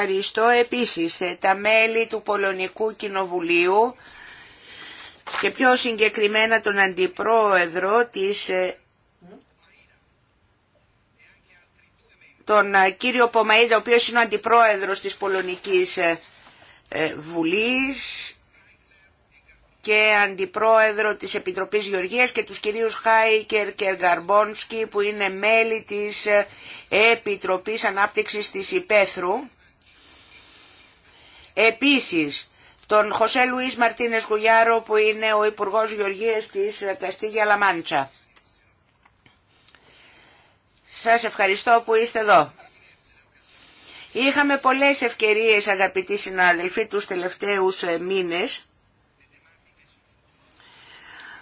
ευχαριστώ επίσης ε, τα μέλη του Πολωνικού Κοινοβουλίου και πιο συγκεκριμένα τον Αντιπρόεδρο της ε, τον ε, κύριο Πομαίδα, ο οποίος είναι ο αντιπρόεδρος της Πολωνικής Βουλής και αντιπρόεδρο της Επιτροπής Γεωργίας και τους κυρίους Χάικερ και Γκαρμπόνσκι που είναι μέλη της Επιτροπής Ανάπτυξης της Υπέθρου. Επίσης, τον Χωσέ Λουίς Μαρτίνες Γουγιάρο που είναι ο Υπουργός Γεωργίας της Καστίγια Λαμάντσα. Σας ευχαριστώ που είστε εδώ. Είχαμε πολλές ευκαιρίες αγαπητοί συνάδελφοι τους τελευταίους ε, μήνες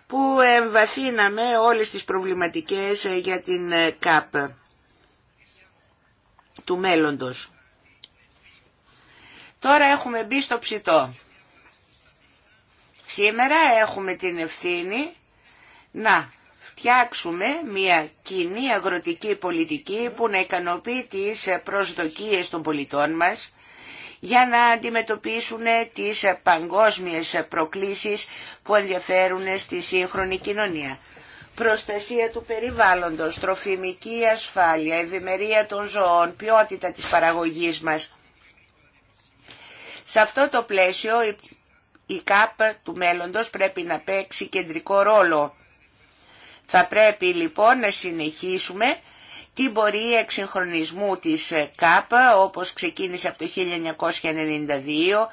που εμβαθύναμε όλες τις προβληματικές ε, για την ε, ΚΑΠ του μέλλοντος. Τώρα έχουμε μπει στο ψητό. Σήμερα έχουμε την ευθύνη να φτιάξουμε μια κοινή αγροτική πολιτική που να ικανοποιεί τις προσδοκίες των πολιτών μας για να αντιμετωπίσουν τις παγκόσμιες προκλήσεις που ενδιαφέρουν στη σύγχρονη κοινωνία. Προστασία του περιβάλλοντος, τροφιμική ασφάλεια, ευημερία των ζώων, ποιότητα της παραγωγής μας. Σε αυτό το πλαίσιο η ΚΑΠ του μέλλοντος πρέπει να παίξει κεντρικό ρόλο. Θα πρέπει λοιπόν να συνεχίσουμε την πορεία εξυγχρονισμού της ΚΑΠ όπως ξεκίνησε από το 1992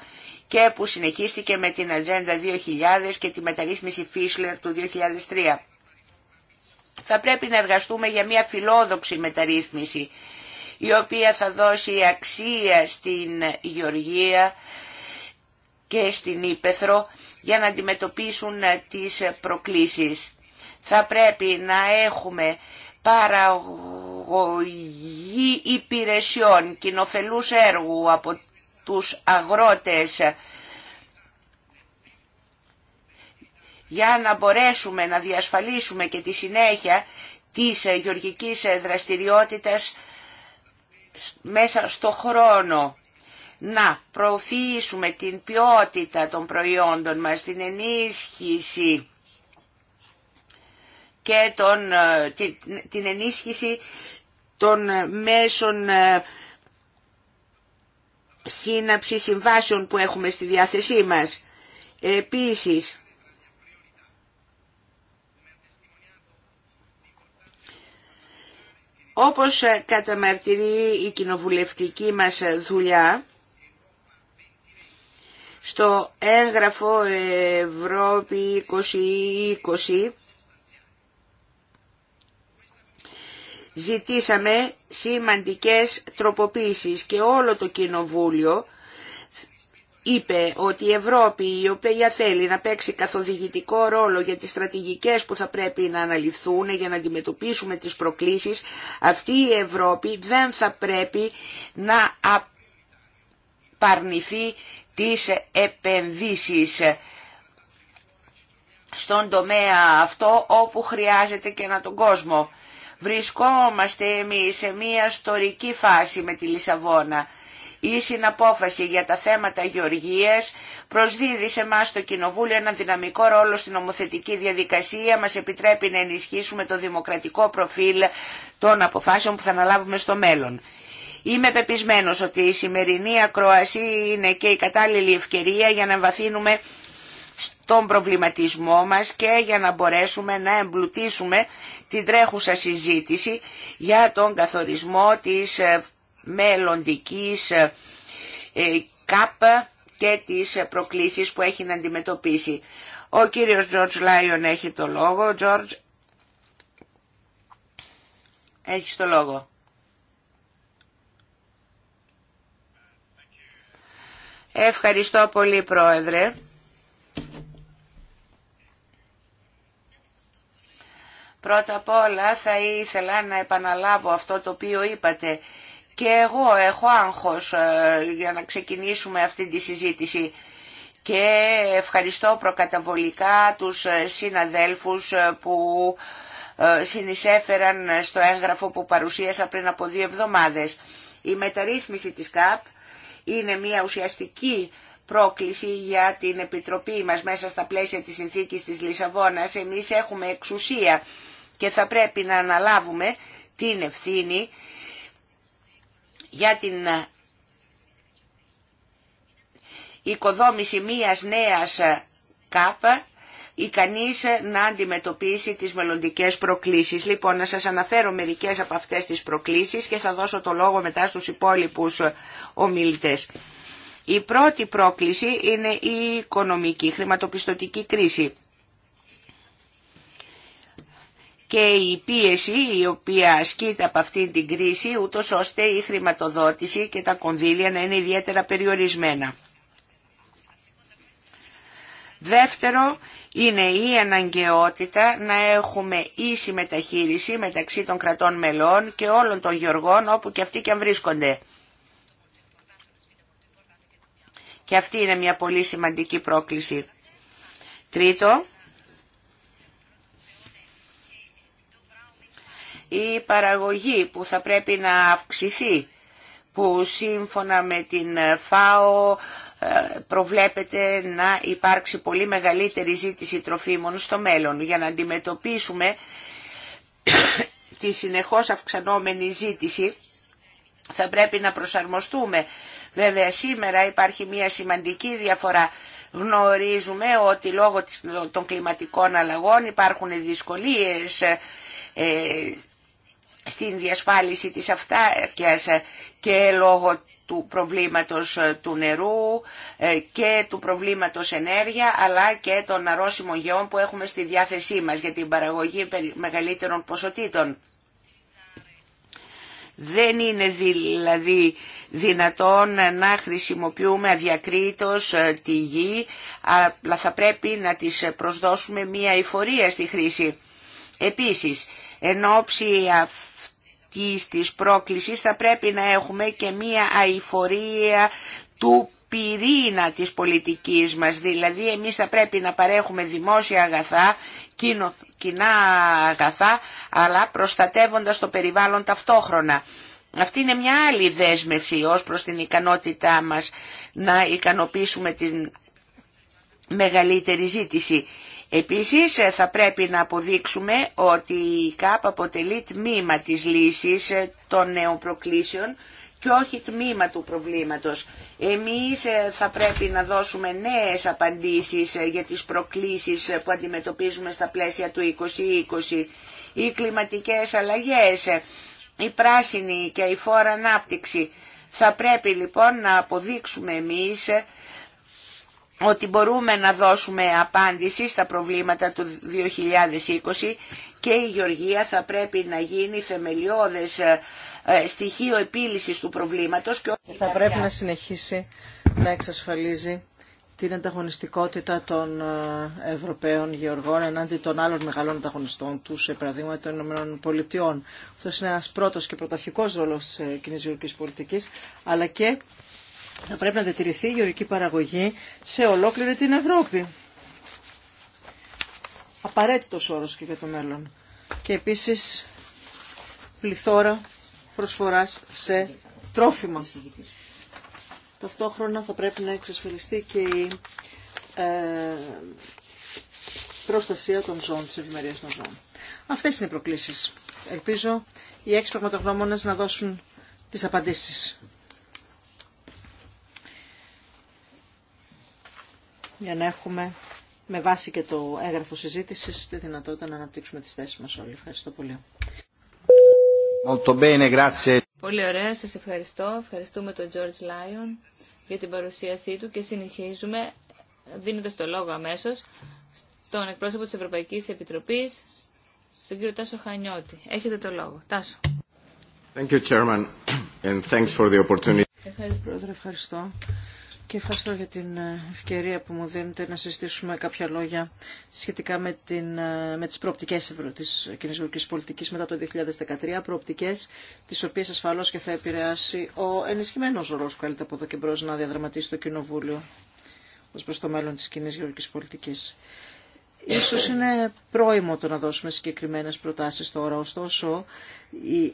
και που συνεχίστηκε με την Ατζέντα 2000 και τη μεταρρύθμιση Φίσλερ του 2003. Θα πρέπει να εργαστούμε για μια φιλόδοξη μεταρρύθμιση η οποία θα δώσει αξία στην γεωργία και στην Ήπεθρο για να αντιμετωπίσουν ε, τις ε, προκλήσεις. Θα πρέπει να έχουμε παραγωγή υπηρεσιών, κοινοφελούς έργου από τους αγρότες ε, για να μπορέσουμε να διασφαλίσουμε και τη συνέχεια της γεωργικής δραστηριότητας μέσα στο χρόνο να προωθήσουμε την ποιότητα των προϊόντων μας, την ενίσχυση και τον, ε, την, ενίσχυση των ε, μέσων ε, σύναψη συμβάσεων που έχουμε στη διάθεσή μας. Επίσης, Όπως ε, καταμαρτυρεί η κοινοβουλευτική μας δουλειά, στο έγγραφο Ευρώπη 2020 ζητήσαμε σημαντικές τροποποίησεις και όλο το Κοινοβούλιο είπε ότι η Ευρώπη η οποία θέλει να παίξει καθοδηγητικό ρόλο για τις στρατηγικές που θα πρέπει να αναλυθούν για να αντιμετωπίσουμε τις προκλήσεις, αυτή η Ευρώπη δεν θα πρέπει να απαρνηθεί τις επενδύσεις στον τομέα αυτό όπου χρειάζεται και να τον κόσμο. Βρισκόμαστε εμείς σε μια ιστορική φάση με τη Λισαβόνα η συναπόφαση για τα θέματα γεωργίας προσδίδει σε εμά το Κοινοβούλιο έναν δυναμικό ρόλο στην ομοθετική διαδικασία, μας επιτρέπει να ενισχύσουμε το δημοκρατικό προφίλ των αποφάσεων που θα αναλάβουμε στο μέλλον. Είμαι πεπισμένος ότι η σημερινή ακροασία είναι και η κατάλληλη ευκαιρία για να βαθύνουμε στον προβληματισμό μας και για να μπορέσουμε να εμπλουτίσουμε την τρέχουσα συζήτηση για τον καθορισμό της μελλοντικής ε, ε, ΚΑΠ και τις προκλήσεις που έχει να αντιμετωπίσει. Ο κύριος Τζορτζ Λάιον έχει το λόγο. George, έχεις το λόγο. Ευχαριστώ πολύ Πρόεδρε. Πρώτα απ' όλα θα ήθελα να επαναλάβω αυτό το οποίο είπατε και εγώ έχω άγχος ε, για να ξεκινήσουμε αυτή τη συζήτηση και ευχαριστώ προκαταβολικά τους ε, συναδέλφους ε, που συνεισέφεραν στο έγγραφο που παρουσίασα πριν από δύο εβδομάδες. Η μεταρρύθμιση της ΚΑΠ είναι μια ουσιαστική πρόκληση για την Επιτροπή μας μέσα στα πλαίσια της συνθήκης της Λισαβόνας. Εμείς έχουμε εξουσία και θα πρέπει να αναλάβουμε την ευθύνη για την ε, οικοδόμηση μίας νέας ε, ΚΑΠ ικανής ε, να αντιμετωπίσει τις μελλοντικές προκλήσεις. Λοιπόν, να σας αναφέρω μερικές από αυτές τις προκλήσεις και θα δώσω το λόγο μετά στους υπόλοιπους ομιλητές. Η πρώτη πρόκληση είναι η οικονομική, χρηματοπιστωτική κρίση. και η πίεση η οποία ασκείται από αυτήν την κρίση ούτως ώστε η χρηματοδότηση και τα κονδύλια να είναι ιδιαίτερα περιορισμένα. Δεύτερο είναι η αναγκαιότητα να έχουμε ίση μεταχείριση μεταξύ των κρατών μελών και όλων των γεωργών όπου και αυτοί και αν βρίσκονται. Και αυτή είναι μια πολύ σημαντική πρόκληση. Τρίτο, η παραγωγή που θα πρέπει να αυξηθεί που σύμφωνα με την ΦΑΟ ε, προβλέπεται να υπάρξει πολύ μεγαλύτερη ζήτηση τροφίμων στο μέλλον για να αντιμετωπίσουμε τη συνεχώς αυξανόμενη ζήτηση θα πρέπει να προσαρμοστούμε. Βέβαια σήμερα υπάρχει μια σημαντική διαφορά. Γνωρίζουμε ότι λόγω των κλιματικών αλλαγών υπάρχουν δυσκολίες ε, στην διασφάλιση της αυτάρκειας και λόγω του προβλήματος ε, του νερού ε, και του προβλήματος ενέργεια αλλά και των αρρώσιμων γεών που έχουμε στη διάθεσή μας για την παραγωγή μεγαλύτερων ποσοτήτων. Δεν είναι δηλαδή δυνατόν να χρησιμοποιούμε αδιακρίτως ε, τη γη, αλλά θα πρέπει να της προσδώσουμε μία εφορία στη χρήση. Επίσης, εν ώψη αυτής της πρόκλησης θα πρέπει να έχουμε και μία αηφορία του πυρήνα της πολιτικής μας. Δηλαδή εμείς θα πρέπει να παρέχουμε δημόσια αγαθά, κοινά αγαθά, αλλά προστατεύοντας το περιβάλλον ταυτόχρονα. Αυτή είναι μια άλλη δέσμευση ως προς την ικανότητά μας να ικανοποιήσουμε την μεγαλύτερη ζήτηση. Επίσης ε, θα πρέπει να αποδείξουμε ότι η ΚΑΠ αποτελεί τμήμα της λύσης ε, των νέων προκλήσεων και όχι τμήμα του προβλήματος. Εμείς ε, θα πρέπει να δώσουμε νέες απαντήσεις για τις προκλήσεις που αντιμετωπίζουμε στα πλαίσια του 2020. Οι κλιματικές αλλαγές, η πράσινη και η φόρα ανάπτυξη. Θα πρέπει λοιπόν να αποδείξουμε εμείς ότι μπορούμε να δώσουμε απάντηση στα προβλήματα του 2020 και η Γεωργία θα πρέπει να γίνει θεμελιώδες ε, ε, στοιχείο επίλυσης του προβλήματος. Και θα πρέπει να συνεχίσει να εξασφαλίζει την ανταγωνιστικότητα των ε, Ευρωπαίων γεωργών ενάντια των άλλων μεγάλων ανταγωνιστών του, σε παραδείγμα των Ηνωμένων Αυτό είναι ένα πρώτο και πρωταρχικό ρόλος τη κοινή γεωργική πολιτική, αλλά και θα πρέπει να διατηρηθεί η γεωρική παραγωγή σε ολόκληρη την Ευρώπη. Απαραίτητο όρο και για το μέλλον. Και επίσης πληθώρα προσφοράς σε τρόφιμα. Ταυτόχρονα θα πρέπει να εξασφαλιστεί και η ε, προστασία των ζώων, τη ευημερία των ζώων. Αυτέ είναι οι προκλήσεις. Ελπίζω οι έξι πραγματογνώμονε να δώσουν τι απαντήσει. για να έχουμε με βάση και το έγγραφο συζήτηση τη δυνατότητα να αναπτύξουμε τι θέσει μα όλοι. Ευχαριστώ πολύ. Πολύ ωραία, σα ευχαριστώ. Ευχαριστούμε τον George Lyon για την παρουσίασή του και συνεχίζουμε δίνοντα το λόγο αμέσω στον εκπρόσωπο τη Ευρωπαϊκή Επιτροπή, τον κύριο Τάσο Χανιώτη. Έχετε το λόγο. Τάσο. Thank you, Ευχαριστώ, Πρόεδρε, ευχαριστώ και ευχαριστώ για την ε, ευκαιρία που μου δίνετε να συζητήσουμε κάποια λόγια σχετικά με, την, ε, με τις προοπτικές της κοινωνικής πολιτικής μετά το 2013, προοπτικές τις οποίες ασφαλώς και θα επηρεάσει ο ενισχυμένος ρόλος που καλείται από εδώ και μπρος να διαδραματίσει το Κοινοβούλιο ως προς το μέλλον της κοινή γεωργικής πολιτικής. Ίσως είναι πρόημο το να δώσουμε συγκεκριμένες προτάσεις τώρα, ωστόσο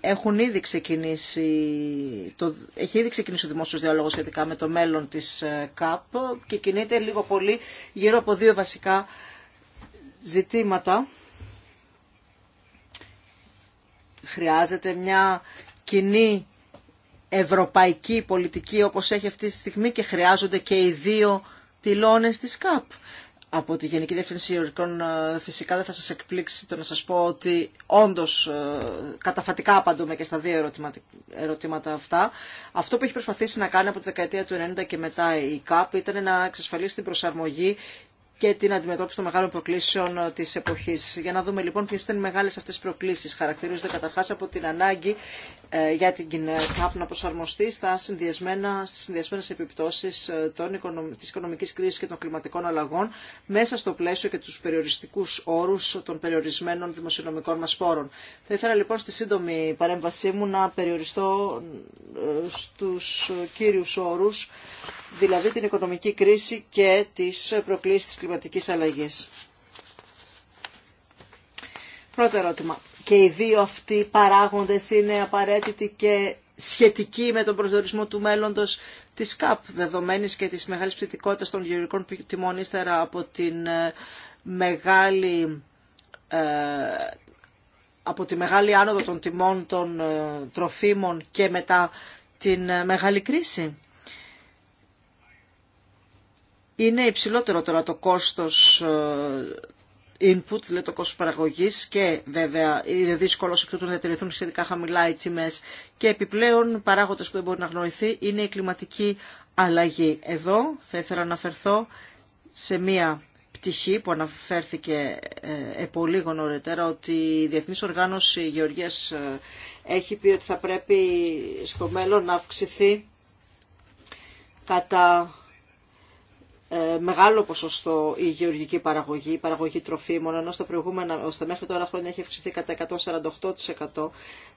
έχουν ήδη ξεκινήσει, το, έχει ήδη ξεκινήσει ο δημόσιος διάλογος σχετικά με το μέλλον της ε, ΚΑΠ και κινείται λίγο πολύ γύρω από δύο βασικά ζητήματα. Χρειάζεται μια κοινή ευρωπαϊκή πολιτική όπως έχει αυτή τη στιγμή και χρειάζονται και οι δύο πυλώνες της ΚΑΠ από τη Γενική Διευθυνσία Ιωρικών ε, φυσικά δεν θα σας εκπλήξει το να σας πω ότι όντως ε, καταφατικά απαντούμε και στα δύο ερωτήματα αυτά. Αυτό που έχει προσπαθήσει να κάνει από τη δεκαετία του 90 και μετά η ΚΑΠ ήταν να εξασφαλίσει την προσαρμογή και την αντιμετώπιση των μεγάλων προκλήσεων ε, τη εποχή. Για να δούμε λοιπόν ποιε ήταν οι μεγάλε αυτέ προκλήσει. Χαρακτηρίζονται καταρχά από την ανάγκη ε, για την ε, ΚΑΠ να προσαρμοστεί στι συνδυασμένε στις συνδυασμένες επιπτώσεις των, οικονομικής κρίσης και των κλιματικών αλλαγών μέσα στο πλαίσιο και τους περιοριστικούς όρους των περιορισμένων δημοσιονομικών μας πόρων. Θα ήθελα λοιπόν στη σύντομη παρέμβασή μου να περιοριστώ στους κύριους όρους δηλαδή την οικονομική κρίση και τις προκλήσεις της κλιματικής αλλαγής. Πρώτο ερώτημα. Και οι δύο αυτοί παράγοντες είναι απαραίτητοι και σχετικοί με τον προσδορισμό του μέλλοντος της ΚΑΠ, δεδομένης και της μεγάλης ψητικότητας των γεωργικών τιμών ύστερα από την ε, μεγάλη ε, από τη μεγάλη άνοδο των τιμών των ε, τροφίμων και μετά την μεγάλη κρίση είναι υψηλότερο τώρα το κόστος ε, input, δηλαδή το κόστος παραγωγής και βέβαια είναι δύσκολο σε τούτου να διατηρηθούν σχετικά χαμηλά οι τιμές και επιπλέον παράγοντες που δεν μπορεί να γνωριθεί είναι η κλιματική αλλαγή. Εδώ θα ήθελα να αναφερθώ σε μία πτυχή που αναφέρθηκε ε, πολύ γνωρίτερα, ότι η Διεθνής Οργάνωση Γεωργίας ε, έχει πει ότι θα πρέπει στο μέλλον να αυξηθεί κατά ε, μεγάλο ποσοστό η γεωργική παραγωγή, η παραγωγή τροφίμων, ενώ στα προηγούμενα, ώστε μέχρι τώρα χρόνια έχει αυξηθεί κατά 148%,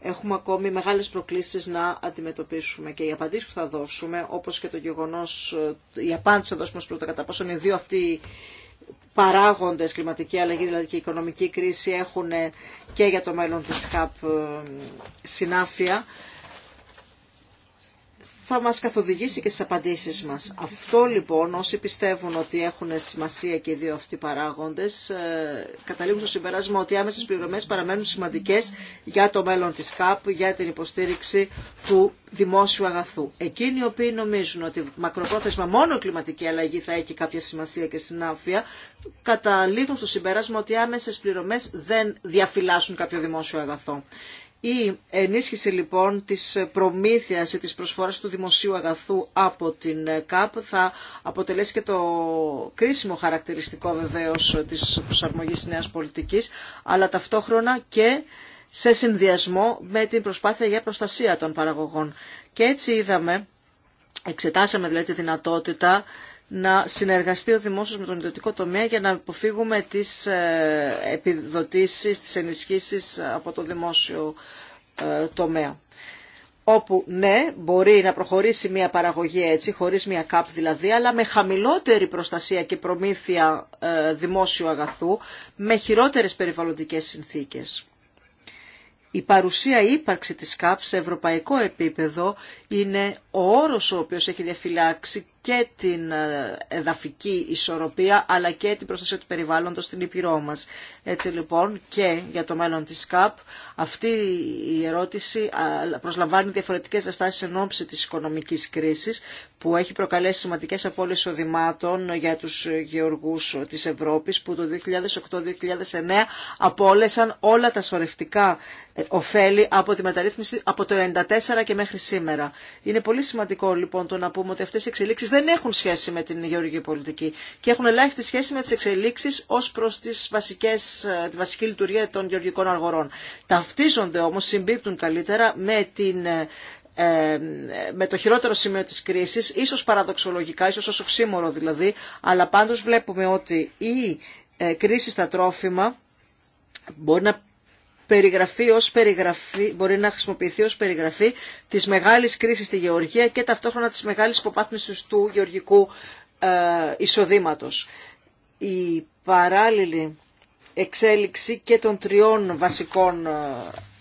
έχουμε ακόμη μεγάλες προκλήσεις να αντιμετωπίσουμε. Και οι απαντήσεις που θα δώσουμε, όπως και το γεγονός, ε, η απάντηση που θα δώσουμε πρώτα κατά πόσον οι δύο αυτοί παράγοντες, κλιματική αλλαγή δηλαδή και η οικονομική κρίση έχουν και για το μέλλον της ΧΑΠ ε, συνάφεια θα μας καθοδηγήσει και στις απαντήσεις μας. Αυτό λοιπόν όσοι πιστεύουν ότι έχουν σημασία και οι δύο αυτοί παράγοντες ε, καταλήγουν στο συμπεράσμα ότι οι άμεσες πληρωμές παραμένουν σημαντικές για το μέλλον της ΚΑΠ, για την υποστήριξη του δημόσιου αγαθού. Εκείνοι οι οποίοι νομίζουν ότι μακροπρόθεσμα μόνο κλιματική αλλαγή θα έχει κάποια σημασία και συνάφεια, καταλήγουν στο συμπέρασμα ότι οι άμεσες πληρωμές δεν διαφυλάσσουν κάποιο δημόσιο αγαθό. Η ενίσχυση λοιπόν της προμήθειας ή της προσφοράς του δημοσίου αγαθού από την ΚΑΠ θα αποτελέσει και το κρίσιμο χαρακτηριστικό βεβαίως της προσαρμογής νέας πολιτικής, αλλά ταυτόχρονα και σε συνδυασμό με την προσπάθεια για προστασία των παραγωγών. Και έτσι είδαμε, εξετάσαμε δηλαδή τη δυνατότητα να συνεργαστεί ο δημόσιος με τον ιδιωτικό τομέα για να αποφύγουμε τις ε, επιδοτήσεις, τις ενισχύσεις από το δημόσιο ε, τομέα. Όπου ναι, μπορεί να προχωρήσει μια παραγωγή έτσι, χωρίς μια ΚΑΠ δηλαδή, αλλά με χαμηλότερη προστασία και προμήθεια ε, δημόσιου αγαθού, με χειρότερες περιβαλλοντικές συνθήκες. Η παρουσία ύπαρξη της ΚΑΠ σε ευρωπαϊκό επίπεδο είναι ο όρος ο οποίος έχει διαφυλάξει και την ε, εδαφική ισορροπία αλλά και την προστασία του περιβάλλοντος στην Ήπειρό μας. Έτσι λοιπόν και για το μέλλον της ΚΑΠ αυτή η ερώτηση προσλαμβάνει διαφορετικές αστάσεις εν ώψη της οικονομικής κρίσης που έχει προκαλέσει σημαντικές απώλειες οδημάτων για τους γεωργούς της Ευρώπης που το 2008-2009 απόλεσαν όλα τα σορευτικά ε, ωφέλη από τη μεταρρύθμιση από το 1994 και μέχρι σήμερα. Είναι πολύ σημαντικό λοιπόν το να πούμε ότι αυτές οι εξελίξεις δεν έχουν σχέση με την γεωργική πολιτική και έχουν ελάχιστη σχέση με τις εξελίξεις ως προς τις βασικές, τη βασική λειτουργία των γεωργικών αγορών. Ταυτίζονται όμως, συμπίπτουν καλύτερα με την ε, ε, με το χειρότερο σημείο της κρίσης, ίσως παραδοξολογικά, ίσως ως οξύμορο δηλαδή, αλλά πάντως βλέπουμε ότι η ε, κρίση στα τρόφιμα μπορεί να περιγραφή ως περιγραφή, μπορεί να χρησιμοποιηθεί ως περιγραφή της μεγάλης κρίσης στη Γεωργία και ταυτόχρονα της μεγάλης υποπάθμισης του γεωργικού ε, εισοδήματος. Η παράλληλη εξέλιξη και των τριών βασικών ε,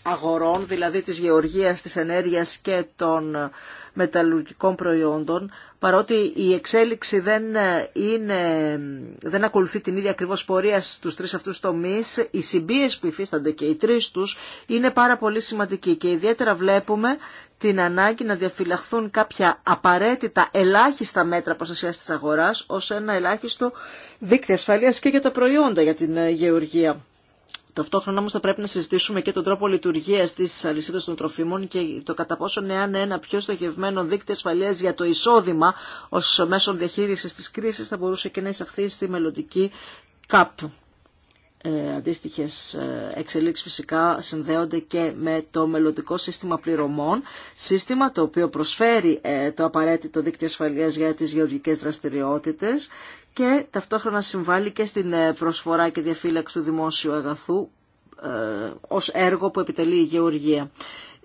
αγορών, δηλαδή της γεωργίας, της ενέργειας και των μεταλλουργικών προϊόντων, παρότι η εξέλιξη δεν, ε, είναι, δεν ακολουθεί την ίδια ακριβώς πορεία στους τρεις αυτούς τομείς, οι συμπίες που υφίστανται και οι τρεις τους είναι πάρα πολύ σημαντικοί και ιδιαίτερα βλέπουμε την ανάγκη να διαφυλαχθούν κάποια απαραίτητα ελάχιστα μέτρα προστασίας της αγοράς ως ένα ελάχιστο δίκτυο ασφαλείας και για τα προϊόντα για την ε, γεωργία. Ταυτόχρονα όμω θα πρέπει να συζητήσουμε και τον τρόπο λειτουργία τη αλυσίδα των τροφίμων και το κατά πόσο εάν ένα πιο στοχευμένο δίκτυο ασφαλεία για το εισόδημα ω μέσον διαχείριση τη κρίση θα μπορούσε και να εισαχθεί στη μελλοντική ΚΑΠ ε, αντίστοιχες ε, εξελίξεις φυσικά συνδέονται και με το μελλοντικό σύστημα πληρωμών, σύστημα το οποίο προσφέρει ε, το απαραίτητο δίκτυο ασφαλείας για τις γεωργικές δραστηριότητες και ταυτόχρονα συμβάλλει και στην ε, προσφορά και διαφύλαξη του δημόσιου αγαθού ως έργο που επιτελεί η γεωργία.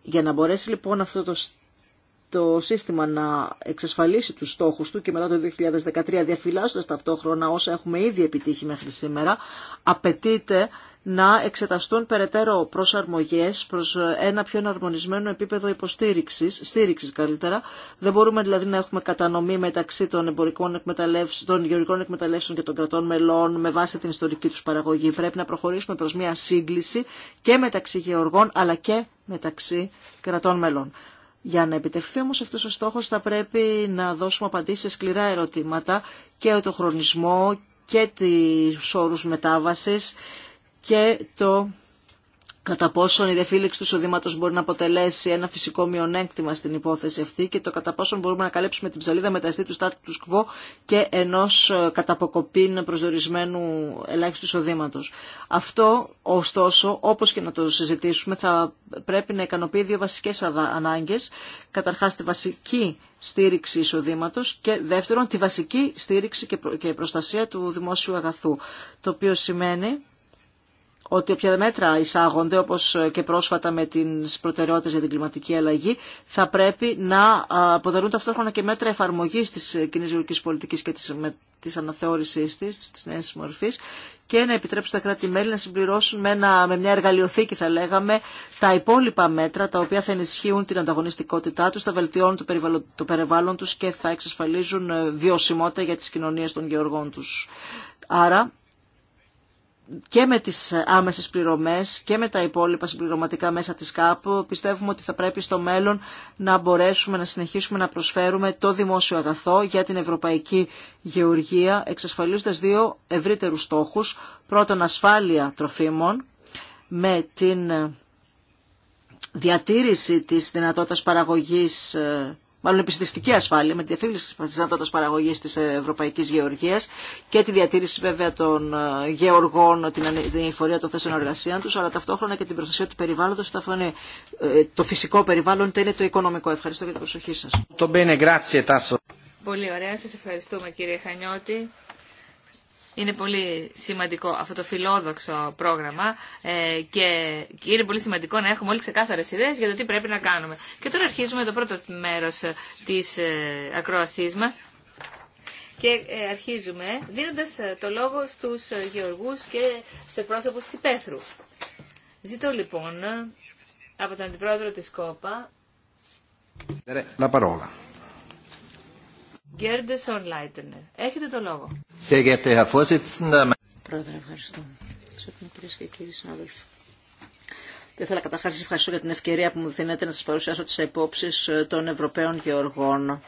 Για να μπορέσει λοιπόν αυτό το το σύστημα να εξασφαλίσει τους στόχους του και μετά το 2013 διαφυλάσσοντας ταυτόχρονα όσα έχουμε ήδη επιτύχει μέχρι σήμερα, απαιτείται να εξεταστούν περαιτέρω προσαρμογές προς ένα πιο εναρμονισμένο επίπεδο υποστήριξης, στήριξης καλύτερα. Δεν μπορούμε δηλαδή να έχουμε κατανομή μεταξύ των, εμπορικών των γεωργικών εκμεταλλεύσεων και των κρατών μελών με βάση την ιστορική τους παραγωγή. Πρέπει να προχωρήσουμε προς μια σύγκληση και μεταξύ γεωργών αλλά και μεταξύ κρατών μελών. Για να επιτευχθεί όμως αυτός ο στόχος θα πρέπει να δώσουμε απαντήσεις σε σκληρά ερωτήματα και το χρονισμό και τις όρους μετάβασης και το κατά πόσον η διαφύλαξη του εισοδήματο μπορεί να αποτελέσει ένα φυσικό μειονέκτημα στην υπόθεση αυτή και το κατά πόσον μπορούμε να καλύψουμε την ψαλίδα μεταστή του στάτου του ΣΚΒΟ και ενό ε, καταποκοπήν προσδορισμένου ελάχιστου εισοδήματο. Αυτό, ωστόσο, όπω και να το συζητήσουμε, θα πρέπει να ικανοποιεί δύο βασικέ ανάγκε. Καταρχά, τη βασική στήριξη εισοδήματο και δεύτερον, τη βασική στήριξη και προστασία του δημόσιου αγαθού. Το οποίο σημαίνει ότι όποια μέτρα εισάγονται, όπως και πρόσφατα με τις προτεραιότητες για την κλιματική αλλαγή, θα πρέπει να αποτελούν ταυτόχρονα και μέτρα εφαρμογής της κοινή γεωργικής πολιτικής και της, αναθεώρησή τη, αναθεώρησής της, της μορφής, και να επιτρέψουν τα κράτη-μέλη να συμπληρώσουν με, ένα, με μια εργαλειοθήκη, θα λέγαμε, τα υπόλοιπα μέτρα, τα οποία θα ενισχύουν την ανταγωνιστικότητά τους, θα βελτιώνουν το περιβάλλον, του και θα εξασφαλίζουν ε, βιωσιμότητα για τις κοινωνίες των γεωργών τους. Άρα, και με τις άμεσες πληρωμές και με τα υπόλοιπα συμπληρωματικά μέσα της ΚΑΠ πιστεύουμε ότι θα πρέπει στο μέλλον να μπορέσουμε να συνεχίσουμε να προσφέρουμε το δημόσιο αγαθό για την ευρωπαϊκή γεωργία εξασφαλίζοντας δύο ευρύτερους στόχους. Πρώτον ασφάλεια τροφίμων με την διατήρηση της δυνατότητας παραγωγής ε, μάλλον επιστηστική ασφάλεια, με τη διαφήμιση τη δυνατότητα παραγωγή τη ευρωπαϊκή γεωργία και τη διατήρηση βέβαια των ε, γεωργών, την εφορία των θέσεων εργασία του, αλλά ταυτόχρονα και την προστασία του περιβάλλοντο, ε, το φυσικό περιβάλλον, είτε είναι το οικονομικό. Ευχαριστώ για την προσοχή σα. Είναι πολύ σημαντικό αυτό το φιλόδοξο πρόγραμμα ε, και είναι πολύ σημαντικό να έχουμε όλοι ξεκάθαρε ιδέε για το τι πρέπει να κάνουμε. Και τώρα αρχίζουμε το πρώτο μέρο τη ε, ακρόασή μα και ε, αρχίζουμε δίνοντα το λόγο στου γεωργού και στου εκπρόσωπου τη υπαίθρου. Ζητώ λοιπόν από τον αντιπρόεδρο τη ΚΟΠΑ. parola. Γκέρντε Ορλάιτενερ. Έχετε το λόγο. Πρόεδρε, ευχαριστώ. Ξέρετε, κυρίε και κύριοι συνάδελφοι. Θα ήθελα καταρχά να ευχαριστώ για την ευκαιρία που μου δίνετε να σα παρουσιάσω τι απόψει ε, των Ευρωπαίων Γεωργών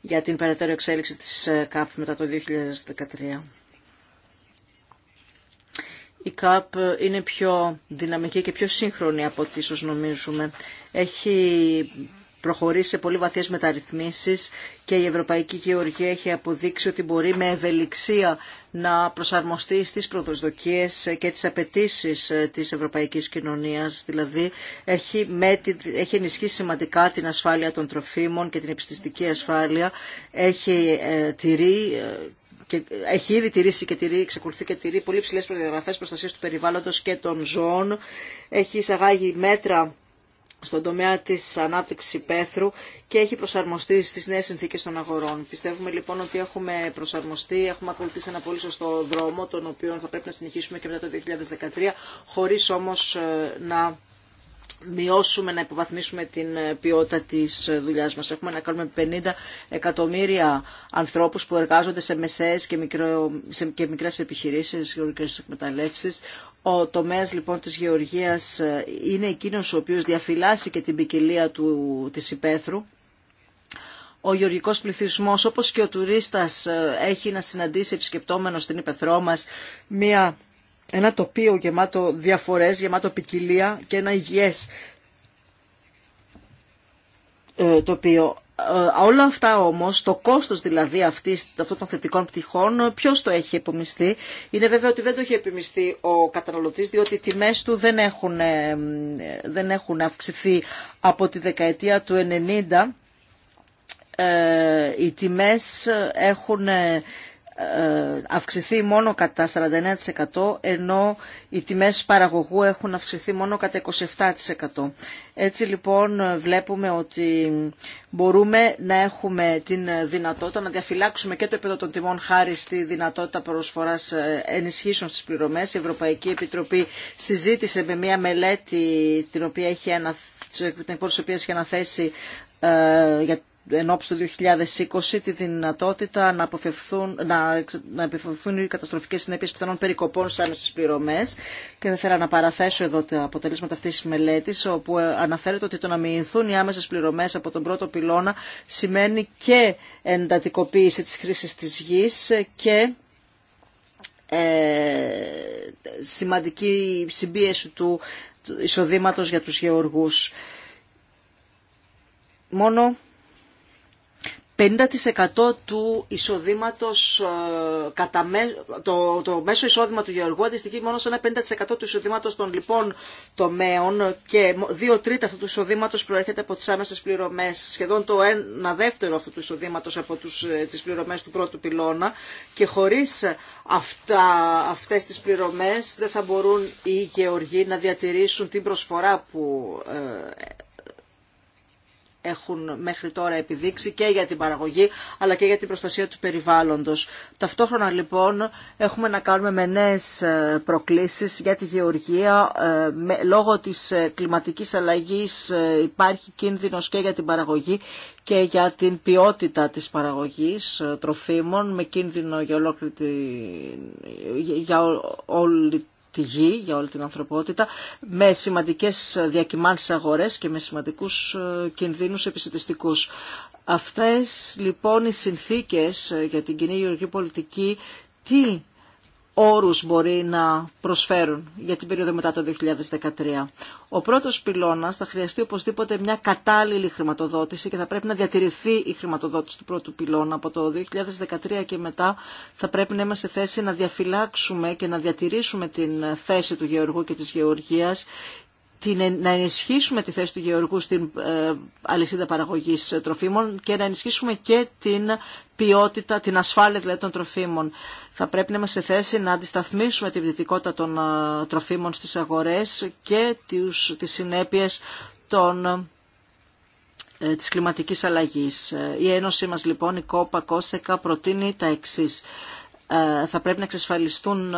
για την περαιτέρω εξέλιξη τη ε, ΚΑΠ μετά το 2013. Η ΚΑΠ ε, είναι πιο δυναμική και πιο σύγχρονη από ό,τι ίσω νομίζουμε. Έχει προχωρήσει σε πολύ βαθιές μεταρρυθμίσεις και η Ευρωπαϊκή Γεωργία έχει αποδείξει ότι μπορεί με ευελιξία να προσαρμοστεί στις προδοσδοκίες και τις απαιτήσει της ευρωπαϊκής κοινωνίας. Δηλαδή έχει, έχει ενισχύσει σημαντικά την ασφάλεια των τροφίμων και την επιστηστική ασφάλεια. Έχει ε, ε, και έχει ήδη τηρήσει και τηρεί, εξακολουθεί και τηρεί πολύ ψηλές προδιαγραφές προστασίας του περιβάλλοντος και των ζώων. Έχει εισαγάγει μέτρα στον τομέα της ανάπτυξης πέθρου και έχει προσαρμοστεί στις νέες συνθήκες των αγορών. Πιστεύουμε λοιπόν ότι έχουμε προσαρμοστεί, έχουμε ακολουθήσει ένα πολύ σωστό δρόμο, τον οποίο θα πρέπει να συνεχίσουμε και μετά το 2013, χωρίς όμως ε, να μειώσουμε, να υποβαθμίσουμε την ε, ποιότητα της ε, δουλειάς μας. Έχουμε να κάνουμε 50 εκατομμύρια ανθρώπους που εργάζονται σε μεσαίες και, μικρο, σε, και μικρές επιχειρήσεις, γεωργικές εκμεταλλεύσεις. Ο τομέας λοιπόν της γεωργίας ε, είναι εκείνος ο οποίος διαφυλάσσει και την ποικιλία του, της υπαίθρου ο γεωργικός πληθυσμός όπως και ο τουρίστας έχει να συναντήσει επισκεπτόμενο στην υπαίθρο μας μία ένα τοπίο γεμάτο διαφορές, γεμάτο ποικιλία και ένα υγιές ε, τοπίο. Ε, όλα αυτά όμως, το κόστος δηλαδή αυτής, αυτών των θετικών πτυχών, ποιος το έχει επομιστεί. Είναι βέβαια ότι δεν το έχει επιμιστεί ο καταναλωτής, διότι οι τιμές του δεν έχουν, ε, δεν έχουν αυξηθεί από τη δεκαετία του 90. Οι τιμές έχουν ε, αυξηθεί μόνο κατά 49% ενώ οι τιμές παραγωγού έχουν αυξηθεί μόνο κατά 27%. Έτσι λοιπόν βλέπουμε ότι μπορούμε να έχουμε την δυνατότητα να διαφυλάξουμε και το επίπεδο των τιμών χάρη στη δυνατότητα προσφοράς ε, ενισχύσεων στις πληρωμές. Η Ευρωπαϊκή Επιτροπή συζήτησε με μια μελέτη την οποία έχει αναθέσει την οποία ε, για εν του 2020 τη δυνατότητα να, αποφευθούν, να, να επιφευθούν οι καταστροφικές συνέπειες πιθανών περικοπών σε άμεσες πληρωμέ. και δεν θέλω να παραθέσω εδώ τα αποτελέσματα αυτής της μελέτης όπου ε, αναφέρεται ότι το να μειωθούν οι άμεσες πληρωμές από τον πρώτο πυλώνα σημαίνει και εντατικοποίηση της χρήση τη γη και ε, σημαντική συμπίεση του εισοδήματος για τους γεωργούς. Μόνο 50% του εισοδήματος, ε, το, το μέσο εισόδημα του Γεωργού αντιστοιχεί μόνο σε ένα 50% του εισοδήματος των λοιπόν τομέων και δύο τρίτα αυτού του εισοδήματος προέρχεται από τις άμεσες πληρωμές, σχεδόν το ένα δεύτερο αυτού του εισοδήματος από τους, ε, τις πληρωμές του πρώτου πυλώνα και χωρίς αυτά, αυτές τις πληρωμές δεν θα μπορούν οι Γεωργοί να διατηρήσουν την προσφορά που ε, έχουν μέχρι τώρα επιδείξει και για την παραγωγή αλλά και για την προστασία του περιβάλλοντος. Ταυτόχρονα λοιπόν έχουμε να κάνουμε με νέες ε, προκλήσεις για τη γεωργία. Ε, λόγω της ε, κλιματικής αλλαγής υπάρχει κίνδυνος και για την παραγωγή και για την ποιότητα της παραγωγής τροφίμων με κίνδυνο για, ολόκληρη, για όλη τη γη, για όλη την ανθρωπότητα, με σημαντικές διακυμάνσεις αγορές και με σημαντικούς ε, κινδύνους επισητιστικούς. Αυτές λοιπόν οι συνθήκες ε, για την κοινή γεωργική πολιτική τι όρους μπορεί να προσφέρουν για την περίοδο μετά το 2013. Ο πρώτος πυλώνας θα χρειαστεί οπωσδήποτε μια κατάλληλη χρηματοδότηση και θα πρέπει να διατηρηθεί η χρηματοδότηση του πρώτου πυλώνα. Από το 2013 και μετά θα πρέπει να είμαστε θέση να διαφυλάξουμε και να διατηρήσουμε την θέση του Γεωργού και της Γεωργίας την, να ενισχύσουμε τη θέση του γεωργού στην ε, αλυσίδα παραγωγής τροφίμων και να ενισχύσουμε και την ποιότητα, την ασφάλεια δηλαδή των τροφίμων. Θα πρέπει να είμαστε σε θέση να αντισταθμίσουμε την πληθυντικότητα των ε, τροφίμων στις αγορές και τις τις συνέπειες των ε, της κλιματικής αλλαγής. Η Ένωση μας λοιπόν, η ΚΟΠΑ ΚΟΣΕΚΑ, προτείνει τα εξής. Θα πρέπει να εξασφαλιστούν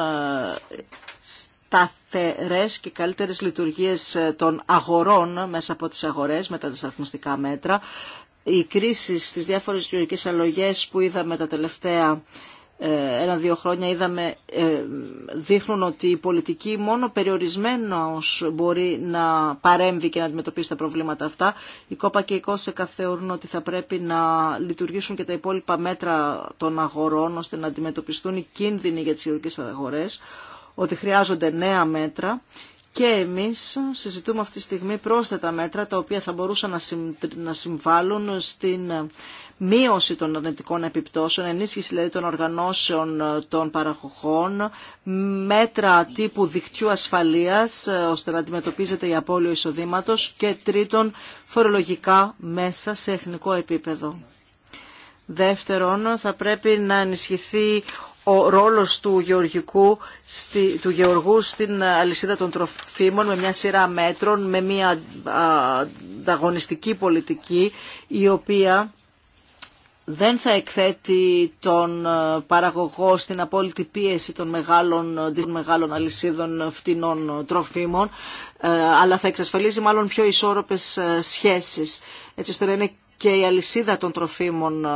σταθερές και καλύτερες λειτουργίες ε, των αγορών μέσα από τις αγορές με τα σταθμιστικά μέτρα. Οι κρίση στις διάφορες γεωργικές αλλογές που είδαμε τα τελευταία ε, ένα-δύο χρόνια είδαμε, ε, δείχνουν ότι η πολιτική μόνο περιορισμένος μπορεί να παρέμβει και να αντιμετωπίσει τα προβλήματα αυτά. Η ΚΟΠΑ και η ΚΟΣΕΚΑ θεωρούν ότι θα πρέπει να λειτουργήσουν και τα υπόλοιπα μέτρα των αγορών ώστε να αντιμετωπιστούν οι κίνδυνοι για τις γεωργικές αγορές ότι χρειάζονται νέα μέτρα και εμείς συζητούμε αυτή τη στιγμή πρόσθετα μέτρα τα οποία θα μπορούσαν να συμβάλλουν στην μείωση των αρνητικών επιπτώσεων, ενίσχυση δηλαδή των οργανώσεων των παραγωγών, μέτρα τύπου δικτύου ασφαλείας ε, ώστε να αντιμετωπίζεται η απώλεια εισοδήματος και τρίτον φορολογικά μέσα σε εθνικό επίπεδο. Δεύτερον, θα πρέπει να ενισχυθεί ο ρόλος του, γεωργικού, του γεωργού στην ε, αλυσίδα των τροφίμων με μια σειρά μέτρων, με μια ανταγωνιστική πολιτική η οποία δεν θα εκθέτει τον ε, παραγωγό στην απόλυτη πίεση των μεγάλων, ε, των μεγάλων αλυσίδων φτηνών τροφίμων, αλλά θα εξασφαλίζει μάλλον πιο ισόρροπες σχέσεις, έτσι ώστε να είναι και η αλυσίδα των τροφίμων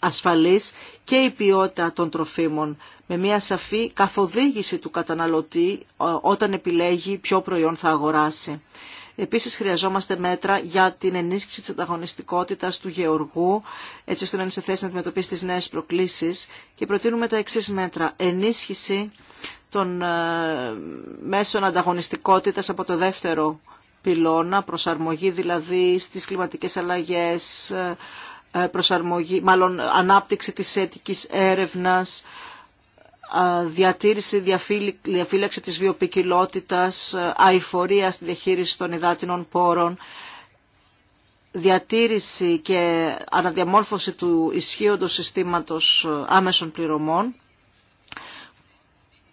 ασφαλής και η ποιότητα των τροφίμων με μια σαφή καθοδήγηση του καταναλωτή ε, όταν επιλέγει ποιο προϊόν θα αγοράσει. Επίσης χρειαζόμαστε μέτρα για την ενίσχυση της ανταγωνιστικότητας του γεωργού, έτσι ώστε να είναι σε θέση να αντιμετωπίσει τις νέες προκλήσεις και προτείνουμε τα εξής μέτρα. Ενίσχυση των ε, μέσων ανταγωνιστικότητας από το δεύτερο πυλώνα, προσαρμογή δηλαδή στις κλιματικές αλλαγές, ε, ε, προσαρμογή, μάλλον ανάπτυξη της αιτικής έρευνας, ε, διατήρηση, διαφύλαξη της βιοπικιλότητας, ε, αηφορία στη διαχείριση των υδάτινων πόρων, διατήρηση και αναδιαμόρφωση του ισχύοντος συστήματος άμεσων πληρωμών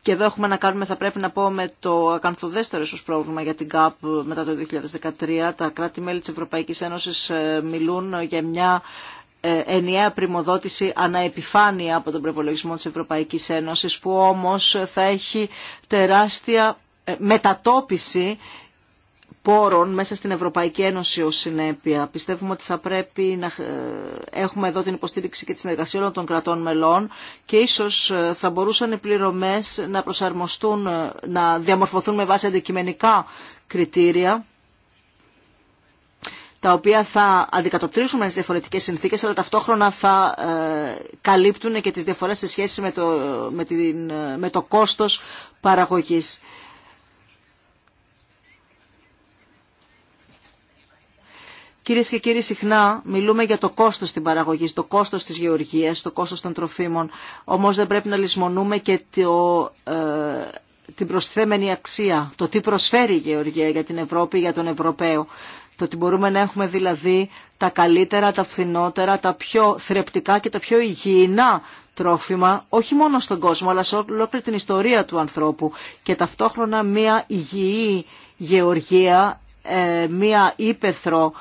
και εδώ έχουμε να κάνουμε, θα πρέπει να πω, με το ακανθοδέστερο ίσως πρόβλημα για την ΚΑΠ μετά το 2013. Τα κράτη-μέλη της Ευρωπαϊκής Ένωσης ε, μιλούν για μια ε, ενιαία πρημοδότηση αναεπιφάνεια από τον προπολογισμό της Ευρωπαϊκής Ένωσης που όμως θα έχει τεράστια ε, μετατόπιση πόρων μέσα στην Ευρωπαϊκή Ένωση ως συνέπεια. Πιστεύουμε ότι θα πρέπει να ε, έχουμε εδώ την υποστήριξη και τη συνεργασία όλων των κρατών μελών και ίσως ε, θα μπορούσαν οι πληρωμές να προσαρμοστούν, ε, να διαμορφωθούν με βάση αντικειμενικά κριτήρια τα οποία θα με τις διαφορετικές συνθήκες, αλλά ταυτόχρονα θα καλύπτουν και τις διαφορές σε σχέση με το, με την, με το κόστος παραγωγής. Κυρίε και κύριοι, συχνά μιλούμε για το κόστο στην παραγωγή, το κόστο τη γεωργία, το κόστο των τροφίμων. Όμω δεν πρέπει να λησμονούμε και το, ε, την προσθέμενη αξία, το τι προσφέρει η γεωργία για την Ευρώπη, για τον Ευρωπαίο. Το ότι μπορούμε να έχουμε δηλαδή τα καλύτερα, τα φθηνότερα, τα πιο θρεπτικά και τα πιο υγιεινά τρόφιμα, όχι μόνο στον κόσμο, αλλά σε ολόκληρη την ιστορία του ανθρώπου. Και ταυτόχρονα μια υγιή γεωργία, ε, μια ύπεθρο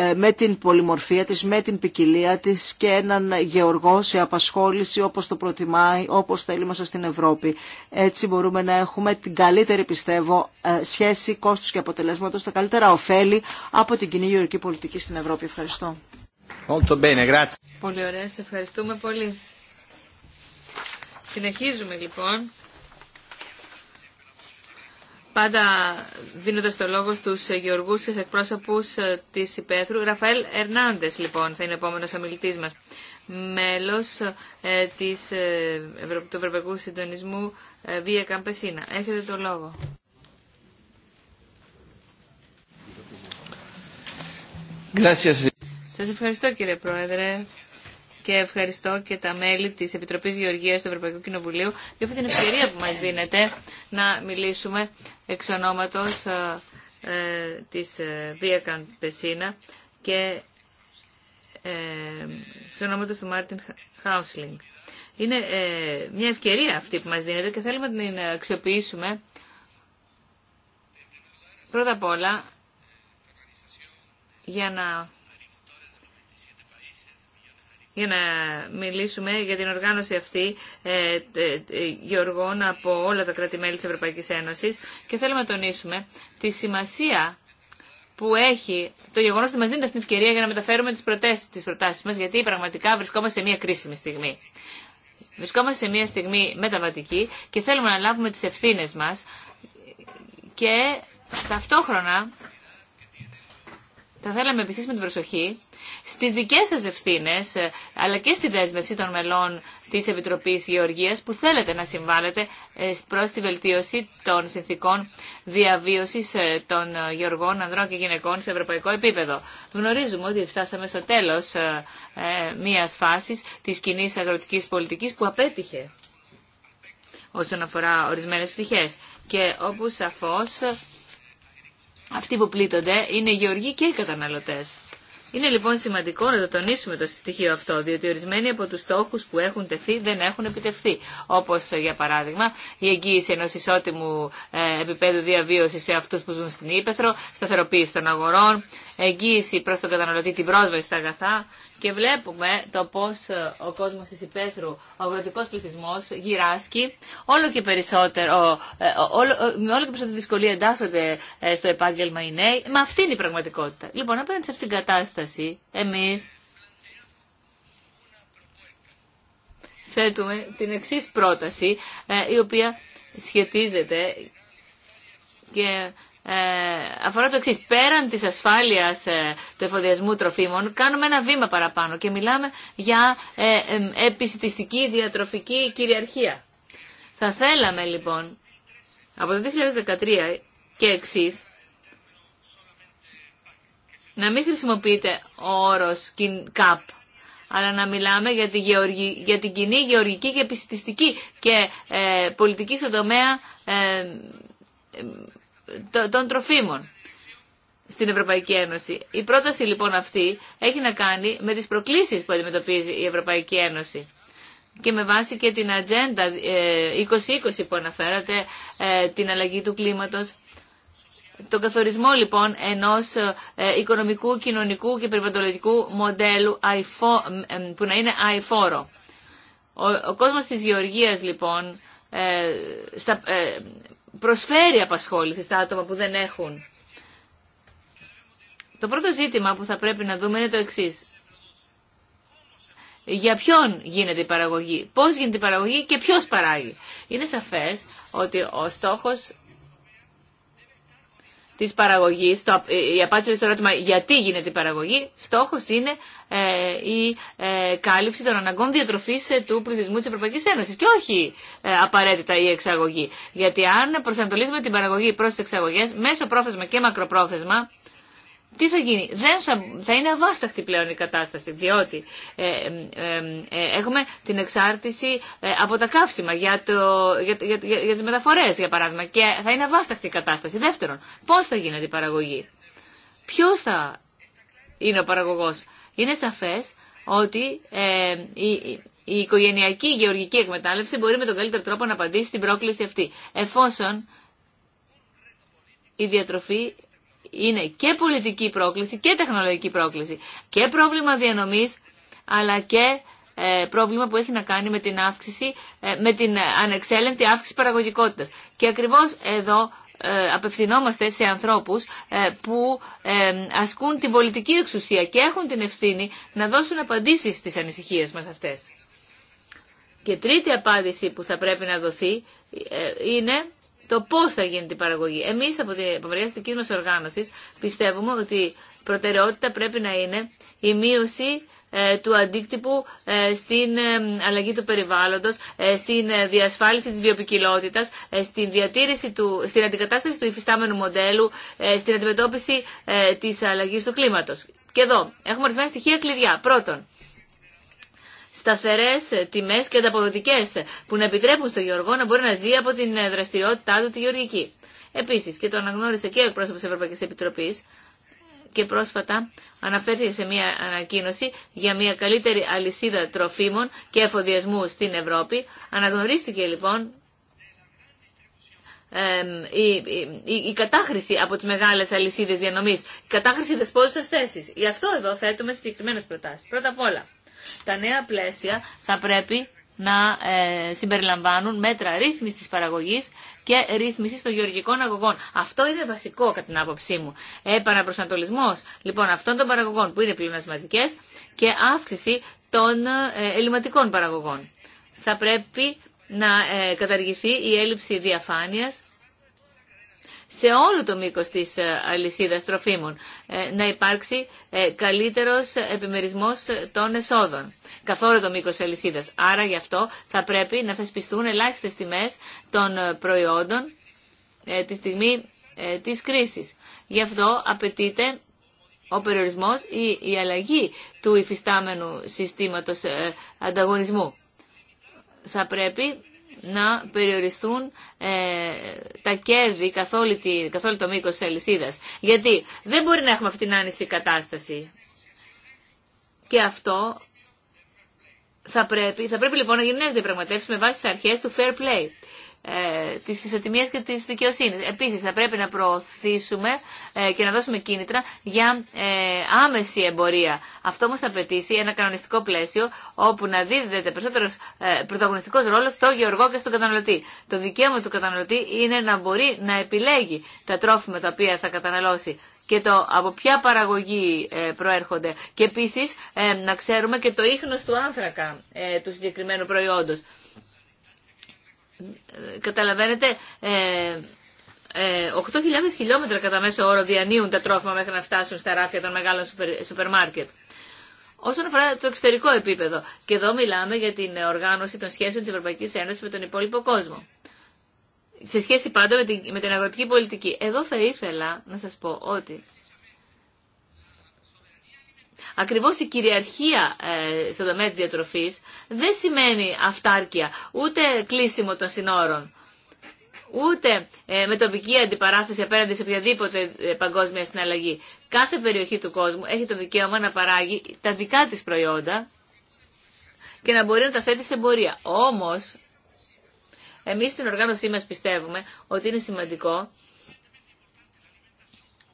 ε, με την πολυμορφία της, με την ποικιλία της και έναν γεωργό σε απασχόληση όπως το προτιμάει, όπως θέλει μας στην Ευρώπη. Έτσι μπορούμε να έχουμε την καλύτερη, πιστεύω, ε, σχέση κόστους και αποτελέσματος, τα καλύτερα ωφέλη από την κοινή γεωργική πολιτική στην Ευρώπη. Ευχαριστώ. Πολύ ωραία, σε ευχαριστούμε πολύ. Συνεχίζουμε λοιπόν πάντα δίνοντα το λόγο στου γεωργού και εκπρόσωπους ε, της Υπέθρου. Ραφαέλ Ερνάντες, λοιπόν, θα είναι ο επόμενος ομιλητής μας, μέλος ε, ε, του Ευρωπαϊκού Συντονισμού ε, Βία Καμπεσίνα. Έχετε το λόγο. Σα ευχαριστώ κύριε Πρόεδρε και ευχαριστώ και τα μέλη της Επιτροπής Γεωργίας του Ευρωπαϊκού Κοινοβουλίου για αυτή την ευκαιρία που μας δίνεται να μιλήσουμε εξ ονόματος ε, ε της ε, Βίακαν Πεσίνα και ε, εξ ονόματος του Μάρτιν Χάουσλινγκ. Είναι ε, μια ευκαιρία αυτή που μας δίνεται και θέλουμε να την αξιοποιήσουμε πρώτα απ' όλα για να για να μιλήσουμε για την οργάνωση αυτή ε, γεωργών από όλα τα κράτη-μέλη της Ευρωπαϊκής Ένωσης και θέλουμε να τονίσουμε τη σημασία που έχει το γεγονό ότι μα δίνει αυτή την ευκαιρία για να μεταφέρουμε τι τις προτάσεις μα, γιατί πραγματικά βρισκόμαστε σε μια κρίσιμη στιγμή. Βρισκόμαστε σε μια στιγμή μεταβατική και θέλουμε να λάβουμε τι ευθύνε μα και ταυτόχρονα θα θέλαμε επίσης με την προσοχή στις δικές σας ευθύνες, ε, αλλά και στη δέσμευση των μελών της Επιτροπής Γεωργίας που θέλετε να συμβάλλετε ε, προς τη βελτίωση των συνθήκων διαβίωσης ε, των γεωργών ανδρών και γυναικών σε ευρωπαϊκό επίπεδο. Γνωρίζουμε ότι φτάσαμε στο τέλος μιας φάσης της κοινή αγροτικής πολιτικής που απέτυχε όσον αφορά ορισμένες πτυχές. Και όπως σαφώς αυτοί που πλήττονται είναι οι γεωργοί και οι καταναλωτές. Είναι λοιπόν σημαντικό να το τονίσουμε το στοιχείο αυτό, διότι ορισμένοι από τους στόχου που έχουν τεθεί δεν έχουν επιτευχθεί. Όπως ε, για παράδειγμα η εγγύηση ενός ισότιμου ε, επίπεδου διαβίωσης σε αυτούς που ζουν στην Ήπεθρο, σταθεροποίηση των αγορών, εγγύηση προς τον καταναλωτή την πρόσβαση στα αγαθά και βλέπουμε το πώς ε, ο κόσμος τη υπαίθρου, ο αγροτικό πληθυσμό γυράσκει, όλο και περισσότερο, ε, ε, με όλο και περισσότερη δυσκολία εντάσσονται στο επάγγελμα οι νέοι, με αυτή είναι η πραγματικότητα. Λοιπόν, απέναντι σε αυτήν την κατάσταση, εμείς θέτουμε την εξή πρόταση, η οποία σχετίζεται και ε, αφορά το εξή. Πέραν τη ασφάλεια ε, του εφοδιασμού τροφίμων, κάνουμε ένα βήμα παραπάνω και μιλάμε για ε, επισητιστική διατροφική κυριαρχία. Θα θέλαμε λοιπόν από το 2013 και εξή να μην χρησιμοποιείται ο όρος ΚΑΠ, αλλά να μιλάμε για, τη για την κοινή γεωργική και επιστηστική και πολιτική στο τομέα των τροφίμων στην Ευρωπαϊκή Ένωση. Η πρόταση λοιπόν αυτή έχει να κάνει με τις προκλήσεις που αντιμετωπίζει η Ευρωπαϊκή Ένωση και με βάση και την ατζέντα 2020 ε, που αναφέρατε, ε, την αλλαγή του κλίματος. Το καθορισμό λοιπόν ενός ε, οικονομικού, κοινωνικού και περιβαλλοντικού μοντέλου που να είναι αηφόρο. Ο κόσμος της γεωργίας λοιπόν προσφέρει απασχόληση στα άτομα που δεν έχουν. Το πρώτο ζήτημα που θα πρέπει να δούμε είναι το εξή. Για ποιον γίνεται η παραγωγή, πώς γίνεται η παραγωγή και ποιος παράγει. Είναι σαφές ότι ο στόχος Τη παραγωγή, ε, η απάντηση στο ερώτημα γιατί γίνεται η παραγωγή, στόχος είναι ε, η ε, κάλυψη των αναγκών διατροφής του πληθυσμού τη Ευρωπαϊκή Ένωση. και όχι απαραίτητα η εξαγωγή. Γιατί αν προσανατολίζουμε την παραγωγή προς τι εξαγωγέ, μέσω πρόθεσμα και μακροπρόθεσμα, τι θα γίνει. Δεν θα, θα είναι αβάσταχτη πλέον η κατάσταση, διότι ε, ε, ε, ε έχουμε την εξάρτηση ε, από τα καύσιμα για, το, για, για, για, τις μεταφορές, για παράδειγμα, και θα είναι αβάσταχτη η κατάσταση. Δεύτερον, πώς θα γίνεται η παραγωγή. Ποιος θα είναι ο παραγωγός. Είναι σαφές ότι η, η οικογενειακή γεωργική εκμετάλλευση μπορεί με τον καλύτερο τρόπο να απαντήσει στην πρόκληση αυτή. Εφόσον η διατροφή είναι και πολιτική πρόκληση και τεχνολογική πρόκληση και πρόβλημα διανομής αλλά και ε, πρόβλημα που έχει να κάνει με την αύξηση, ε, με την ανεξέλεγκτη αύξηση παραγωγικότητας. Και ακριβώς εδώ ε, απευθυνόμαστε σε ανθρώπους που ασκούν την πολιτική εξουσία και έχουν την ευθύνη να δώσουν απαντήσεις στις ανησυχίες μας αυτές. Και τρίτη απάντηση που θα πρέπει να δοθεί είναι το πώ θα γίνει η παραγωγή. Εμεί από την πλευρά τη δική μα οργάνωση πιστεύουμε ότι προτεραιότητα πρέπει να είναι η μείωση ε, του αντίκτυπου ε, στην ε, αλλαγή του περιβάλλοντος, στην διασφάλιση της βιοπικιλότητας, στην, διατήρηση του, στην αντικατάσταση του υφιστάμενου μοντέλου, στην αντιμετώπιση της αλλαγής του κλίματος. Και εδώ έχουμε ορισμένα στοιχεία κλειδιά. Πρώτον, σταθερέ τιμέ και ανταποδοτικέ που να επιτρέπουν στο Γεωργό να μπορεί να ζει από την ε, δραστηριότητά του τη γεωργική. Επίση, και το αναγνώρισε και ο εκπρόσωπο τη Ευρωπαϊκή Επιτροπή και πρόσφατα αναφέρθηκε σε μια ανακοίνωση για μια καλύτερη αλυσίδα τροφίμων και εφοδιασμού στην Ευρώπη. Αναγνωρίστηκε λοιπόν η, η, η κατάχρηση από τις μεγάλες αλυσίδες διανομής, η κατάχρηση δεσπόζουσας θέσης. Γι' αυτό εδώ θέτουμε συγκεκριμένες προτάσει. Πρώτα απ' όλα, τα νέα πλαίσια θα πρέπει να ε, συμπεριλαμβάνουν μέτρα ρύθμιση της παραγωγής και ρύθμιση των γεωργικών αγωγών. Αυτό είναι βασικό κατά την άποψή μου. Επαναπροσανατολισμός λοιπόν αυτών των παραγωγών που είναι πλεονασματικές και αύξηση των ε, ελληματικών παραγωγών. Θα πρέπει να ε, καταργηθεί η έλλειψη διαφάνειας σε όλο το μήκος της ε, αλυσίδας τροφίμων, ε, να υπάρξει ε, καλύτερος επιμερισμός των εσόδων, καθόλου το μήκος της αλυσίδας. Άρα γι' αυτό θα πρέπει να θεσπιστούν ελάχιστες τιμές των προϊόντων τη στιγμή της κρίσης. Γι' αυτό απαιτείται ο περιορισμός ή η αλλαγή του υφιστάμενου συστήματος ανταγωνισμού. Θα πρέπει να περιοριστούν ε, τα κέρδη καθ' όλη το μήκο τη αλυσίδα. Γιατί δεν μπορεί να έχουμε αυτή την άνηση κατάσταση. Και αυτό θα πρέπει, θα πρέπει λοιπόν να γίνει νέε διαπραγματεύσει με βάση τις αρχές του fair play. Ε, της ισοτιμίας και της δικαιοσύνης. Επίσης θα πρέπει να προωθήσουμε ε, και να δώσουμε κίνητρα για ε, άμεση εμπορία. Αυτό όμως θα απαιτήσει ένα κανονιστικό πλαίσιο όπου να δίδεται περισσότερος πρωταγωνιστικός ρόλος στο γεωργό και στον καταναλωτή. Το δικαίωμα του καταναλωτή είναι να μπορεί να επιλέγει τα τρόφιμα τα οποία θα καταναλώσει και το από ποια παραγωγή προέρχονται. Και επίσης να ξέρουμε και το ίχνος του άνθρακα του συγκεκριμένου προϊόντος. Καταλαβαίνετε, 8.000 ε, ε, χιλιόμετρα κατά μέσο όρο διανύουν τα τρόφιμα μέχρι να φτάσουν στα ράφια των μεγάλων σούπερ, μάρκετ. Όσον αφορά το εξωτερικό επίπεδο, και εδώ μιλάμε για την οργάνωση των σχέσεων της Ευρωπαϊκής Ένωσης με τον υπόλοιπο κόσμο. Σε σχέση πάντα με την, με την αγροτική πολιτική. Εδώ θα ήθελα να σας πω ότι Ακριβώς η κυριαρχία ε, στον τομέα της διατροφής δεν σημαίνει αυτάρκεια, ούτε κλείσιμο των συνόρων, ούτε ε, με τοπική αντιπαράθεση απέναντι σε οποιαδήποτε ε, παγκόσμια συναλλαγή. Κάθε περιοχή του κόσμου έχει το δικαίωμα να παράγει τα δικά της προϊόντα και να μπορεί να τα θέτει σε εμπορία. Όμως, εμείς στην οργάνωσή μας πιστεύουμε ότι είναι σημαντικό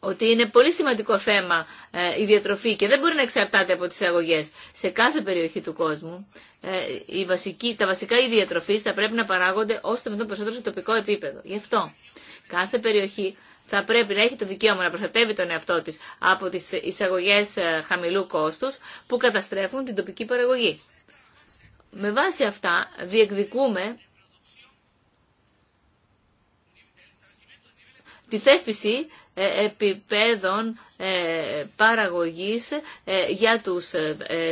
ότι είναι πολύ σημαντικό θέμα ε, η διατροφή και δεν μπορεί να εξαρτάται από τις αγωγές. Σε κάθε περιοχή του κόσμου ε, η βασική, τα βασικά είδη διατροφής θα πρέπει να παράγονται ώστε το τον περισσότερο σε τοπικό επίπεδο. Γι' αυτό κάθε περιοχή θα πρέπει να έχει το δικαίωμα να προστατεύει τον εαυτό της από τις εισαγωγές ε, χαμηλού κόστους που καταστρέφουν την τοπική παραγωγή. Με βάση αυτά διεκδικούμε τη θέσπιση ε, επιπέδων ε, παραγωγής ε, για τους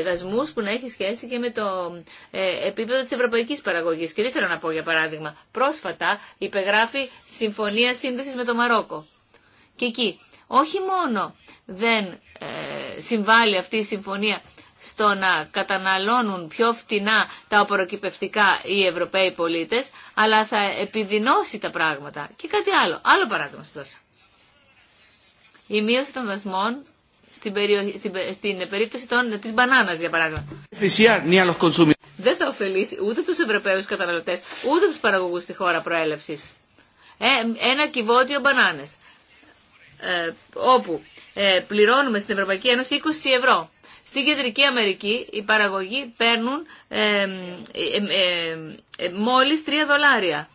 δασμούς που να έχει σχέση και με το επίπεδο της ευρωπαϊκής παραγωγής. Και δεν θέλω να πω για παράδειγμα, πρόσφατα υπεγράφει συμφωνία σύνδεσης με το Μαρόκο. Και εκεί όχι μόνο δεν συμβάλλει αυτή η συμφωνία στο να καταναλώνουν πιο φτηνά τα οποροκυπευτικά οι Ευρωπαίοι πολίτες, αλλά θα επιδεινώσει τα πράγματα. Και κάτι άλλο, άλλο παράδειγμα σας δώσω η μείωση των δασμών στην, περίπτωση των... της μπανάνας, για παράδειγμα. Δεν θα ωφελήσει ούτε του Ευρωπαίου καταναλωτέ, ούτε του παραγωγού στη χώρα προέλευση. Ε, ένα κυβότιο μπανάνε. Ε, όπου ε, πληρώνουμε στην Ευρωπαϊκή Ένωση 20 ευρώ. Στην Κεντρική Αμερική οι παραγωγοί παίρνουν ε, μόλις 3 δολάρια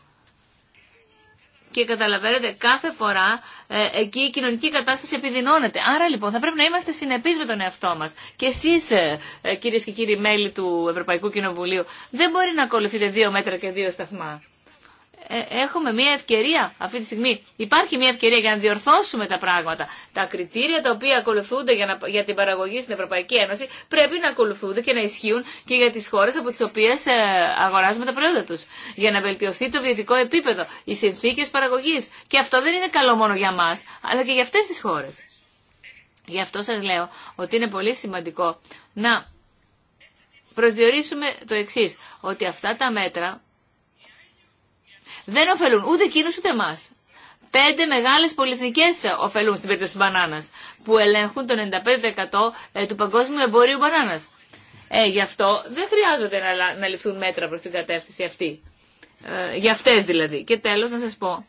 και καταλαβαίνετε κάθε φορά ε, εκεί η κοινωνική κατάσταση επιδεινώνεται. Άρα λοιπόν θα πρέπει να είμαστε συνεπείς με τον εαυτό μας. Και εσείς ε, ε κυρίες και κύριοι μέλη του Ευρωπαϊκού Κοινοβουλίου δεν μπορεί να ακολουθείτε δύο μέτρα και δύο σταθμά. Ε, έχουμε μια ευκαιρία αυτή τη στιγμή. Υπάρχει μια ευκαιρία για να διορθώσουμε τα πράγματα. Τα κριτήρια τα οποία ακολουθούνται για, την παραγωγή στην Ευρωπαϊκή Ένωση πρέπει να ακολουθούνται και να ισχύουν και για τι χώρε από τι οποίε ε, αγοράζουμε τα προϊόντα του. Για να βελτιωθεί το βιωτικό επίπεδο, οι συνθήκε παραγωγή. Και αυτό δεν είναι καλό μόνο για μα, αλλά και για αυτέ τι χώρε. Γι' αυτό σα λέω ότι είναι πολύ σημαντικό να προσδιορίσουμε το εξή ότι αυτά τα μέτρα δεν ωφελούν ούτε εκείνου ούτε εμά. Πέντε μεγάλε πολυεθνικέ ωφελούν στην περίπτωση τη μπανάνα, που ελέγχουν το 95% ε, του παγκόσμιου εμπορίου μπανάνα. Ε, γι' αυτό δεν χρειάζονται να, να ληφθούν μέτρα προ την κατεύθυνση αυτή. Ε, για αυτέ δηλαδή. Και τέλο να σα πω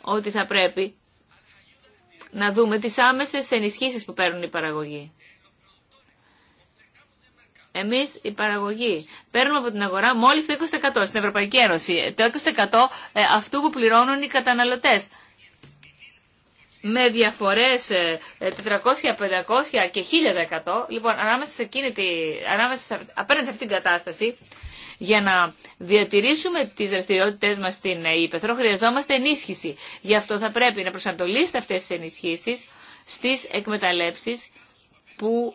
ότι θα πρέπει να δούμε τι άμεσε ενισχύσει που παίρνουν οι παραγωγοί. Εμεί η παραγωγή παίρνουμε από την αγορά μόλι το 20% στην Ευρωπαϊκή Ένωση. Το 20% ε, αυτού που πληρώνουν οι καταναλωτέ. Με διαφορέ 400, 500 και 1000%. Λοιπόν, ανάμεσα σε εκείνη τη, ανάμεσα απέναντι σε αυτήν την κατάσταση, για να διατηρήσουμε τι δραστηριότητέ μα στην ε, Ήπεθρο, χρειαζόμαστε ενίσχυση. Γι' αυτό θα πρέπει να προσανατολίσετε αυτέ τι ενισχύσει στι εκμεταλλεύσει που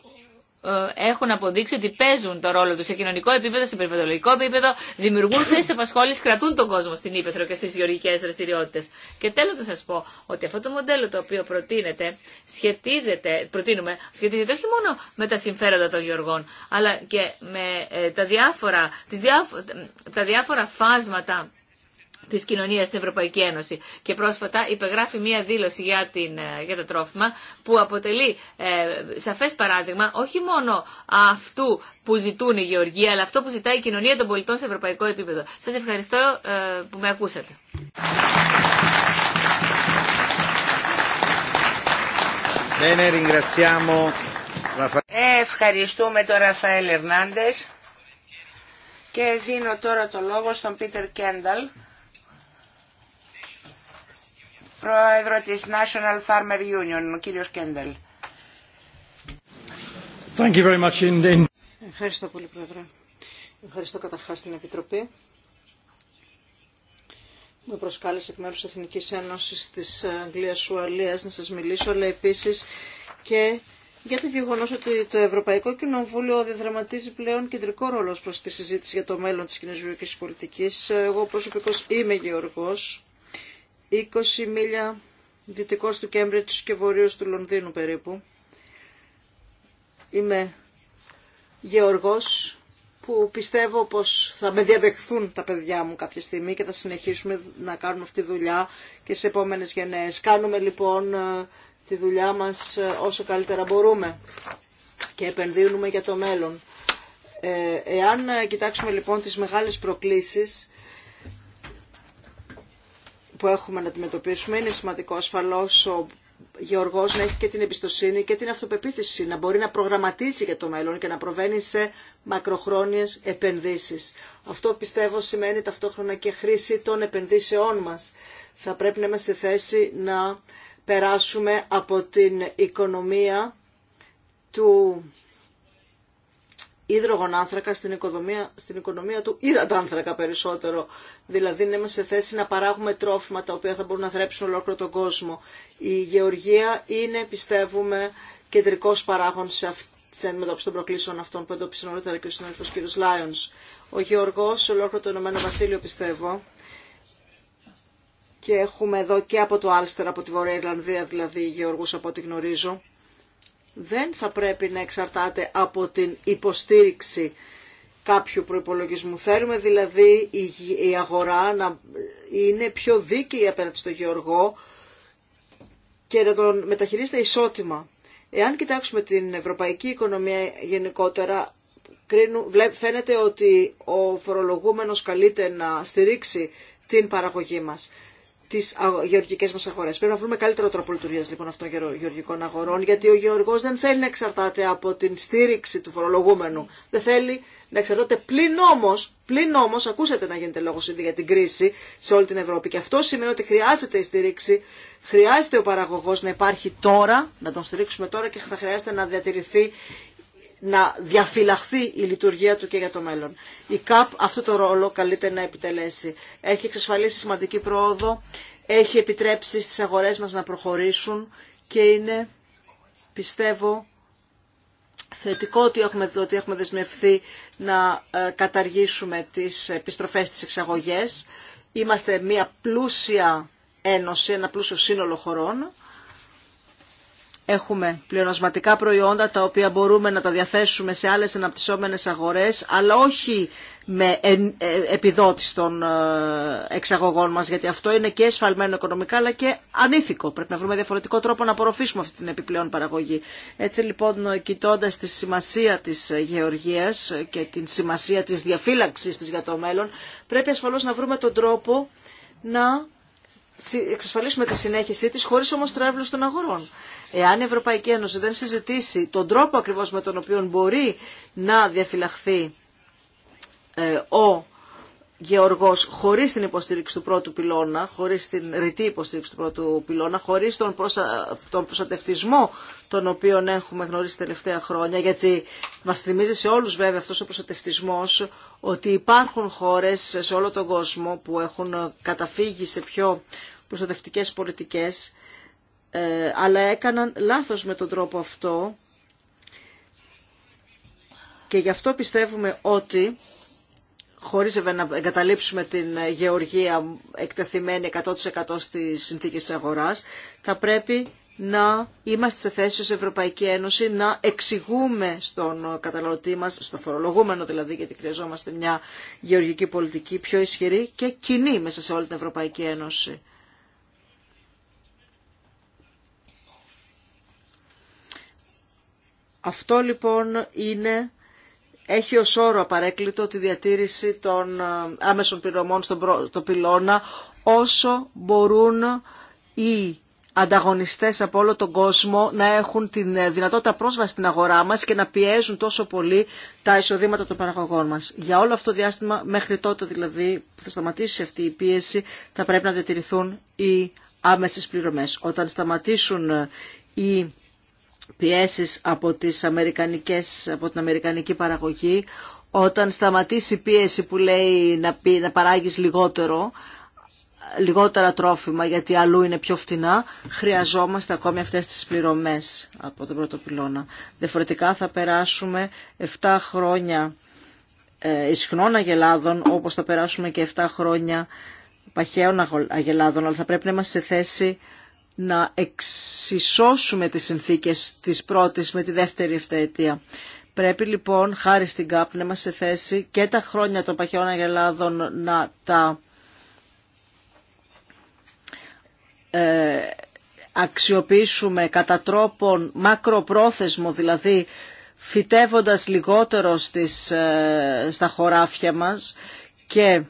ε, έχουν αποδείξει ότι παίζουν το ρόλο του σε κοινωνικό επίπεδο, σε περιβαλλοντικό επίπεδο, δημιουργούν θέσει απασχόληση, κρατούν τον κόσμο στην Ήπεθρο και στι γεωργικέ δραστηριότητε. Και τέλο να σα πω ότι αυτό το μοντέλο το οποίο προτείνεται, σχετίζεται, προτείνουμε, σχετίζεται όχι μόνο με τα συμφέροντα των γεωργών, αλλά και με ε, τα, διάφορα, τις τα διάφορα φάσματα τη κοινωνία στην Ευρωπαϊκή Ένωση. Και πρόσφατα υπεγράφει μία δήλωση για, την, ε, για το τρόφιμα που αποτελεί ε, σαφέ παράδειγμα όχι μόνο αυτού που ζητούν οι Γεωργοί, αλλά αυτό που ζητάει η κοινωνία των πολιτών σε ευρωπαϊκό επίπεδο. Σα ευχαριστώ ε, που με ακούσατε. Ευχαριστούμε τον Ραφαέλ Ερνάντες και δίνω τώρα το λόγο στον Πίτερ Κένταλ πρόεδρο της National Farmer Union, ο κύριος Κέντελ. Ευχαριστώ πολύ, Πρόεδρε. Ευχαριστώ καταρχάς την Επιτροπή. Με προσκάλεσε εκ μέρους της Εθνικής Ένωσης της Αγγλίας Ουαλίας να σας μιλήσω, αλλά επίσης και για το γεγονό ότι το Ευρωπαϊκό Κοινοβούλιο διαδραματίζει πλέον κεντρικό ρόλο προ τη συζήτηση για το μέλλον τη κοινωνική πολιτική. Εγώ προσωπικώ είμαι γεωργό 20 μίλια δυτικός του Κέμπριτζ και βορείος του Λονδίνου περίπου. Είμαι γεωργός που πιστεύω πως θα με διαδεχθούν τα παιδιά μου κάποια στιγμή και θα συνεχίσουμε να κάνουμε αυτή τη δουλειά και σε επόμενες γενναίες. Κάνουμε λοιπόν ε, τη δουλειά μας ε, όσο καλύτερα μπορούμε και επενδύουμε για το μέλλον. Ε, εάν κοιτάξουμε λοιπόν τις μεγάλες προκλήσεις που έχουμε να αντιμετωπίσουμε. Είναι σημαντικό ασφαλώ, ο γεωργό να έχει και την εμπιστοσύνη και την αυτοπεποίθηση, να μπορεί να προγραμματίσει για το μέλλον και να προβαίνει σε μακροχρόνιες επενδύσεις. Αυτό πιστεύω σημαίνει ταυτόχρονα και χρήση των επενδύσεών μας. Θα πρέπει να είμαστε σε θέση να περάσουμε από την οικονομία του ίδρογον άνθρακα στην οικονομία, στην οικονομία του υδατάνθρακα περισσότερο. Δηλαδή να είμαστε σε θέση να παράγουμε τρόφιμα τα οποία θα μπορούν να θρέψουν ολόκληρο τον κόσμο. Η γεωργία είναι, πιστεύουμε, κεντρικός παράγων σε αυτή αντιμετώπιση των προκλήσεων αυτών που εντόπισε νωρίτερα και ο συνάδελφο κ. Λάιον. Ο Γεωργό, ολόκληρο το Ηνωμένο Βασίλειο, πιστεύω, και έχουμε εδώ και από το Άλστερ, από τη Βορεια Ιρλανδία δηλαδή, γεωργού από ό,τι γνωρίζω, δεν θα πρέπει να εξαρτάται από την υποστήριξη κάποιου προϋπολογισμού. Θέλουμε δηλαδή η αγορά να είναι πιο δίκαιη απέναντι στο γεωργό και να τον μεταχειρίζεται ισότιμα. Εάν κοιτάξουμε την ευρωπαϊκή οικονομία γενικότερα, φαίνεται ότι ο φορολογούμενος καλείται να στηρίξει την παραγωγή μας. Τι γεωργικέ μα αγορέ. Πρέπει να βρούμε καλύτερο τρόπο λειτουργία λοιπόν αυτών των γεωργικών αγορών, γιατί ο γεωργό δεν θέλει να εξαρτάται από την στήριξη του φορολογούμενου. Δεν θέλει να εξαρτάται πλην όμω, πλην όμω, ακούσατε να γίνεται λόγο ήδη για την κρίση σε όλη την Ευρώπη. Και αυτό σημαίνει ότι χρειάζεται η στήριξη, χρειάζεται ο παραγωγό να υπάρχει τώρα, να τον στηρίξουμε τώρα και θα χρειάζεται να διατηρηθεί να διαφυλαχθεί η λειτουργία του και για το μέλλον. Η ΚΑΠ αυτό το ρόλο καλείται να επιτελέσει. Έχει εξασφαλίσει σημαντική πρόοδο, έχει επιτρέψει στις αγορές μας να προχωρήσουν και είναι, πιστεύω, θετικό ότι έχουμε, ότι έχουμε δεσμευθεί να ε, καταργήσουμε τις επιστροφές της εξαγωγές. Είμαστε μια πλούσια ένωση, ένα πλούσιο σύνολο χωρών Έχουμε πλεονασματικά προϊόντα τα οποία μπορούμε να τα διαθέσουμε σε άλλες αναπτυσσόμενες αγορές, αλλά όχι με ε, επιδότηση των ε, εξαγωγών μας, γιατί αυτό είναι και εσφαλμένο οικονομικά, αλλά και ανήθικο. Πρέπει να βρούμε διαφορετικό τρόπο να απορροφήσουμε αυτή την επιπλέον παραγωγή. Έτσι λοιπόν, κοιτώντα τη σημασία της γεωργίας και την σημασία της διαφύλαξης της για το μέλλον, πρέπει ασφαλώς να βρούμε τον τρόπο να εξασφαλίσουμε τη συνέχιση της χωρίς όμως τραύλους των αγορών. Εάν η Ευρωπαϊκή Ένωση δεν συζητήσει τον τρόπο ακριβώς με τον οποίο μπορεί να διαφυλαχθεί ε, ο γεωργός χωρίς την υποστήριξη του πρώτου πυλώνα, χωρίς την ρητή υποστήριξη του πρώτου πυλώνα, χωρίς τον, προσα... τον προστατευτισμό τον οποίο έχουμε γνωρίσει τελευταία χρόνια, γιατί μας θυμίζει σε όλους βέβαια αυτός ο προστατευτισμός ότι υπάρχουν χώρες σε όλο τον κόσμο που έχουν καταφύγει σε πιο προστατευτικές πολιτικές ε, αλλά έκαναν λάθος με τον τρόπο αυτό και γι' αυτό πιστεύουμε ότι χωρίς να εγκαταλείψουμε την γεωργία εκτεθειμένη 100% στις συνθήκες της αγοράς, θα πρέπει να είμαστε σε θέση ως Ευρωπαϊκή Ένωση να εξηγούμε στον καταναλωτή μας, στον φορολογούμενο δηλαδή, γιατί χρειαζόμαστε μια γεωργική πολιτική πιο ισχυρή και κοινή μέσα σε όλη την Ευρωπαϊκή Ένωση. Αυτό λοιπόν είναι, έχει ως όρο απαρέκλειτο τη διατήρηση των ε, άμεσων πληρωμών στον πυλώνα όσο μπορούν οι ανταγωνιστές από όλο τον κόσμο να έχουν τη ε, δυνατότητα πρόσβαση στην αγορά μας και να πιέζουν τόσο πολύ τα εισοδήματα των παραγωγών μας. Για όλο αυτό το διάστημα, μέχρι τότε δηλαδή που θα σταματήσει αυτή η πίεση, θα πρέπει να διατηρηθούν οι άμεσες πληρωμές. Όταν σταματήσουν ε, οι πιέσεις από, τις αμερικανικές, από την αμερικανική παραγωγή, όταν σταματήσει η πίεση που λέει να, πει, να παράγεις λιγότερο, λιγότερα τρόφιμα γιατί αλλού είναι πιο φτηνά, χρειαζόμαστε ακόμη αυτές τις πληρωμές από τον πρώτο πυλώνα. Διαφορετικά θα περάσουμε 7 χρόνια ε, ισχνών αγελάδων, όπως θα περάσουμε και 7 χρόνια παχαίων αγελάδων, αλλά θα πρέπει να είμαστε σε θέση να εξισώσουμε τις συνθήκες της πρώτης με τη δεύτερη εφταετία. Πρέπει λοιπόν, χάρη στην ΚΑΠ, να είμαστε σε θέση και τα χρόνια των παχαιών αγελάδων να τα ε, αξιοποιήσουμε κατά τρόπον μακροπρόθεσμο, δηλαδή φυτεύοντας λιγότερο στις, ε, στα χωράφια μας και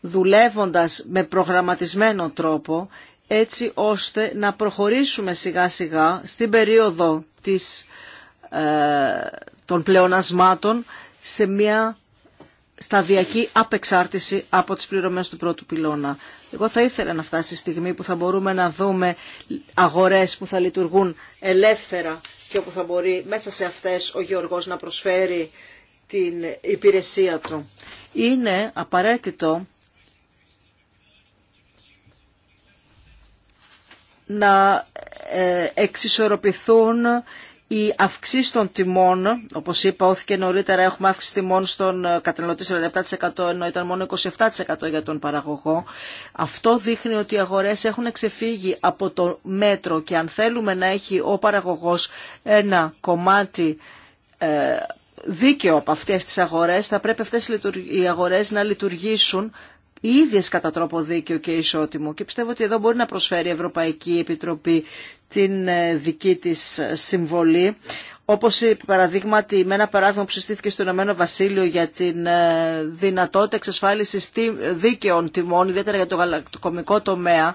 δουλεύοντας με προγραμματισμένο τρόπο έτσι ώστε να προχωρήσουμε σιγά σιγά στην περίοδο της, ε, των πλεονασμάτων σε μια σταδιακή απεξάρτηση από τις πληρωμές του πρώτου πυλώνα. Εγώ θα ήθελα να φτάσει η στιγμή που θα μπορούμε να δούμε αγορές που θα λειτουργούν ελεύθερα και όπου θα μπορεί μέσα σε αυτές ο Γεωργός να προσφέρει την υπηρεσία του. Είναι απαραίτητο να ε, εξισορροπηθούν οι αυξήσει των τιμών, όπω είπα, όθηκε νωρίτερα, έχουμε αύξηση τιμών στον ε, καταναλωτή 47%, ενώ ήταν μόνο 27% για τον παραγωγό. Αυτό δείχνει ότι οι αγορέ έχουν ξεφύγει από το μέτρο και αν θέλουμε να έχει ο παραγωγό ένα κομμάτι ε, δίκαιο από αυτές τις αγορές, θα πρέπει αυτές οι αγορές να λειτουργήσουν οι ίδιες κατά τρόπο δίκαιο και ισότιμο και πιστεύω ότι εδώ μπορεί να προσφέρει η Ευρωπαϊκή Επιτροπή την ε, δική της συμβολή Όπω ε, παραδείγματι με ένα παράδειγμα που συστήθηκε στο Ηνωμένο Βασίλειο για την ε, δυνατότητα εξασφάλισης δίκαιων τιμών, ιδιαίτερα για το γαλακτοκομικό τομέα,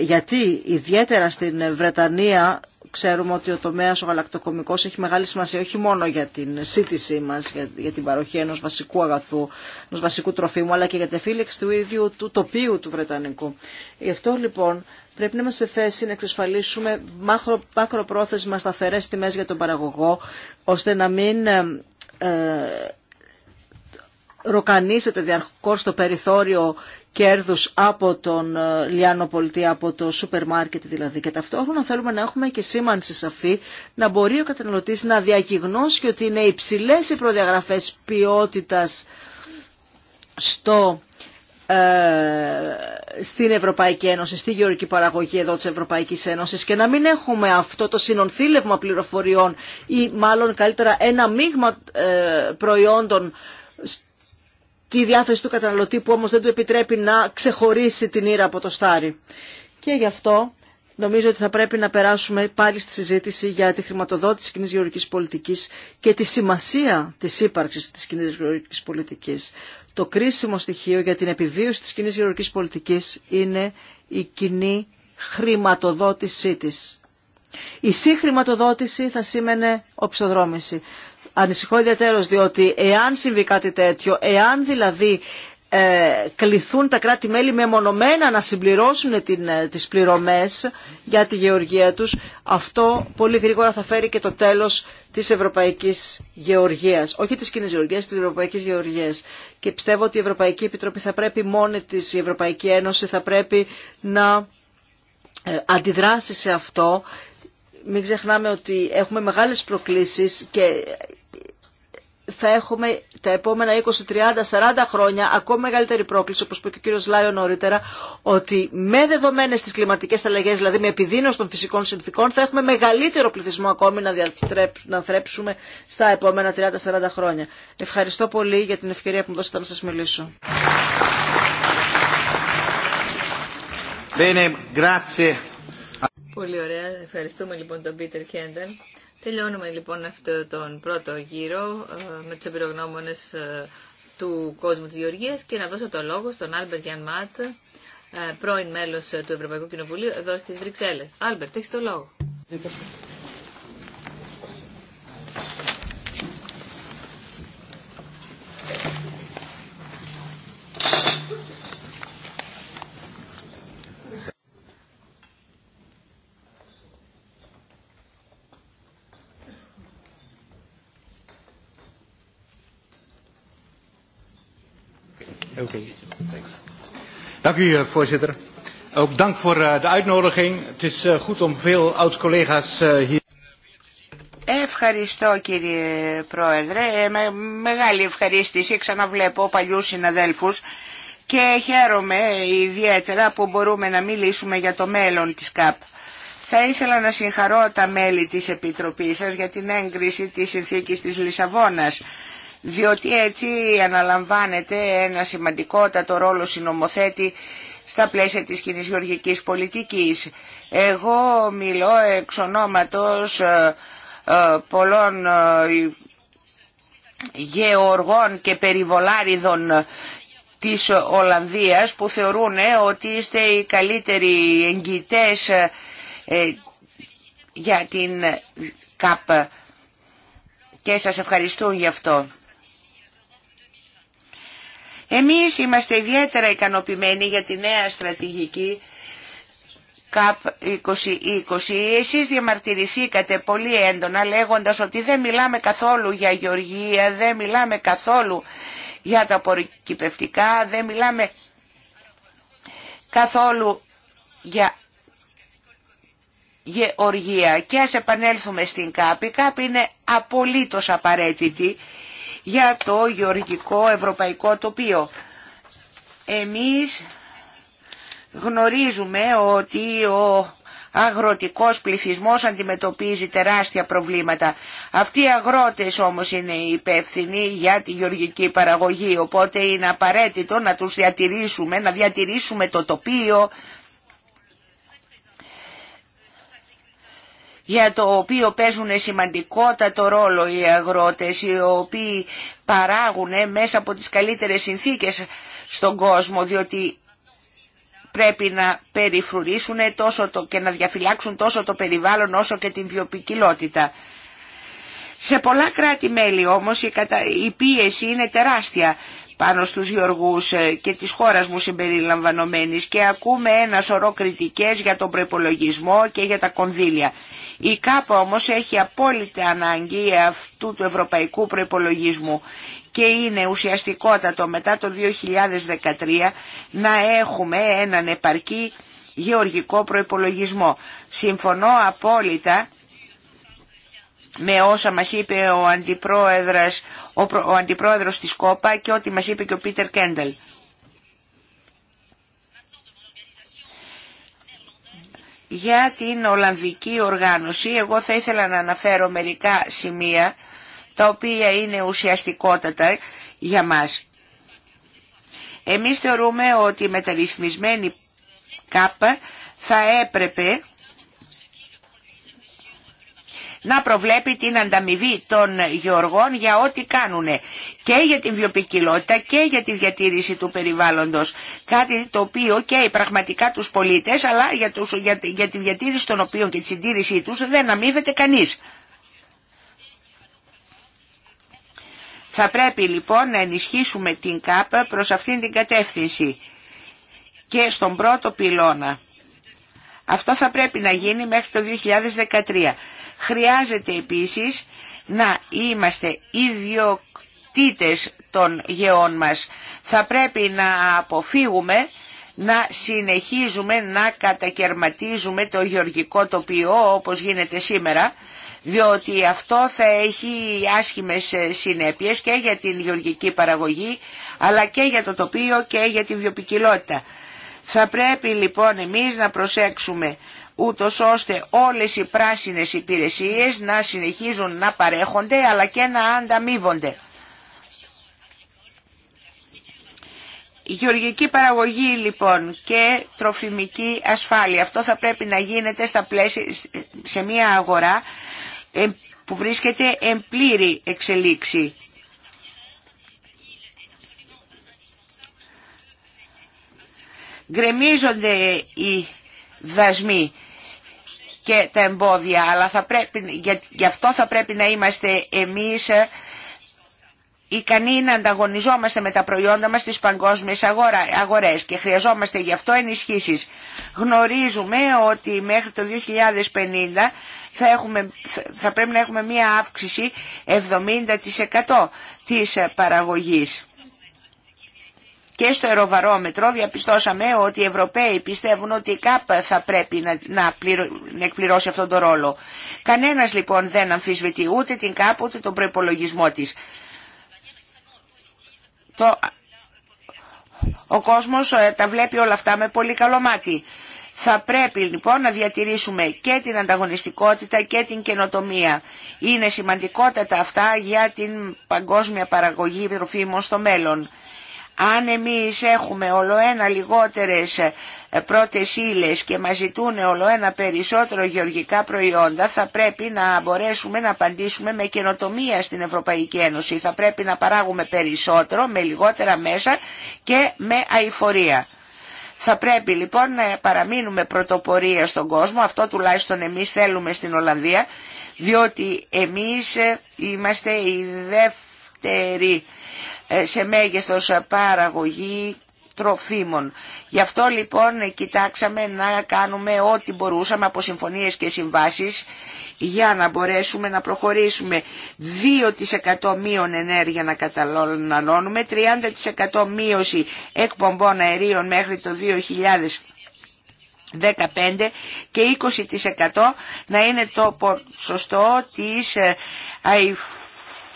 γιατί ιδιαίτερα στην Βρετανία ξέρουμε ότι ο τομέας ο γαλακτοκομικός έχει μεγάλη σημασία όχι μόνο για την σύντησή μας, για, για την παροχή ενό βασικού αγαθού, ενό βασικού τροφίμου, αλλά και για τη φύλεξη του ίδιου του τοπίου του Βρετανικού. Γι' αυτό λοιπόν πρέπει να είμαστε σε θέση να εξασφαλίσουμε μάκρο, μακροπρόθεσμα σταθερέ τιμέ για τον παραγωγό, ώστε να μην... Ε, ε, ροκανίσετε διαρκώς το περιθώριο κέρδους από τον ε, Λιάνο Πολιτή, από το σούπερ μάρκετ δηλαδή. Και ταυτόχρονα θέλουμε να έχουμε και σήμανση σαφή, να μπορεί ο καταναλωτής να διαγιγνώσει ότι είναι υψηλέ οι προδιαγραφές ποιότητας στο ε, στην Ευρωπαϊκή Ένωση, στη γεωργική παραγωγή εδώ της Ευρωπαϊκής Ένωσης και να μην έχουμε αυτό το συνονθήλευμα πληροφοριών ή μάλλον καλύτερα ένα μείγμα ε, προϊόντων η διάθεση του καταναλωτή που όμως δεν του επιτρέπει να ξεχωρίσει την ήρα από το στάρι. Και γι' αυτό νομίζω ότι θα πρέπει να περάσουμε πάλι στη συζήτηση για τη χρηματοδότηση κοινή γεωργικής πολιτικής και τη σημασία της ύπαρξης της κοινή γεωργικής πολιτικής. Το κρίσιμο στοιχείο για την επιβίωση της κοινή γεωργικής πολιτικής είναι η κοινή χρηματοδότησή της. Η συγχρηματοδότηση θα σήμαινε οψοδρόμηση. Ανησυχώ ιδιαίτερω διότι εάν συμβεί κάτι τέτοιο, εάν δηλαδή ε, κληθούν τα κράτη-μέλη μεμονωμένα να συμπληρώσουν την, ε, τις πληρωμές για τη γεωργία τους, αυτό πολύ γρήγορα θα φέρει και το τέλος της Ευρωπαϊκής Γεωργίας. Όχι της κοινής γεωργίας, της Ευρωπαϊκής Γεωργίας. Και πιστεύω ότι η Ευρωπαϊκή Επιτροπή θα πρέπει μόνη της, η Ευρωπαϊκή Ένωση θα πρέπει να ε, αντιδράσει σε αυτό. Μην ξεχνάμε ότι έχουμε μεγάλες προκλήσεις και θα έχουμε τα επόμενα 20, 30, 40 χρόνια ακόμα μεγαλύτερη πρόκληση, όπως είπε και ο κύριος Λάιο νωρίτερα, ότι με δεδομένες τις κλιματικές αλλαγές, δηλαδή με επιδείνωση των φυσικών συνθήκων, θα έχουμε μεγαλύτερο πληθυσμό ακόμη να, να θρέψουμε στα επόμενα 30, 40 χρόνια. Ευχαριστώ πολύ για την ευκαιρία που μου δώσατε να σας μιλήσω. Bene, grazie. Πολύ ωραία. Ευχαριστούμε λοιπόν τον Πίτερ Κέντεν. Τελειώνουμε λοιπόν αυτό τον πρώτο γύρο ε, με τους εμπειρογνώμονες ε, του κόσμου της Γεωργίας και να δώσω το λόγο στον Άλμπερτ Γιάν Μάτ, ε, πρώην μέλος του Ευρωπαϊκού Κοινοβουλίου εδώ στις Βρυξέλλες. Άλμπερτ, έχεις το λόγο. Ευχαριστώ κύριε Πρόεδρε, ε, με, μεγάλη ευχαρίστηση, ξαναβλέπω παλιούς συναδέλφους και χαίρομαι ιδιαίτερα που μπορούμε να μιλήσουμε για το μέλλον της ΚΑΠ. Θα ήθελα να συγχαρώ τα μέλη της Επιτροπής σας για την έγκριση της συνθήκης της Λισαβόνας διότι έτσι αναλαμβάνεται ένα σημαντικότατο ρόλο συνομοθέτη στα πλαίσια της κοινή γεωργικής πολιτικής. Εγώ μιλώ εξ ονόματος ε, ε, πολλών ε, γεωργών και περιβολάριδων της Ολλανδίας που θεωρούν ότι είστε οι καλύτεροι εγγυητές για την ΚΑΠ και σας ευχαριστούν γι' αυτό. Εμείς είμαστε ιδιαίτερα ικανοποιημένοι για τη νέα στρατηγική ΚΑΠ 2020. Εσείς διαμαρτυρηθήκατε πολύ έντονα λέγοντας ότι δεν μιλάμε καθόλου για γεωργία, δεν μιλάμε καθόλου για τα πορικυπευτικά, δεν μιλάμε καθόλου για γεωργία. Και ας επανέλθουμε στην ΚΑΠ. Η ΚΑΠ είναι απολύτως απαραίτητη για το γεωργικό ευρωπαϊκό τοπίο. Εμείς γνωρίζουμε ότι ο αγροτικός πληθυσμός αντιμετωπίζει τεράστια προβλήματα. Αυτοί οι αγρότες όμως είναι υπεύθυνοι για τη γεωργική παραγωγή, οπότε είναι απαραίτητο να τους διατηρήσουμε, να διατηρήσουμε το τοπίο, για το οποίο παίζουν σημαντικότατο ρόλο οι αγρότες, οι οποίοι παράγουν μέσα από τις καλύτερες συνθήκες στον κόσμο, διότι πρέπει να περιφρουρήσουν τόσο το, και να διαφυλάξουν τόσο το περιβάλλον όσο και την βιοπικιλότητα. Σε πολλά κράτη-μέλη όμως η, κατα... η πίεση είναι τεράστια πάνω στους γεωργούς ε, και της χώρας μου συμπεριλαμβανομένης και ακούμε ένα σωρό κριτικές για τον προπολογισμό και για τα κονδύλια. Η ΚΑΠΑ όμως έχει απόλυτη ανάγκη αυτού του ευρωπαϊκού προπολογισμού και είναι ουσιαστικότατο μετά το 2013 να έχουμε έναν επαρκή γεωργικό προϋπολογισμό. Συμφωνώ απόλυτα με όσα μας είπε ο αντιπρόεδρος, ο, προ, της ΚΟΠΑ και ό,τι μας είπε και ο Πίτερ Κέντελ. Για την Ολλανδική οργάνωση, εγώ θα ήθελα να αναφέρω μερικά σημεία, τα οποία είναι ουσιαστικότατα για μας. Εμείς θεωρούμε ότι η μεταρρυθμισμένη ΚΑΠΑ θα έπρεπε να προβλέπει την ανταμοιβή των γεωργών για ό,τι κάνουν και για την βιοποικιλότητα και για τη διατήρηση του περιβάλλοντος. Κάτι το οποίο και πραγματικά τους πολίτες αλλά για, τους, για, για τη διατήρηση των οποίων και τη συντήρησή τους δεν αμείβεται κανείς. Θα πρέπει λοιπόν να ενισχύσουμε την ΚΑΠ προς αυτήν την κατεύθυνση και στον πρώτο πυλώνα. Αυτό θα πρέπει να γίνει μέχρι το 2013. Χρειάζεται επίσης να είμαστε ιδιοκτήτες των γεών μας. Θα πρέπει να αποφύγουμε να συνεχίζουμε να κατακαιρματίζουμε το γεωργικό τοπίο όπως γίνεται σήμερα, διότι αυτό θα έχει άσχημες συνέπειες και για την γεωργική παραγωγή, αλλά και για το τοπίο και για τη βιοπικιλότητα. Θα πρέπει λοιπόν εμείς να προσέξουμε ούτως ώστε όλες οι πράσινες υπηρεσίες να συνεχίζουν να παρέχονται αλλά και να ανταμείβονται. Η γεωργική παραγωγή λοιπόν και τροφιμική ασφάλεια. Αυτό θα πρέπει να γίνεται στα πλαίσια, σε μια αγορά ε, που βρίσκεται εν πλήρη εξελίξη. Γκρεμίζονται οι δασμοί και τα εμπόδια, αλλά θα γι' αυτό θα πρέπει να είμαστε εμείς ε, ικανοί να ανταγωνιζόμαστε με τα προϊόντα μας στις παγκόσμιες αγορές και χρειαζόμαστε γι' αυτό ενισχύσεις. Γνωρίζουμε ότι μέχρι το 2050 θα, έχουμε, θα πρέπει να έχουμε μία αύξηση 70% της παραγωγής. Και στο αεροβαρόμετρο διαπιστώσαμε ότι οι Ευρωπαίοι πιστεύουν ότι η ΚΑΠ θα πρέπει να, να, εκπληρώσει αυτόν τον ρόλο. Κανένας λοιπόν δεν αμφισβητεί ούτε την ΚΑΠ ούτε τον προπολογισμό της. ο κόσμος ε, τα βλέπει όλα αυτά με πολύ καλό μάτι. Θα πρέπει λοιπόν να διατηρήσουμε και την ανταγωνιστικότητα και την καινοτομία. Είναι σημαντικότατα αυτά για την παγκόσμια παραγωγή τροφίμων στο μέλλον. Αν εμείς έχουμε όλο ένα λιγότερες ε, πρώτες ύλες και μας ζητούν όλο ένα περισσότερο γεωργικά προϊόντα, θα πρέπει να μπορέσουμε να απαντήσουμε με καινοτομία στην Ευρωπαϊκή Ένωση. Θα πρέπει να παράγουμε περισσότερο, με λιγότερα μέσα και με αηφορία. Θα πρέπει λοιπόν να παραμείνουμε πρωτοπορία στον κόσμο, αυτό τουλάχιστον εμείς θέλουμε στην Ολλανδία, διότι εμείς ε, είμαστε οι δεύτεροι ε, σε μέγεθος ε, παραγωγή τροφίμων. Γι' αυτό λοιπόν ε, κοιτάξαμε να κάνουμε ό,τι μπορούσαμε από συμφωνίες και συμβάσεις για να μπορέσουμε να προχωρήσουμε 2% μείων ενέργεια να καταλώνουμε, 30% μείωση εκπομπών αερίων μέχρι το 2015 και 20% να είναι το ποσοστό της αηφόρου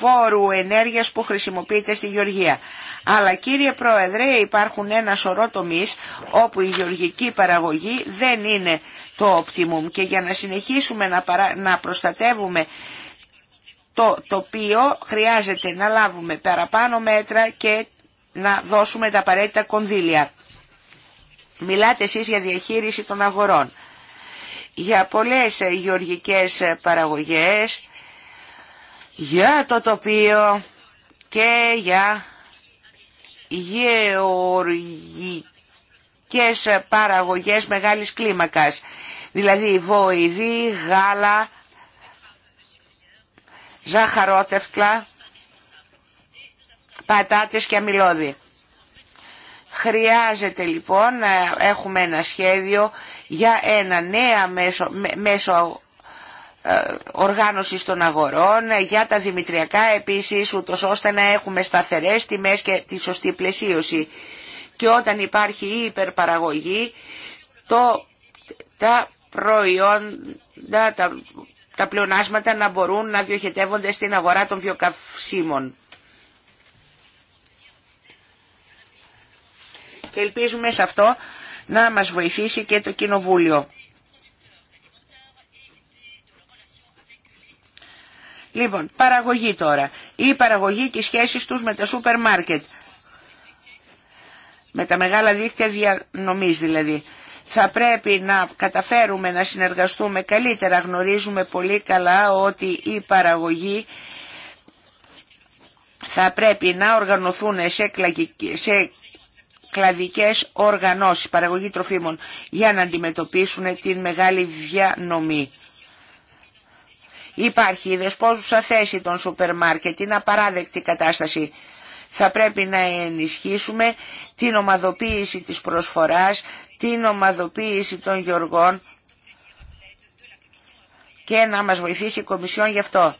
φόρου ενέργειας που χρησιμοποιείται στη Γεωργία. Αλλά κύριε Πρόεδρε υπάρχουν ένα σωρό τομείς όπου η γεωργική παραγωγή δεν είναι το optimum και για να συνεχίσουμε να, να προστατεύουμε το τοπίο χρειάζεται να λάβουμε παραπάνω μέτρα και να δώσουμε τα απαραίτητα κονδύλια. Μιλάτε εσείς για διαχείριση των αγορών. Για πολλές γεωργικές παραγωγές για το τοπίο και για γεωργικές παραγωγές μεγάλης κλίμακας. Δηλαδή βοηδή, γάλα, ζαχαρότευκλα, πατάτες και αμυλώδη. Χρειάζεται λοιπόν να έχουμε ένα σχέδιο για ένα νέο μέσο, μέσο ε, Οργάνωση των αγορών, ε, για τα δημητριακά επίσης, ούτως ώστε να έχουμε σταθερές τιμές και τη σωστή πλαισίωση. Και όταν υπάρχει η υπερπαραγωγή, το, τα προϊόντα, τα, τα πλεονάσματα να μπορούν να διοχετεύονται στην αγορά των βιοκαυσίμων. Και ελπίζουμε σε αυτό να μας βοηθήσει και το Κοινοβούλιο. Λοιπόν, παραγωγή τώρα. Η παραγωγή και οι σχέσεις τους με τα σούπερ μάρκετ. Με τα μεγάλα δίκτυα διανομής δηλαδή. Θα πρέπει να καταφέρουμε να συνεργαστούμε καλύτερα. Γνωρίζουμε πολύ καλά ότι η παραγωγή θα πρέπει να οργανωθούν σε, σε κλαδικές οργανώσεις παραγωγή τροφίμων για να αντιμετωπίσουν την μεγάλη διανομή. Υπάρχει η δεσπόζουσα θέση των σούπερ μάρκετ, είναι απαράδεκτη κατάσταση. Θα πρέπει να ενισχύσουμε την ομαδοποίηση της προσφοράς, την ομαδοποίηση των γεωργών και να μας βοηθήσει η Κομισιόν γι' αυτό.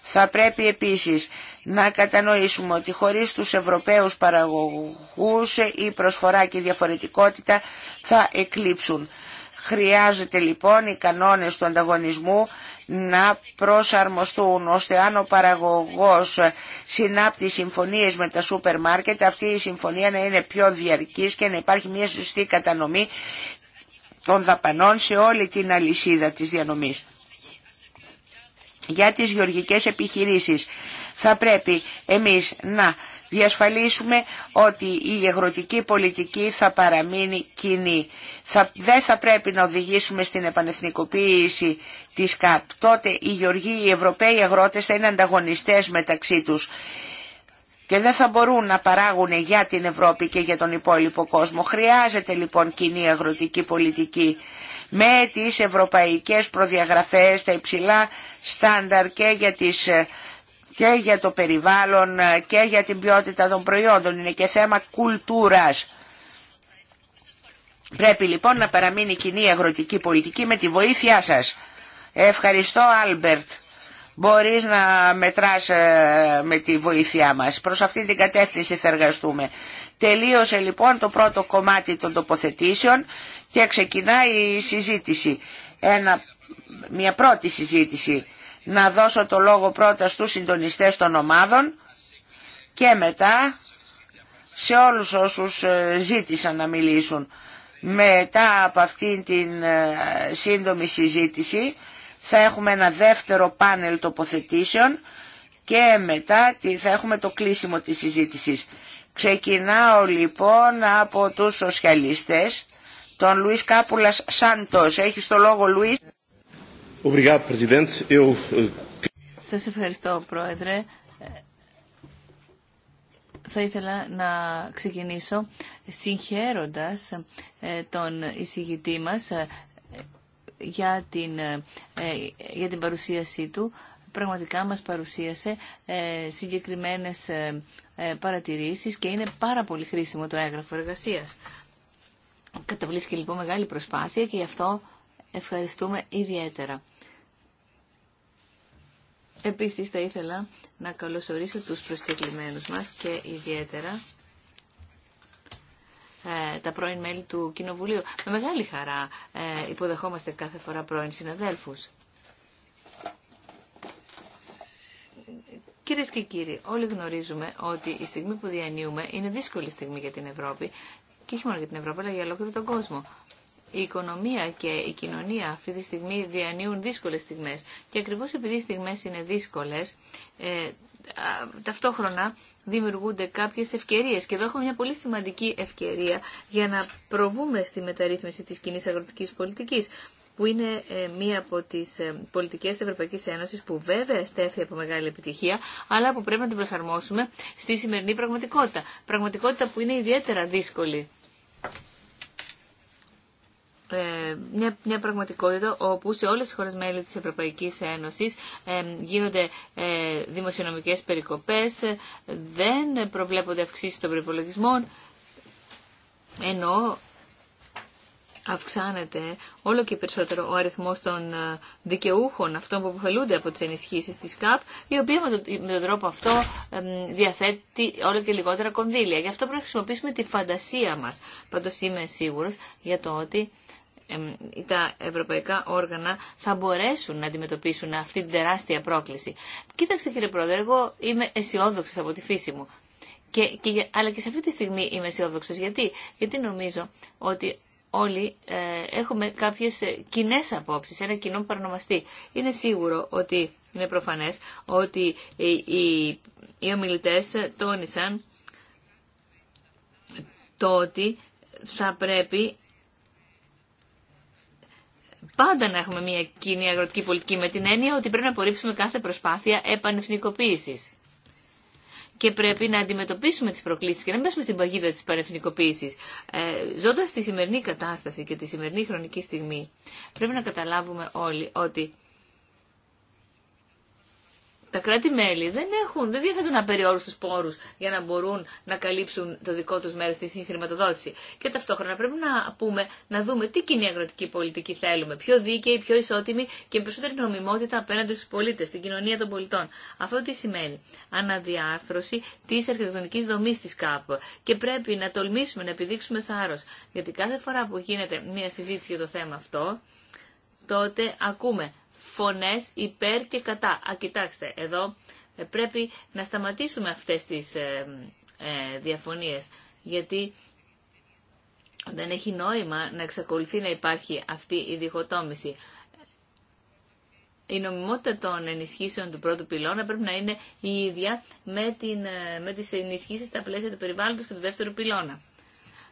Θα πρέπει επίσης να κατανοήσουμε ότι χωρίς τους Ευρωπαίους παραγωγούς η προσφορά και η διαφορετικότητα θα εκλείψουν. Χρειάζεται λοιπόν οι κανόνες του ανταγωνισμού να προσαρμοστούν ώστε αν ο παραγωγός συνάπτει συμφωνίες με τα σούπερ μάρκετ αυτή η συμφωνία να είναι πιο διαρκής και να υπάρχει μια σωστή κατανομή των δαπανών σε όλη την αλυσίδα της διανομής. Για τις γεωργικές επιχειρήσεις θα πρέπει εμείς να διασφαλίσουμε ότι η αγροτική πολιτική θα παραμείνει κοινή. Θα, δεν θα πρέπει να οδηγήσουμε στην επανεθνικοποίηση της ΚΑΠ. Τότε οι Γεωργοί, οι Ευρωπαίοι αγρότες θα είναι ανταγωνιστές μεταξύ τους και δεν θα μπορούν να παράγουν για την Ευρώπη και για τον υπόλοιπο κόσμο. Χρειάζεται λοιπόν κοινή αγροτική πολιτική με τις ευρωπαϊκές προδιαγραφές, τα υψηλά στάνταρ και για τις ε, και για το περιβάλλον ε, και για την ποιότητα των προϊόντων. Είναι και θέμα κουλτούρας. Πρέπει λοιπόν να παραμείνει κοινή αγροτική πολιτική με τη βοήθειά σας. Ευχαριστώ Άλμπερτ. Μπορείς να μετράς ε, με τη βοήθειά μας. Προς αυτή την κατεύθυνση θα εργαστούμε. Τελείωσε λοιπόν το πρώτο κομμάτι των τοποθετήσεων και ξεκινάει η συζήτηση. Ένα, μια πρώτη συζήτηση να δώσω το λόγο πρώτα στους συντονιστές των ομάδων και μετά σε όλους όσους ε, ζήτησαν να μιλήσουν. Μετά από αυτήν την ε, σύντομη συζήτηση θα έχουμε ένα δεύτερο πάνελ τοποθετήσεων και μετά θα έχουμε το κλείσιμο της συζήτησης. Ξεκινάω λοιπόν από τους σοσιαλιστές, τον Λουίς Κάπουλας Σάντος. Έχεις το λόγο Λουίς. Σας ευχαριστώ, Πρόεδρε. Θα ήθελα να ξεκινήσω συγχαίροντας ε, τον εισηγητή μας ε, για την, ε, για την παρουσίασή του. Πραγματικά μας παρουσίασε συγκεκριμένες παρατηρήσεις και είναι πάρα πολύ χρήσιμο το έγγραφο εργασίας. Καταβλήθηκε λοιπόν μεγάλη προσπάθεια και γι' αυτό ευχαριστούμε ιδιαίτερα. Επίσης θα ήθελα να καλωσορίσω τους προσκεκλημένους μας και ιδιαίτερα ε, τα πρώην μέλη του Κοινοβουλίου. Με μεγάλη χαρά ε, υποδεχόμαστε κάθε φορά πρώην συναδέλφους. Κυρίε και κύριοι, όλοι γνωρίζουμε ότι η στιγμή που διανύουμε είναι δύσκολη στιγμή για την Ευρώπη και όχι μόνο για την Ευρώπη, αλλά για ολόκληρο τον κόσμο η οικονομία και η κοινωνία αυτή τη στιγμή διανύουν δύσκολες στιγμές. Και ακριβώς επειδή οι στιγμές είναι δύσκολες, ε, ταυτόχρονα δημιουργούνται κάποιες ευκαιρίες. Και εδώ έχουμε μια πολύ σημαντική ευκαιρία για να προβούμε στη μεταρρύθμιση της κοινή αγροτικής πολιτικής που είναι ε, μία από τις ε, πολιτικές της Ευρωπαϊκής Ένωσης που βέβαια στέφει από μεγάλη επιτυχία, αλλά που πρέπει να την προσαρμόσουμε στη σημερινή πραγματικότητα. Πραγματικότητα που είναι ιδιαίτερα δύσκολη. Ε, μια, μια πραγματικότητα όπου σε όλες τις χώρες μέλη της Ευρωπαϊκής Ένωσης ε, γίνονται ε, δημοσιονομικές περικοπές, δεν προβλέπονται αυξήσεις των προπολογισμών, ενώ αυξάνεται όλο και περισσότερο ο αριθμός των δικαιούχων, αυτών που αποφελούνται από τις ενισχύσεις της ΚΑΠ, η οποία με τον τρόπο αυτό διαθέτει όλο και λιγότερα κονδύλια. Γι' αυτό πρέπει να χρησιμοποιήσουμε τη φαντασία μας. Πάντως είμαι σίγουρος για το ότι τα ευρωπαϊκά όργανα θα μπορέσουν να αντιμετωπίσουν αυτή την τεράστια πρόκληση. Κοίταξε κύριε Πρόεδρε, εγώ είμαι αισιόδοξο από τη φύση μου. Και, και, αλλά και σε αυτή τη στιγμή είμαι αισιόδοξο. Γιατί? Γιατί νομίζω ότι όλοι ε, έχουμε κάποιες ε, κοινέ απόψεις, ένα κοινό παρονομαστή. Είναι σίγουρο ότι, είναι προφανές, ότι οι, οι, οι ομιλητές τόνισαν το ότι θα πρέπει πάντα να έχουμε μια κοινή αγροτική πολιτική με την έννοια ότι πρέπει να απορρίψουμε κάθε προσπάθεια επανεθνικοποίηση. Και πρέπει να αντιμετωπίσουμε τι προκλήσει και να μην πέσουμε στην παγίδα τη πανεθνικοποίηση. Ε, Ζώντα τη σημερινή κατάσταση και τη σημερινή χρονική στιγμή, πρέπει να καταλάβουμε όλοι ότι τα κράτη-μέλη δεν έχουν, δεν διαθέτουν απεριόριστου πόρους για να μπορούν να καλύψουν το δικό του μέρο στη συγχρηματοδότηση. Και ταυτόχρονα πρέπει να πούμε, να δούμε τι κοινή αγροτική πολιτική θέλουμε, πιο δίκαιη, πιο ισότιμη και περισσότερη νομιμότητα απέναντι στου πολίτε, στην κοινωνία των πολιτών. Αυτό τι σημαίνει. Αναδιάρθρωση τη αρχιτεκτονικής δομή τη ΚΑΠ. Και πρέπει να τολμήσουμε, να επιδείξουμε θάρρο. Γιατί κάθε φορά που γίνεται μια συζήτηση για το θέμα αυτό, τότε ακούμε φωνές υπέρ και κατά. Α, κοιτάξτε, εδώ ε, πρέπει να σταματήσουμε αυτές τις ε, ε, διαφωνίες, γιατί δεν έχει νόημα να εξακολουθεί να υπάρχει αυτή η διχοτόμηση. Η νομιμότητα των ενισχύσεων του πρώτου πυλώνα πρέπει να είναι η ίδια με, την, ε, με τις ενισχύσεις στα πλαίσια του περιβάλλοντος και του δεύτερου πυλώνα.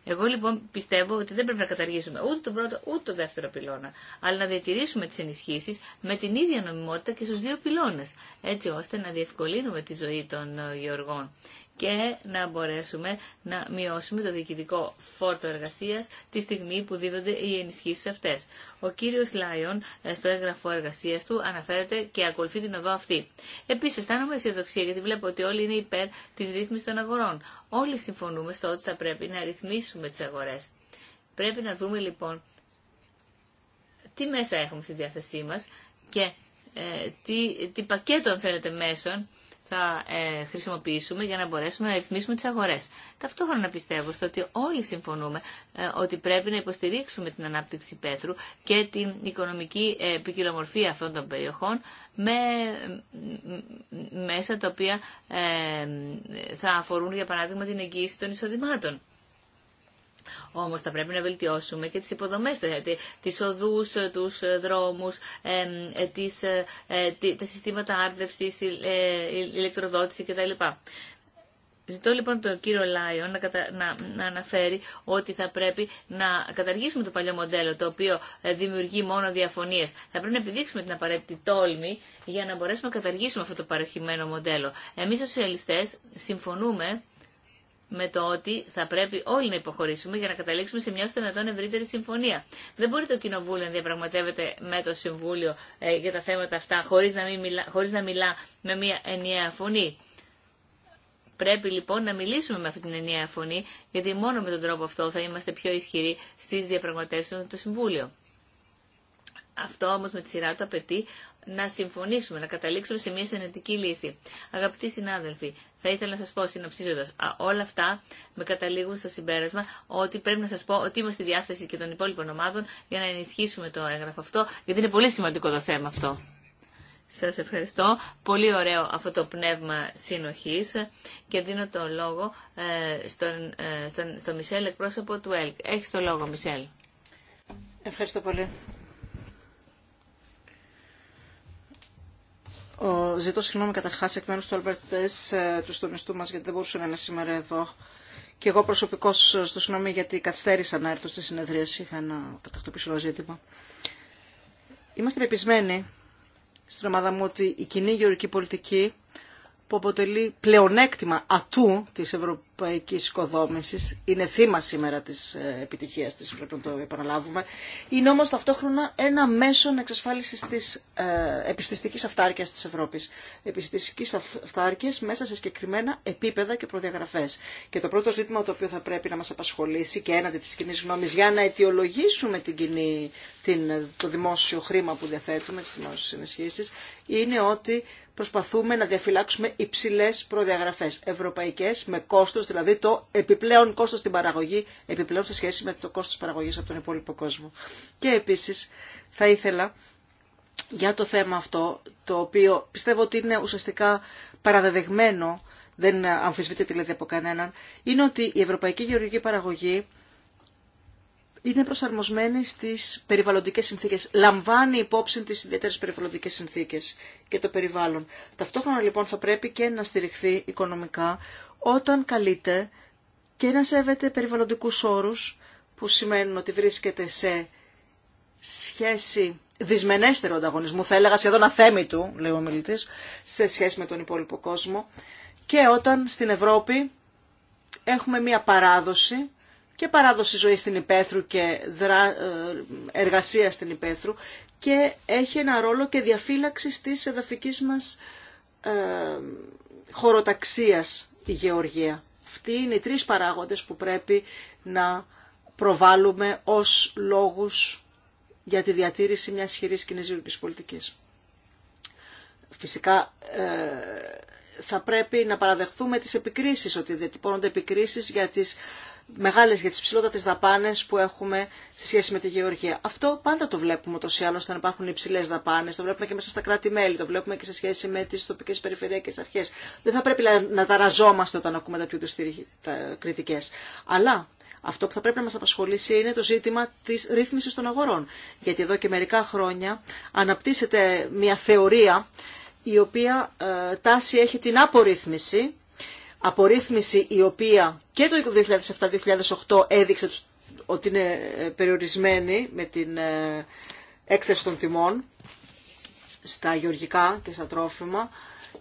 Εγώ λοιπόν πιστεύω ότι δεν πρέπει να καταργήσουμε ούτε τον πρώτο ούτε τον δεύτερο πυλώνα, αλλά να διατηρήσουμε τι ενισχύσει με την ίδια νομιμότητα και στου δύο πυλώνε, έτσι ώστε να διευκολύνουμε τη ζωή των ε, γεωργών και να μπορέσουμε να μειώσουμε το διοικητικό φόρτο εργασία τη στιγμή που δίδονται οι ενισχύσει αυτέ. Ο κύριο Λάιον ε, στο έγγραφο εργασία του αναφέρεται και ακολουθεί την οδό αυτή. Επίση, αισθάνομαι αισιοδοξία γιατί βλέπω ότι όλοι είναι υπέρ τη Ρύθμιση των αγορών. Όλοι συμφωνούμε στο ότι θα πρέπει να ρυθμίσουμε τι αγορέ. Πρέπει να δούμε λοιπόν τι μέσα έχουμε στη διάθεσή μας και ε, τι, τι πακέτο θέλετε μέσων θα ε, χρησιμοποιήσουμε για να μπορέσουμε να ρυθμίσουμε τις αγορές. Ταυτόχρονα πιστεύω στο ότι όλοι συμφωνούμε ε, ότι πρέπει να υποστηρίξουμε την ανάπτυξη πέθρου και την οικονομική ε, αυτών των περιοχών με μέσα τα οποία ε, θα αφορούν για παράδειγμα την εγγύηση των εισοδημάτων. Όμως θα πρέπει να βελτιώσουμε και τις υποδομές, δηλαδή τις οδούς, τους δρόμους, ε, τις, ε, ε, τα συστήματα άρδευσης, ηλεκτροδότηση κτλ. Ζητώ λοιπόν τον κύριο Λάιον να, αναφέρει ότι θα πρέπει να καταργήσουμε το παλιό μοντέλο το οποίο δημιουργεί μόνο διαφωνίες. Θα πρέπει να επιδείξουμε την απαραίτητη τόλμη για να μπορέσουμε να καταργήσουμε αυτό το παροχημένο μοντέλο. Εμείς ως σοσιαλιστές συμφωνούμε με το ότι θα πρέπει όλοι να υποχωρήσουμε για να καταλήξουμε σε μια να τον ευρύτερη συμφωνία. Δεν μπορεί το Κοινοβούλιο να διαπραγματεύεται με το Συμβούλιο ε, για τα θέματα αυτά χωρίς να, μην μιλά, χωρίς να μιλά με μια ενιαία φωνή. Πρέπει λοιπόν να μιλήσουμε με αυτή την ενιαία φωνή, γιατί μόνο με τον τρόπο αυτό θα είμαστε πιο ισχυροί στις διαπραγματεύσεις με το Συμβούλιο. Αυτό όμως με τη σειρά του απαιτεί να συμφωνήσουμε, να καταλήξουμε σε μια συνεργατική λύση. Αγαπητοί συνάδελφοι, θα ήθελα να σα πω συνοψίζοντα όλα αυτά με καταλήγουν στο συμπέρασμα ότι πρέπει να σα πω ότι είμαστε στη διάθεση και των υπόλοιπων ομάδων για να ενισχύσουμε το έγγραφο αυτό, γιατί είναι πολύ σημαντικό το θέμα αυτό. Σα ευχαριστώ. Πολύ ωραίο αυτό το πνεύμα συνοχή και δίνω το λόγο ε, στον, ε, στον, στον Μισελ, εκπρόσωπο του ΕΛΚ. Έχει το λόγο, Μισελ. Ευχαριστώ πολύ. Ζητώ συγγνώμη καταρχάς εκ μέρους του Αλμπερτ ε, του στονιστού μας, γιατί δεν μπορούσε να είναι σήμερα εδώ. Και εγώ προσωπικώς ε, στο συγγνώμη γιατί καθυστέρησα να έρθω στη συνεδρίαση, είχα ένα κατακτοπίσω ζήτημα. Είμαστε πεπισμένοι στην ομάδα μου ότι η κοινή γεωρική πολιτική που αποτελεί πλεονέκτημα ατού της Ευρωπαϊκής Ευρωπαϊκή οικοδόμηση. είναι θύμα σήμερα τη ε, επιτυχία τη πρέπει να το επαναλάβουμε, είναι όμω ταυτόχρονα ένα μέσον εξασφάλισης της ε, επιστηστικής αυτάρκεια τη Ευρώπη. Επιστηστικής αυτάρκεια μέσα σε συγκεκριμένα επίπεδα και προδιαγραφέ. Και το πρώτο ζήτημα το οποίο θα πρέπει να μα απασχολήσει και έναντι τη κοινή γνώμη, για να αιτιολογήσουμε την κοινή, την, το δημόσιο χρήμα που διαθέτουμε, τι δημόσιε ενισχύσει, είναι ότι προσπαθούμε να διαφυλάξουμε υψηλέ προδιαγραφέ, ευρωπαϊκές με κόστος κόστος, δηλαδή το επιπλέον κόστος στην παραγωγή, επιπλέον σε σχέση με το κόστος παραγωγής από τον υπόλοιπο κόσμο. Και επίσης θα ήθελα για το θέμα αυτό, το οποίο πιστεύω ότι είναι ουσιαστικά παραδεδεγμένο, δεν αμφισβητείται δηλαδή από κανέναν, είναι ότι η ευρωπαϊκή γεωργική παραγωγή είναι προσαρμοσμένη στις περιβαλλοντικές συνθήκες. Λαμβάνει υπόψη τις ιδιαίτερες περιβαλλοντικές συνθήκες και το περιβάλλον. Ταυτόχρονα λοιπόν θα πρέπει και να στηριχθεί οικονομικά όταν καλείται και να σέβεται περιβαλλοντικούς όρους που σημαίνουν ότι βρίσκεται σε σχέση δυσμενέστερο ανταγωνισμού, θα έλεγα σχεδόν αθέμητου, λέει ο μιλητής, σε σχέση με τον υπόλοιπο κόσμο και όταν στην Ευρώπη έχουμε μία παράδοση και παράδοση ζωής στην υπαίθρου και δρα ε, εργασία στην υπαίθρου, και έχει ένα ρόλο και διαφύλαξη της εδαφικής μας ε, χωροταξίας τη γεωργία. Αυτοί είναι οι τρεις παράγοντες που πρέπει να προβάλλουμε ως λόγους για τη διατήρηση μιας ισχυρής κοινής πολιτικής. Φυσικά ε, θα πρέπει να παραδεχθούμε τις επικρίσεις, ότι διατυπώνονται επικρίσεις για τις μεγάλες, για τις ψηλότατες δαπάνες που έχουμε σε σχέση με τη γεωργία. Αυτό πάντα το βλέπουμε ούτως ή άλλως όταν υπάρχουν υψηλέ δαπάνες, το βλέπουμε και μέσα στα κράτη-μέλη, το βλέπουμε και σε σχέση με τις τοπικές περιφερειακές αρχές. Δεν θα πρέπει να ταραζόμαστε όταν ακούμε τέτοιου είδους κριτικές. Αλλά αυτό που θα πρέπει να μας απασχολήσει είναι το ζήτημα της ρύθμισης των αγορών. Γιατί εδώ και μερικά χρόνια αναπτύσσεται μια θεωρία η οποία ε, τάση έχει την απορρίθμιση, απορρίθμιση η οποία και το 2007-2008 έδειξε ότι είναι ε, περιορισμένη με την ε, έξερση των τιμών στα γεωργικά και στα τρόφιμα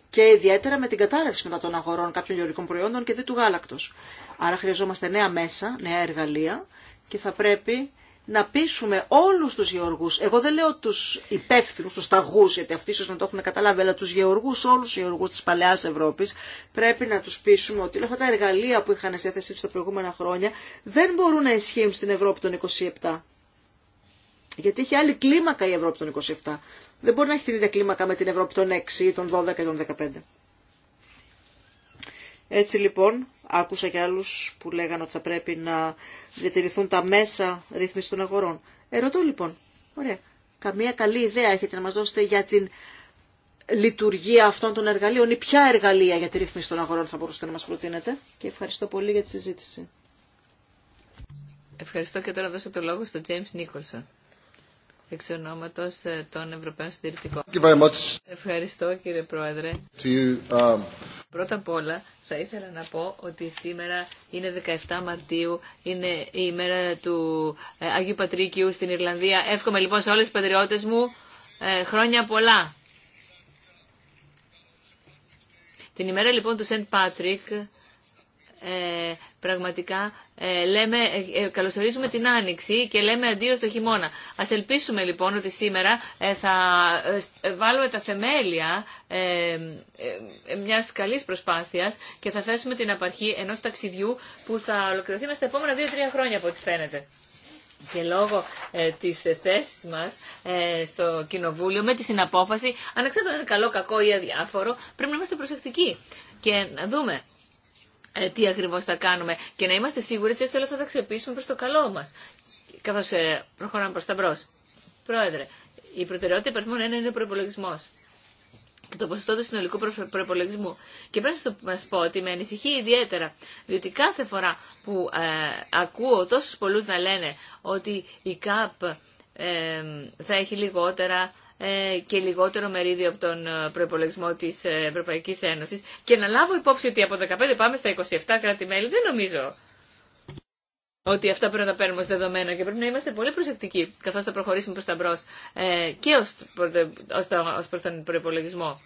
και ιδιαίτερα με την κατάρρευση μετά των αγορών κάποιων γεωργικών προϊόντων και δι του γάλακτος. Άρα χρειαζόμαστε νέα μέσα, νέα εργαλεία και θα πρέπει να πείσουμε όλους τους γεωργούς, εγώ δεν λέω τους υπεύθυνους, τους ταγούς, γιατί αυτοί ίσως να το έχουν καταλάβει, αλλά τους γεωργούς, όλους τους γεωργούς της παλαιάς Ευρώπης, πρέπει να τους πείσουμε ότι όλα αυτά τα εργαλεία που είχαν σε θέση τα προηγούμενα χρόνια δεν μπορούν να ισχύουν στην Ευρώπη των 27. Γιατί έχει άλλη κλίμακα η Ευρώπη των 27. Δεν μπορεί να έχει την ίδια κλίμακα με την Ευρώπη των 6 ή των 12 ή των 15. Έτσι λοιπόν, άκουσα και άλλους που λέγανε ότι θα πρέπει να διατηρηθούν τα μέσα ρύθμιση των αγορών. Ερωτώ λοιπόν, ωραία, καμία καλή ιδέα έχετε να μας δώσετε για την λειτουργία αυτών των εργαλείων ή ποια εργαλεία για τη ρύθμιση των αγορών θα μπορούσατε να μας προτείνετε. Και ευχαριστώ πολύ για τη συζήτηση. Ευχαριστώ και τώρα δώσω το λόγο στον James Νίκολσον, εξ ε, των Ευρωπαίων Συντηρητικών. Ευχαριστώ κύριε Πρόεδρε. Um, Πρώτα απ' όλα θα ήθελα να πω ότι σήμερα είναι 17 Μαρτίου, είναι η ημέρα του ε, Αγίου Πατρίκιου στην Ιρλανδία. Εύχομαι λοιπόν σε όλες τις πατριώτες μου ε, χρόνια πολλά. Την ημέρα λοιπόν του Σεντ Πάτρικ ε, πραγματικά ε, λέμε, ε, καλωσορίζουμε την άνοιξη και λέμε αντίο στο χειμώνα. Ας ελπίσουμε λοιπόν ότι σήμερα θα βάλουμε τα θεμέλια μιας καλής προσπάθειας και θα θέσουμε την απαρχή ενός ταξιδιού που θα ολοκληρωθεί μέσα στα επόμενα 2-3 χρόνια από ό,τι φαίνεται και λόγω ε, της θέσης μας ε, στο Κοινοβούλιο με τη συναπόφαση, ανεξάρτητα αν είναι καλό, κακό ή αδιάφορο, πρέπει να είμαστε προσεκτικοί και να δούμε ε, τι ακριβώς θα κάνουμε και να είμαστε σίγουροι ότι όλα αυτά θα αξιοποιήσουμε προς το καλό μας καθώς ε, προχωράμε προς τα μπρος. Πρόεδρε, η προτεραιότητα υπερθμών είναι ο προπολογισμό και το ποσοστό του συνολικού προπολογισμού. Και πρέπει να σα πω ότι με ανησυχεί ιδιαίτερα, διότι κάθε φορά που ε, ακούω τόσου πολλούς να λένε ότι η ΚΑΠ θα έχει λιγότερα, ε, και λιγότερο μερίδιο από τον ε, προπολογισμό τη ε, Ευρωπαϊκή Ένωση και να λάβω υπόψη ότι από 15 πάμε στα 27 κράτη-μέλη, δεν νομίζω ότι αυτά πρέπει να τα παίρνουμε ως δεδομένα και πρέπει να είμαστε πολύ προσεκτικοί καθώ θα προχωρήσουμε προ τα μπρος και ω προ τον προπολογισμό.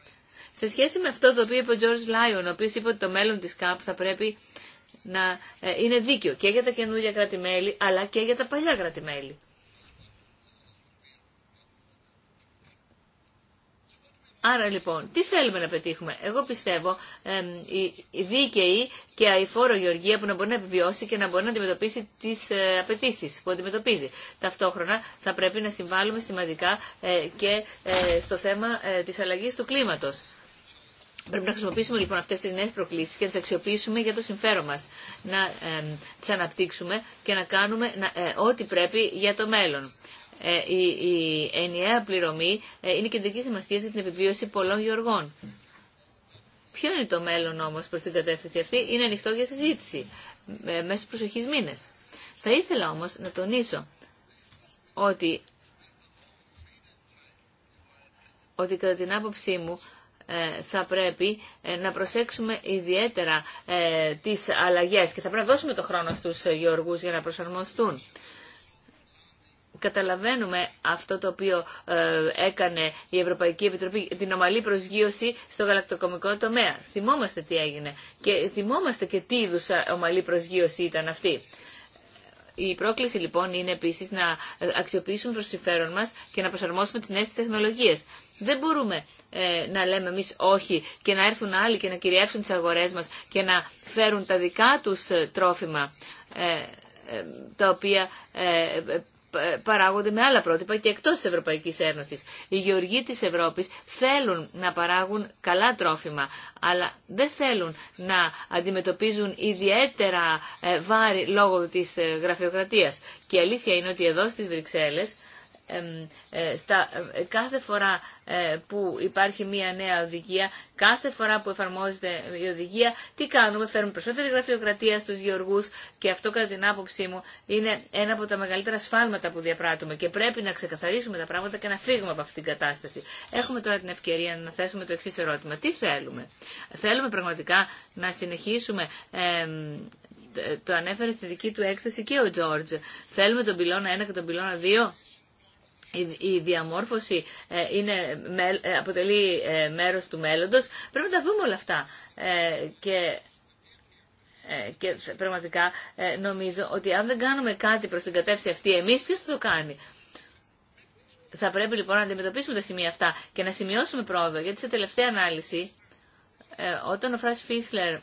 Σε σχέση με αυτό το οποίο είπε ο George Lyon, ο οποίο είπε ότι το μέλλον τη ΚΑΠ θα πρέπει να είναι δίκαιο και για τα καινούργια κράτη-μέλη αλλά και για τα παλιά κράτη-μέλη. Άρα λοιπόν, τι θέλουμε να πετύχουμε. Εγώ πιστεύω ε, η δίκαιη και φόρο γεωργία που να μπορεί να επιβιώσει και να μπορεί να αντιμετωπίσει τι ε, απαιτήσει που αντιμετωπίζει. Ταυτόχρονα θα πρέπει να συμβάλλουμε σημαντικά ε, και ε, στο θέμα ε, τη αλλαγή του κλίματο. Πρέπει να χρησιμοποιήσουμε λοιπόν αυτέ τι νέε προκλήσει και να τι αξιοποιήσουμε για το συμφέρον μα. Να ε, τι αναπτύξουμε και να κάνουμε ό,τι πρέπει για το μέλλον. Ε, η, η ενιαία πληρωμή ε, είναι κεντρική σημασία για την επιβίωση πολλών γεωργών. Ποιο είναι το μέλλον όμως προς την κατεύθυνση αυτή, είναι ανοιχτό για συζήτηση ε, μέσα στου μήνες. Θα ήθελα όμως να τονίσω ότι, ότι κατά την άποψή μου θα πρέπει να προσέξουμε ιδιαίτερα τις αλλαγές και θα πρέπει να δώσουμε το χρόνο στους γεωργούς για να προσαρμοστούν καταλαβαίνουμε αυτό το οποίο ε, έκανε η Ευρωπαϊκή Επιτροπή, την ομαλή προσγείωση στο γαλακτοκομικό τομέα. Θυμόμαστε τι έγινε και θυμόμαστε και τι είδου ε, ομαλή προσγείωση ήταν αυτή. Η πρόκληση λοιπόν είναι επίση να αξιοποιήσουμε προ συμφέρον μα και να προσαρμόσουμε τι νέε τεχνολογίε. Δεν μπορούμε ε, να λέμε εμεί όχι και να έρθουν άλλοι και να κυριεύσουν τι αγορέ μα και να φέρουν τα δικά του τρόφιμα. τα οποία παράγονται με άλλα πρότυπα και εκτός της Ευρωπαϊκής Ένωσης. Οι γεωργοί της Ευρώπης θέλουν να παράγουν καλά τρόφιμα, αλλά δεν θέλουν να αντιμετωπίζουν ιδιαίτερα ε, βάρη λόγω της ε, γραφειοκρατίας. Και η αλήθεια είναι ότι εδώ στις Βρυξέλλες ε, στα, ε, κάθε φορά ε, που υπάρχει μία νέα οδηγία, κάθε φορά που εφαρμόζεται η οδηγία, τι κάνουμε, φέρνουμε περισσότερη γραφειοκρατία στους γεωργούς και αυτό κατά την άποψή μου είναι ένα από τα μεγαλύτερα σφάλματα που διαπράττουμε και πρέπει να ξεκαθαρίσουμε τα πράγματα και να φύγουμε από αυτήν την κατάσταση. Έχουμε τώρα την ευκαιρία να θέσουμε το εξή ερώτημα. Τι θέλουμε. Θέλουμε πραγματικά να συνεχίσουμε το ανέφερε στη δική του έκθεση και ο Τζόρτζ. Θέλουμε τον πυλώνα 1 και τον πυλώνα 2 η διαμόρφωση ε, είναι, ε, αποτελεί ε, μέρος του μέλλοντος. Πρέπει να τα δούμε όλα αυτά. Και πραγματικά νομίζω ότι αν δεν κάνουμε κάτι προς την κατεύθυνση αυτή, εμείς ποιος θα το κάνει. Θα πρέπει λοιπόν να αντιμετωπίσουμε τα σημεία αυτά και να σημειώσουμε πρόοδο, γιατί σε τελευταία ανάλυση, όταν ο Φρας Φίσλερ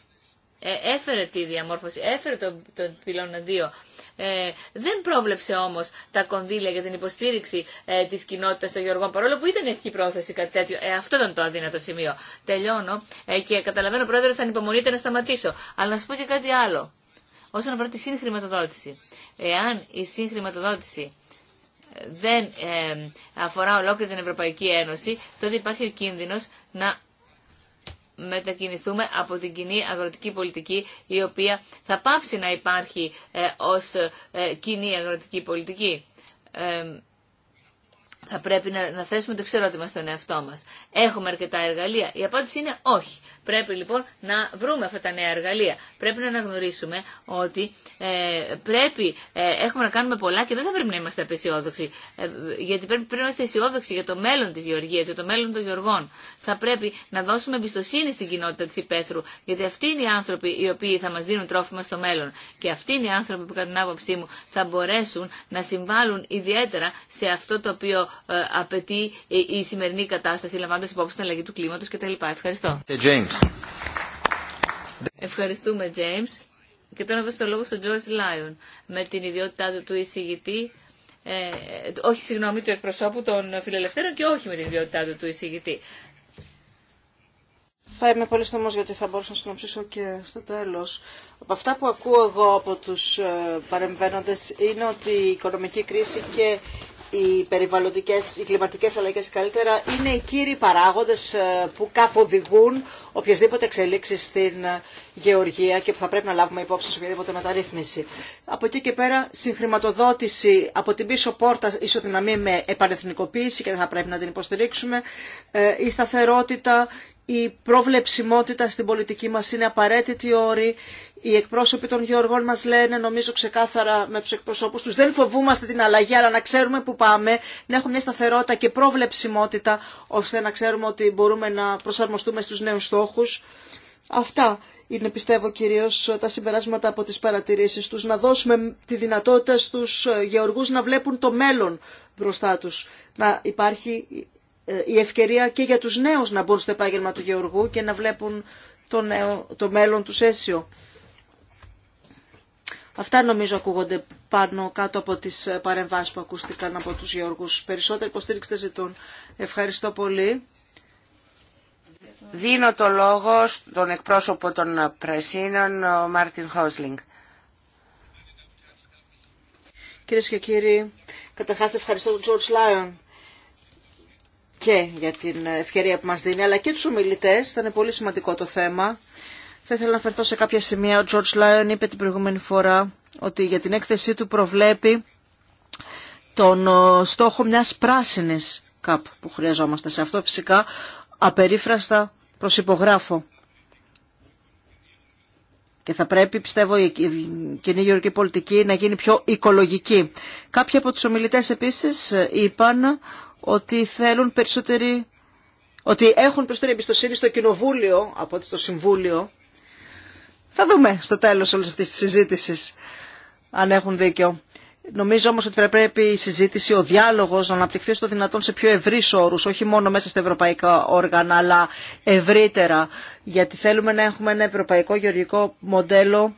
ε, έφερε τη διαμόρφωση, έφερε τον, το πυλώνα 2. Ε, δεν πρόβλεψε όμω τα κονδύλια για την υποστήριξη ε, τη κοινότητα των Γεωργών, παρόλο που ήταν ευχή πρόθεση κάτι τέτοιο. Ε, αυτό ήταν το αδύνατο σημείο. Τελειώνω ε, και καταλαβαίνω, Πρόεδρε, θα ανυπομονείτε να σταματήσω. Αλλά να σα πω και κάτι άλλο. Όσον αφορά τη συγχρηματοδότηση. Εάν η συγχρηματοδότηση ε, δεν ε, αφορά ολόκληρη την Ευρωπαϊκή Ένωση, τότε υπάρχει ο κίνδυνο να μετακινηθούμε από την κοινή αγροτική πολιτική η οποία θα πάψει να υπάρχει ε, ως ε, κοινή αγροτική πολιτική. Ε, θα πρέπει να, να θέσουμε το ξερότημα στον εαυτό μας. Έχουμε αρκετά εργαλεία. Η απάντηση είναι όχι. Πρέπει λοιπόν να βρούμε αυτά τα νέα εργαλεία. Πρέπει να αναγνωρίσουμε ότι ε, πρέπει, ε, έχουμε να κάνουμε πολλά και δεν θα πρέπει να είμαστε απεσιόδοξοι. Ε, γιατί πρέπει, πρέπει να είμαστε αισιόδοξοι για το μέλλον της γεωργίας, για το μέλλον των γεωργών. Θα πρέπει να δώσουμε εμπιστοσύνη στην κοινότητα της υπαίθρου. Γιατί αυτοί είναι οι άνθρωποι οι οποίοι θα μας δίνουν τρόφιμα στο μέλλον. Και αυτοί είναι οι άνθρωποι που κατά την άποψή μου θα μπορέσουν να συμβάλλουν ιδιαίτερα σε αυτό το οποίο ε, απαιτεί η σημερινή κατάσταση, λαμβάνοντα υπόψη την αλλαγή του κλίματο κτλ. Ευχαριστώ. Ευχαριστούμε, James. Και τώρα δώσω το λόγο στον George Lyon με την ιδιότητά του του εισηγητή. Ε, όχι, συγγνώμη, του εκπροσώπου των φιλελευθέρων και όχι με την ιδιότητά του του εισηγητή. Θα είμαι πολύ στομός γιατί θα μπορούσα να συνοψίσω και στο τέλος. Από αυτά που ακούω εγώ από τους ε, παρεμβαίνοντες είναι ότι η οικονομική κρίση και οι περιβαλλοντικές, οι κλιματικές αλλαγές καλύτερα είναι οι κύριοι παράγοντες ε, που καθοδηγούν οποιασδήποτε εξελίξεις στην ε, γεωργία και που θα πρέπει να λάβουμε υπόψη σε οποιαδήποτε μεταρρύθμιση. Από εκεί και πέρα συγχρηματοδότηση από την πίσω πόρτα μην με επανεθνικοποίηση και δεν θα πρέπει να την υποστηρίξουμε, ε, η σταθερότητα η προβλεψιμότητα στην πολιτική μας είναι απαραίτητη όρη οι εκπρόσωποι των γεωργών μας λένε, νομίζω ξεκάθαρα με τους εκπροσώπους τους, δεν φοβούμαστε την αλλαγή, αλλά να ξέρουμε που πάμε, να έχουμε μια σταθερότητα και προβλεψιμότητα, ώστε να ξέρουμε ότι μπορούμε να προσαρμοστούμε στους νέους στόχους. Αυτά είναι πιστεύω κυρίως τα συμπεράσματα από τις παρατηρήσεις τους, να δώσουμε τη δυνατότητα στους γεωργούς να βλέπουν το μέλλον μπροστά τους, να υπάρχει ε, η ευκαιρία και για τους νέους να μπουν στο επάγγελμα του γεωργού και να βλέπουν το, το μέλλον τους αίσιο. Αυτά νομίζω ακούγονται πάνω κάτω από τις παρεμβάσεις που ακούστηκαν από τους Γιώργους. Περισσότερη υποστήριξη δεν ζητούν. Ευχαριστώ πολύ. Δίνω το λόγο στον εκπρόσωπο των Πρεσίνων, ο Μάρτιν Χόσλινγκ. Κυρίε και κύριοι, καταρχάς ευχαριστώ τον George Λάιον και για την ευκαιρία που μας δίνει, αλλά και τους ομιλητές. Ήταν πολύ σημαντικό το θέμα. Θα ήθελα να αφαιρθώ σε κάποια σημεία. Ο George Lyon είπε την προηγούμενη φορά ότι για την έκθεσή του προβλέπει τον ε, στόχο μιας πράσινης κάπου που χρειαζόμαστε. Σε αυτό φυσικά απερίφραστα προσυπογράφω. Και θα πρέπει, πιστεύω, η κοινή γεωργική πολιτική να γίνει πιο οικολογική. Κάποιοι από τους ομιλητές επίσης ε, είπαν ότι θέλουν περισσότερη ότι έχουν περισσότερη εμπιστοσύνη στο Κοινοβούλιο από ότι στο Συμβούλιο θα δούμε στο τέλος όλη αυτή τη συζήτηση αν έχουν δίκιο. Νομίζω όμως ότι πρέπει η συζήτηση, ο διάλογος να αναπτυχθεί στο δυνατόν σε πιο ευρύ όρους, όχι μόνο μέσα στα ευρωπαϊκά όργανα, αλλά ευρύτερα, γιατί θέλουμε να έχουμε ένα ευρωπαϊκό γεωργικό μοντέλο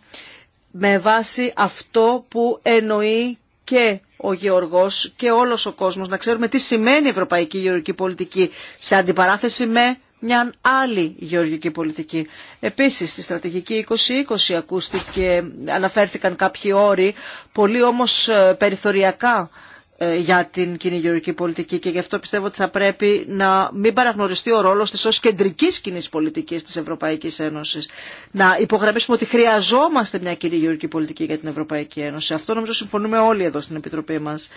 με βάση αυτό που εννοεί και ο Γεωργός και όλος ο κόσμος, να ξέρουμε τι σημαίνει ευρωπαϊκή γεωργική πολιτική σε αντιπαράθεση με μια άλλη γεωργική πολιτική. Επίσης, στη στρατηγική 2020 ακούστηκε, αναφέρθηκαν κάποιοι όροι, πολύ όμως ε, περιθωριακά ε, για την κοινή γεωργική πολιτική και γι' αυτό πιστεύω ότι θα πρέπει να μην παραγνωριστεί ο ρόλος της ως κεντρικής κοινή πολιτικής της Ευρωπαϊκής Ένωσης. Να υπογραμμίσουμε ότι χρειαζόμαστε μια κοινή γεωργική πολιτική για την Ευρωπαϊκή Ένωση. Αυτό νομίζω συμφωνούμε όλοι εδώ στην Επιτροπή μας.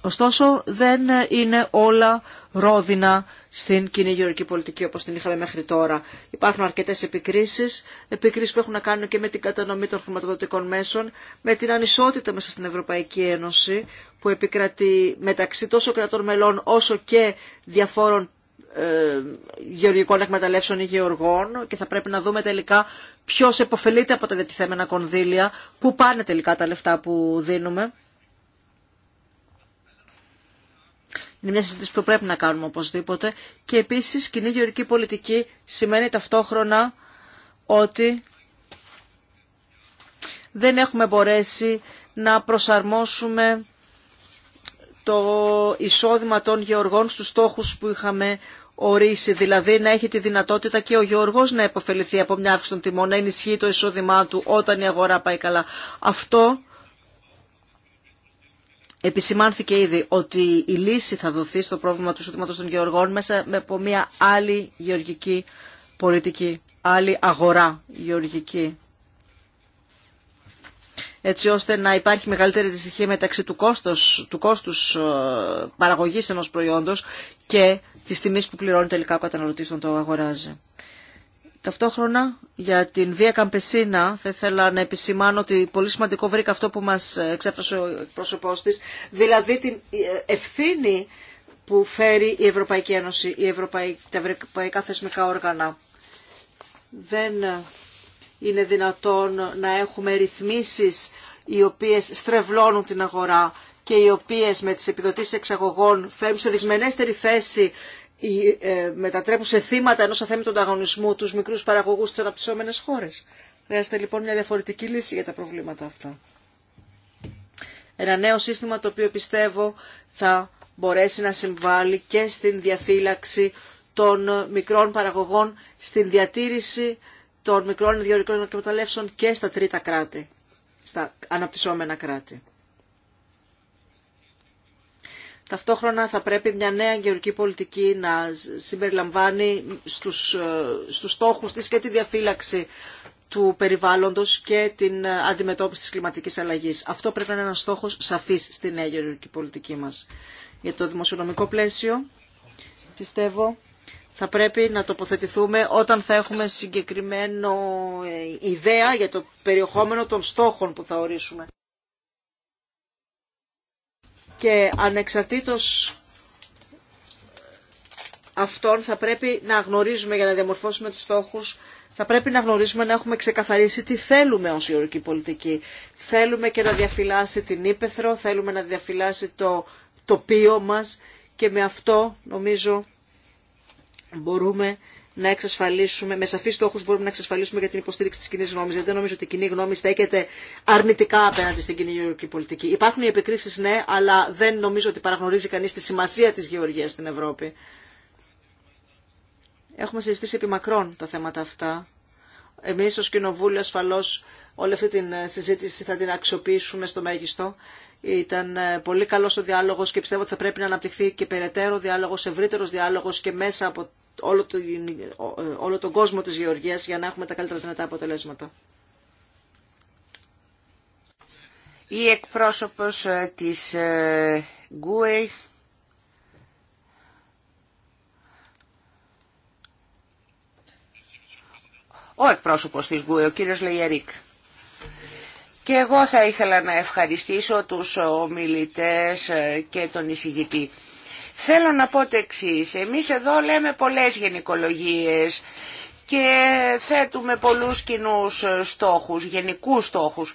Ωστόσο δεν είναι όλα ρόδινα στην κοινή γεωργική πολιτική όπως την είχαμε μέχρι τώρα. Υπάρχουν αρκετές επικρίσεις, επικρίσεις που έχουν να κάνουν και με την κατανομή των χρηματοδοτικών μέσων, με την ανισότητα μέσα στην Ευρωπαϊκή Ένωση που επικρατεί μεταξύ τόσο κρατών μελών όσο και διαφόρων ε, γεωργικών εκμεταλλεύσεων ή γεωργών και θα πρέπει να δούμε τελικά ποιος επωφελείται από τα διατηθέμενα κονδύλια, πού πάνε τελικά τα λεφτά που δίνουμε. Είναι μια συζήτηση που πρέπει να κάνουμε οπωσδήποτε. Και επίσης κοινή γεωρική πολιτική σημαίνει ταυτόχρονα ότι δεν έχουμε μπορέσει να προσαρμόσουμε το εισόδημα των γεωργών στους στόχους που είχαμε ορίσει, δηλαδή να έχει τη δυνατότητα και ο γεωργός να υποφεληθεί από μια αύξηση των τιμών, να ενισχύει το εισόδημά του όταν η αγορά πάει καλά. Αυτό Επισημάνθηκε ήδη ότι η λύση θα δοθεί στο πρόβλημα του σωτήματος των γεωργών μέσα από μια άλλη γεωργική πολιτική, άλλη αγορά γεωργική. Έτσι ώστε να υπάρχει μεγαλύτερη δυστυχία μεταξύ του, κόστος, του κόστους ε, παραγωγής ενός προϊόντος και της τιμής που πληρώνει τελικά ο καταναλωτής τον το αγοράζει. Ταυτόχρονα για την Βία Καμπεσίνα θα ήθελα να επισημάνω ότι πολύ σημαντικό βρήκα αυτό που μας εξέφρασε ο πρόσωπός της, δηλαδή την ε, ευθύνη που φέρει η Ευρωπαϊκή Ένωση, η Ευρωπαϊκή, τα ευρωπαϊκά θεσμικά όργανα. Δεν ε, είναι δυνατόν να έχουμε ρυθμίσεις οι οποίες στρεβλώνουν την αγορά και οι οποίες με τις επιδοτήσεις εξαγωγών φέρνουν σε δυσμενέστερη θέση ή ε, μετατρέπουν σε θύματα ενός αθέμητου ανταγωνισμού τους μικρούς παραγωγούς στις αναπτυσσόμενες χώρες. Χρειάζεται λοιπόν μια διαφορετική λύση για τα προβλήματα αυτά. Ένα νέο σύστημα το οποίο πιστεύω θα μπορέσει να συμβάλλει και στην διαφύλαξη των μικρών παραγωγών, στην διατήρηση των μικρών ιδιωτικών εκμεταλλεύσεων και στα τρίτα κράτη, στα αναπτυσσόμενα κράτη. Ταυτόχρονα θα πρέπει μια νέα γεωργική πολιτική να συμπεριλαμβάνει στους, ε, στους στόχους της και τη διαφύλαξη του περιβάλλοντος και την ε, αντιμετώπιση της κλιματικής αλλαγής. Αυτό πρέπει να είναι ένας στόχος σαφής στη νέα γεωργική πολιτική μας. Για το δημοσιονομικό πλαίσιο, πιστεύω, θα πρέπει να τοποθετηθούμε όταν θα έχουμε συγκεκριμένο ε, ιδέα για το περιεχόμενο των στόχων που θα ορίσουμε και ανεξαρτήτως αυτών θα πρέπει να γνωρίζουμε για να διαμορφώσουμε τους στόχους θα πρέπει να γνωρίζουμε να έχουμε ξεκαθαρίσει τι θέλουμε ως ιωρική πολιτική. Θέλουμε και να διαφυλάσει την ύπεθρο, θέλουμε να διαφυλάσει το τοπίο μας και με αυτό νομίζω μπορούμε να εξασφαλίσουμε, με σαφεί στόχου μπορούμε να εξασφαλίσουμε για την υποστήριξη τη κοινή γνώμη. Γιατί δεν νομίζω ότι η κοινή γνώμη στέκεται αρνητικά απέναντι στην κοινή γεωργική πολιτική. Υπάρχουν οι επικρίσει, ναι, αλλά δεν νομίζω ότι παραγνωρίζει κανεί τη σημασία τη γεωργία στην Ευρώπη. Έχουμε συζητήσει επί μακρόν τα θέματα αυτά. Εμεί ω Κοινοβούλιο ασφαλώ όλη αυτή την ε, συζήτηση θα την αξιοποιήσουμε στο μέγιστο. Ήταν ε, πολύ καλό ο διάλογο και πιστεύω ότι θα πρέπει να αναπτυχθεί και περαιτέρω διάλογο, ευρύτερο διάλογο και μέσα από ε, όλο, τον κόσμο της γεωργίας για να έχουμε τα καλύτερα δυνατά αποτελέσματα. Η εκπρόσωπος ε, της ε, Γκουέι ο εκπρόσωπος της ΓΚΟΕ, ο κύριος Λεϊερικ Και εγώ θα ήθελα να ευχαριστήσω τους ομιλητές και τον εισηγητή. Θέλω να πω το εξή. Εμείς εδώ λέμε πολλές γενικολογίες και θέτουμε πολλούς κοινού στόχους, γενικούς στόχους,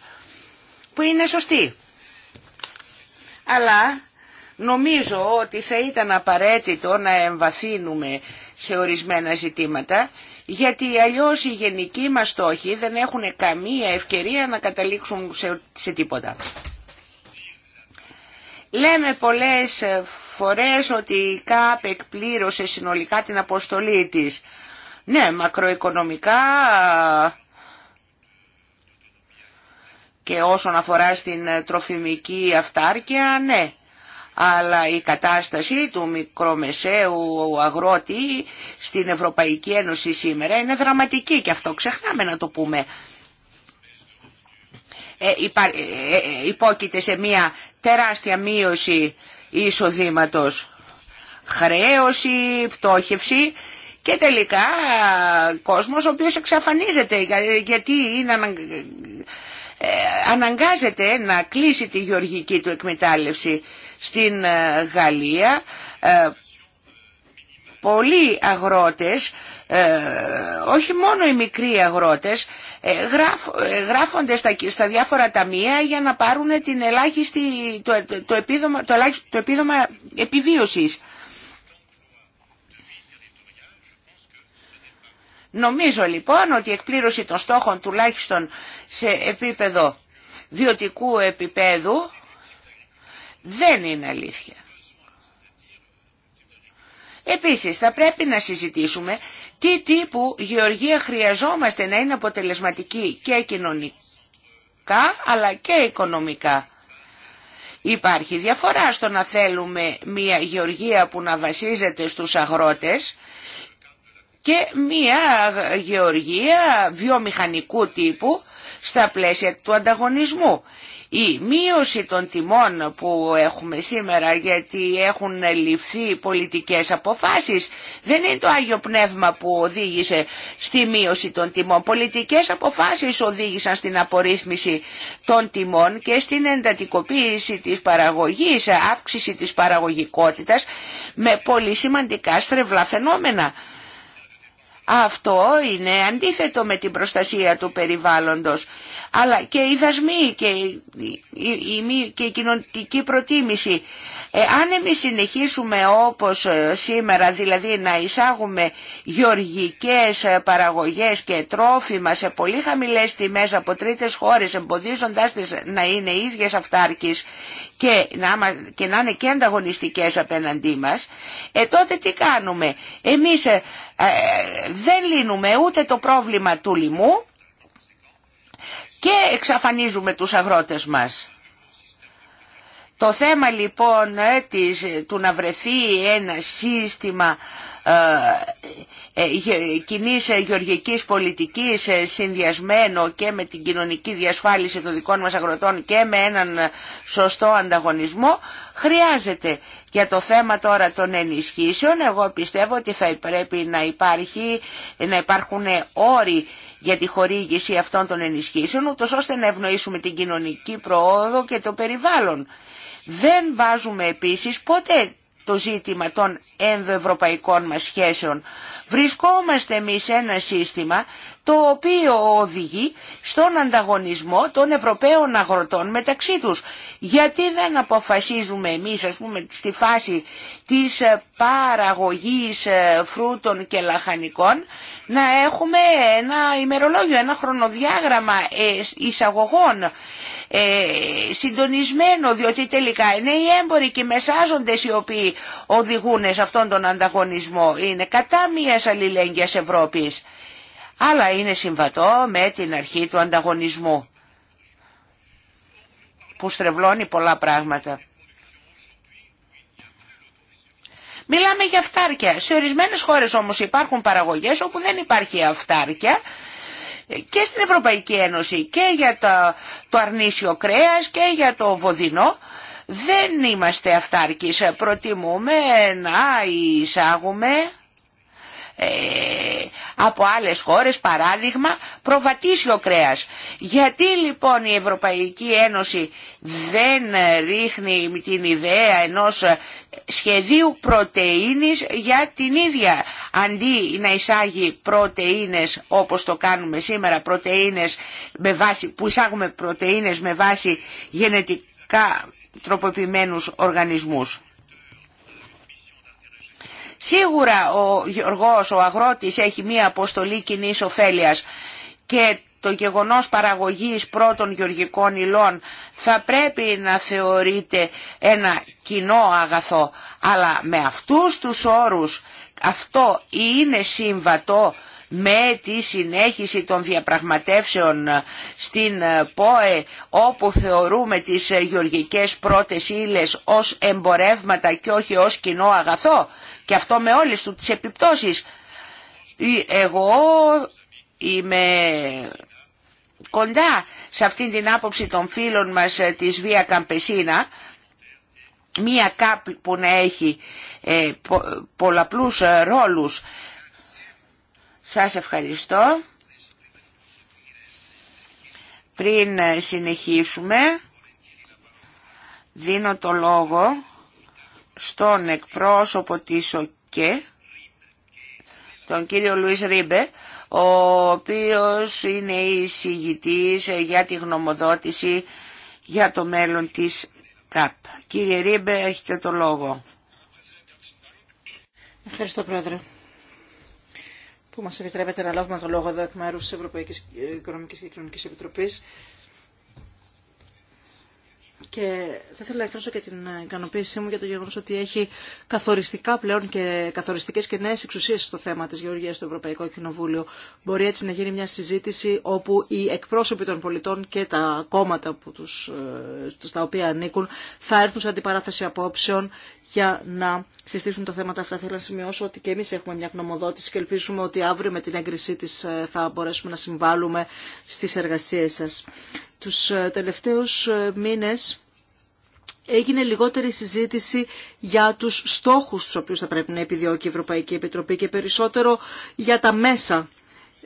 που είναι σωστοί. Αλλά νομίζω ότι θα ήταν απαραίτητο να εμβαθύνουμε σε ορισμένα ζητήματα, γιατί αλλιώς οι γενικοί μας στόχοι δεν έχουν καμία ευκαιρία να καταλήξουν σε τίποτα. Λέμε πολλές φορές ότι η ΚΑΠ εκπλήρωσε συνολικά την αποστολή της. Ναι, μακροοικονομικά και όσον αφορά στην τροφιμική αυτάρκεια, ναι. Αλλά η κατάσταση του μικρομεσαίου αγρότη στην Ευρωπαϊκή Ένωση σήμερα είναι δραματική και αυτό ξεχνάμε να το πούμε. Ε, ε, ε, υπόκειται σε μια τεράστια μείωση εισοδήματος, χρέωση, πτώχευση και τελικά κόσμος ο οποίος εξαφανίζεται γιατί είναι αναγκάζεται να κλείσει τη γεωργική του εκμετάλλευση στην Γαλλία. Πολλοί αγρότες ε, όχι μόνο οι μικροί αγρότες ε, ε, γράφονται στα, διάφορα ταμεία για να πάρουν την ελάχιστη, το, επίδομα, το, το επίδομα επιβίωσης. Νομίζω λοιπόν ότι η εκπλήρωση των στόχων τουλάχιστον σε επίπεδο βιωτικού επίπεδου δεν είναι αλήθεια. Επίσης θα πρέπει να συζητήσουμε τι τύπου γεωργία χρειαζόμαστε να είναι αποτελεσματική και κοινωνικά αλλά και οικονομικά. Υπάρχει διαφορά στο να θέλουμε μια γεωργία που να βασίζεται στους αγρότες και μια γεωργία βιομηχανικού τύπου στα πλαίσια του ανταγωνισμού η μείωση των τιμών που έχουμε σήμερα γιατί έχουν ληφθεί πολιτικές αποφάσεις δεν είναι το Άγιο Πνεύμα που οδήγησε στη μείωση των τιμών. Πολιτικές αποφάσεις οδήγησαν στην απορρίθμιση των τιμών και στην εντατικοποίηση της παραγωγής, αύξηση της παραγωγικότητας με πολύ σημαντικά στρεβλά φαινόμενα. Αυτό είναι αντίθετο με την προστασία του περιβάλλοντος. Αλλά και οι δασμοί και η, η, και η κοινωνική προτίμηση. Ε, αν εμείς συνεχίσουμε όπως ε, σήμερα, δηλαδή να εισάγουμε γεωργικές ε, παραγωγές και τρόφιμα σε πολύ χαμηλές τιμές από τρίτες χώρες, εμποδίζοντάς τις να είναι ίδιες αυτάρκεις και να, και να είναι και ανταγωνιστικές απέναντί μας, τότε τι κάνουμε. Εμείς ε, δεν λύνουμε ούτε το πρόβλημα του λοιμού και εξαφανίζουμε τους αγρότες μας. Το θέμα λοιπόν ε, της, του να βρεθεί ένα σύστημα ε, κοινή γεωργικής πολιτικής συνδυασμένο και με την κοινωνική διασφάλιση των δικών μας αγροτών και με έναν σωστό ανταγωνισμό χρειάζεται για το θέμα τώρα των ενισχύσεων, εγώ πιστεύω ότι θα πρέπει να, υπάρχει, να υπάρχουν όροι για τη χορήγηση αυτών των ενισχύσεων, ούτως ώστε να ευνοήσουμε την κοινωνική προόδο και το περιβάλλον. Δεν βάζουμε επίσης ποτέ το ζήτημα των ενδοευρωπαϊκών μας σχέσεων. Βρισκόμαστε εμεί σε ένα σύστημα το οποίο οδηγεί στον ανταγωνισμό των Ευρωπαίων αγροτών μεταξύ τους. Γιατί δεν αποφασίζουμε εμείς, ας πούμε, στη φάση της ε, παραγωγής ε, φρούτων και λαχανικών, να έχουμε ένα ημερολόγιο, ένα χρονοδιάγραμμα ε, εισαγωγών συντονισμένο, διότι τελικά είναι οι έμποροι και οι μεσάζοντες οι οποίοι οδηγούν σε αυτόν τον ανταγωνισμό. Είναι κατά μιας αλληλέγγυας Ευρώπης αλλά είναι συμβατό με την αρχή του ανταγωνισμού που στρεβλώνει πολλά πράγματα. Μιλάμε για αυτάρκεια. Σε ορισμένες χώρες όμως υπάρχουν παραγωγές όπου δεν υπάρχει αυτάρκεια και στην Ευρωπαϊκή Ένωση και για το αρνήσιο κρέας και για το βοδινό. Δεν είμαστε αυτάρκοι. Προτιμούμε να εισάγουμε ε, από άλλες χώρες, παράδειγμα προβατήσιο κρέας. Γιατί λοιπόν η Ευρωπαϊκή Ένωση δεν ρίχνει την ιδέα ενός σχεδίου πρωτεΐνης για την ίδια, αντί να εισάγει πρωτεΐνες όπως το κάνουμε σήμερα, πρωτεΐνες με βάση, που εισάγουμε πρωτεΐνες με βάση γενετικά τροποποιημένους οργανισμούς. Σίγουρα ο Γιώργος ο αγρότης έχει μία αποστολή κοινή ωφέλεια και το γεγονός παραγωγής πρώτων γεωργικών υλών θα πρέπει να θεωρείται ένα κοινό αγαθό. Αλλά με αυτούς τους όρους αυτό είναι σύμβατο με τη συνέχιση των διαπραγματεύσεων στην ΠΟΕ όπου θεωρούμε τις γεωργικές πρώτες ύλες ως εμπορεύματα και όχι ως κοινό αγαθό και αυτό με όλες τις επιπτώσεις. Ε, εγώ είμαι κοντά σε αυτήν την άποψη των φίλων μας ε, της Βία Καμπεσίνα μία κάπη που να έχει ε, πολλαπλούς ρόλους σας ευχαριστώ. Πριν συνεχίσουμε, δίνω το λόγο στον εκπρόσωπο της ΟΚΕ, τον κύριο Λουίς Ρίμπε, ο οποίος είναι εισηγητής για τη γνωμοδότηση για το μέλλον της ΚΑΠ. Κύριε Ρίμπε, έχετε το λόγο. Ευχαριστώ, Πρόεδρε που μας επιτρέπεται να λάβουμε το λόγο εδώ εκ μέρους της Ευρωπαϊκής Οικονομικής και Κοινωνικής Επιτροπής και θα ήθελα να εκφράσω και την ικανοποίησή μου για το γεγονό ότι έχει καθοριστικά πλέον και καθοριστικές και νέες εξουσίες στο θέμα τη Γεωργίας στο Ευρωπαϊκό Κοινοβούλιο. Μπορεί έτσι να γίνει μια συζήτηση όπου οι εκπρόσωποι των πολιτών και τα κόμματα που τους, ε, στα οποία ανήκουν θα έρθουν σε αντιπαράθεση απόψεων για να συστήσουν τα θέματα αυτά. Θέλω να σημειώσω ότι και εμεί έχουμε μια γνωμοδότηση και ελπίζουμε ότι αύριο με την έγκρισή τη ε, θα μπορέσουμε να συμβάλλουμε στι εργασίε σα. Τους ε, τελευταίους μήνες έγινε λιγότερη συζήτηση για τους στόχους τους οποίους θα πρέπει να επιδιώκει η Ευρωπαϊκή Επιτροπή και περισσότερο για τα μέσα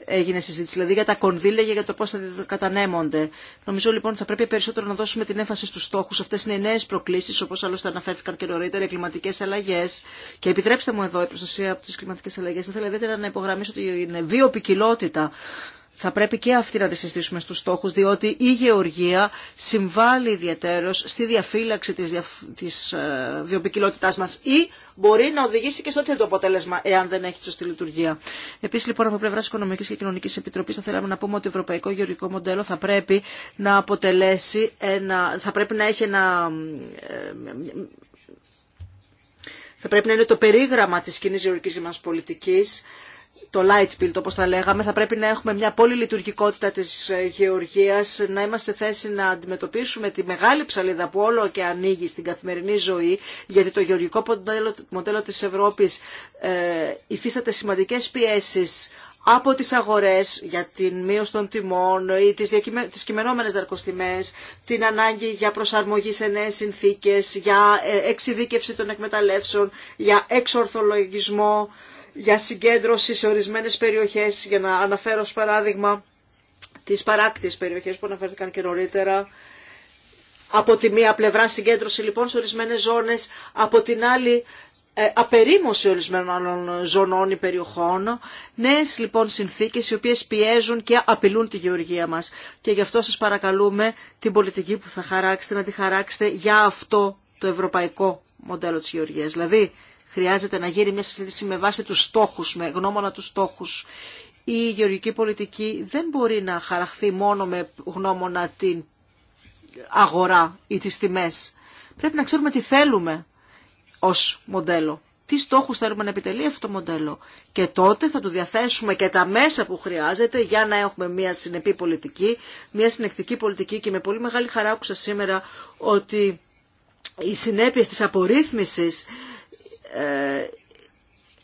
έγινε συζήτηση, δηλαδή για τα κονδύλια και για το πώς θα κατανέμονται. Νομίζω λοιπόν ότι θα πρέπει περισσότερο να δώσουμε την έμφαση στους στόχους. Αυτές είναι οι νέες προκλήσεις, όπως άλλωστε αναφέρθηκαν και νωρίτερα, οι κλιματικές αλλαγές. Και επιτρέψτε μου εδώ η προστασία από τις κλιματικές αλλαγές. Θα ήθελα να υπογραμμίσω ότι είναι βιοπικιλότητα θα πρέπει και αυτή να τη συστήσουμε στους στόχους, διότι η γεωργία συμβάλλει ιδιαίτερως στη διαφύλαξη της, δια... της ε, μας ή μπορεί να οδηγήσει και στο τέτοιο αποτέλεσμα, εάν δεν έχει σωστή λειτουργία. Επίσης, λοιπόν, από πλευρά Οικονομικής και Κοινωνικής Επιτροπής θα θέλαμε να πούμε ότι το ευρωπαϊκό γεωργικό μοντέλο θα πρέπει να αποτελέσει ένα... θα πρέπει να έχει ένα ε, θα πρέπει να είναι το περίγραμμα της κοινή γεωργικής μας πολιτικής το light build όπως θα λέγαμε, θα πρέπει να έχουμε μια πολύ λειτουργικότητα της ε, γεωργίας, να είμαστε σε θέση να αντιμετωπίσουμε τη μεγάλη ψαλίδα που όλο και ανοίγει στην καθημερινή ζωή, γιατί το γεωργικό μοντέλο, μοντέλο της Ευρώπης ε, υφίσταται σημαντικές πιέσεις από τις αγορές για την μείωση των τιμών ή τις, διακυμε... τις κειμενόμενες δαρκοστιμές, την ανάγκη για προσαρμογή σε νέες συνθήκες, για ε, εξειδίκευση των εκμεταλλεύσεων, για εξορθολογισμό για συγκέντρωση σε ορισμένες περιοχές, για να αναφέρω ως παράδειγμα τις παράκτιες περιοχές που αναφέρθηκαν και νωρίτερα. Από τη μία πλευρά συγκέντρωση λοιπόν σε ορισμένες ζώνες, από την άλλη ε, απερίμωση ορισμένων ζωνών ή περιοχών. Νέες λοιπόν συνθήκες οι οποίες πιέζουν και απειλούν τη γεωργία μας. Και γι' αυτό σας παρακαλούμε την πολιτική που θα χαράξετε να τη χαράξετε για αυτό το ευρωπαϊκό μοντέλο της γεωργίας. Δηλαδή Χρειάζεται να γίνει μια συζήτηση με βάση τους στόχους, με γνώμονα τους στόχους. Η γεωργική πολιτική δεν μπορεί να χαραχθεί μόνο με γνώμονα την αγορά ή τις τιμές. Πρέπει να ξέρουμε τι θέλουμε ως μοντέλο. Τι στόχους θέλουμε να επιτελεί αυτό το μοντέλο. Και τότε θα του διαθέσουμε και τα μέσα που χρειάζεται για να έχουμε μια συνεπή πολιτική, μια συνεκτική πολιτική και με πολύ μεγάλη χαρά άκουσα σήμερα ότι οι συνέπειες της απορρίθμισης ε,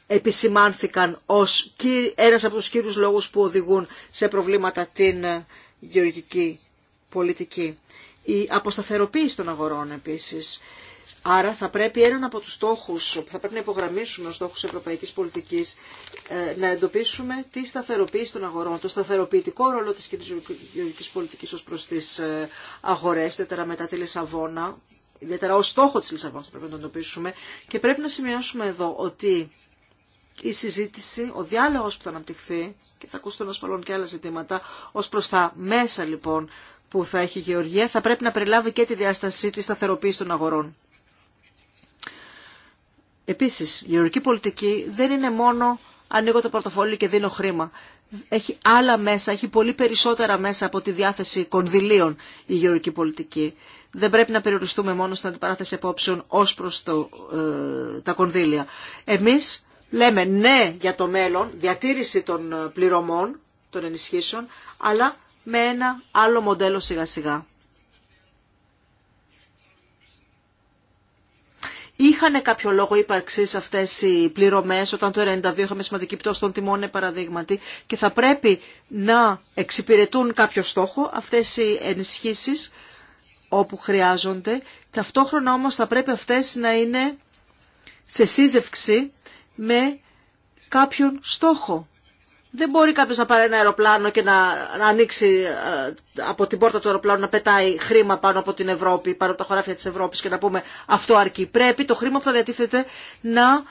επισημάνθηκαν ως ένας από τους κύριους λόγους που οδηγούν σε προβλήματα την ε, γεωργική πολιτική. Η αποσταθεροποίηση των αγορών επίσης. Άρα θα πρέπει έναν από τους στόχους που θα πρέπει να υπογραμμίσουμε ως στόχους ευρωπαϊκής πολιτικής ε, να εντοπίσουμε τη σταθεροποίηση των αγορών, το σταθεροποιητικό ρόλο της κοινωνικής πολιτικής ως προς τις αγορές, μετά τη Λισαβόνα ιδιαίτερα ως στόχο της Λισαβόνα πρέπει να το εντοπίσουμε και πρέπει να σημειώσουμε εδώ ότι η συζήτηση, ο διάλογος που θα αναπτυχθεί και θα ακούσουν ασφαλών και άλλα ζητήματα ως προς τα μέσα λοιπόν που θα έχει η Γεωργία θα πρέπει να περιλάβει και τη διάστασή της σταθεροποίηση των αγορών. Επίσης, η γεωργική πολιτική δεν είναι μόνο ανοίγω το πορτοφόλι και δίνω χρήμα έχει άλλα μέσα, έχει πολύ περισσότερα μέσα από τη διάθεση κονδυλίων η γεωργική πολιτική. Δεν πρέπει να περιοριστούμε μόνο στην αντιπαράθεση απόψεων ως προς το, ε, τα κονδύλια. Εμείς λέμε ναι για το μέλλον, διατήρηση των ε, πληρωμών, των ενισχύσεων, αλλά με ένα άλλο μοντέλο σιγά σιγά. είχαν κάποιο λόγο ύπαρξη αυτέ οι πληρωμέ, όταν το 1992 είχαμε σημαντική πτώση των τιμών, παραδείγματι, και θα πρέπει να εξυπηρετούν κάποιο στόχο αυτέ οι ενισχύσει όπου χρειάζονται. Ταυτόχρονα όμως θα πρέπει αυτές να είναι σε σύζευξη με κάποιον στόχο. Δεν μπορεί κάποιο να πάρει ένα αεροπλάνο και να, ανοίξει ε, από την πόρτα του αεροπλάνου να πετάει χρήμα πάνω από την Ευρώπη, πάνω από τα χωράφια τη Ευρώπη και να πούμε αυτό αρκεί. Πρέπει το χρήμα που θα διατίθεται να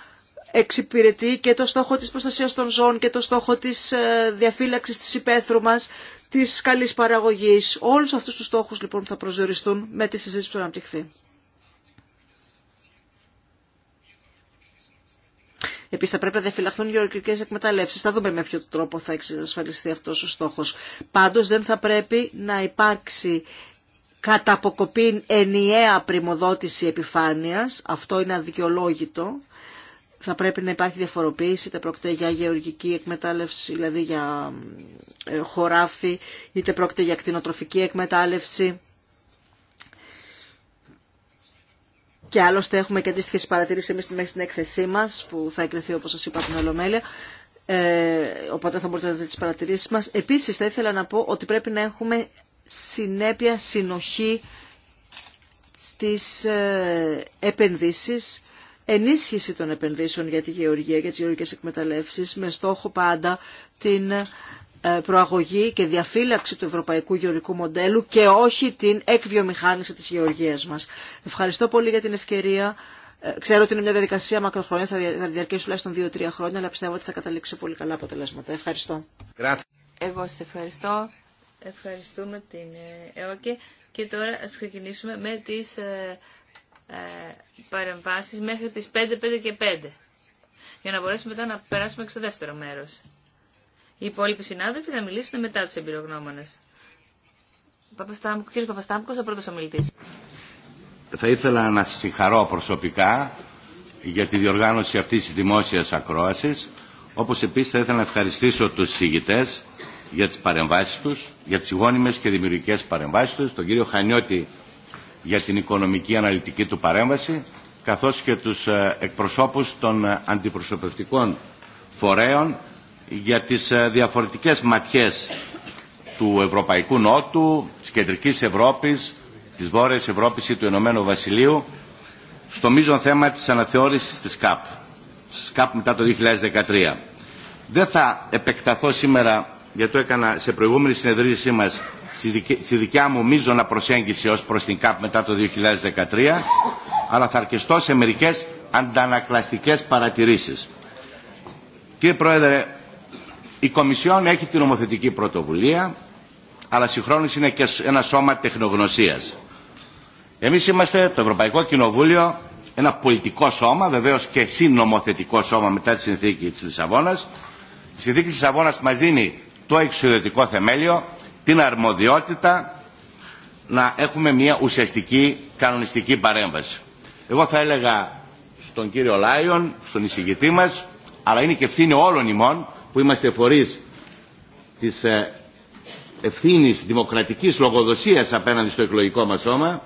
εξυπηρετεί και το στόχο της προστασίας των ζώων και το στόχο της ε, διαφύλαξης της υπαίθρου μας, της καλής παραγωγής. Όλους αυτούς τους στόχους λοιπόν θα προσδιοριστούν με τη συζήτηση που θα αναπτυχθεί. Επίση, θα πρέπει να διαφυλαχθούν οι γεωργικέ εκμεταλλεύσει. Θα δούμε με ποιο τρόπο θα εξασφαλιστεί αυτό ο στόχο. Πάντω, δεν θα πρέπει να υπάρξει κατά αποκοπή ενιαία πρημοδότηση επιφάνειας, αυτό είναι αδικαιολόγητο, θα πρέπει να υπάρχει διαφοροποίηση, είτε πρόκειται για γεωργική εκμετάλλευση, δηλαδή για ε, χωράφι, είτε πρόκειται για κτηνοτροφική εκμετάλλευση. και άλλωστε έχουμε και αντίστοιχε παρατηρήσει εμεί μέχρι την έκθεσή μα, που θα εκρεθεί όπω σα είπα την Ολομέλεια. Ε, οπότε θα μπορείτε να δείτε τι παρατηρήσει μα. Επίση, θα ήθελα να πω ότι πρέπει να έχουμε συνέπεια, συνοχή στι ε, επενδύσεις, ενίσχυση των επενδύσεων για τη γεωργία και τι γεωργικές εκμεταλλεύσεις με στόχο πάντα την ε, προαγωγή και διαφύλαξη του ευρωπαϊκού γεωργικού μοντέλου και όχι την εκβιομηχάνηση της γεωργίας μας. Ευχαριστώ πολύ για την ευκαιρία. Ε, ξέρω ότι είναι μια διαδικασία μακροχρόνια, θα διαρκέσει τουλάχιστον 2-3 χρόνια, αλλά πιστεύω ότι θα καταλήξει πολύ καλά αποτελέσματα. Ευχαριστώ. Εγώ σας ευχαριστώ. Ευχαριστούμε την ε, ΕΟΚΕ. Και τώρα ας ξεκινήσουμε με τις ε, ε, παρεμβάσεις μέχρι τις 5, 5 και 5. Για να μπορέσουμε μετά να περάσουμε στο δεύτερο μέρος. Οι υπόλοιποι συνάδελφοι θα μιλήσουν μετά τους εμπειρογνώμονε. Κύριε Παπαστάμκος, ο πρώτος ομιλητής. Θα ήθελα να συγχαρώ προσωπικά για τη διοργάνωση αυτή τη δημόσια ακρόαση, όπω επίση θα ήθελα να ευχαριστήσω του συγητές για τι παρεμβάσει του, για τι γόνιμε και δημιουργικέ παρεμβάσει του, τον κύριο Χανιώτη για την οικονομική αναλυτική του παρέμβαση, καθώς και τους ε, εκπροσώπους των ε, αντιπροσωπευτικών φορέων για τις ε, διαφορετικές ματιές του Ευρωπαϊκού Νότου, της Κεντρικής Ευρώπης, της Βόρειας Ευρώπης ή του Ενωμένου Βασιλείου στο μείζον θέμα της αναθεώρησης της ΚΑΠ, της μετά το 2013. Δεν θα επεκταθώ σήμερα, γιατί το έκανα σε προηγούμενη συνεδρίασή μας, στη δικιά μου μείζωνα προσέγγιση ως προς την ΚΑΠ μετά το 2013, αλλά θα αρκεστώ σε μερικές αντανακλαστικές παρατηρήσεις. Κύριε Πρόεδρε, η Κομισιόν έχει την νομοθετική πρωτοβουλία, αλλά συγχρόνως είναι και ένα σώμα τεχνογνωσίας. Εμείς είμαστε το Ευρωπαϊκό Κοινοβούλιο, ένα πολιτικό σώμα, βεβαίως και συνομοθετικό σώμα μετά τη συνθήκη της Λισαβόνας. Η συνθήκη της Λισαβόνας μας δίνει το εξουδετικό θεμέλιο, την αρμοδιότητα να έχουμε μια ουσιαστική κανονιστική παρέμβαση. Εγώ θα έλεγα στον κύριο Λάιον, στον εισηγητή μας, αλλά είναι και ευθύνη όλων ημών, που είμαστε φορείς της ε, ευθύνης δημοκρατικής λογοδοσίας απέναντι στο εκλογικό μας σώμα,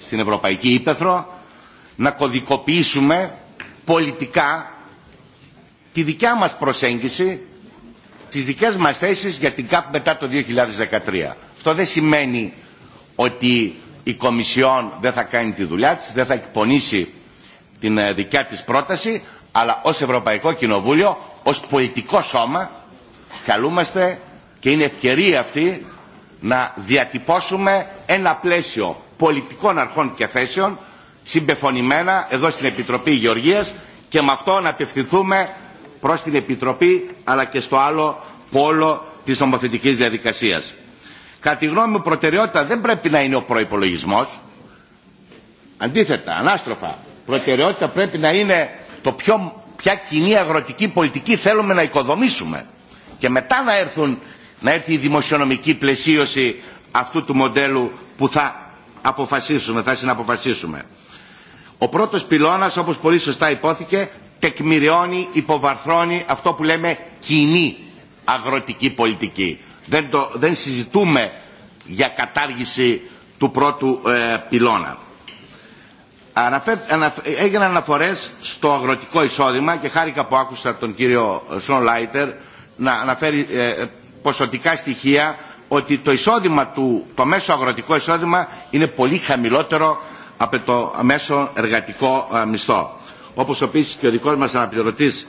στην Ευρωπαϊκή Ήπεθρο, να κωδικοποιήσουμε πολιτικά τη δικιά μας προσέγγιση, τις δικές μας θέσεις για την ΚΑΠ μετά το 2013. Αυτό δεν σημαίνει ότι η Κομισιόν δεν θα κάνει τη δουλειά της, δεν θα εκπονήσει την ε, δικιά της πρόταση, αλλά ως Ευρωπαϊκό Κοινοβούλιο, ως πολιτικό σώμα, καλούμαστε και είναι ευκαιρία αυτή να διατυπώσουμε ένα πλαίσιο πολιτικών αρχών και θέσεων συμπεφωνημένα εδώ στην Επιτροπή Γεωργίας και με αυτό να απευθυνθούμε προς την Επιτροπή αλλά και στο άλλο πόλο της νομοθετικής διαδικασίας. Κατά τη γνώμη μου προτεραιότητα δεν πρέπει να είναι ο προϋπολογισμός. Αντίθετα, ανάστροφα, προτεραιότητα πρέπει να είναι το ποιο, ποια κοινή αγροτική πολιτική θέλουμε να οικοδομήσουμε και μετά να, έρθουν, να έρθει η δημοσιονομική πλαισίωση αυτού του μοντέλου που θα αποφασίσουμε, θα συναποφασίσουμε. Ο πρώτος πυλώνας, όπως πολύ σωστά υπόθηκε, τεκμηριώνει, υποβαρθρώνει αυτό που λέμε κοινή αγροτική πολιτική. Δεν, το, δεν συζητούμε για κατάργηση του πρώτου ε, πυλώνα έγιναν αναφορές στο αγροτικό εισόδημα και χάρηκα που άκουσα τον κύριο Σον Λάιτερ να αναφέρει ε, ποσοτικά στοιχεία ότι το εισόδημα του, το μέσο αγροτικό εισόδημα είναι πολύ χαμηλότερο από το μέσο εργατικό ε, μισθό. Όπως επίσης και ο δικός μας αναπληρωτής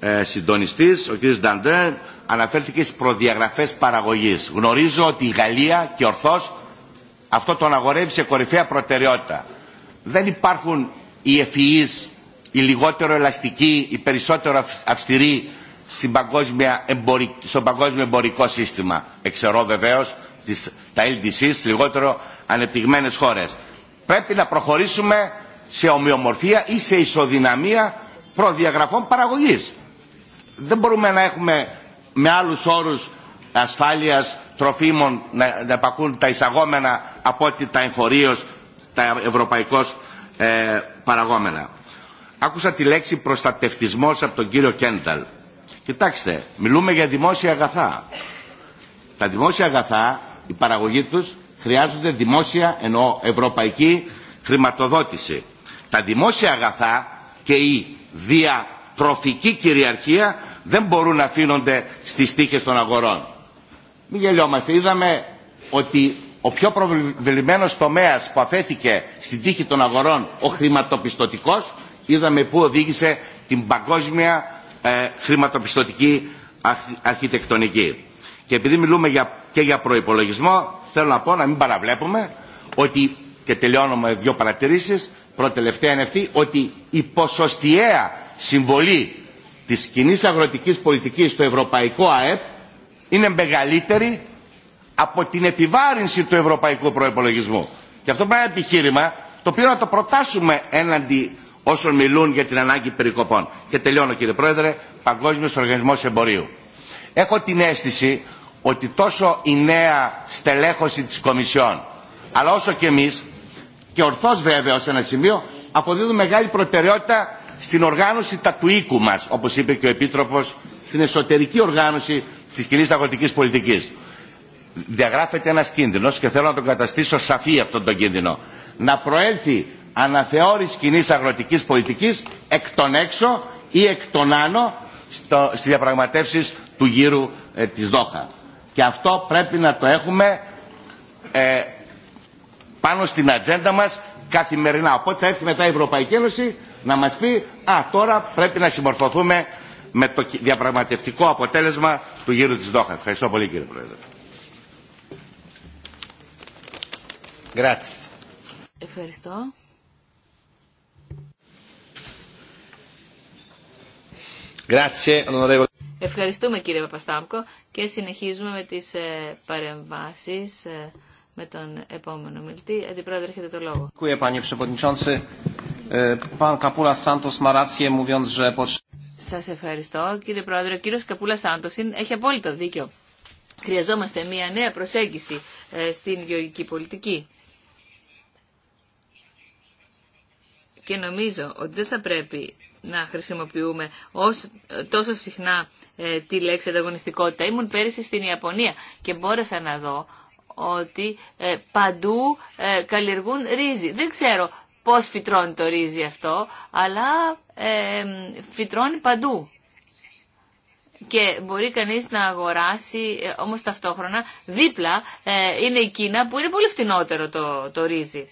ε, συντονιστής, ο κ. Νταντέ, αναφέρθηκε στις προδιαγραφές παραγωγής. Γνωρίζω ότι η Γαλλία και ορθώς αυτό τον αγορεύει σε κορυφαία προτεραιότητα δεν υπάρχουν οι ευφυείς, οι λιγότερο ελαστικοί, οι περισσότερο αυστηροί στην παγκόσμια στο παγκόσμιο εμπορικό σύστημα. Εξαιρώ βεβαίω τα LDCs, λιγότερο ανεπτυγμένες χώρες. Πρέπει να προχωρήσουμε σε ομοιομορφία ή σε ισοδυναμία προδιαγραφών παραγωγής. Δεν μπορούμε να έχουμε με άλλους όρους ασφάλειας τροφίμων να, να τα εισαγόμενα από ότι τα εγχωρίως τα ευρωπαϊκώς ε, παραγόμενα. Άκουσα τη λέξη προστατευτισμός από τον κύριο Κένταλ. Κοιτάξτε, μιλούμε για δημόσια αγαθά. Τα δημόσια αγαθά, η παραγωγή τους, χρειάζονται δημόσια, ενώ ευρωπαϊκή, χρηματοδότηση. Τα δημόσια αγαθά και η διατροφική κυριαρχία δεν μπορούν να αφήνονται στις τύχες των αγορών. Μην γελιόμαστε. Είδαμε ότι ο πιο προβλημένος τομέας που αφέθηκε στην τύχη των αγορών, ο χρηματοπιστωτικός, είδαμε πού οδήγησε την παγκόσμια ε, χρηματοπιστωτική αρχιτεκτονική. Και επειδή μιλούμε για, και για προϋπολογισμό, θέλω να πω να μην παραβλέπουμε ότι, και τελειώνω με δύο παρατηρήσεις, προτελευταία είναι αυτή, ότι η ποσοστιαία συμβολή της κοινή αγροτικής πολιτικής στο ευρωπαϊκό ΑΕΠ είναι μεγαλύτερη από την επιβάρυνση του ευρωπαϊκού προπολογισμού. Και αυτό πρέπει να είναι επιχείρημα το οποίο να το προτάσουμε έναντι όσων μιλούν για την ανάγκη περικοπών. Και τελειώνω κύριε Πρόεδρε, Παγκόσμιος Οργανισμός Εμπορίου. Έχω την αίσθηση ότι τόσο η νέα στελέχωση της Κομισιόν, αλλά όσο και εμείς, και ορθώς βέβαια σε ένα σημείο, αποδίδουν μεγάλη προτεραιότητα στην οργάνωση τα του οίκου μας, όπως είπε και ο Επίτροπος, στην εσωτερική οργάνωση της κοινή αγροτικής πολιτικής διαγράφεται ένας κίνδυνος και θέλω να τον καταστήσω σαφή αυτόν τον κίνδυνο. Να προέλθει αναθεώρηση κοινή αγροτικής πολιτικής εκ των έξω ή εκ των άνω στο, στις διαπραγματεύσεις του γύρου ε, της Δόχα. Και αυτό πρέπει να το έχουμε ε, πάνω στην ατζέντα μας καθημερινά. Οπότε θα έρθει μετά η Ευρωπαϊκή Ένωση να μας πει «Α, τώρα πρέπει να συμμορφωθούμε με το διαπραγματευτικό αποτέλεσμα του γύρου της Δόχα». Ευχαριστώ πολύ κύριε Πρόεδρε. Ευχαριστώ. Ευχαριστούμε κύριε Παπαστάμκο και συνεχίζουμε με τις ε, παρεμβάσεις ε, με τον επόμενο μιλτή. Αντιπρόεδρε, έχετε το λόγο. Ε, Σας ευχαριστώ κύριε Πρόεδρε. Ο κύριος Καπούλα Σάντος έχει απόλυτο δίκιο. Χρειαζόμαστε μια νέα προσέγγιση στην γεωργική πολιτική. και νομίζω ότι δεν θα πρέπει να χρησιμοποιούμε ως, τόσο συχνά ε, τη λέξη ανταγωνιστικότητα. Ήμουν πέρυσι στην Ιαπωνία και μπόρεσα να δω ότι ε, παντού ε, καλλιεργούν ρύζι. Δεν ξέρω πώς φυτρώνει το ρύζι αυτό, αλλά φυτρώνει παντού. Και μπορεί κανείς να αγοράσει, όμως ταυτόχρονα, δίπλα είναι η Κίνα που είναι πολύ φτηνότερο το, το ρύζι.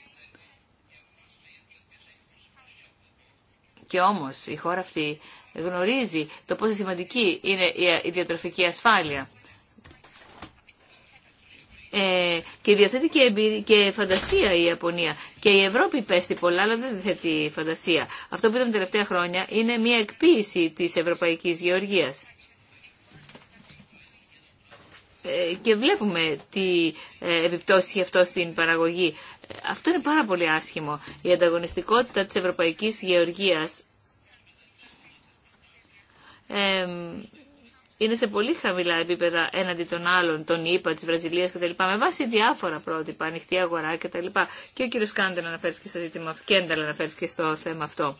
Και όμως η χώρα αυτή γνωρίζει το πόσο σημαντική είναι η διατροφική ασφάλεια. Ε, και διαθέτει και, και φαντασία η Ιαπωνία. Και η Ευρώπη πέστη πολλά, αλλά δεν διαθέτει φαντασία. Αυτό που είδαμε τα τελευταία χρόνια είναι μια εκποίηση της ευρωπαϊκής γεωργίας. Ε, και βλέπουμε τι ε, επιπτώσει έχει αυτό στην παραγωγή. Ε, αυτό είναι πάρα πολύ άσχημο. Η ανταγωνιστικότητα της ευρωπαϊκής γεωργίας είναι σε πολύ χαμηλά επίπεδα έναντι των άλλων, των ΙΠΑ, τη Βραζιλία κτλ. Με βάση διάφορα πρότυπα, ανοιχτή αγορά κτλ. Και ο κύριο Κάντελ αναφέρθηκε στο ζήτημα αυτό, Κένταλ αναφέρθηκε στο θέμα αυτό.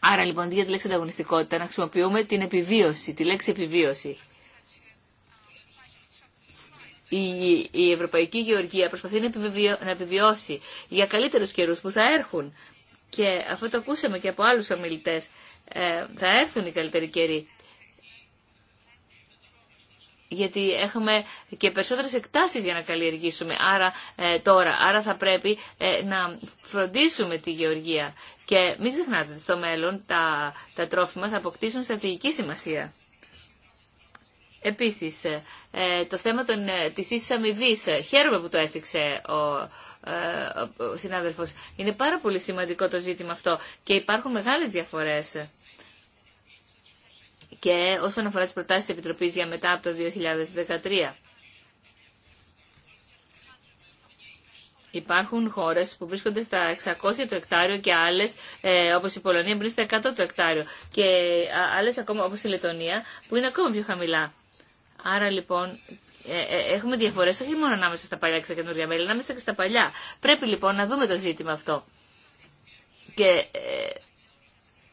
Άρα λοιπόν, για τη λέξη ανταγωνιστικότητα, να χρησιμοποιούμε την επιβίωση, τη λέξη επιβίωση. Η, η Ευρωπαϊκή Γεωργία προσπαθεί να επιβιώσει για καλύτερου καιρού που θα έρχουν. Και αυτό το ακούσαμε και από άλλου ομιλητέ. Ε, θα έρθουν οι καλύτεροι καιροί. Γιατί έχουμε και περισσότερες εκτάσεις για να καλλιεργήσουμε άρα, ε, τώρα. Άρα θα πρέπει ε, να φροντίσουμε τη γεωργία. Και μην ξεχνάτε στο μέλλον τα, τα τρόφιμα θα αποκτήσουν στρατηγική σημασία. Επίσης, ε, το θέμα των, ε, της ίσης αμοιβής, ε, χαίρομαι που το έθιξε ο, ο συνάδελφος. Είναι πάρα πολύ σημαντικό το ζήτημα αυτό και υπάρχουν μεγάλες διαφορές. Και όσον αφορά τις προτάσεις της Επιτροπής για μετά από το 2013. Υπάρχουν χώρες που βρίσκονται στα 600 το εκτάριο και άλλες ε, όπω η Πολωνία, βρίσκεται στα 100 το εκτάριο. Και άλλες ακόμα, όπω η Λετωνία, που είναι ακόμα πιο χαμηλά. Άρα λοιπόν ε, ε, έχουμε διαφορές όχι μόνο ανάμεσα στα παλιά και στα καινούργια μέλη, ανάμεσα και στα παλιά. Πρέπει λοιπόν να δούμε το ζήτημα αυτό. Και ε,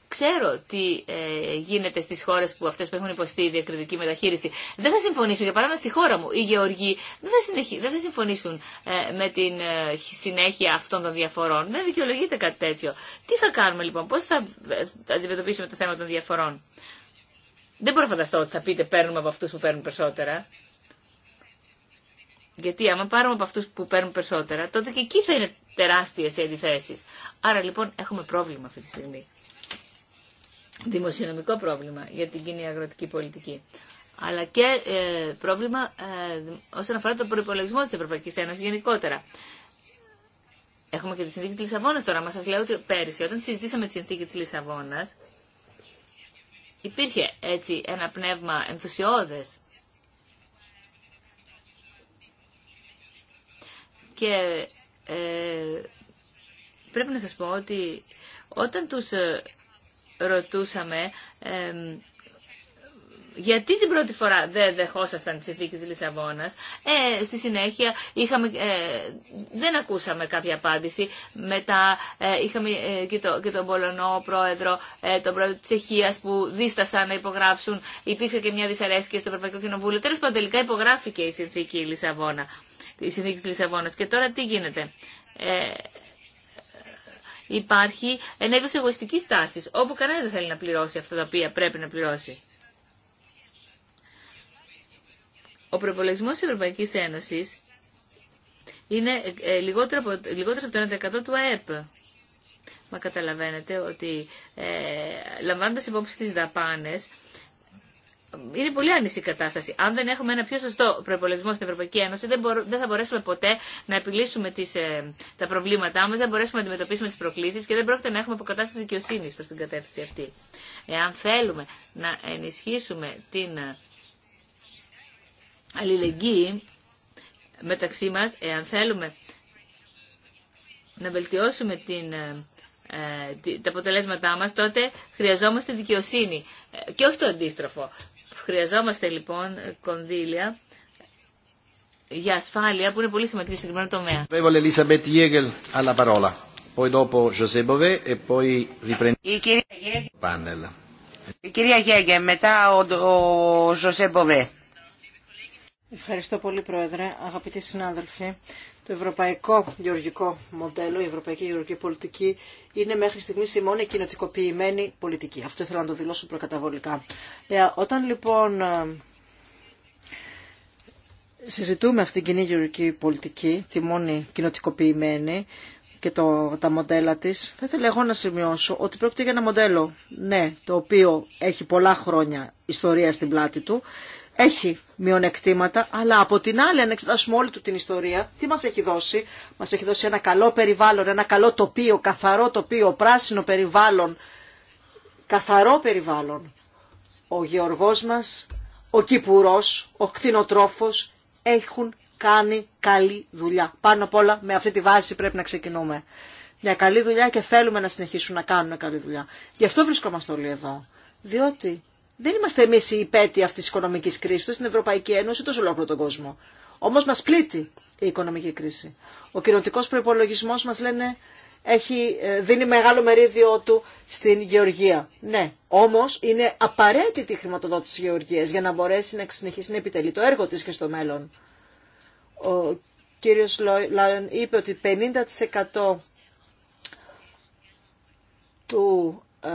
ξέρω τι ε, γίνεται στις χώρες που αυτές που έχουν υποστεί η διακριτική μεταχείριση. Δεν θα συμφωνήσουν, για παράδειγμα στη χώρα μου, οι Γεωργοί δεν θα, συμφωνήσουν με την συνέχεια αυτών των διαφορών. Δεν δικαιολογείται κάτι τέτοιο. Τι θα κάνουμε λοιπόν, πώς θα αντιμετωπίσουμε το θέμα των διαφορών. Δεν μπορώ να φανταστώ ότι θα πείτε παίρνουμε από αυτούς που παίρνουν περισσότερα. Γιατί άμα πάρουμε από αυτού που παίρνουν περισσότερα, τότε και εκεί θα είναι τεράστιε οι αντιθέσει. Άρα λοιπόν έχουμε πρόβλημα αυτή τη στιγμή. Δημοσιονομικό πρόβλημα για την κοινή αγροτική πολιτική. Αλλά και ε, πρόβλημα ε, όσον αφορά τον προπολογισμό τη Ευρωπαϊκή Ένωση γενικότερα. Έχουμε και τη συνθήκη τη Λισαβόνα τώρα. Μα σα λέω ότι πέρυσι, όταν συζητήσαμε τη συνθήκη τη Λισαβόνα, υπήρχε έτσι ένα πνεύμα ενθουσιώδες και ε, πρέπει να σας πω ότι όταν τους ε, ρωτούσαμε ε, γιατί την πρώτη φορά δεν δεχόσασταν τη συνθήκη τη Λισαβόνα. Ε, στη συνέχεια είχαμε, ε, δεν ακούσαμε κάποια απάντηση. Μετά ε, είχαμε ε, και, το, και τον Πολωνό πρόεδρο, ε, τον πρόεδρο τη Τσεχία που δίστασαν να υπογράψουν. Υπήρξε και μια δυσαρέσκεια στο Ευρωπαϊκό Κοινοβούλιο. Τέλο πάντων τελικά υπογράφηκε η συνθήκη Λισαβόνα. Η συνθήκη της Λισαβόνας. Και τώρα τι γίνεται. Ε, υπάρχει ένα είδο εγωιστική τάση, όπου κανένα δεν θέλει να πληρώσει αυτά τα οποία πρέπει να πληρώσει. ο προπολογισμό τη Ευρωπαϊκή Ένωση είναι ε, λιγότερο από, λιγότερο από το 1% του ΑΕΠ. Μα καταλαβαίνετε ότι ε, λαμβάνοντα υπόψη τι δαπάνε, είναι πολύ άνηση η κατάσταση. Αν δεν έχουμε ένα πιο σωστό προπολογισμό στην Ευρωπαϊκή Ένωση, δεν, δεν θα μπορέσουμε ποτέ να επιλύσουμε τις, ε, τα προβλήματά μα, δεν μπορέσουμε να αντιμετωπίσουμε τι προκλήσει και δεν πρόκειται να έχουμε αποκατάσταση δικαιοσύνη προ την κατεύθυνση αυτή. Εάν θέλουμε να ενισχύσουμε την αλληλεγγύη μεταξύ μας, εάν θέλουμε να βελτιώσουμε την, ε, ε, τα αποτελέσματά μας, τότε χρειαζόμαστε δικαιοσύνη ε, και όχι το αντίστροφο. Χρειαζόμαστε λοιπόν κονδύλια για ασφάλεια που είναι πολύ σημαντική σε συγκεκριμένο τομέα. E Η κυρία Γέγκε μετά ο, ο Ζωσέ Μποβέ. Ευχαριστώ πολύ, Πρόεδρε. Αγαπητοί συνάδελφοι, το ευρωπαϊκό γεωργικό μοντέλο, η ευρωπαϊκή γεωργική πολιτική είναι μέχρι στιγμή η μόνη κοινοτικοποιημένη πολιτική. Αυτό ήθελα να το δηλώσω προκαταβολικά. Ε, όταν λοιπόν ε, συζητούμε αυτήν την κοινή γεωργική πολιτική, τη μόνη κοινοτικοποιημένη, και το, τα μοντέλα της, θα ήθελα εγώ να σημειώσω ότι πρόκειται για ένα μοντέλο, ναι, το οποίο έχει πολλά χρόνια ιστορία στην πλάτη του, έχει μειονεκτήματα, αλλά από την άλλη αν εξετάσουμε όλη του την ιστορία, τι μας έχει δώσει. Μας έχει δώσει ένα καλό περιβάλλον, ένα καλό τοπίο, καθαρό τοπίο, πράσινο περιβάλλον, καθαρό περιβάλλον. Ο γεωργός μας, ο κυπουρός, ο κτηνοτρόφος έχουν κάνει καλή δουλειά. Πάνω απ' όλα με αυτή τη βάση πρέπει να ξεκινούμε. Μια καλή δουλειά και θέλουμε να συνεχίσουν να κάνουν καλή δουλειά. Γι' αυτό βρισκόμαστε όλοι εδώ. Διότι δεν είμαστε εμεί οι υπέτειοι αυτή τη οικονομική κρίση, ούτε στην Ευρωπαϊκή Ένωση, ούτε σε ολόκληρο τον κόσμο. Όμω μα πλήττει η οικονομική κρίση. Ο κοινοτικό προπολογισμό μα λένε έχει, ε, δίνει μεγάλο μερίδιο του στην γεωργία. Ναι, όμω είναι απαραίτητη η χρηματοδότηση τη γεωργία για να μπορέσει να συνεχίσει να επιτελεί το έργο τη και στο μέλλον. Ο κύριος Λάιον είπε ότι 50% του ε,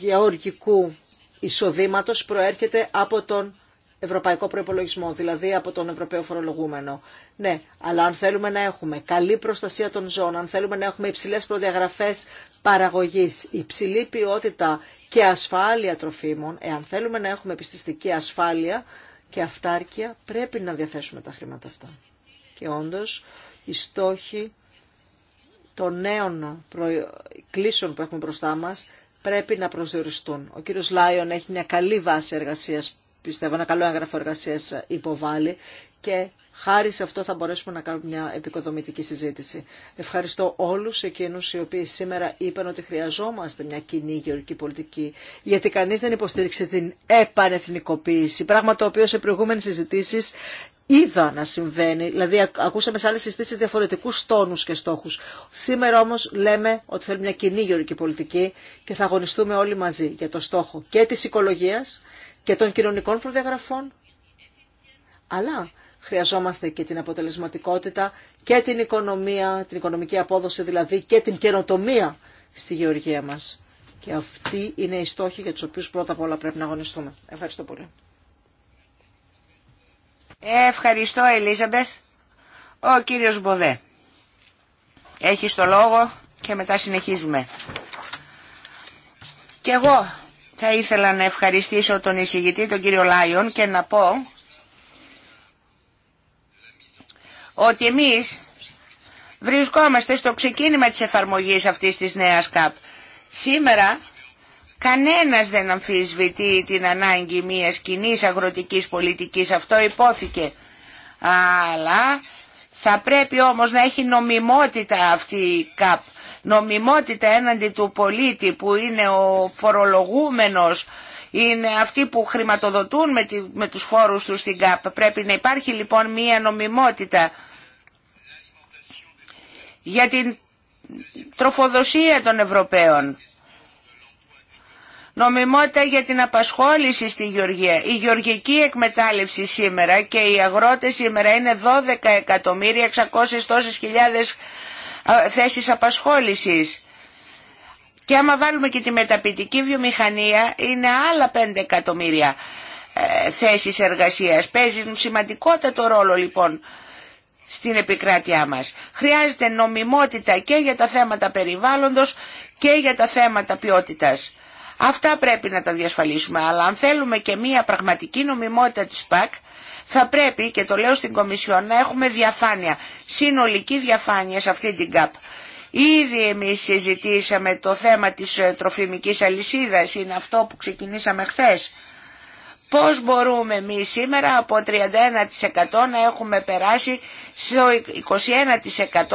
γεωργικού εισοδήματος προέρχεται από τον ευρωπαϊκό προπολογισμό, δηλαδή από τον Ευρωπαίο φορολογούμενο. Ναι, αλλά αν θέλουμε να έχουμε καλή προστασία των ζώων, αν θέλουμε να έχουμε υψηλέ προδιαγραφέ παραγωγή, υψηλή ποιότητα και ασφάλεια τροφίμων, εάν θέλουμε να έχουμε επιστηστική ασφάλεια και αυτάρκεια, πρέπει να διαθέσουμε τα χρήματα αυτά. Και όντω, οι στόχοι των νέων κλίσεων που έχουμε μπροστά μας πρέπει να προσδιοριστούν. Ο κύριο Λάιον έχει μια καλή βάση εργασία, πιστεύω ένα καλό έγγραφο εργασία υποβάλλει και Χάρη σε αυτό θα μπορέσουμε να κάνουμε μια επικοδομητική συζήτηση. Ευχαριστώ όλους εκείνους οι οποίοι σήμερα είπαν ότι χρειαζόμαστε μια κοινή γεωρική πολιτική, γιατί κανείς δεν υποστήριξε την επανεθνικοποίηση, πράγμα το οποίο σε προηγούμενες συζητήσεις είδα να συμβαίνει, δηλαδή ακούσαμε σε άλλες συστήσεις διαφορετικούς τόνους και στόχους. Σήμερα όμως λέμε ότι θέλουμε μια κοινή γεωρική πολιτική και θα αγωνιστούμε όλοι μαζί για το στόχο και της οικολογίας και των κοινωνικών προδιαγραφών, αλλά Χρειαζόμαστε και την αποτελεσματικότητα και την οικονομία, την οικονομική απόδοση δηλαδή και την καινοτομία στη γεωργία μας. Και αυτοί είναι οι στόχοι για τους οποίους πρώτα απ' όλα πρέπει να αγωνιστούμε. Ευχαριστώ πολύ. Ευχαριστώ Ελίζαμπεθ. Ο κύριος Μποβέ. Έχει το λόγο και μετά συνεχίζουμε. Και εγώ θα ήθελα να ευχαριστήσω τον εισηγητή, τον κύριο Λάιον και να πω ότι εμείς βρισκόμαστε στο ξεκίνημα της εφαρμογής αυτής της νέας ΚΑΠ. Σήμερα κανένας δεν αμφισβητεί την ανάγκη μιας κοινή αγροτικής πολιτικής, αυτό υπόθηκε. Αλλά θα πρέπει όμως να έχει νομιμότητα αυτή η ΚΑΠ, νομιμότητα έναντι του πολίτη που είναι ο φορολογούμενος είναι αυτοί που χρηματοδοτούν με, τη, με τους φόρους τους στην ΚΑΠ. Πρέπει να υπάρχει λοιπόν μία νομιμότητα για την τροφοδοσία των Ευρωπαίων. Νομιμότητα για την απασχόληση στη Γεωργία. Η γεωργική εκμετάλλευση σήμερα και οι αγρότες σήμερα είναι 12 εκατομμύρια 600 τόσες χιλιάδες θέσεις απασχόλησης. Και άμα βάλουμε και τη μεταπητική βιομηχανία είναι άλλα 5 εκατομμύρια ε, θέσεις εργασίας. Παίζουν σημαντικότατο ρόλο λοιπόν στην επικράτειά μας. Χρειάζεται νομιμότητα και για τα θέματα περιβάλλοντος και για τα θέματα ποιότητας. Αυτά πρέπει να τα διασφαλίσουμε, αλλά αν θέλουμε και μία πραγματική νομιμότητα της ΠΑΚ, θα πρέπει, και το λέω στην Κομισιόν, να έχουμε διαφάνεια, συνολική διαφάνεια σε αυτή την ΚΑΠ. Ήδη εμείς συζητήσαμε το θέμα της ε, τροφιμικής αλυσίδας, είναι αυτό που ξεκινήσαμε χθες. Πώς μπορούμε εμεί σήμερα από 31% να έχουμε περάσει στο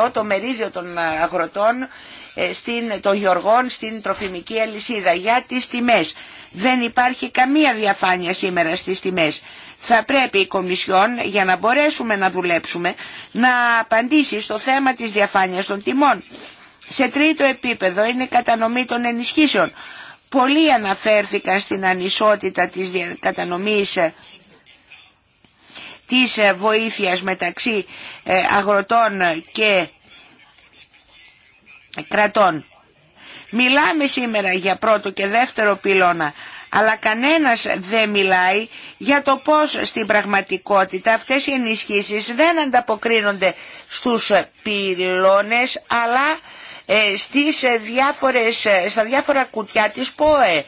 21% το μερίδιο των ε, αγροτών ε, στην, των γεωργών στην τροφιμική αλυσίδα για τις τιμές. Δεν υπάρχει καμία διαφάνεια σήμερα στις τιμές. Θα πρέπει η Κομισιόν για να μπορέσουμε να δουλέψουμε να απαντήσει στο θέμα της διαφάνειας των τιμών. Σε τρίτο επίπεδο είναι η κατανομή των ενισχύσεων. Πολλοί αναφέρθηκαν στην ανισότητα της κατανομής ε, της ε, βοήθειας μεταξύ αγροτών και κρατών. Μιλάμε σήμερα για πρώτο και δεύτερο πυλώνα, αλλά κανένας δεν μιλάει για το πώς στην πραγματικότητα αυτές οι ενισχύσεις δεν ανταποκρίνονται στους πυλώνες, αλλά ε, στις ε, διάφορες, ε, στα διάφορα κουτιά της ΠΟΕ.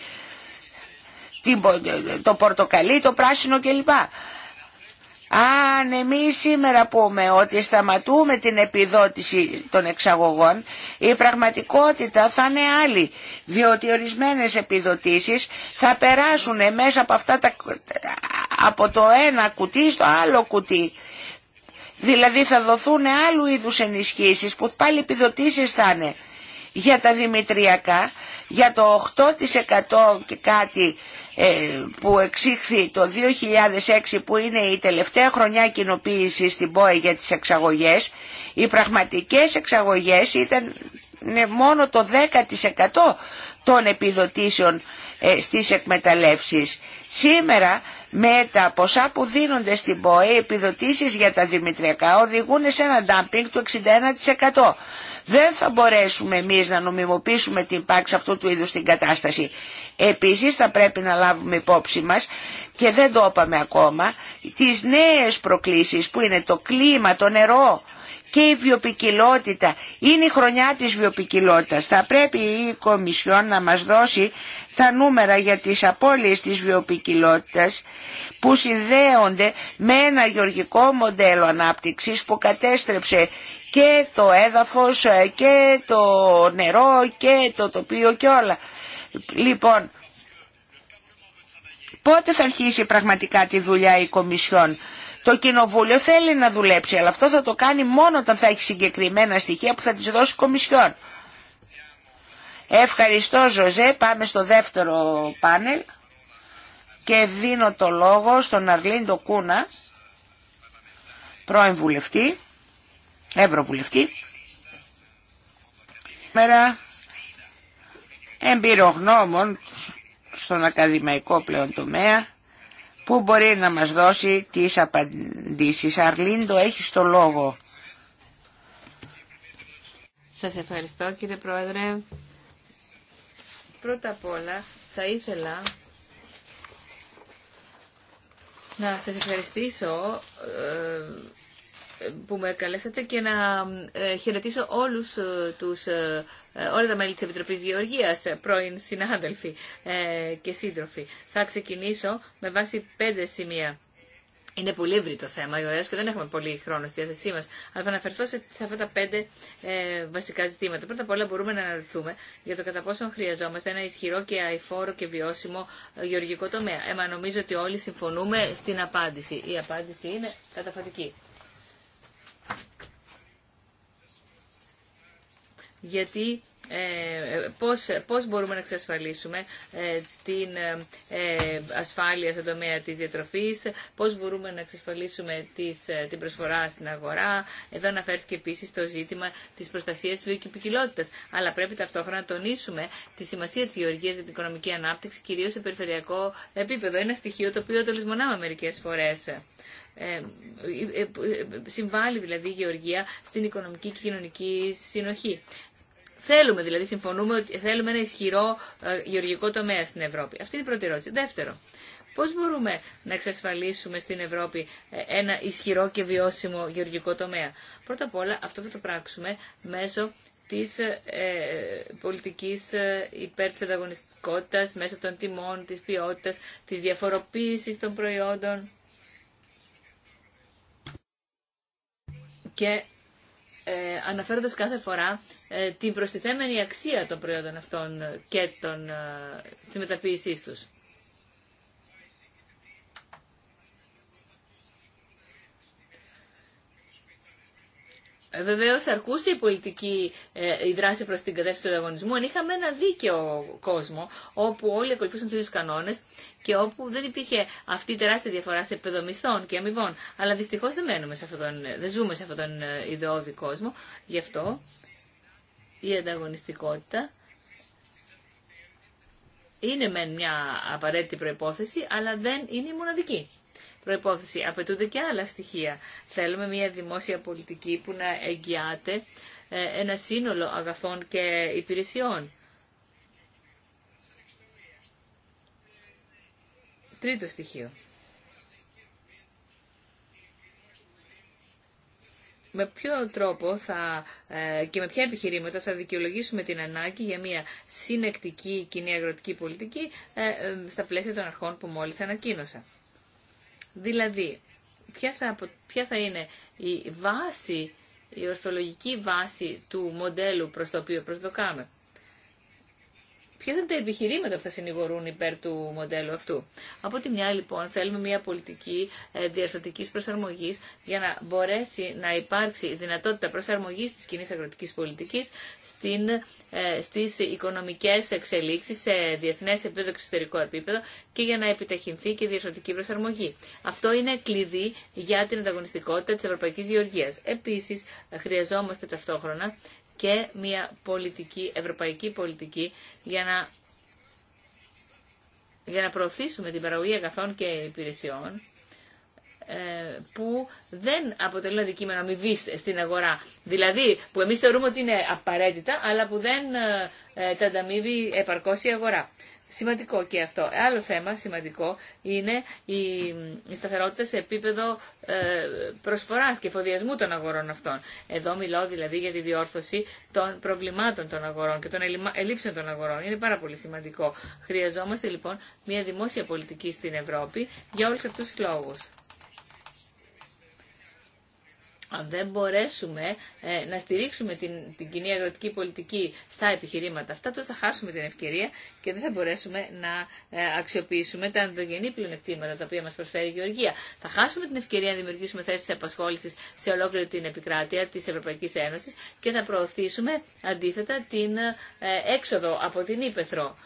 Το πορτοκαλί, το πράσινο κλπ. Αν εμεί σήμερα πούμε ότι σταματούμε την επιδότηση των εξαγωγών, η πραγματικότητα θα είναι άλλη, διότι ορισμένες επιδοτήσεις θα περάσουν μέσα από, αυτά τα, από το ένα κουτί στο άλλο κουτί. Δηλαδή θα δοθούν άλλου είδους ενισχύσεις που πάλι επιδοτήσεις θα είναι για τα δημητριακά, για το 8% και κάτι ε, που εξήχθη το 2006 που είναι η τελευταία χρονιά κοινοποίηση στην ΠΟΕ για τις εξαγωγές οι πραγματικές εξαγωγές ήταν ναι, μόνο το 10% των επιδοτήσεων ε, στις εκμεταλλεύσεις. Σήμερα με τα ποσά που δίνονται στην ΠΟΕ οι επιδοτήσεις για τα δημητριακά οδηγούν σε ένα ντάμπινγκ του 61% δεν θα μπορέσουμε εμείς να νομιμοποιήσουμε την πάξη αυτού του είδους την κατάσταση. Επίσης θα πρέπει να λάβουμε υπόψη μας και δεν το είπαμε ακόμα τις νέες προκλήσεις που είναι το κλίμα, το νερό και η βιοπικιλότητα. Είναι η χρονιά της βιοπικιλότητας. Θα πρέπει η Κομισιόν να μας δώσει τα νούμερα για τις απώλειες της βιοπικιλότητας που συνδέονται με ένα γεωργικό μοντέλο ανάπτυξης που κατέστρεψε και το έδαφος ε, και το νερό και το τοπίο και όλα. Λοιπόν, πότε θα αρχίσει πραγματικά τη δουλειά η Κομισιόν. Το Κοινοβούλιο θέλει να δουλέψει, αλλά αυτό θα το κάνει μόνο όταν θα έχει συγκεκριμένα στοιχεία που θα τις δώσει η Κομισιόν. Ευχαριστώ Ζωζέ, πάμε στο δεύτερο πάνελ και δίνω το λόγο στον Αρλίντο Κούνα, πρώην βουλευτή. Ευρωβουλευτή. Σήμερα εμπειρογνώμων στον ακαδημαϊκό πλέον τομέα που μπορεί να μας δώσει τις απαντήσεις. Αρλίντο, έχει το λόγο. Σας ευχαριστώ κύριε Πρόεδρε. Πρώτα απ' όλα θα ήθελα να σας ευχαριστήσω ε, που με καλέσατε και να ε, χαιρετήσω όλους ε, τους, ε, όλα τα μέλη της Επιτροπής Γεωργίας, πρώην συνάδελφοι και σύντροφοι. Θα ξεκινήσω με βάση πέντε σημεία. Είναι πολύ ευρύ το θέμα, βεβαίω, και δεν έχουμε πολύ χρόνο στη διάθεσή μα. Αλλά θα αναφερθώ σε, αυτά τα πέντε βασικά ζητήματα. Πρώτα απ' όλα, μπορούμε να αναρωθούμε για το κατά πόσο χρειαζόμαστε ένα ισχυρό και αηφόρο και βιώσιμο γεωργικό τομέα. Ε, νομίζω ότι όλοι συμφωνούμε στην απάντηση. Η απάντηση είναι καταφατική. γιατί ε, πώς, πώς μπορούμε να εξασφαλίσουμε ε, την ε, ασφάλεια στον τομέα της διατροφής, πώς μπορούμε να εξασφαλίσουμε τις, ε, την προσφορά στην αγορά. Εδώ αναφέρθηκε επίσης το ζήτημα της προστασίας του βιοκυπικιλότητας. Αλλά πρέπει ταυτόχρονα να τονίσουμε τη σημασία της γεωργίας για την οικονομική ανάπτυξη, κυρίως σε περιφερειακό επίπεδο. Ένα στοιχείο το οποίο το λησμονάμε μερικές φορές. Ε, ε συμβάλλει δηλαδή η γεωργία στην οικονομική και κοινωνική συνοχή. Θέλουμε, δηλαδή, συμφωνούμε ότι θέλουμε ένα ισχυρό ε, γεωργικό τομέα στην Ευρώπη. Αυτή είναι η πρώτη ερώτηση. Δεύτερο, πώς μπορούμε να εξασφαλίσουμε στην Ευρώπη ε, ένα ισχυρό και βιώσιμο γεωργικό τομέα. Πρώτα απ' όλα, αυτό θα το πράξουμε μέσω της ε, ε πολιτικής υπέρ της ανταγωνιστικότητας, μέσω των τιμών, της ποιότητας, της διαφοροποίησης των προϊόντων και ε, αναφέροντας κάθε φορά ε, την προστιθέμενη αξία των προϊόντων αυτών και των, ε, της μεταποίησής τους. Ε, Βεβαίω αρκούσε η πολιτική ε, η δράση προ την κατεύθυνση του ανταγωνισμού, αν είχαμε ένα δίκαιο κόσμο, όπου όλοι ακολουθούσαν του ίδιου κανόνε και όπου δεν υπήρχε αυτή η τεράστια διαφορά σε επίπεδο και αμοιβών. Αλλά δυστυχώ δεν, σε δεν ζούμε σε αυτόν τον ε, ιδεώδη κόσμο. Γι' αυτό η ανταγωνιστικότητα είναι μεν μια απαραίτητη προπόθεση, αλλά δεν είναι η μοναδική προπόθεση. Απαιτούνται και άλλα στοιχεία. Θέλουμε μια δημόσια πολιτική που να εγγυάται ε, ένα σύνολο αγαθών και υπηρεσιών. Τρίτο στοιχείο. με ποιο τρόπο θα, ε, και με ποια επιχειρήματα θα δικαιολογήσουμε την ανάγκη για μια συνεκτική κοινή αγροτική πολιτική ε, στα πλαίσια των αρχών που μόλις ανακοίνωσα. Δηλαδή, ποια θα, είναι η βάση, η ορθολογική βάση του μοντέλου προς το οποίο προσδοκάμε. Ποια θα είναι τα επιχειρήματα που θα συνηγορούν υπέρ του μοντέλου αυτού. Από τη μια λοιπόν θέλουμε μια πολιτική ε, διαρθρωτικής προσαρμογής για να μπορέσει να υπάρξει δυνατότητα προσαρμογής της κοινή αγροτικής πολιτικής στην, ε, στις οικονομικές εξελίξεις σε διεθνές επίπεδο, και εξωτερικό επίπεδο και για να επιταχυνθεί και η διαρθρωτική προσαρμογή. Αυτό είναι κλειδί για την ανταγωνιστικότητα της Ευρωπαϊκής Γεωργίας. Επίσης ε, χρειαζόμαστε ταυτόχρονα και μια πολιτική, ευρωπαϊκή πολιτική για να, για να προωθήσουμε την παραγωγή αγαθών και υπηρεσιών ε, που δεν αποτελούν αντικείμενο αμοιβή στην αγορά. Δηλαδή, που εμεί θεωρούμε ότι είναι απαραίτητα, αλλά που δεν ε, ε, τα ανταμείβει επαρκώ η αγορά. Σημαντικό και αυτό. Άλλο θέμα σημαντικό είναι η σταθερότητα σε επίπεδο προσφοράς και εφοδιασμού των αγορών αυτών. Εδώ μιλώ δηλαδή για τη διόρθωση των προβλημάτων των αγορών και των ελλείψεων των αγορών. Είναι πάρα πολύ σημαντικό. Χρειαζόμαστε λοιπόν μια δημόσια πολιτική στην Ευρώπη για όλου αυτού του λόγου αν δεν μπορέσουμε ε, να στηρίξουμε την, την κοινή αγροτική πολιτική στα επιχειρήματα αυτά, τότε θα χάσουμε την ευκαιρία και δεν θα μπορέσουμε να ε, αξιοποιήσουμε τα ενδογενή πλεονεκτήματα τα οποία μα προσφέρει η Γεωργία. Θα χάσουμε την ευκαιρία να δημιουργήσουμε θέσει απασχόληση σε ολόκληρη την επικράτεια τη Ευρωπαϊκή Ένωση και θα προωθήσουμε αντίθετα την ε, έξοδο από την Ήπεθρο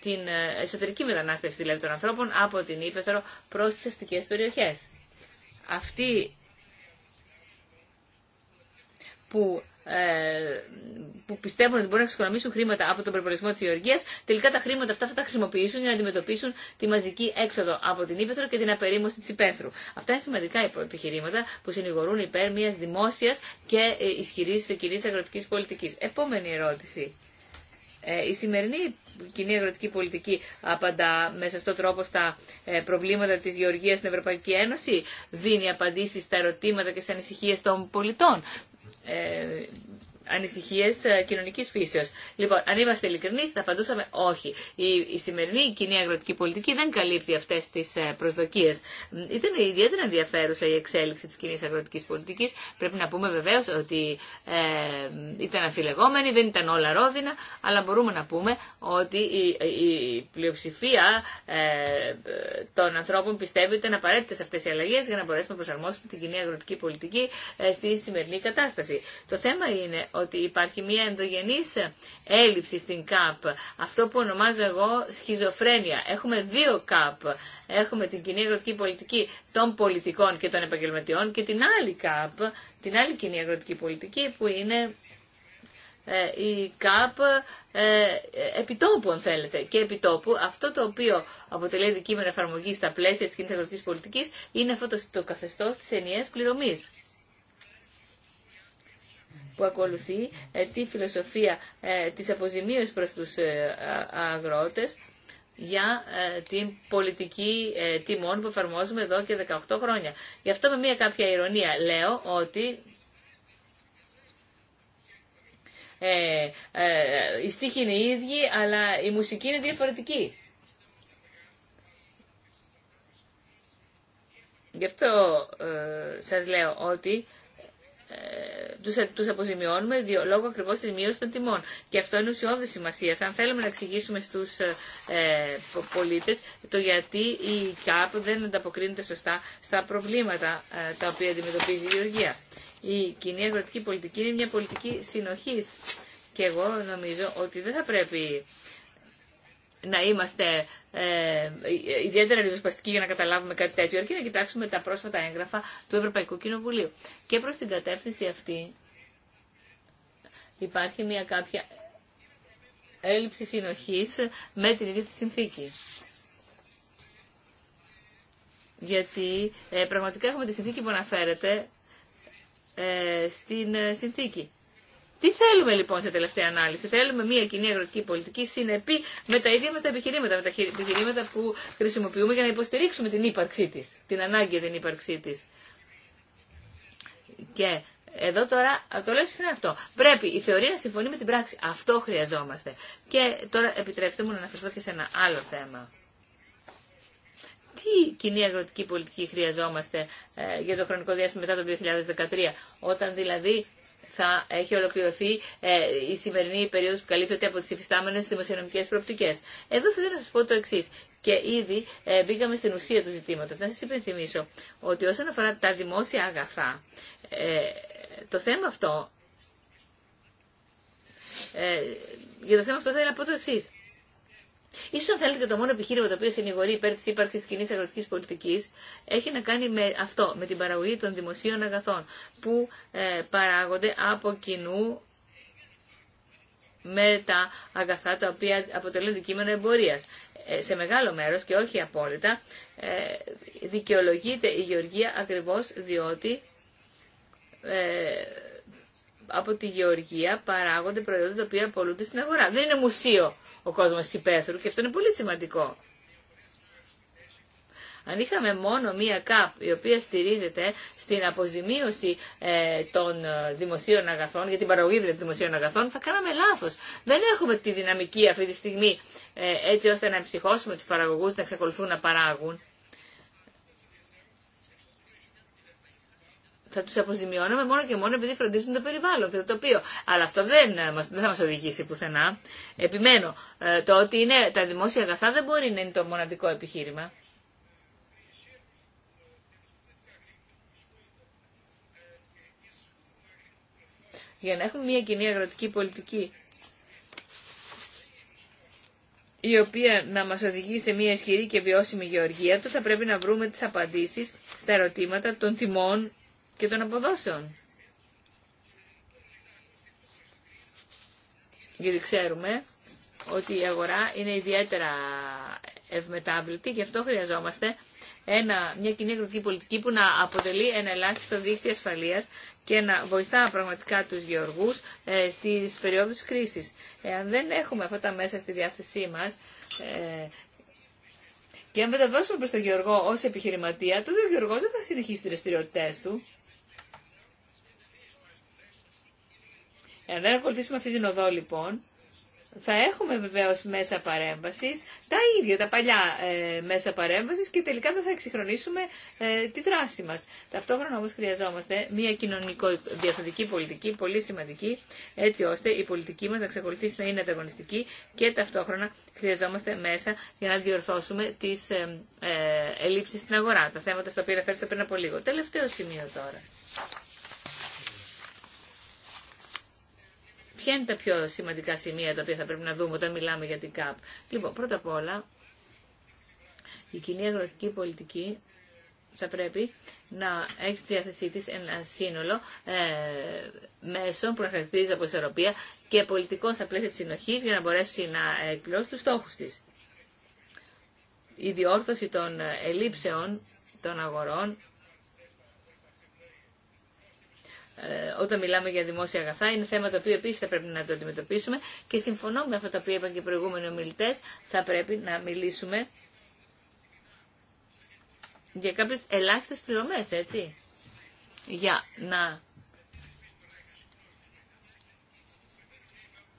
την εσωτερική μετανάστευση δηλαδή των ανθρώπων από την Ήπεθρο προς τις αστικές περιοχές. Αυτή που, ε, που πιστεύουν ότι μπορούν να εξοικονομήσουν χρήματα από τον προπολογισμό τη Γεωργία, τελικά τα χρήματα αυτά θα τα χρησιμοποιήσουν για να αντιμετωπίσουν τη μαζική έξοδο από την ύπεθρο και την απερίμωση τη ύπεθρου. Αυτά είναι σημαντικά επιχειρήματα που συνηγορούν υπέρ μια δημόσια και ε, ισχυρή κοινή αγροτική πολιτική. Επόμενη ερώτηση. Ε, η σημερινή κοινή αγροτική πολιτική απαντά με σωστό τρόπο στα ε, προβλήματα τη γεωργίας στην Ευρωπαϊκή Ένωση, δίνει απαντήσει στα ερωτήματα και στι ανησυχίε των πολιτών ε, ανησυχίε κοινωνική φύσεω. Λοιπόν, αν είμαστε ειλικρινεί, θα απαντούσαμε όχι. Η, η σημερινή κοινή αγροτική πολιτική δεν καλύπτει αυτέ τι ε, προσδοκίε. Ήταν ιδιαίτερα ενδιαφέρουσα η εξέλιξη τη κοινή αγροτική πολιτική. Πρέπει να πούμε βεβαίω ότι ε, ήταν αφιλεγόμενη, δεν ήταν όλα ρόδινα, αλλά μπορούμε να πούμε ότι η, η πλειοψηφία ε, των ανθρώπων πιστεύει ότι ήταν απαραίτητε αυτέ οι αλλαγέ για να μπορέσουμε να προσαρμόσουμε την κοινή αγροτική πολιτική ε, στη σημερινή κατάσταση. Το θέμα είναι ότι υπάρχει μια ενδογενής έλλειψη στην ΚΑΠ, αυτό που ονομάζω εγώ σχιζοφρένεια. Έχουμε δύο ΚΑΠ. Έχουμε την κοινή αγροτική πολιτική των πολιτικών και των επαγγελματιών και την άλλη ΚΑΠ, την άλλη κοινή αγροτική πολιτική που είναι ε, η ΚΑΠ ε, επιτόπου, αν θέλετε. Και επιτόπου, αυτό το οποίο αποτελεί αντικείμενο εφαρμογή στα πλαίσια της κοινή αγροτική πολιτική είναι αυτό το, το καθεστώ τη πληρωμής που ακολουθεί ε, τη φιλοσοφία ε, της αποζημίωσης προς τους ε, αγρότες για την πολιτική τιμών που εφαρμόζουμε εδώ και 18 χρόνια. Γι' αυτό με μια κάποια ηρωνία λέω ότι ε, ε, οι είναι η ίδια αλλά η μουσική είναι διαφορετική. Γι' αυτό ε, σας λέω ότι ε, τους, τους αποζημιώνουμε διο, λόγω ακριβώς της μείωσης των τιμών. Και αυτό είναι ουσιώδης σημασία. Αν θέλουμε να εξηγήσουμε στους ε, πολίτες το γιατί η ΚΑΠ δεν ανταποκρίνεται σωστά στα προβλήματα ε, τα οποία αντιμετωπίζει η Γεωργία. Η κοινή αγροτική πολιτική είναι μια πολιτική συνοχής. Και εγώ νομίζω ότι δεν θα πρέπει να είμαστε ε, ιδιαίτερα ριζοσπαστικοί για να καταλάβουμε κάτι τέτοιο, αρκεί να κοιτάξουμε τα πρόσφατα έγγραφα του Ευρωπαϊκού Κοινοβουλίου. Και προς την κατεύθυνση αυτή υπάρχει μια κάποια έλλειψη συνοχής με την ίδια τη συνθήκη. Γιατί ε, πραγματικά έχουμε τη συνθήκη που αναφέρεται ε, στην ε, συνθήκη. Τι θέλουμε λοιπόν σε τελευταία ανάλυση. Θέλουμε μια κοινή αγροτική πολιτική συνεπή με τα ίδια μα τα επιχειρήματα, με τα επιχειρήματα που χρησιμοποιούμε για να υποστηρίξουμε την ύπαρξή τη, την ανάγκη για την ύπαρξή τη. Και εδώ τώρα, το λέω συχνά αυτό. Πρέπει η θεωρία να συμφωνεί με την πράξη. Αυτό χρειαζόμαστε. Και τώρα επιτρέψτε μου να αναφερθώ και σε ένα άλλο θέμα. Τι κοινή αγροτική πολιτική χρειαζόμαστε ε, για το χρονικό διάστημα μετά το 2013, όταν δηλαδή θα έχει ολοκληρωθεί ε, η σημερινή περίοδος που καλύπτεται από τις υφιστάμενες δημοσιονομικές προοπτικές. Εδώ θέλω να σας πω το εξή. Και ήδη ε, μπήκαμε στην ουσία του ζητήματος. Να σα υπενθυμίσω ότι όσον αφορά τα δημόσια αγαθά, ε, το θέμα αυτό, για το θέμα αυτό θέλω να πω το εξή. Ίσως αν θέλετε το μόνο επιχείρημα το οποίο συνηγορεί υπέρ τη ύπαρξη κοινή αγροτική πολιτική έχει να κάνει με αυτό, με την παραγωγή των δημοσίων αγαθών που ε, παράγονται από κοινού με τα αγαθά τα οποία αποτελούν αντικείμενο εμπορία. Ε, σε μεγάλο μέρος και όχι απόλυτα ε, δικαιολογείται η γεωργία ακριβώς διότι ε, από τη γεωργία παράγονται προϊόντα τα οποία απολούνται στην αγορά. Δεν είναι μουσείο ο κόσμο τη υπαίθρου και αυτό είναι πολύ σημαντικό. Αν είχαμε μόνο μία ΚΑΠ η οποία στηρίζεται στην αποζημίωση ε, των ε, δημοσίων αγαθών, για την παραγωγή δηλαδή δημοσίων αγαθών, θα κάναμε λάθος. Δεν έχουμε τη δυναμική αυτή τη στιγμή ε, έτσι ώστε να ψυχώσουμε τους παραγωγούς να εξακολουθούν να παράγουν. θα του αποζημιώνουμε μόνο και μόνο επειδή φροντίζουν το περιβάλλον και το τοπίο. Αλλά αυτό δεν, ε, δεν θα μας οδηγήσει πουθενά. Επιμένω, ε, το ότι είναι, τα δημόσια αγαθά δεν μπορεί να είναι το μοναδικό επιχείρημα. Για να έχουμε μια κοινή αγροτική πολιτική η οποία να μας οδηγεί σε μια ισχυρή και βιώσιμη γεωργία, τότε θα πρέπει να βρούμε τις απαντήσεις στα ερωτήματα των τιμών και των αποδόσεων. Γιατί ξέρουμε ότι η αγορά είναι ιδιαίτερα ευμετάβλητη και αυτό χρειαζόμαστε ένα, μια κοινή αγροτική πολιτική που να αποτελεί ένα ελάχιστο δίκτυο ασφαλείας και να βοηθά πραγματικά τους γεωργούς ε, στις περιόδους κρίσης. Εάν δεν έχουμε αυτά τα μέσα στη διάθεσή μας ε, και αν δεν τα δώσουμε προς τον γεωργό ως επιχειρηματία, τότε ο γεωργός δεν θα συνεχίσει τις δραστηριότητε του. Εάν δεν ακολουθήσουμε αυτή την οδό λοιπόν, θα έχουμε βεβαίω μέσα παρέμβαση, τα ίδια, τα παλιά ε, μέσα παρέμβαση και τελικά δεν θα εξυγχρονίσουμε ε, τη δράση μα. Ταυτόχρονα όμω χρειαζόμαστε μια κοινωνικο-διαθετική πολιτική πολύ σημαντική, έτσι ώστε η πολιτική μα να εξακολουθήσει να είναι ανταγωνιστική και ταυτόχρονα χρειαζόμαστε μέσα για να διορθώσουμε τι ε, ε ελλείψει στην αγορά. Τα θέματα στα οποία αναφέρθηκα πριν από λίγο. Τελευταίο σημείο τώρα. ποια είναι τα πιο σημαντικά σημεία τα οποία θα πρέπει να δούμε όταν μιλάμε για την ΚΑΠ. Λοιπόν, πρώτα απ' όλα, η κοινή αγροτική πολιτική θα πρέπει να έχει στη διάθεσή τη ένα σύνολο ε, μέσων που να χαρακτηρίζεται από ισορροπία και πολιτικών στα πλαίσια τη συνοχή για να μπορέσει να εκπληρώσει του στόχου τη. Η διόρθωση των ε, ελλείψεων των αγορών ε, όταν μιλάμε για δημόσια αγαθά, είναι θέμα το οποίο επίση θα πρέπει να το αντιμετωπίσουμε και συμφωνώ με αυτά τα οποία είπαν και οι προηγούμενοι ομιλητέ, θα πρέπει να μιλήσουμε για κάποιες ελάχιστες πληρωμές, έτσι, για να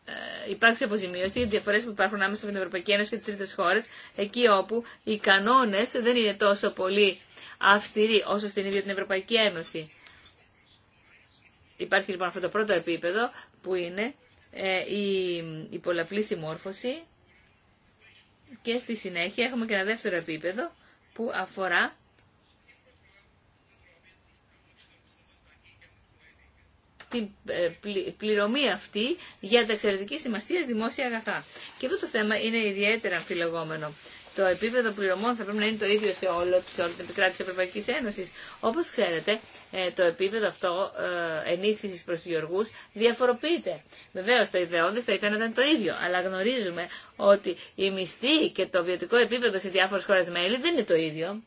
ε, υπάρξει αποζημίωση για διαφορές που υπάρχουν άμεσα με την Ευρωπαϊκή Ένωση και τις τρίτες χώρες, εκεί όπου οι κανόνες δεν είναι τόσο πολύ αυστηροί όσο στην ίδια την Ευρωπαϊκή Ένωση. Υπάρχει λοιπόν αυτό το πρώτο επίπεδο που είναι ε, η, η πολλαπλή συμμόρφωση και στη συνέχεια έχουμε και ένα δεύτερο επίπεδο που αφορά την ε, πληρωμή αυτή για τα εξαιρετική σημασία δημόσια αγαθά. Και αυτό το θέμα είναι ιδιαίτερα αμφιλεγόμενο το επίπεδο πληρωμών θα πρέπει να είναι το ίδιο σε, όλο, σε όλη την επικράτηση τη Ευρωπαϊκή Ένωση. Όπω ξέρετε, ε, το επίπεδο αυτό ε, ενίσχυση προ του γεωργού διαφοροποιείται. Βεβαίω, το ιδεώδε θα ήταν να ήταν το ίδιο, αλλά γνωρίζουμε ότι η μισθή και το βιωτικό επίπεδο σε διάφορε χώρε μέλη δεν είναι το ίδιο.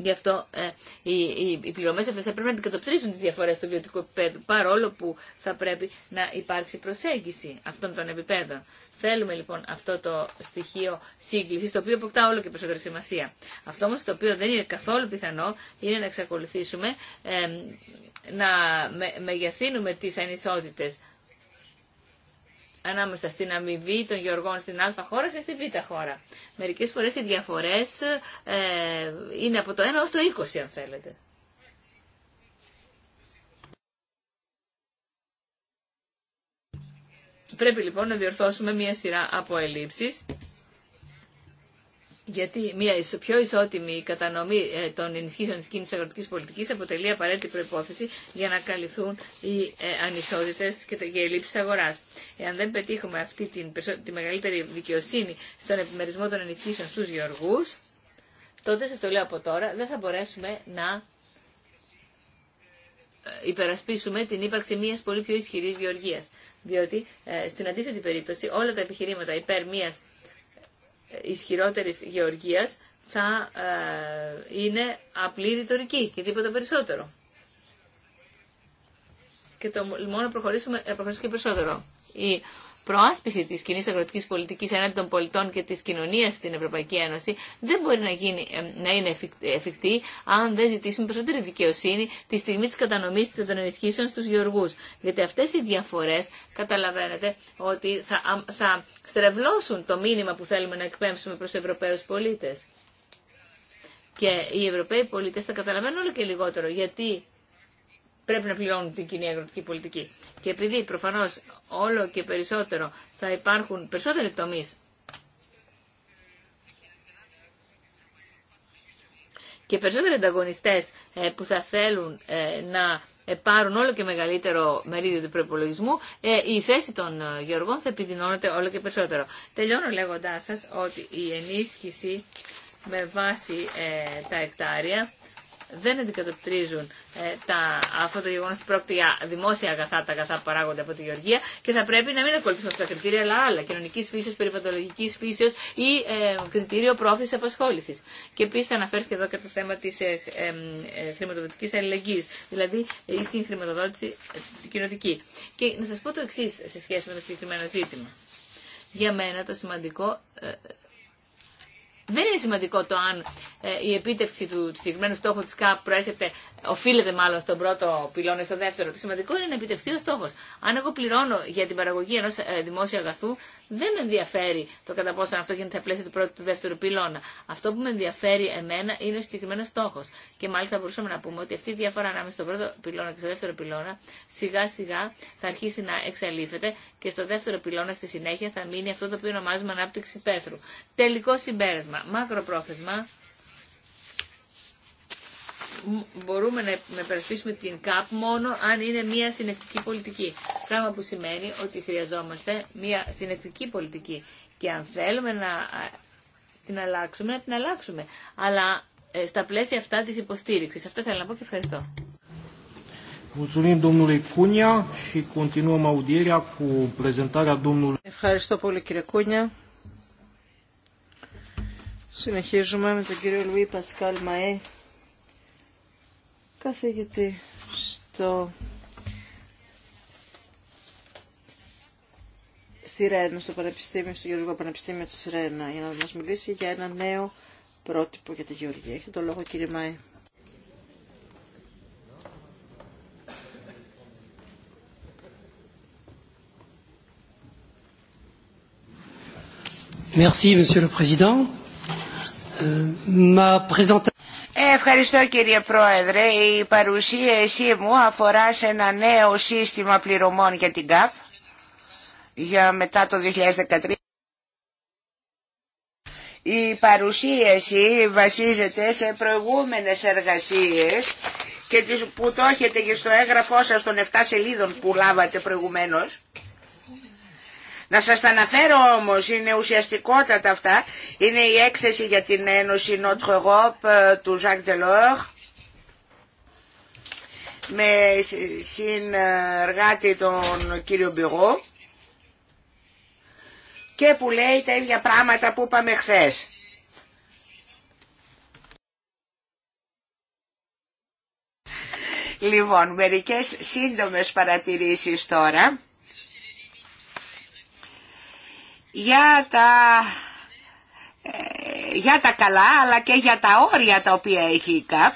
Γι' αυτό ε, οι, οι, οι πληρωμέ αυτέ θα πρέπει να αντικατοπτρίζουν τι διαφορέ του βιωτικού επίπεδου, παρόλο που θα πρέπει να υπάρξει προσέγγιση αυτών των επιπέδων. Θέλουμε λοιπόν αυτό το στοιχείο σύγκληση, το οποίο αποκτά όλο και περισσότερη σημασία. Αυτό όμω το οποίο δεν είναι καθόλου πιθανό είναι να εξακολουθήσουμε ε, να μεγεθύνουμε τι ανισότητε ανάμεσα στην αμοιβή των γεωργών στην Α χώρα και στη Β χώρα. Μερικέ φορέ οι διαφορέ ε, είναι από το 1 ω το 20, αν θέλετε. Πρέπει λοιπόν να διορθώσουμε μία σειρά από ελλείψεις γιατί μια πιο ισότιμη κατανομή ε, των ενισχύσεων τη κίνηση αγροτική πολιτική αποτελεί απαραίτητη προπόθεση για να καλυφθούν οι ε, ανισότητε και οι ελλείψη αγορά. Εάν δεν πετύχουμε αυτή την, τη μεγαλύτερη δικαιοσύνη στον επιμερισμό των ενισχύσεων στου γεωργού, τότε σα το λέω από τώρα, δεν θα μπορέσουμε να ε, υπερασπίσουμε την ύπαρξη μια πολύ πιο ισχυρή γεωργία. Διότι στην αντίθετη περίπτωση όλα τα επιχειρήματα υπέρ μια ισχυρότερης γεωργίας θα ε, είναι απλή ρητορική και τίποτα περισσότερο. Και το μόνο προχωρήσουμε, να προχωρήσουμε και περισσότερο. Η προάσπιση τη κοινή αγροτική πολιτική έναντι των πολιτών και τη κοινωνία στην Ευρωπαϊκή Ένωση δεν μπορεί να, γίνει, ε, να είναι εφικτή αν δεν ζητήσουμε περισσότερη δικαιοσύνη τη στιγμή τη κατανομή των ενισχύσεων στου γεωργού. Γιατί αυτέ οι διαφορέ, καταλαβαίνετε, ότι θα, θα στρεβλώσουν το μήνυμα που θέλουμε να εκπέμψουμε προ Ευρωπαίου πολίτε. Και οι Ευρωπαίοι πολίτε θα καταλαβαίνουν όλο και λιγότερο γιατί πρέπει να πληρώνουν την κοινή αγροτική πολιτική. Και επειδή προφανώ όλο και περισσότερο θα υπάρχουν περισσότεροι τομεί και περισσότεροι ανταγωνιστέ ε, που θα θέλουν ε, να ε, πάρουν όλο και μεγαλύτερο μερίδιο του προπολογισμού, η θέση των γεωργών θα επιδεινώνεται όλο και περισσότερο. Τελειώνω λέγοντά σα ότι η ενίσχυση με βάση τα εκτάρια δεν αντικατοπτρίζουν ε, τα, αυτό το γεγονό ότι πρόκειται για δημόσια αγαθά, τα αγαθά που παράγονται από τη Γεωργία και θα πρέπει να μην ακολουθήσουμε αυτά τα κριτήρια, αλλά άλλα, κοινωνική φύσεω, περιβαλλοντική φύσεω ή ε, κριτήριο πρόθεση απασχόληση. Και επίση αναφέρθηκε εδώ και το θέμα τη ε, ε, ε χρηματοδοτική αλληλεγγύη, δηλαδή η συγχρηματοδότηση ε, κοινοτική. Και να σα πω το εξή σε σχέση με το συγκεκριμένο ζήτημα. Για μένα το σημαντικό δεν είναι σημαντικό το αν ε, η επίτευξη του συγκεκριμένου στόχου τη ΚΑΠ προέρχεται, οφείλεται μάλλον στον πρώτο πυλώνα ή στο δεύτερο. Το σημαντικό είναι να επιτευχθεί ο στόχο. Αν εγώ πληρώνω για την παραγωγή ενό ε, δημόσιου αγαθού, δεν με ενδιαφέρει το κατά πόσο αυτό γίνεται στα πλαίσια του πρώτου του δεύτερου πυλώνα. Αυτό που με ενδιαφέρει εμένα είναι ο συγκεκριμένο στόχο. Και μάλιστα μπορούσαμε να πούμε ότι αυτή η διαφορά ανάμεσα στον πρώτο πυλώνα και στο δεύτερο πυλώνα σιγά σιγά θα αρχίσει να εξαλείφεται και στο δεύτερο πυλώνα στη συνέχεια θα μείνει αυτό το οποίο ονομάζουμε ανάπτυξη πέθρου. Τελικό συμπέρασμα μακροπρόθεσμα μπορούμε να υπερασπίσουμε την ΚΑΠ μόνο αν είναι μια συνεκτική πολιτική. Πράγμα που σημαίνει ότι χρειαζόμαστε μια συνεκτική πολιτική. Και αν θέλουμε να την αλλάξουμε, να την αλλάξουμε. Αλλά ε, στα πλαίσια αυτά της υποστήριξης. αυτό θέλω να πω και ευχαριστώ. Ευχαριστώ πολύ κύριε Κούνια. Συνεχίζουμε με τον κύριο Λουί Πασκάλ Μαέ, καθηγητή στο... στη Ρένα, στο Πανεπιστήμιο, στο Γεωργικό Πανεπιστήμιο της Ρένα, για να μας μιλήσει για ένα νέο πρότυπο για τη Γεωργία. Έχετε το λόγο κύριε Μαέ. Merci, Monsieur le Président. Ε, ευχαριστώ κύριε Πρόεδρε. Η παρουσίασή μου αφορά σε ένα νέο σύστημα πληρωμών για την ΚΑΠ για μετά το 2013. Η παρουσίαση βασίζεται σε προηγούμενες εργασίες και τις που το έχετε και στο έγγραφό σας των 7 σελίδων που λάβατε προηγουμένως. Να σας τα αναφέρω όμως, είναι ουσιαστικότατα αυτά. Είναι η έκθεση για την Ένωση Notre Europe ε, του Jacques Delors με συνεργάτη τον κύριο Μπυρό και που λέει τα ίδια πράγματα που είπαμε χθες. Λοιπόν, μερικές σύντομες παρατηρήσεις τώρα για τα, ε, για τα καλά αλλά και για τα όρια τα οποία έχει η ΚΑΠ.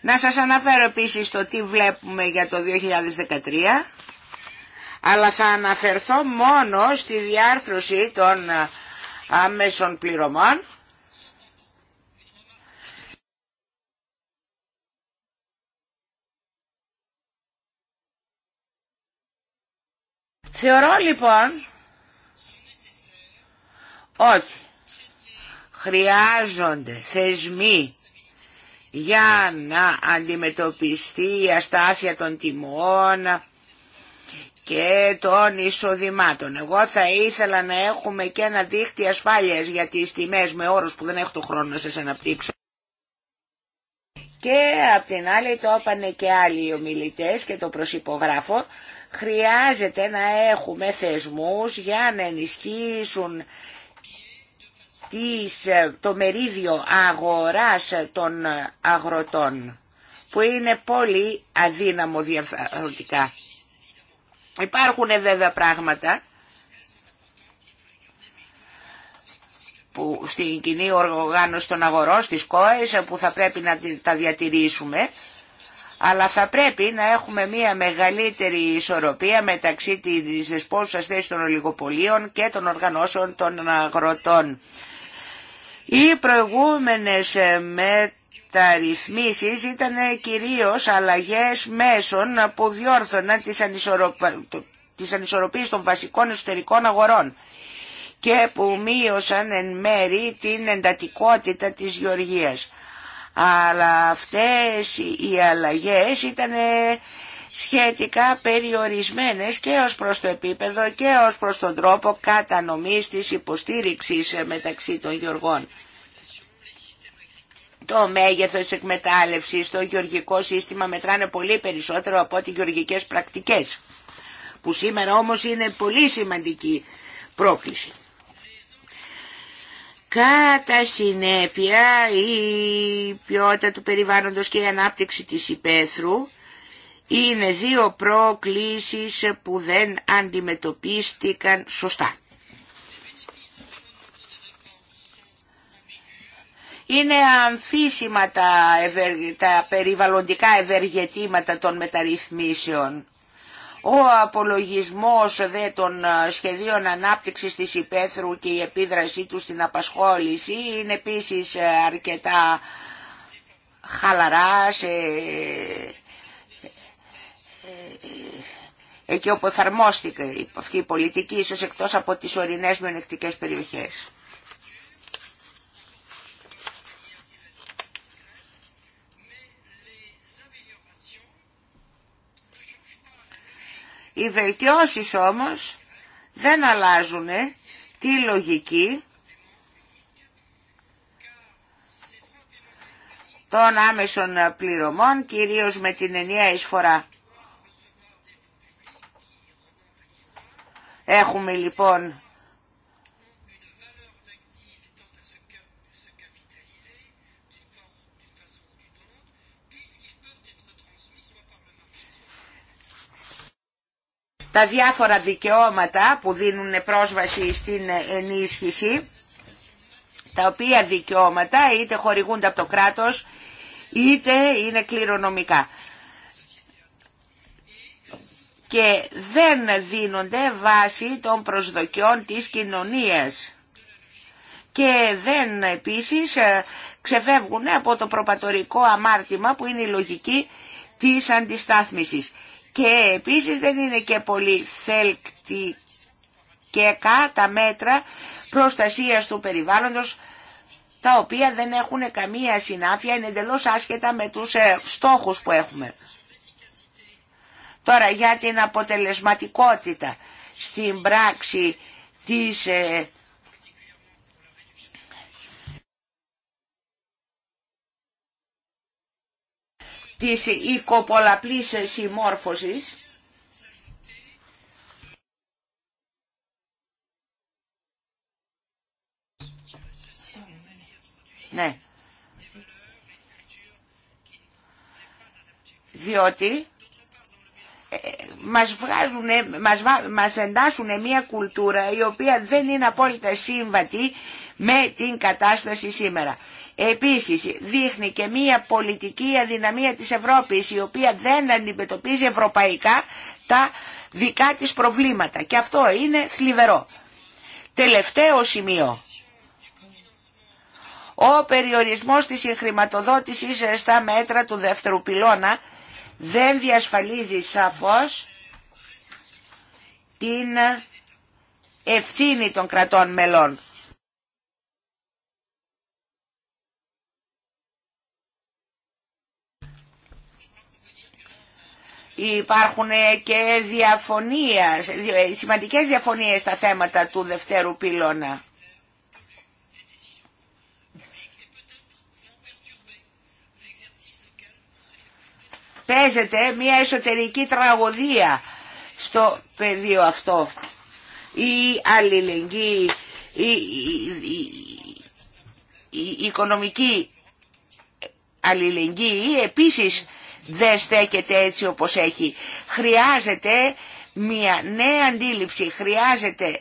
Να σας αναφέρω επίσης το τι βλέπουμε για το 2013 αλλά θα αναφερθώ μόνο στη διάρθρωση των ε, άμεσων πληρωμών Θεωρώ λοιπόν ότι χρειάζονται θεσμοί για να αντιμετωπιστεί η αστάθεια των τιμών και των εισοδημάτων. Εγώ θα ήθελα να έχουμε και ένα δίχτυ ασφάλειας για τις τιμές με όρους που δεν έχω το χρόνο να σας αναπτύξω. Και απ' την άλλη το έπανε και άλλοι ομιλητές και το προσυπογράφω, χρειάζεται να έχουμε θεσμούς για να ενισχύσουν της, ε, το μερίδιο αγοράς των αγροτών που είναι πολύ αδύναμο διαφορετικά. Υπάρχουν ε, βέβαια πράγματα που στην κοινή οργάνωση των αγορών, στις ΚΟΕΣ, που θα πρέπει να τα διατηρήσουμε, αλλά θα πρέπει να έχουμε μια μεγαλύτερη ισορροπία μεταξύ της δεσπόσας θέσης των ολιγοπολίων και των οργανώσεων των αγροτών. Οι προηγούμενες ε, μεταρρυθμίσεις ήταν ε, κυρίως αλλαγές μέσων που διόρθωναν τις, ανισορροπ... τις ανισορροπίες των βασικών εσωτερικών αγορών και που μείωσαν εν μέρη την εντατικότητα της γεωργίας. Αλλά αυτές οι αλλαγές ήταν ε, σχετικά περιορισμένες και ως προς το επίπεδο και ως προς τον τρόπο κατανομής της υποστήριξης μεταξύ των γεωργών. Το μέγεθος της εκμετάλλευσης στο γεωργικό σύστημα μετράνε πολύ περισσότερο από τις γεωργικές πρακτικές, που σήμερα όμως είναι πολύ σημαντική πρόκληση. Κατά συνέπεια η ποιότητα του περιβάλλοντος και η ανάπτυξη της υπαίθρου είναι δύο προκλήσεις που δεν αντιμετωπίστηκαν σωστά. Είναι αμφίσιμα τα, περιβαλλοντικά ευεργετήματα των μεταρρυθμίσεων. Ο απολογισμός δε των ε, σχεδίων ανάπτυξης της υπαίθρου και η επίδρασή του στην απασχόληση είναι επίσης ε, αρκετά χαλαρά ε, ε, εκεί όπου εφαρμόστηκε αυτή η πολιτική, ίσως εκτός από τις ορεινές μειονεκτικές περιοχές. Οι βελτιώσεις όμως δεν αλλάζουν ε, τη λογική των άμεσων πληρωμών, κυρίως με την ενιαία εισφορά Έχουμε λοιπόν τα διάφορα δικαιώματα που δίνουν πρόσβαση στην ενίσχυση, τα οποία δικαιώματα είτε χορηγούνται από το κράτος, είτε είναι κληρονομικά και δεν δίνονται βάση των προσδοκιών της κοινωνίας και δεν επίσης ε, ξεφεύγουν από το προπατορικό αμάρτημα που είναι η λογική της αντιστάθμισης. Και επίσης δεν είναι και πολύ θέλκτη και τα μέτρα προστασίας του περιβάλλοντος τα οποία δεν έχουν καμία συνάφεια, είναι εντελώς άσχετα με τους ε, στόχους που έχουμε. Τώρα για την αποτελεσματικότητα στην πράξη της ε, της οικοπολαπλής συμμόρφωσης Ναι. Διότι μας, βγάζουν, μας, εντάσσουν μια κουλτούρα η οποία δεν είναι απόλυτα σύμβατη με την κατάσταση σήμερα. Επίσης δείχνει και μια πολιτική αδυναμία της Ευρώπης η οποία δεν αντιμετωπίζει ευρωπαϊκά τα δικά της προβλήματα και αυτό είναι θλιβερό. Τελευταίο σημείο. Ο περιορισμός της χρηματοδότησης στα μέτρα του δεύτερου πυλώνα δεν διασφαλίζει σαφώς την ευθύνη των κρατών μελών. Υπάρχουν και διαφωνίες, σημαντικές διαφωνίες στα θέματα του δευτέρου πύλωνα. Παίζεται μια εσωτερική τραγωδία στο πεδίο αυτό. Η αλληλεγγύη, η, η, οικονομική αλληλεγγύη επίσης δεν στέκεται έτσι όπως έχει. Χρειάζεται μια νέα αντίληψη, χρειάζεται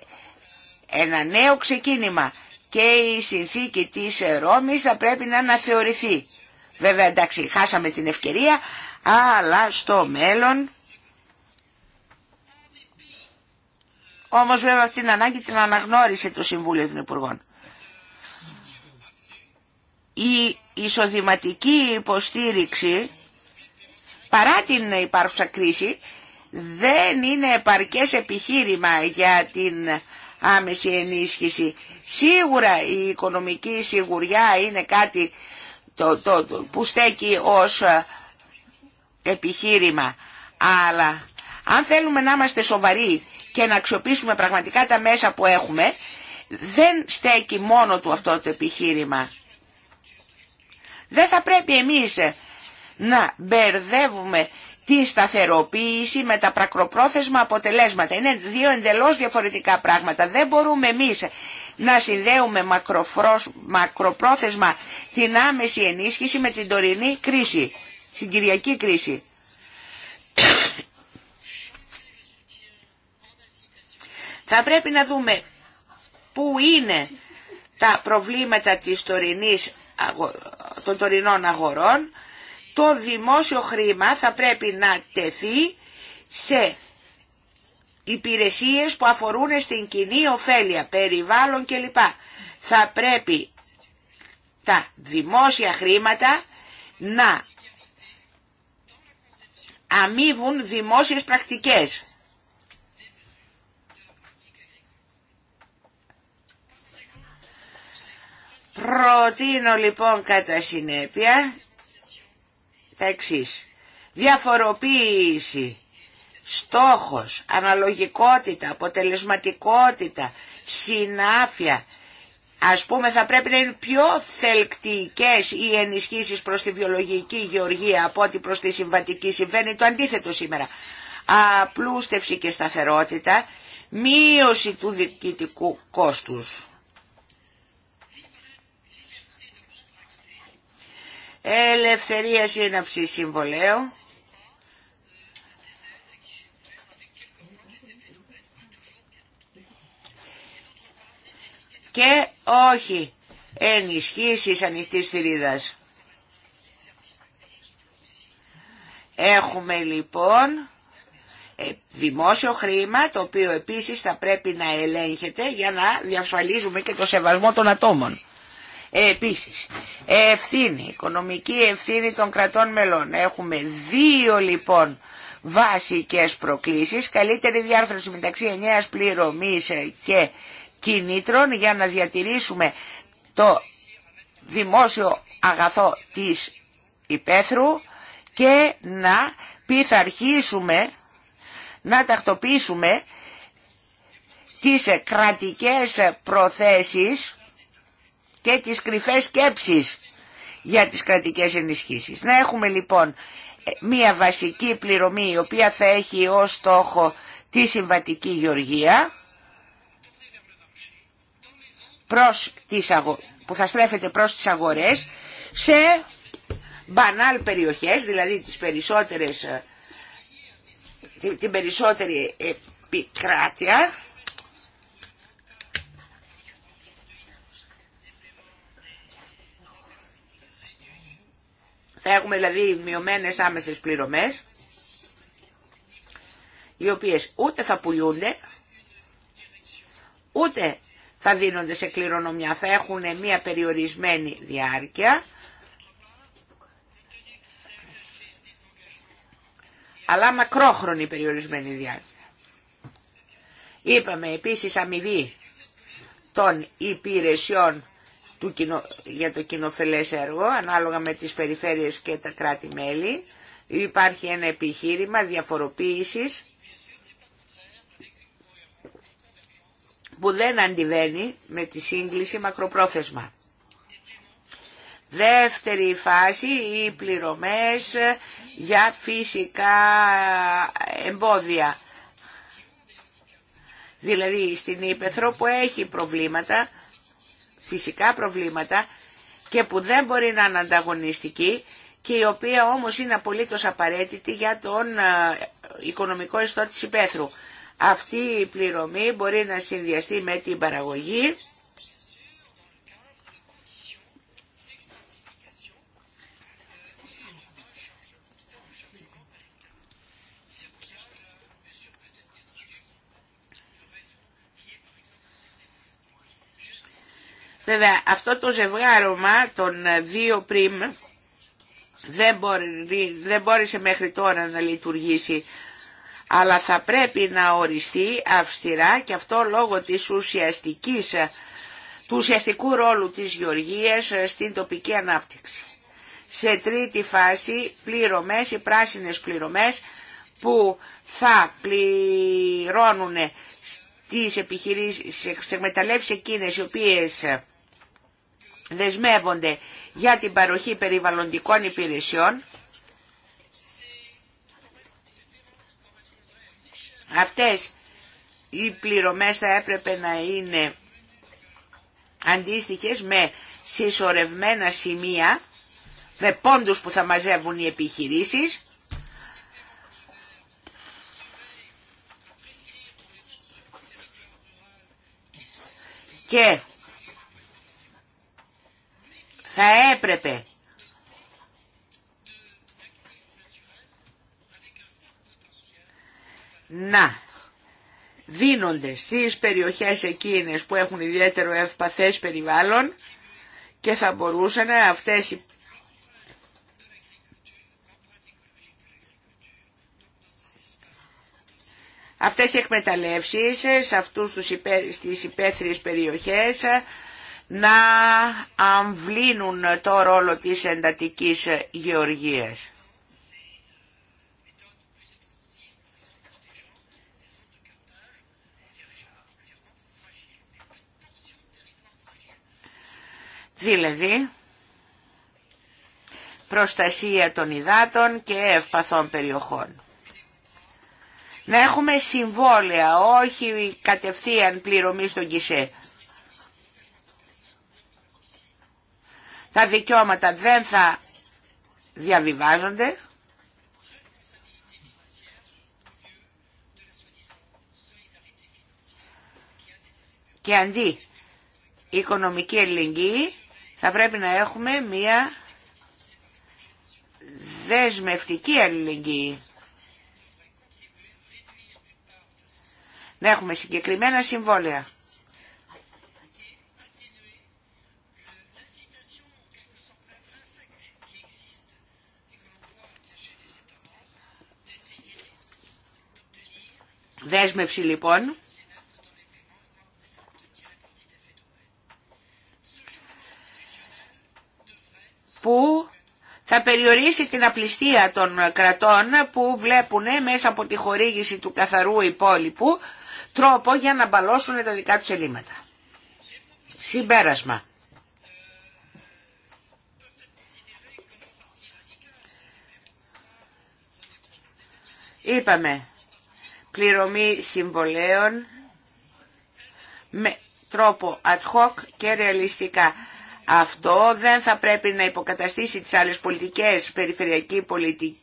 ένα νέο ξεκίνημα και η συνθήκη της Ρώμης θα πρέπει να αναθεωρηθεί. Βέβαια εντάξει χάσαμε την ευκαιρία αλλά στο μέλλον Όμως βέβαια αυτήν την ανάγκη την αναγνώρισε το Συμβούλιο των Υπουργών. Η εισοδηματική υποστήριξη παρά την υπάρχουσα κρίση δεν είναι επαρκές επιχείρημα για την άμεση ενίσχυση. Σίγουρα η οικονομική σιγουριά είναι κάτι το, το, που στέκει ως ε, επιχείρημα. Αλλά αν θέλουμε να είμαστε σοβαροί και να αξιοποιήσουμε πραγματικά τα μέσα που έχουμε, δεν στέκει μόνο του αυτό το επιχείρημα. Δεν θα πρέπει εμείς να μπερδεύουμε τη σταθεροποίηση με τα πρακροπρόθεσμα αποτελέσματα. Είναι δύο εντελώς διαφορετικά πράγματα. Δεν μπορούμε εμείς να συνδέουμε μακροπρόθεσμα την άμεση ενίσχυση με την τωρινή κρίση, την κυριακή κρίση. Θα πρέπει να δούμε πού είναι τα προβλήματα της τωρινής, των τωρινών αγορών. Το δημόσιο χρήμα θα πρέπει να τεθεί σε υπηρεσίες που αφορούν στην κοινή ωφέλεια, περιβάλλον κλπ. Θα πρέπει τα δημόσια χρήματα να αμείβουν δημόσιες πρακτικές. Προτείνω λοιπόν κατά συνέπεια τα εξής. Διαφοροποίηση, στόχος, αναλογικότητα, αποτελεσματικότητα, συνάφεια. Ας πούμε θα πρέπει να είναι πιο θελκτικές οι ενισχύσεις προς τη βιολογική γεωργία από ό,τι προς τη συμβατική συμβαίνει το αντίθετο σήμερα. Απλούστευση και σταθερότητα, μείωση του διοικητικού κόστους. ελευθερία σύναψη συμβολέου. και όχι ενισχύσεις ανοιχτή θηρίδας. Έχουμε λοιπόν ε, δημόσιο χρήμα το οποίο επίσης θα πρέπει να ελέγχεται για να διασφαλίζουμε και το σεβασμό των ατόμων. Ε, επίσης, ευθύνη, οικονομική ευθύνη των κρατών μελών. Έχουμε δύο λοιπόν βασικές προκλήσεις, καλύτερη διάρθρωση μεταξύ εννέας πληρωμής και κινήτρων για να διατηρήσουμε το δημόσιο αγαθό της υπαίθρου και να πειθαρχήσουμε, να τακτοποιήσουμε τις κρατικές προθέσεις και τις κρυφές σκέψεις για τις κρατικές ενισχύσεις. Να έχουμε λοιπόν ε, μία βασική πληρωμή η οποία θα έχει ως στόχο τη συμβατική γεωργία προς τις που θα στρέφεται προς τις αγορές σε μπανάλ περιοχές, δηλαδή τις περισσότερες, ε, την περισσότερη επικράτεια Θα έχουμε δηλαδή μειωμένες άμεσες πληρωμές, οι οποίες ούτε θα πουλούνται ούτε θα δίνονται σε κληρονομιά, θα έχουν μια περιορισμένη διάρκεια, αλλά μακρόχρονη περιορισμένη διάρκεια. Είπαμε επίσης αμοιβή των υπηρεσιών του για το κοινοφελές έργο, ανάλογα με τις περιφέρειες και τα κράτη-μέλη. Υπάρχει ένα επιχείρημα διαφοροποίησης που δεν αντιβαίνει με τη σύγκληση μακροπρόθεσμα. Δεύτερη φάση, οι πληρωμές για φυσικά εμπόδια. Δηλαδή στην Ήπεθρο που έχει προβλήματα φυσικά προβλήματα και που δεν μπορεί να είναι ανταγωνιστική και η οποία όμως είναι απολύτως απαραίτητη για τον ε, οικονομικό ιστό της υπαίθρου. Αυτή η πληρωμή μπορεί να συνδυαστεί με την παραγωγή Βέβαια αυτό το ζευγάρωμα των ε, δύο πριμ δεν, μπορεί, δεν μπόρεσε μέχρι τώρα να λειτουργήσει αλλά θα πρέπει να οριστεί αυστηρά και αυτό λόγω της ουσιαστικής, ε, του ουσιαστικού ρόλου της γεωργίας ε, στην τοπική ανάπτυξη. Σε τρίτη φάση πληρωμές, οι πράσινες πληρωμές που θα πληρώνουν τις επιχειρήσεις, τις εκμεταλλεύσεις εκείνες οι οποίες δεσμεύονται για την παροχή περιβαλλοντικών υπηρεσιών. Αυτές οι πληρωμές θα έπρεπε να είναι αντίστοιχες με συσσωρευμένα σημεία, με πόντους που θα μαζεύουν οι επιχειρήσεις, και θα έπρεπε να δίνονται στις περιοχές εκείνες που έχουν ιδιαίτερο ευπαθές περιβάλλον και θα μπορούσαν αυτές οι Αυτές οι εκμεταλλεύσεις σε αυτούς τους υπέ, στις υπαίθριες περιοχές να αμβλύνουν το ρόλο της εντατικής γεωργίας. Δηλαδή, προστασία των υδάτων και ευπαθών περιοχών. Να έχουμε συμβόλαια, όχι κατευθείαν πληρωμή στον ΚΙΣΕ. τα δικαιώματα δεν θα διαβιβάζονται. Και αντί οικονομική ελληνική θα πρέπει να έχουμε μία δεσμευτική αλληλεγγύη. Να έχουμε συγκεκριμένα συμβόλαια. Δέσμευση λοιπόν. που θα περιορίσει την απληστία των κρατών που βλέπουν μέσα από τη χορήγηση του καθαρού υπόλοιπου τρόπο για να μπαλώσουν τα δικά τους ελλείμματα. Συμπέρασμα. Είπαμε πληρωμή συμβολέων με τρόπο ad hoc και ρεαλιστικά. Αυτό δεν θα πρέπει να υποκαταστήσει τις άλλες πολιτικές, περιφερειακή πολιτικές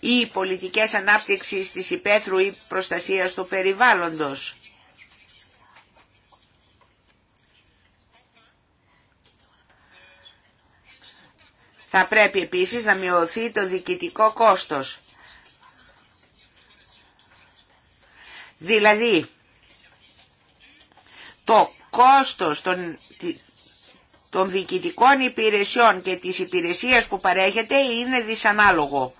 ή πολιτικές ανάπτυξης της υπαίθρου ή προστασίας του περιβάλλοντος. Θα πρέπει επίσης να μειωθεί το διοικητικό κόστος. Δηλαδή, το κόστος των, των διοικητικών υπηρεσιών και της υπηρεσίας που παρέχεται είναι δυσανάλογο.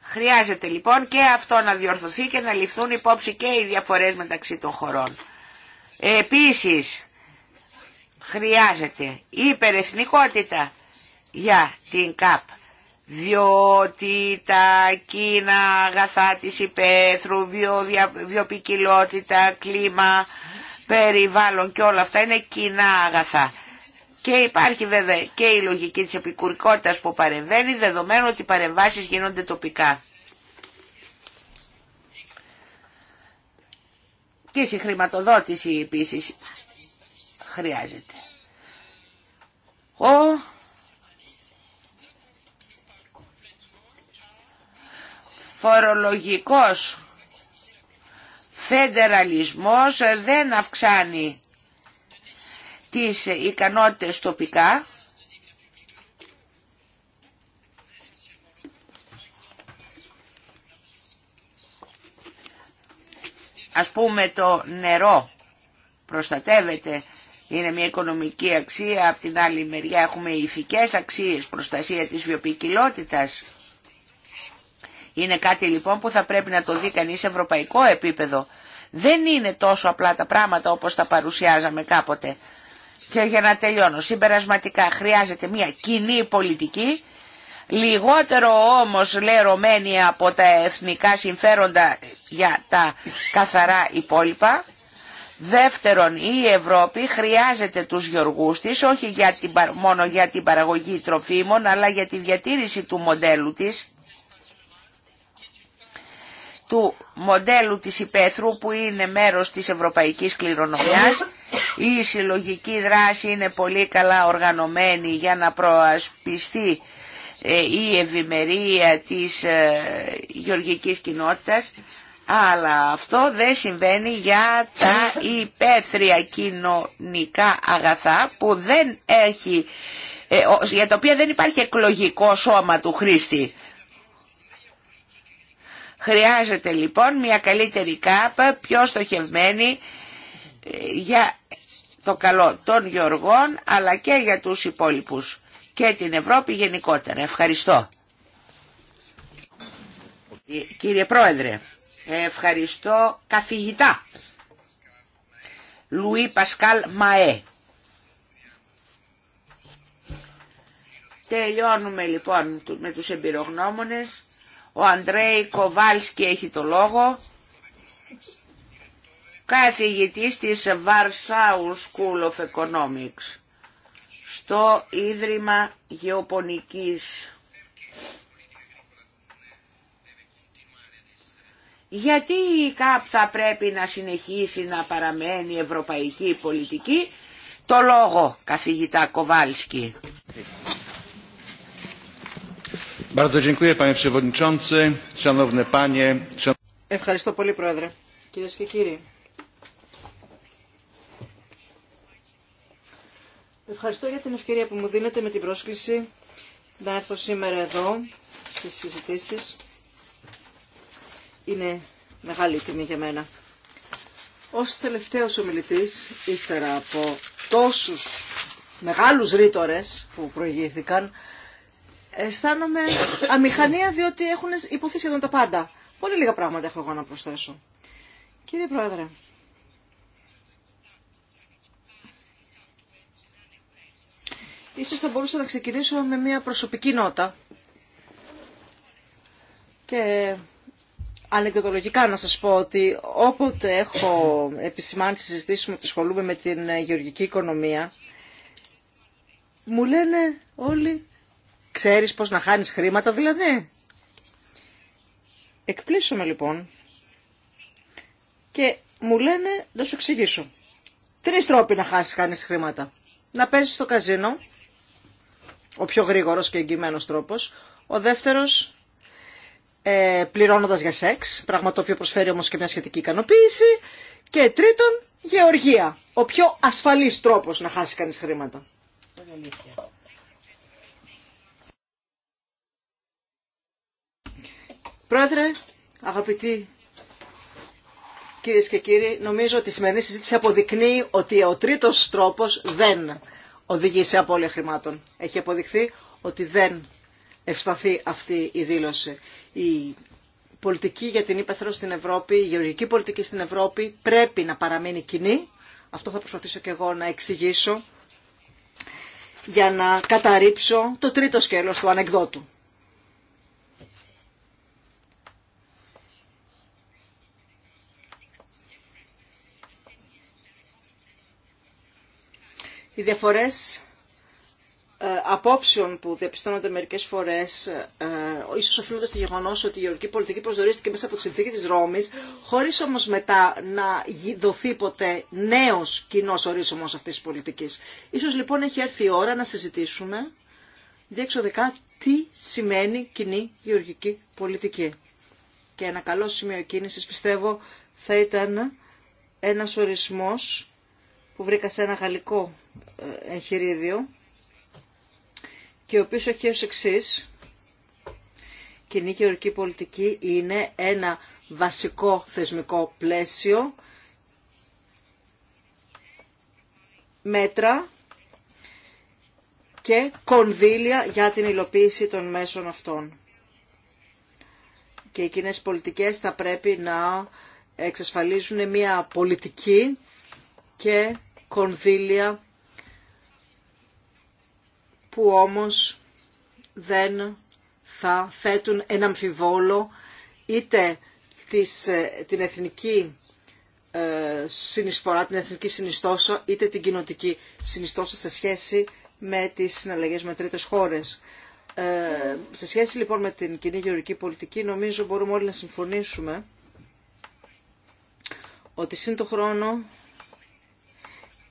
Χρειάζεται λοιπόν και αυτό να διορθωθεί και να ληφθούν υπόψη και οι διαφορές μεταξύ των χωρών. Επίσης, χρειάζεται υπερεθνικότητα για την ΚΑΠ διότι τα κοινά αγαθά της υπαίθρου, βιοπικιλότητα, κλίμα, περιβάλλον και όλα αυτά είναι κοινά αγαθά. Και υπάρχει βέβαια και η λογική της επικουρικότητας που παρεμβαίνει, δεδομένου ότι οι παρεμβάσεις γίνονται τοπικά. Και η χρηματοδότηση επίσης χρειάζεται. Ο φορολογικός φεντεραλισμός δεν αυξάνει τις ικανότητες τοπικά ας πούμε το νερό προστατεύεται είναι μια οικονομική αξία, από την άλλη μεριά έχουμε ηθικές αξίες, προστασία της βιοποικιλότητας. Είναι κάτι λοιπόν που θα πρέπει να το δει κανείς σε ευρωπαϊκό επίπεδο. Δεν είναι τόσο απλά τα πράγματα όπως τα παρουσιάζαμε κάποτε. Και για να τελειώνω, συμπερασματικά χρειάζεται μια κοινή πολιτική, λιγότερο όμως λερωμένη από τα εθνικά συμφέροντα για τα καθαρά υπόλοιπα. Δεύτερον, η Ευρώπη χρειάζεται τους γεωργούς της, όχι μόνο για την παραγωγή τροφίμων, αλλά για τη διατήρηση του μοντέλου της του μοντέλου της υπαίθρου που είναι μέρος της ευρωπαϊκής κληρονομιάς. Η συλλογική δράση είναι πολύ καλά οργανωμένη για να προασπιστεί ε, η ευημερία της ε, γεωργικής κοινότητας, αλλά αυτό δεν συμβαίνει για τα υπαίθρια κοινωνικά αγαθά που δεν έχει, ε, για τα οποία δεν υπάρχει εκλογικό σώμα του χρήστη. Χρειάζεται λοιπόν μια καλύτερη κάπα, πιο στοχευμένη ε, για το καλό των γεωργών αλλά και για τους υπόλοιπους και την Ευρώπη γενικότερα. Ευχαριστώ. Κύριε Πρόεδρε, ευχαριστώ καθηγητά. Λουί Πασκάλ Μαέ. Τελειώνουμε λοιπόν με τους εμπειρογνώμονες. Ο Αντρέι Κοβάλσκι έχει το λόγο, καθηγητής της Βαρσάου School of Economics στο Ίδρυμα Γεωπονικής. Γιατί η ΚΑΠ θα πρέπει να συνεχίσει να παραμένει ευρωπαϊκή πολιτική, το λόγο καθηγητά Κοβάλσκι. Ευχαριστώ πολύ, Πρόεδρε. κύριε και κύριοι. Ευχαριστώ για την ευκαιρία που μου δίνετε με την πρόσκληση να έρθω σήμερα εδώ στις συζητήσεις. Είναι μεγάλη τιμή για μένα. Ως τελευταίος ομιλητής, ύστερα από τόσους μεγάλους ρήτορες που προηγήθηκαν, αισθάνομαι αμηχανία διότι έχουν υποθεί σχεδόν τα πάντα. Πολύ λίγα πράγματα έχω εγώ να προσθέσω. Κύριε Πρόεδρε, ίσως θα μπορούσα να ξεκινήσω με μια προσωπική νότα και ανεκδοτολογικά να σας πω ότι όποτε έχω επισημάνει συζητήσει μου ότι ασχολούμαι με την γεωργική οικονομία, μου λένε όλοι Ξέρεις πώς να χάνεις χρήματα δηλαδή. Εκπλήσουμε λοιπόν και μου λένε να σου εξηγήσω. Τρεις τρόποι να χάσεις χάνεις χρήματα. Να παίζεις στο καζίνο, ο πιο γρήγορος και εγγυημένος τρόπος. Ο δεύτερος ε, πληρώνοντας για σεξ, πράγμα το οποίο προσφέρει όμως και μια σχετική ικανοποίηση. Και τρίτον, γεωργία, ο πιο ασφαλής τρόπος να χάσει χρήματα. Πρόεδρε, αγαπητοί κυρίε και κύριοι, νομίζω ότι η σημερινή συζήτηση αποδεικνύει ότι ο τρίτο τρόπο δεν οδηγεί σε απώλεια χρημάτων. Έχει αποδειχθεί ότι δεν ευσταθεί αυτή η δήλωση. Η πολιτική για την ύπεθρο στην Ευρώπη, η γεωργική πολιτική στην Ευρώπη πρέπει να παραμείνει κοινή. Αυτό θα προσπαθήσω και εγώ να εξηγήσω για να καταρρύψω το τρίτο σκέλος του ανεκδότου. οι διαφορές ε, απόψεων που διαπιστώνονται μερικές φορές, ε, ε, ίσως οφείλονται στο γεγονός ότι η γεωργική πολιτική προσδιορίστηκε μέσα από τη συνθήκη της Ρώμης, χωρίς όμως μετά να δοθεί ποτέ νέος κοινό ορίσμος αυτής της πολιτικής. Ίσως λοιπόν έχει έρθει η ώρα να συζητήσουμε διεξοδικά τι σημαίνει κοινή γεωργική πολιτική. Και ένα καλό σημείο κίνησης πιστεύω θα ήταν ένας ορισμός που βρήκα σε ένα γαλλικό ε, εγχειρίδιο και ο οποίος έχει ως εξής κοινή ορική πολιτική είναι ένα βασικό θεσμικό πλαίσιο μέτρα και κονδύλια για την υλοποίηση των μέσων αυτών. Και οι κοινές πολιτικές θα πρέπει να εξασφαλίζουν μια πολιτική και κονδύλια που όμως δεν θα θέτουν ένα αμφιβόλο είτε της, ε, την εθνική ε, συνεισφορά, την εθνική συνιστόσα, είτε την κοινοτική συνιστόσα σε σχέση με τις συναλλαγές με τρίτες χώρες. Ε, σε σχέση λοιπόν με την κοινή γεωρική πολιτική νομίζω μπορούμε όλοι να συμφωνήσουμε ότι σύν χρόνο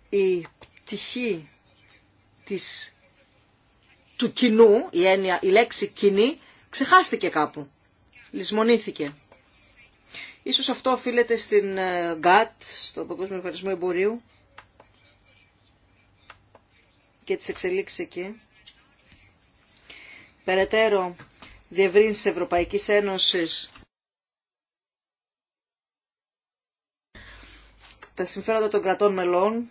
η πτυχή της, του κοινού, η, έννοια, η λέξη κοινή, ξεχάστηκε κάπου, Λυσμονήθηκε. Ίσως αυτό οφείλεται στην ε, ΓΚΑΤ, στο Παγκόσμιο Οργανισμό Εμπορίου και τις εξελίξει εκεί. Περαιτέρω διευρύνσεις Ευρωπαϊκής Ένωσης τα συμφέροντα των κρατών μελών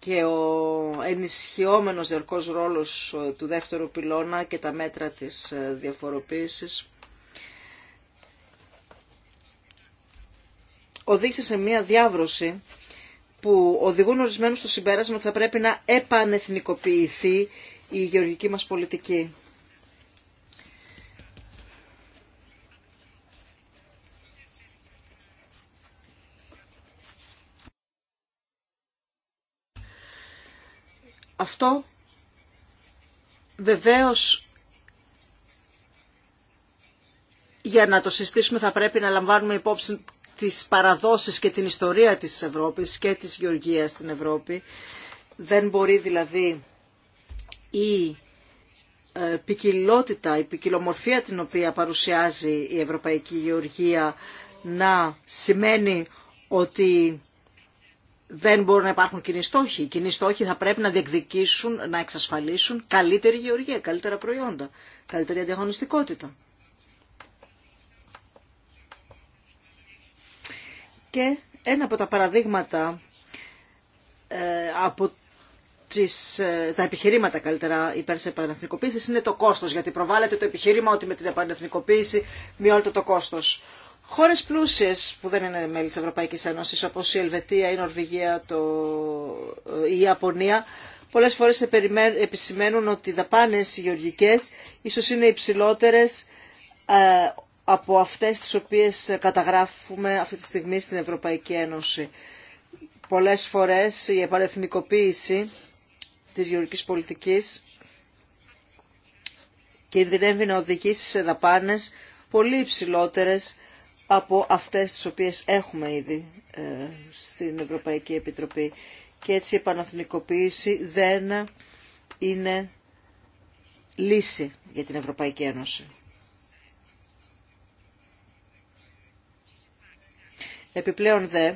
και ο ενισχυόμενος διαρκώς ρόλος ε, του δεύτερου πυλώνα και τα μέτρα της ε, διαφοροποίησης οδήγησε σε μια διάβρωση που οδηγούν ορισμένου στο συμπέρασμα ότι θα πρέπει να επανεθνικοποιηθεί η γεωργική μας πολιτική. Αυτό βεβαίως για να το συστήσουμε θα πρέπει να λαμβάνουμε υπόψη τις παραδόσεις και την ιστορία της Ευρώπης και της Γεωργίας στην Ευρώπη. Δεν μπορεί δηλαδή η ε, ποικιλότητα, η ποικιλομορφία την οποία παρουσιάζει η Ευρωπαϊκή Γεωργία να σημαίνει ότι δεν μπορούν να υπάρχουν κοινοί στόχοι. Οι κοινοί στόχοι θα πρέπει να διεκδικήσουν, να εξασφαλίσουν καλύτερη γεωργία, καλύτερα προϊόντα, καλύτερη ανταγωνιστικότητα. Και ένα από τα παραδείγματα ε, από τις, ε, τα επιχειρήματα καλύτερα υπέρ τη επανεθνικοποίηση είναι το κόστος, Γιατί προβάλλεται το επιχείρημα ότι με την επανεθνικοποίηση μειώνεται το κόστο. Χώρες πλούσιε που δεν είναι μέλη της Ευρωπαϊκής Ένωσης, όπως η Ελβετία, η Νορβηγία, το... η Ιαπωνία, πολλές φορές επισημαίνουν ότι οι δαπάνες γεωργικε ίσως είναι υψηλότερες ε, από αυτές τις οποίες καταγράφουμε αυτή τη στιγμή στην Ευρωπαϊκή Ένωση. Πολλές φορές η επανεθνικοποίηση της γεωργικής πολιτικής κινδυνεύει να οδηγήσει σε δαπάνε πολύ υψηλότερες από αυτές τις οποίες έχουμε ήδη ε, στην Ευρωπαϊκή Επιτροπή. Και έτσι η επαναθνικοποίηση δεν είναι λύση για την Ευρωπαϊκή Ένωση. Επιπλέον δε,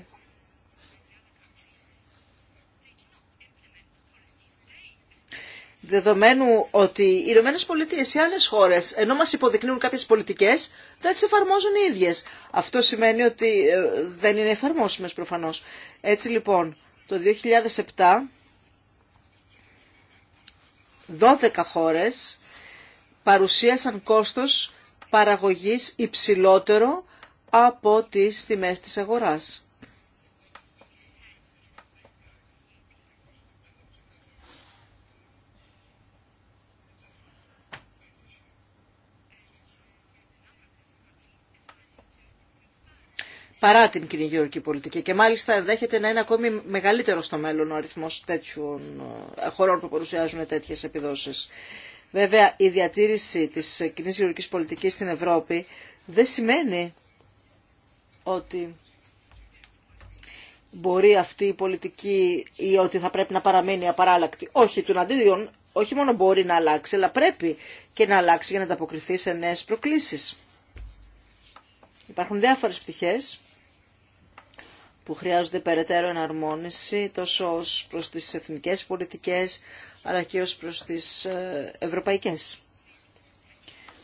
Δεδομένου ότι οι Ηνωμένε Πολιτείε ή άλλε χώρε, ενώ μα υποδεικνύουν κάποιε πολιτικέ, δεν τι εφαρμόζουν οι ίδιε. Αυτό σημαίνει ότι ε, δεν είναι εφαρμόσιμε προφανώ. Έτσι λοιπόν, το 2007, 12 χώρε παρουσίασαν κόστος παραγωγής υψηλότερο από τις τιμές της αγοράς. παρά την κοινή γεωργική πολιτική. Και μάλιστα δέχεται να είναι ακόμη μεγαλύτερο στο μέλλον ο αριθμό τέτοιων ε, χωρών που παρουσιάζουν τέτοιε επιδόσει. Βέβαια, η διατήρηση τη κοινή γεωργική πολιτική στην Ευρώπη δεν σημαίνει ότι μπορεί αυτή η πολιτική ή ότι θα πρέπει να παραμείνει απαράλλακτη. Όχι, του αντίδειον, όχι μόνο μπορεί να αλλάξει, αλλά πρέπει και να αλλάξει για να ανταποκριθεί σε νέες προκλήσεις. Υπάρχουν διάφορες πτυχές που χρειάζονται περαιτέρω εναρμόνιση τόσο ως προς τις εθνικές πολιτικές αλλά και ως προς τις ε, ευρωπαϊκές.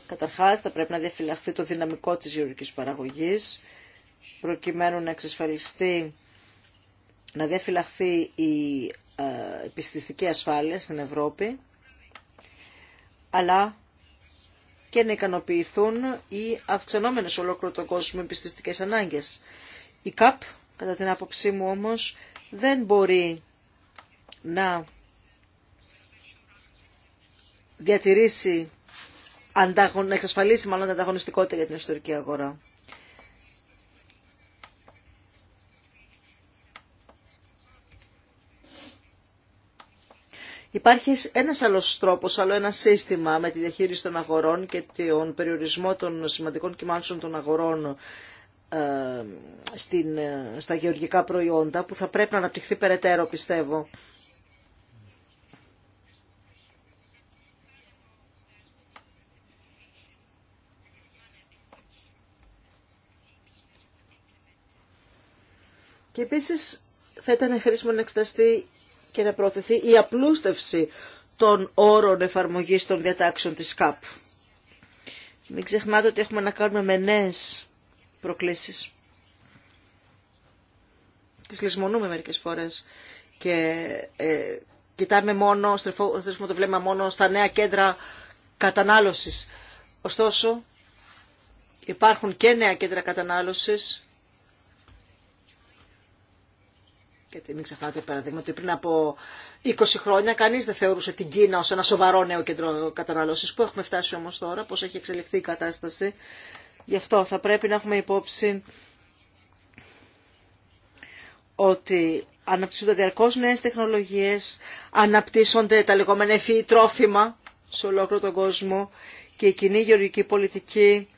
Καταρχάς θα πρέπει να διαφυλαχθεί το δυναμικό της γεωργικής παραγωγής προκειμένου να εξασφαλιστεί να διαφυλαχθεί η ε, πιστιστική ασφάλεια στην Ευρώπη αλλά και να ικανοποιηθούν οι αυξανόμενες ολόκληρο τον κόσμο επιστηστικές ανάγκες. Η Κατά την άποψή μου όμως δεν μπορεί να διατηρήσει, να εξασφαλίσει μάλλον την ανταγωνιστικότητα για την ιστορική αγορά. Υπάρχει ένας άλλος τρόπος, άλλο ένα σύστημα με τη διαχείριση των αγορών και τον περιορισμό των σημαντικών κοιμάνσεων των αγορών ε, στην, ε, στα γεωργικά προϊόντα που θα πρέπει να αναπτυχθεί περαιτέρω πιστεύω. Και επίσης θα ήταν χρήσιμο να εξεταστεί και να προωθηθεί η απλούστευση των όρων εφαρμογής των διατάξεων της ΚΑΠ. Μην ξεχνάτε ότι έχουμε να κάνουμε με προκλήσεις. Τις λησμονούμε μερικές φορές και ε, κοιτάμε μόνο, στρεφόμαστε το βλέμμα μόνο στα νέα κέντρα κατανάλωσης. Ωστόσο, υπάρχουν και νέα κέντρα κατανάλωσης Γιατί μην ξεχνάτε παραδείγμα ότι πριν από 20 χρόνια κανείς δεν θεωρούσε την Κίνα ως ένα σοβαρό νέο κέντρο κατανάλωσης. Πού έχουμε φτάσει όμως τώρα, πώς έχει εξελιχθεί η κατάσταση Γι' αυτό θα πρέπει να έχουμε υπόψη ότι αναπτύσσονται διαρκώς νέες τεχνολογίες, αναπτύσσονται τα λεγόμενα εφή τρόφιμα σε ολόκληρο τον κόσμο και η κοινή γεωργική πολιτική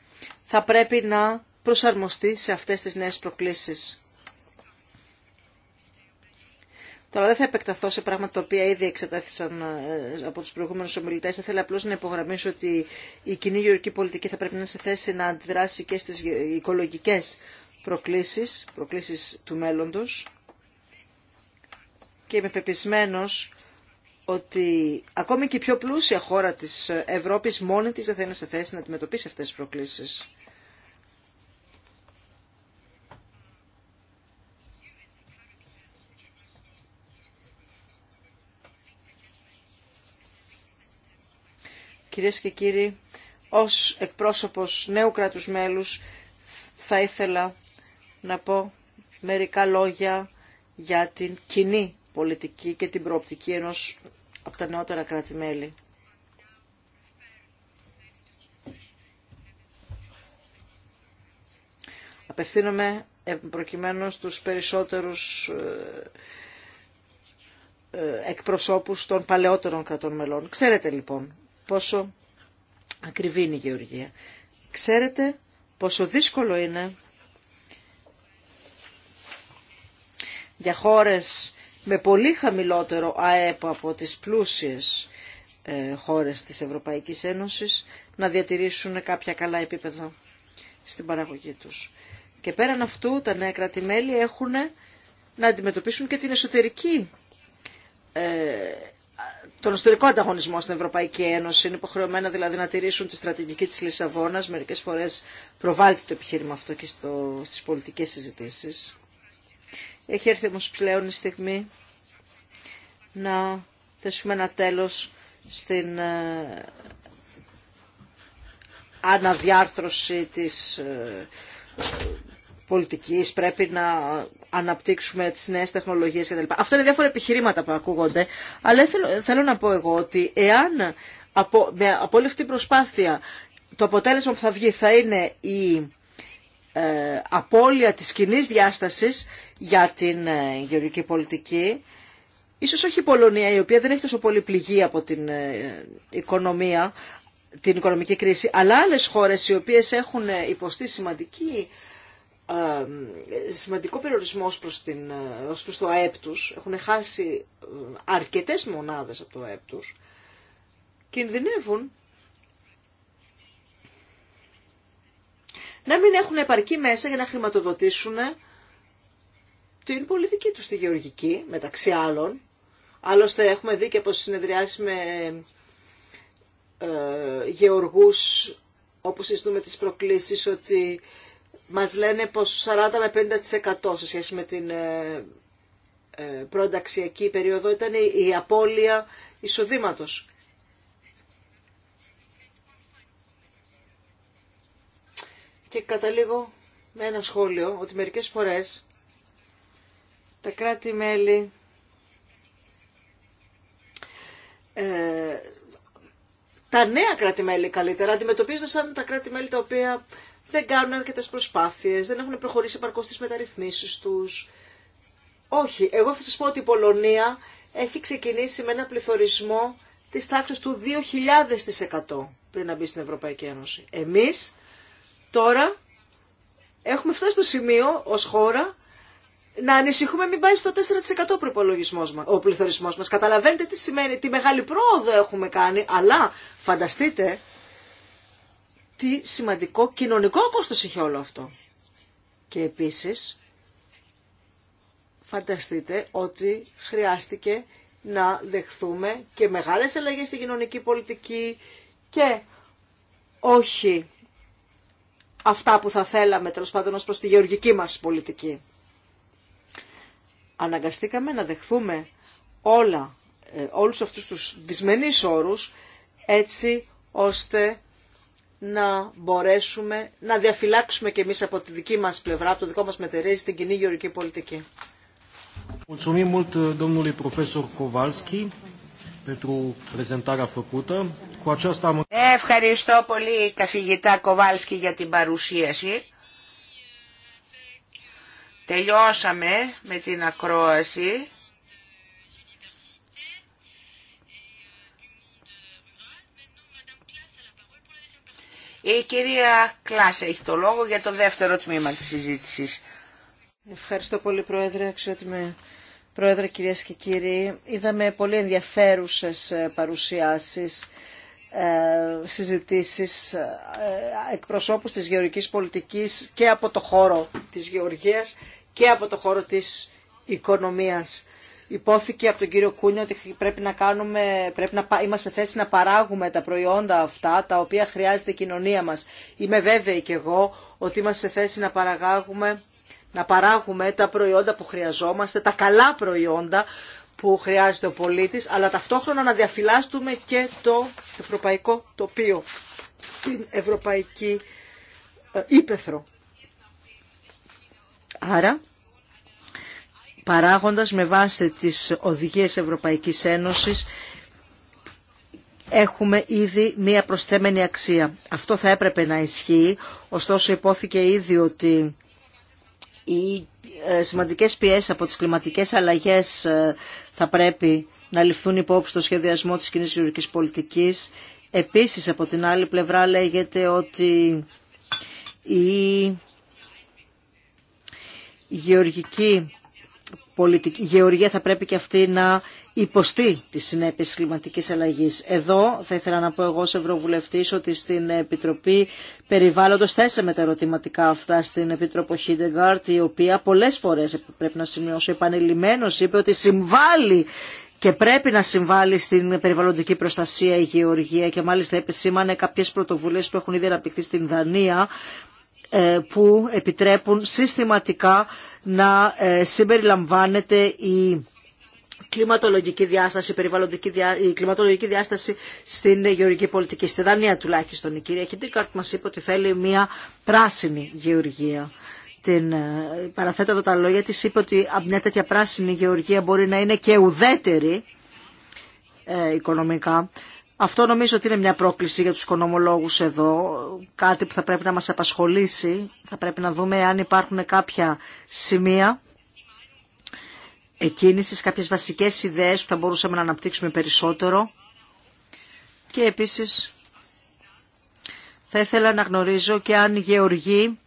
θα πρέπει να προσαρμοστεί σε αυτές τις νέες προκλήσεις. Τώρα δεν θα επεκταθώ σε πράγματα τα οποία ήδη εξετάθησαν ε, από του προηγούμενου ομιλητέ. Θα ήθελα απλώ να υπογραμμίσω ότι η κοινή γεωργική πολιτική θα πρέπει να είναι σε θέση να αντιδράσει και στι οικολογικέ προκλήσει, προκλήσει του μέλλοντο. Και είμαι πεπισμένο ότι ακόμη και η πιο πλούσια χώρα της Ευρώπης μόνη της δεν θα είναι σε θέση να αντιμετωπίσει αυτές τις προκλήσεις. Κυρίες και κύριοι, ως εκπρόσωπος νέου κράτους μέλους θα ήθελα να πω μερικά λόγια για την κοινή πολιτική και την προοπτική ενός από τα νεότερα κράτη-μέλη. Απευθύνομαι προκειμένου στους περισσότερους ε, ε, εκπροσώπους των παλαιότερων κρατών μελών. Ξέρετε λοιπόν πόσο ακριβή είναι η γεωργία. Ξέρετε πόσο δύσκολο είναι για χώρες με πολύ χαμηλότερο ΑΕΠ από τις πλούσιες ε, χώρες της Ευρωπαϊκής Ένωσης να διατηρήσουν κάποια καλά επίπεδα στην παραγωγή τους. Και πέραν αυτού τα νέα κράτη-μέλη έχουν να αντιμετωπίσουν και την εσωτερική ε, τον ιστορικό ανταγωνισμό στην Ευρωπαϊκή Ένωση. Είναι υποχρεωμένα δηλαδή να τηρήσουν τη στρατηγική της Λισαβόνας. Μερικές φορές προβάλλεται το επιχείρημα αυτό και στι στις πολιτικές συζητήσεις. Έχει έρθει όμως πλέον η στιγμή να θέσουμε ένα τέλο στην ε, αναδιάρθρωση της ε, πρέπει να αναπτύξουμε τι νέε τεχνολογίε κτλ. Αυτό είναι διάφορα επιχειρήματα που ακούγονται, αλλά θέλω, θέλω να πω εγώ ότι εάν από, με, από όλη αυτή την προσπάθεια το αποτέλεσμα που θα βγει θα είναι η ε, απώλεια της κοινή διάστασης για την ε, γεωργική πολιτική, ίσως όχι η Πολωνία η οποία δεν έχει τόσο πολύ πληγή από την ε, οικονομία, την οικονομική κρίση, αλλά άλλες χώρες οι οποίες έχουν ε, υποστεί σημαντική σημαντικό περιορισμό ω προς, ε, προς το ΑΕΠ του. έχουν χάσει ε, αρκετές μονάδες από το ΑΕΠ του. κινδυνεύουν να μην έχουν επαρκή μέσα για να χρηματοδοτήσουν ε, την πολιτική του στη γεωργική, μεταξύ άλλων. Άλλωστε έχουμε δει και πως συνεδριάσει με ε, γεωργούς, όπως συζητούμε τις προκλήσεις, ότι μας λένε πως 40 με 50% σε σχέση με την ε, ε, προενταξιακή περίοδο ήταν η απώλεια εισοδήματος. Και καταλήγω με ένα σχόλιο ότι μερικές φορές τα κράτη-μέλη ε, τα νέα κράτη-μέλη καλύτερα αντιμετωπίζονται σαν τα κράτη-μέλη τα οποία δεν κάνουν αρκετέ προσπάθειε, δεν έχουν προχωρήσει επαρκώ τι μεταρρυθμίσει του. Όχι, εγώ θα σα πω ότι η Πολωνία έχει ξεκινήσει με ένα πληθωρισμό τη τάξη του 2.000% πριν να μπει στην Ευρωπαϊκή Ένωση. Εμεί τώρα έχουμε φτάσει στο σημείο ω χώρα να ανησυχούμε μην πάει στο 4% προπολογισμό ο πληθωρισμό μα. Καταλαβαίνετε τι σημαίνει, τι μεγάλη πρόοδο έχουμε κάνει, αλλά φανταστείτε τι σημαντικό κοινωνικό κόστος είχε όλο αυτό. Και επίσης, φανταστείτε ότι χρειάστηκε να δεχθούμε και μεγάλες αλλαγές στην κοινωνική πολιτική και όχι αυτά που θα θέλαμε τέλο πάντων ως προς τη γεωργική μας πολιτική. Αναγκαστήκαμε να δεχθούμε όλα, ε, όλους αυτούς τους δυσμενείς όρους έτσι ώστε να μπορέσουμε να διαφυλάξουμε και εμείς από τη δική μας πλευρά, από το δικό μας μετερίζει, την κοινή γεωρική πολιτική. Ευχαριστώ πολύ καθηγητά Κοβάλσκι για την παρουσίαση. Τελειώσαμε με την ακρόαση. Η κυρία Κλάσσα έχει το λόγο για το δεύτερο τμήμα της συζήτησης. Ευχαριστώ πολύ Πρόεδρε, αξιότιμε Πρόεδρε κυρίες και κύριοι. Είδαμε πολύ ενδιαφέρουσες ε, παρουσιάσεις, ε, συζητήσεις ε, εκπροσώπους της γεωργικής πολιτικής και από το χώρο της γεωργίας και από το χώρο της οικονομίας υπόθηκε από τον κύριο Κούνιο ότι πρέπει να, κάνουμε, πρέπει να είμαστε θέση να παράγουμε τα προϊόντα αυτά τα οποία χρειάζεται η κοινωνία μας. Είμαι βέβαιη και εγώ ότι είμαστε σε θέση να παραγάγουμε να παράγουμε τα προϊόντα που χρειαζόμαστε, τα καλά προϊόντα που χρειάζεται ο πολίτης, αλλά ταυτόχρονα να διαφυλάσσουμε και το ευρωπαϊκό τοπίο, την ευρωπαϊκή ε, ύπεθρο. Άρα παράγοντας με βάση τις οδηγίες Ευρωπαϊκής Ένωσης έχουμε ήδη μία προσθέμενη αξία. Αυτό θα έπρεπε να ισχύει, ωστόσο υπόθηκε ήδη ότι οι ε, σημαντικές πιέσεις από τις κλιματικές αλλαγές ε, θα πρέπει να ληφθούν υπόψη στο σχεδιασμό της κοινής γεωργικής πολιτικής. Επίσης, από την άλλη πλευρά λέγεται ότι η γεωργική πολιτική γεωργία θα πρέπει και αυτή να υποστεί τις συνέπειες της κλιματικής αλλαγής. Εδώ θα ήθελα να πω εγώ ως ευρωβουλευτή ότι στην Επιτροπή Περιβάλλοντος θέσαμε τα ερωτηματικά αυτά στην Επιτρόπο Χίντεγκάρτ η οποία πολλές φορές πρέπει να σημειώσω επανειλημμένως είπε ότι συμβάλλει και πρέπει να συμβάλλει στην περιβαλλοντική προστασία η γεωργία και μάλιστα επισήμανε κάποιες πρωτοβουλίες που έχουν ήδη αναπτυχθεί στην Δανία ε, που επιτρέπουν συστηματικά να ε, συμπεριλαμβάνεται η κλιματολογική διάσταση, η περιβαλλοντική η κλιματολογική διάσταση στην γεωργική πολιτική. Στη Δανία τουλάχιστον η κυρία Χιντρίκαρτ μας είπε ότι θέλει μια πράσινη γεωργία. Την, ε, παραθέτω εδώ τα λόγια της, είπε ότι μια τέτοια πράσινη γεωργία μπορεί να είναι και ουδέτερη οικονομικά αυτό νομίζω ότι είναι μια πρόκληση για τους οικονομολόγους εδώ, κάτι που θα πρέπει να μας απασχολήσει. Θα πρέπει να δούμε αν υπάρχουν κάποια σημεία εκκίνησης, κάποιες βασικές ιδέες που θα μπορούσαμε να αναπτύξουμε περισσότερο. Και επίσης θα ήθελα να γνωρίζω και αν γεωργοί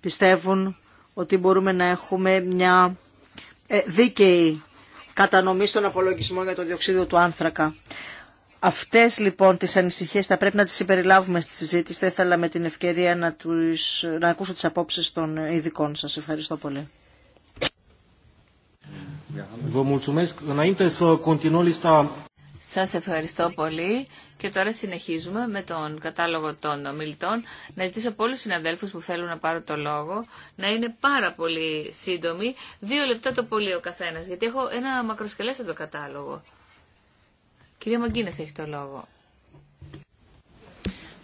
πιστεύουν ότι μπορούμε να έχουμε μια ε, δίκαιη κατανομής των απολογισμών για το διοξείδιο του άνθρακα. Αυτές λοιπόν τις ανησυχίες θα πρέπει να τις συμπεριλάβουμε στη συζήτηση. Θα ήθελα με την ευκαιρία να, τους, να ακούσω τις απόψεις των ειδικών σας. Ευχαριστώ πολύ. Σας ευχαριστώ πολύ. Και τώρα συνεχίζουμε με τον κατάλογο των ομιλητών. Να ζητήσω από όλου του συναδέλφου που θέλουν να πάρουν το λόγο να είναι πάρα πολύ σύντομοι. Δύο λεπτά το πολύ ο καθένα, γιατί έχω ένα μακροσκελέστατο κατάλογο. Κυρία Μαγκίνε έχει το λόγο.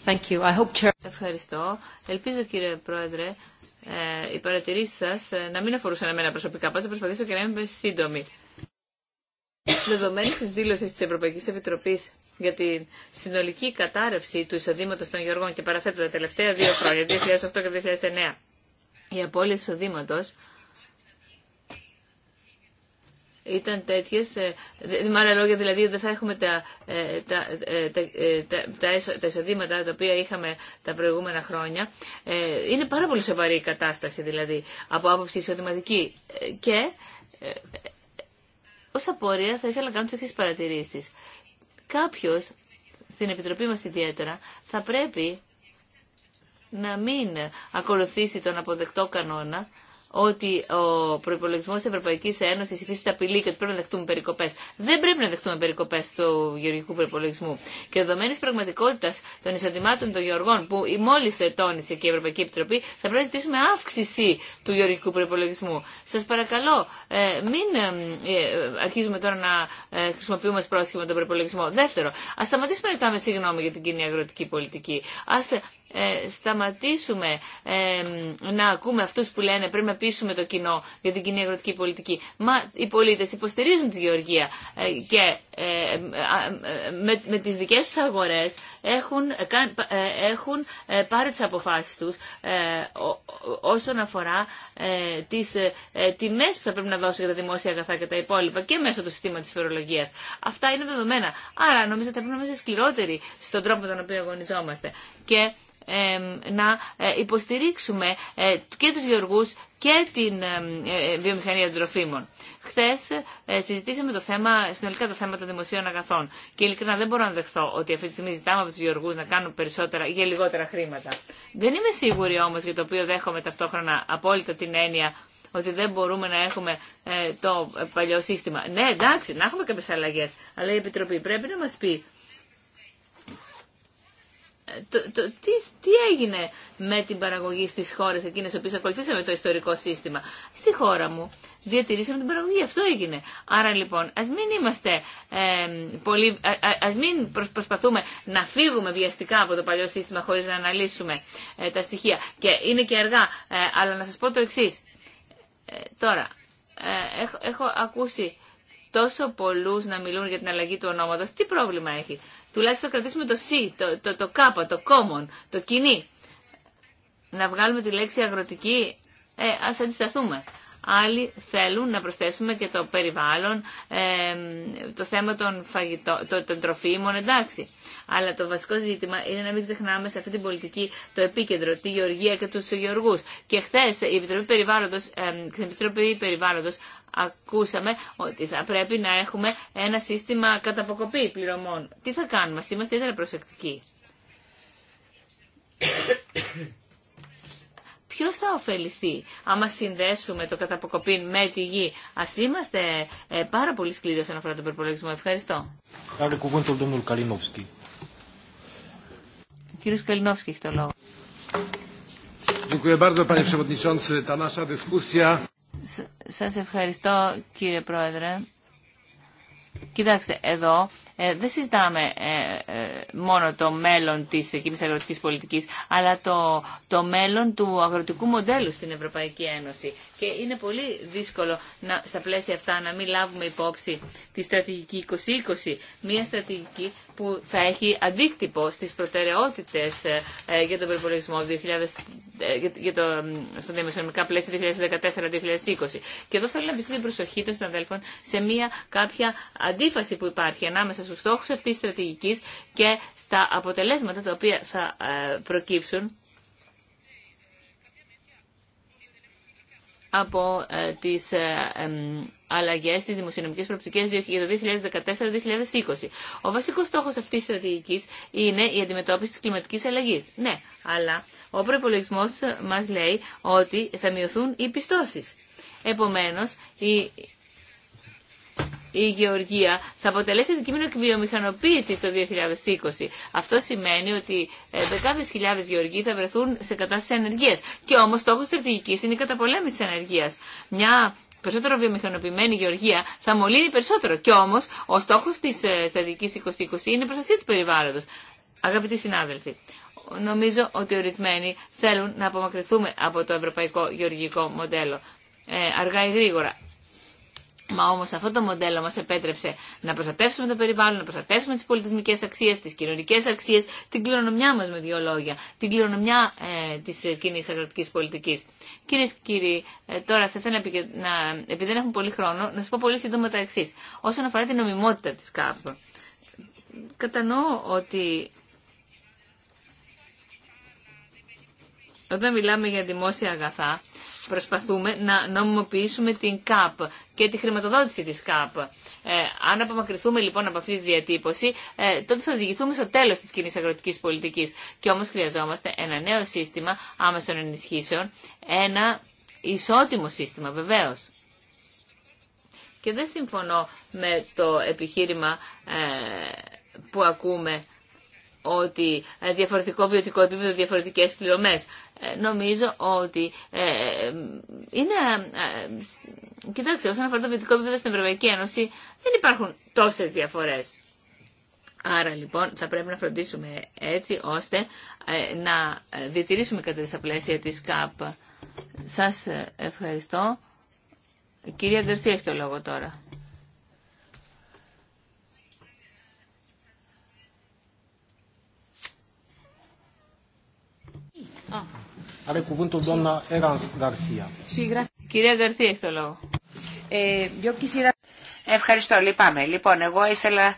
Thank you. I hope... Ευχαριστώ. Ελπίζω κύριε Πρόεδρε ε, οι παρατηρήσει σα ε, να μην αφορούσαν εμένα προσωπικά. Πάντω προσπαθήσω και να είμαι σύντομη. Δεδομένη τη δήλωση τη Ευρωπαϊκή Επιτροπή για την συνολική κατάρρευση του εισοδήματο των γεωργών και παραθέτω τα τελευταία δύο χρόνια, 2008 και 2009, η απώλεια εισοδήματο ήταν τέτοιε. Ε, με άλλα λόγια, δηλαδή δεν θα έχουμε τα, ε, ε, τα, τα, τα, εισοδήματα τα οποία είχαμε τα προηγούμενα χρόνια. Είναι πάρα πολύ σοβαρή η κατάσταση, δηλαδή, από άποψη εισοδηματική. Και ω απορία θα ήθελα να κάνω τι εξή παρατηρήσει κάποιο, στην Επιτροπή μας ιδιαίτερα, θα πρέπει να μην ακολουθήσει τον αποδεκτό κανόνα ότι ο προπολογισμό τη Ευρωπαϊκή Ένωση υφίσταται απειλή και ότι πρέπει να δεχτούμε περικοπέ. Δεν πρέπει να δεχτούμε περικοπέ του γεωργικού προπολογισμού. Και δεδομένη πραγματικότητα των εισοδημάτων των γεωργών, που μόλι ε, τόνισε και η Ευρωπαϊκή Επιτροπή, θα πρέπει να ζητήσουμε αύξηση του γεωργικού προπολογισμού. Σα παρακαλώ, ε, μην ε, αρχίζουμε τώρα να χρησιμοποιούμε πρόσχημα τον προπολογισμό. Δεύτερο, α σταματήσουμε να κάνουμε συγγνώμη για την κοινή αγροτική πολιτική. Α σταματήσουμε να ακούμε αυτού που λένε πρέπει να πείσουμε το κοινό για την κοινή αγροτική πολιτική. Μα οι πολίτε υποστηρίζουν τη γεωργία ε, και ε, ε, με, με τι δικέ του αγορέ έχουν, πάρει τι αποφάσει του όσον αφορά τι τιμέ που θα πρέπει να δώσουν για τα δημόσια αγαθά και τα υπόλοιπα και μέσα του συστήματο τη φορολογία. Αυτά είναι δεδομένα. Άρα νομίζω ότι θα πρέπει να είμαστε σκληρότεροι στον τρόπο με τον οποίο αγωνιζόμαστε. Και να ε, υποστηρίξουμε ε, και τους γεωργούς και την ε, βιομηχανία των τροφίμων. Χθε συζητήσαμε το θέμα, συνολικά το θέμα των δημοσίων αγαθών. Και ειλικρινά δεν μπορώ να δεχθώ ότι αυτή τη στιγμή ζητάμε από του γεωργού να κάνουν περισσότερα για λιγότερα χρήματα. Δεν είμαι σίγουρη όμω για το οποίο δέχομαι ταυτόχρονα απόλυτα την έννοια ότι δεν μπορούμε να έχουμε το παλιό σύστημα. Ναι, εντάξει, να έχουμε κάποιε αλλαγέ. Αλλά η Επιτροπή πρέπει να μα πει το, τι, τι έγινε με την παραγωγή στις χώρες εκείνες οποίες ακολουθήσαμε το ιστορικό σύστημα. Στη χώρα μου διατηρήσαμε την παραγωγή. Αυτό έγινε. Άρα λοιπόν ας μην είμαστε πολύ, α, ας μην προσπαθούμε να φύγουμε βιαστικά από το παλιό σύστημα χωρίς να αναλύσουμε ε, τα στοιχεία. Και είναι και αργά. Ε, αλλά να σας πω το εξής. Ε, τώρα, έχω, έχω ακούσει τόσο πολλού να μιλούν για την αλλαγή του ονόματο, Τι πρόβλημα έχει τουλάχιστον κρατήσουμε το C, το, το, το K, το common, το κοινή. Να βγάλουμε τη λέξη αγροτική, ε, ας αντισταθούμε. Άλλοι θέλουν να προσθέσουμε και το περιβάλλον, το θέμα των, φαγητό, των τροφίμων, εντάξει. Αλλά το βασικό ζήτημα είναι να μην ξεχνάμε σε αυτή την πολιτική το επίκεντρο, τη γεωργία και του γεωργού. Και χθε η Επιτροπή στην Επιτροπή Περιβάλλοντο, ακούσαμε ότι θα πρέπει να έχουμε ένα σύστημα καταποκοπή πληρωμών. Τι θα κάνουμε, είμαστε ιδιαίτερα προσεκτικοί ποιο θα ωφεληθεί άμα συνδέσουμε το καταποκοπήν με τη γη. Α είμαστε ε, πάρα πολύ σκληροί όσον αφορά τον προπολογισμό. Ευχαριστώ. Ο κύριος Καλινόφσκι έχει το λόγο. Σας ευχαριστώ κύριε Πρόεδρε. Κοιτάξτε, εδώ ε, δεν συζητάμε ε, ε, μόνο το μέλλον τη κοινή αγροτική πολιτική, αλλά το, το μέλλον του αγροτικού μοντέλου στην Ευρωπαϊκή Ένωση. Και είναι πολύ δύσκολο να, στα πλαίσια αυτά να μην λάβουμε υπόψη τη στρατηγική 2020, μια στρατηγική που θα έχει αντίκτυπο στι προτεραιότητε για τον προπολογισμό 2000, για το, στο διαμεσονομικά πλαίσια 2014-2020. Και εδώ θέλω να πιστώ την προσοχή των συναδέλφων σε μια κάποια αντίφαση που υπάρχει ανάμεσα στους στόχους αυτής της στρατηγικής και στα αποτελέσματα τα οποία θα ε, προκύψουν από ε, τις ε, αλλαγές της δημοσιονομικης προοπτικής για το 2014-2020. Ο βασικός στόχος αυτής της στρατηγικής είναι η αντιμετώπιση της κλιματική αλλαγής. Ναι, αλλά ο προπολογισμό μας λέει ότι θα μειωθούν οι πιστώσεις. Επομένως, η η γεωργία θα αποτελέσει αντικείμενο εκβιομηχανοποίηση το 2020. Αυτό σημαίνει ότι ε, δεκάδε χιλιάδε γεωργοί θα βρεθούν σε κατάσταση ανεργία. Και όμω στόχο στρατηγική είναι η καταπολέμηση τη ανεργία. Μια περισσότερο βιομηχανοποιημένη γεωργία θα μολύνει περισσότερο. Και όμω ο στόχο τη ε, στρατηγική 2020 είναι η προστασία του περιβάλλοντο. Αγαπητοί συνάδελφοι, νομίζω ότι ορισμένοι θέλουν να απομακρυνθούμε από το ευρωπαϊκό γεωργικό μοντέλο. Ε, αργά ή γρήγορα. Μα όμω αυτό το μοντέλο μα επέτρεψε να προστατεύσουμε το περιβάλλον, να προστατεύσουμε τι πολιτισμικέ αξίε, τι κοινωνικέ αξίε, την κληρονομιά μα με δύο λόγια, την κληρονομιά ε, τη κοινή αγροτική πολιτική. Κυρίε και κύριοι, ε, τώρα θα ήθελα να, επειδή δεν έχουμε πολύ χρόνο, να σα πω πολύ σύντομα τα εξή. Όσον αφορά την νομιμότητα τη ΚΑΠ, κατανοώ ότι όταν μιλάμε για δημόσια αγαθά, Προσπαθούμε να νομιμοποιήσουμε την ΚΑΠ και τη χρηματοδότηση της ΚΑΠ. Ε, αν απομακρυνθούμε λοιπόν από αυτή τη διατύπωση, ε, τότε θα οδηγηθούμε στο τέλος της κοινή αγροτικής πολιτικής. Και όμως χρειαζόμαστε ένα νέο σύστημα άμεσων ενισχύσεων, ένα ισότιμο σύστημα βεβαίως. Και δεν συμφωνώ με το επιχείρημα ε, που ακούμε ότι ε, διαφορετικό βιωτικό επίπεδο, διαφορετικές πληρωμές. Ε, νομίζω ότι ε, είναι... Κοιτάξτε, όσον αφορά το βιωτικό επίπεδο στην Ευρωπαϊκή Ένωση δεν υπάρχουν τόσες διαφορές. Άρα λοιπόν θα πρέπει να φροντίσουμε έτσι ώστε να διατηρήσουμε κατά τα πλαίσια της ΚΑΠ. Σας ευχαριστώ. Κυρία Γκαρσία έχει το λόγο τώρα. Κυρία έχει ε, Ευχαριστώ, λυπάμαι. Λοιπόν, εγώ ήθελα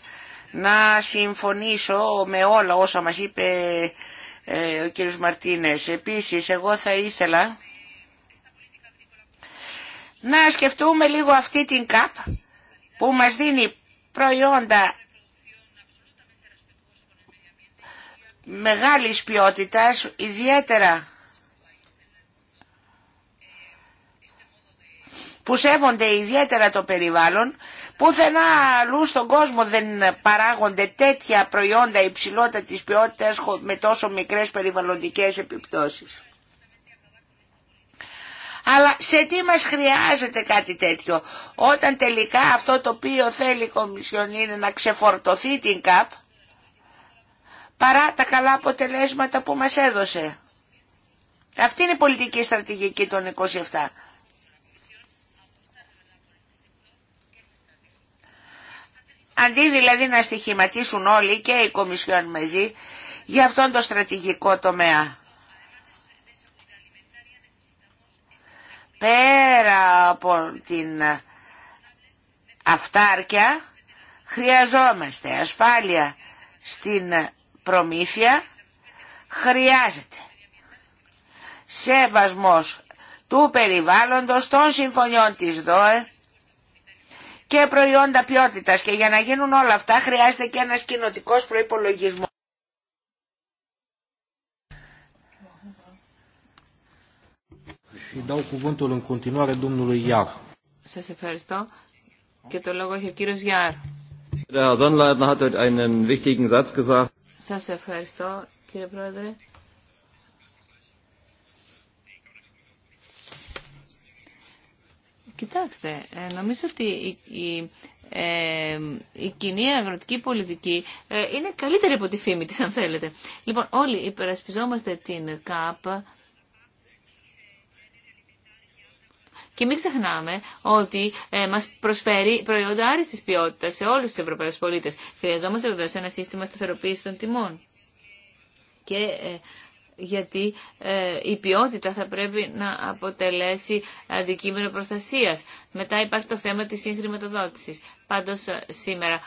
να συμφωνήσω με όλα όσα μας είπε ε, ο κύριος Μαρτίνες. Επίσης, εγώ θα ήθελα να σκεφτούμε λίγο αυτή την ΚΑΠ που μας δίνει προϊόντα μεγάλης ποιότητας, ιδιαίτερα που σέβονται ιδιαίτερα το περιβάλλον, πουθενά αλλού στον κόσμο δεν παράγονται τέτοια προϊόντα υψηλότατης ποιότητας με τόσο μικρές περιβαλλοντικές επιπτώσεις. Αλλά σε τι μας χρειάζεται κάτι τέτοιο, όταν τελικά αυτό το οποίο θέλει η Κομισιόν είναι να ξεφορτωθεί την ΚΑΠ, παρά τα καλά αποτελέσματα που μας έδωσε. Αυτή είναι η πολιτική στρατηγική των 27. Αντί δηλαδή να στοιχηματίσουν όλοι και οι Κομισιόν μαζί για αυτόν τον στρατηγικό τομέα. Πέρα από την αυτάρκεια χρειαζόμαστε ασφάλεια στην προμήθεια χρειάζεται σεβασμός του περιβάλλοντος των συμφωνιών της ΔΟΕ και προϊόντα ποιότητας και για να γίνουν όλα αυτά χρειάζεται και ένας κοινοτικό προϋπολογισμός. Σας ευχαριστώ και το λόγο έχει ο κύριος Γιάρ. Σας ευχαριστώ κύριε Πρόεδρε. Κοιτάξτε, ε, νομίζω ότι ε, η, κοινή αγροτική πολιτική ε, είναι καλύτερη από τη φήμη της, αν θέλετε. Λοιπόν, όλοι υπερασπιζόμαστε την ΚΑΠ Και μην ξεχνάμε ότι ε, μα προσφέρει προϊόντα άριστη ποιότητα σε όλου του Ευρωπαίου πολίτε. Χρειαζόμαστε βεβαίω ένα σύστημα σταθεροποίηση των τιμών. Και ε, γιατί ε, η ποιότητα θα πρέπει να αποτελέσει αντικείμενο προστασίας. Μετά υπάρχει το θέμα της συγχρηματοδότησης. Πάντως ε, σήμερα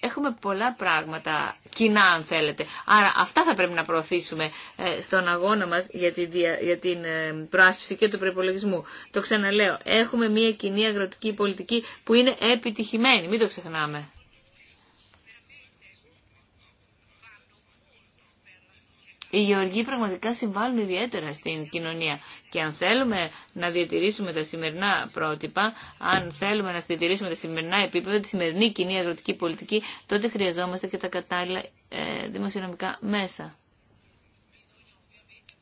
έχουμε πολλά πράγματα κοινά, αν θέλετε. Άρα αυτά θα πρέπει να προωθήσουμε ε, στον αγώνα μας για, για την ε, προάσπιση και του προπολογισμού. Το ξαναλέω, έχουμε μια κοινή αγροτική πολιτική που είναι επιτυχημένη, μην το ξεχνάμε. Οι γεωργοί πραγματικά συμβάλλουν ιδιαίτερα στην κοινωνία και αν θέλουμε να διατηρήσουμε τα σημερινά πρότυπα, αν θέλουμε να διατηρήσουμε τα σημερινά επίπεδα, τη σημερινή κοινή αγροτική πολιτική, τότε χρειαζόμαστε και τα κατάλληλα ε, δημοσιονομικά μέσα.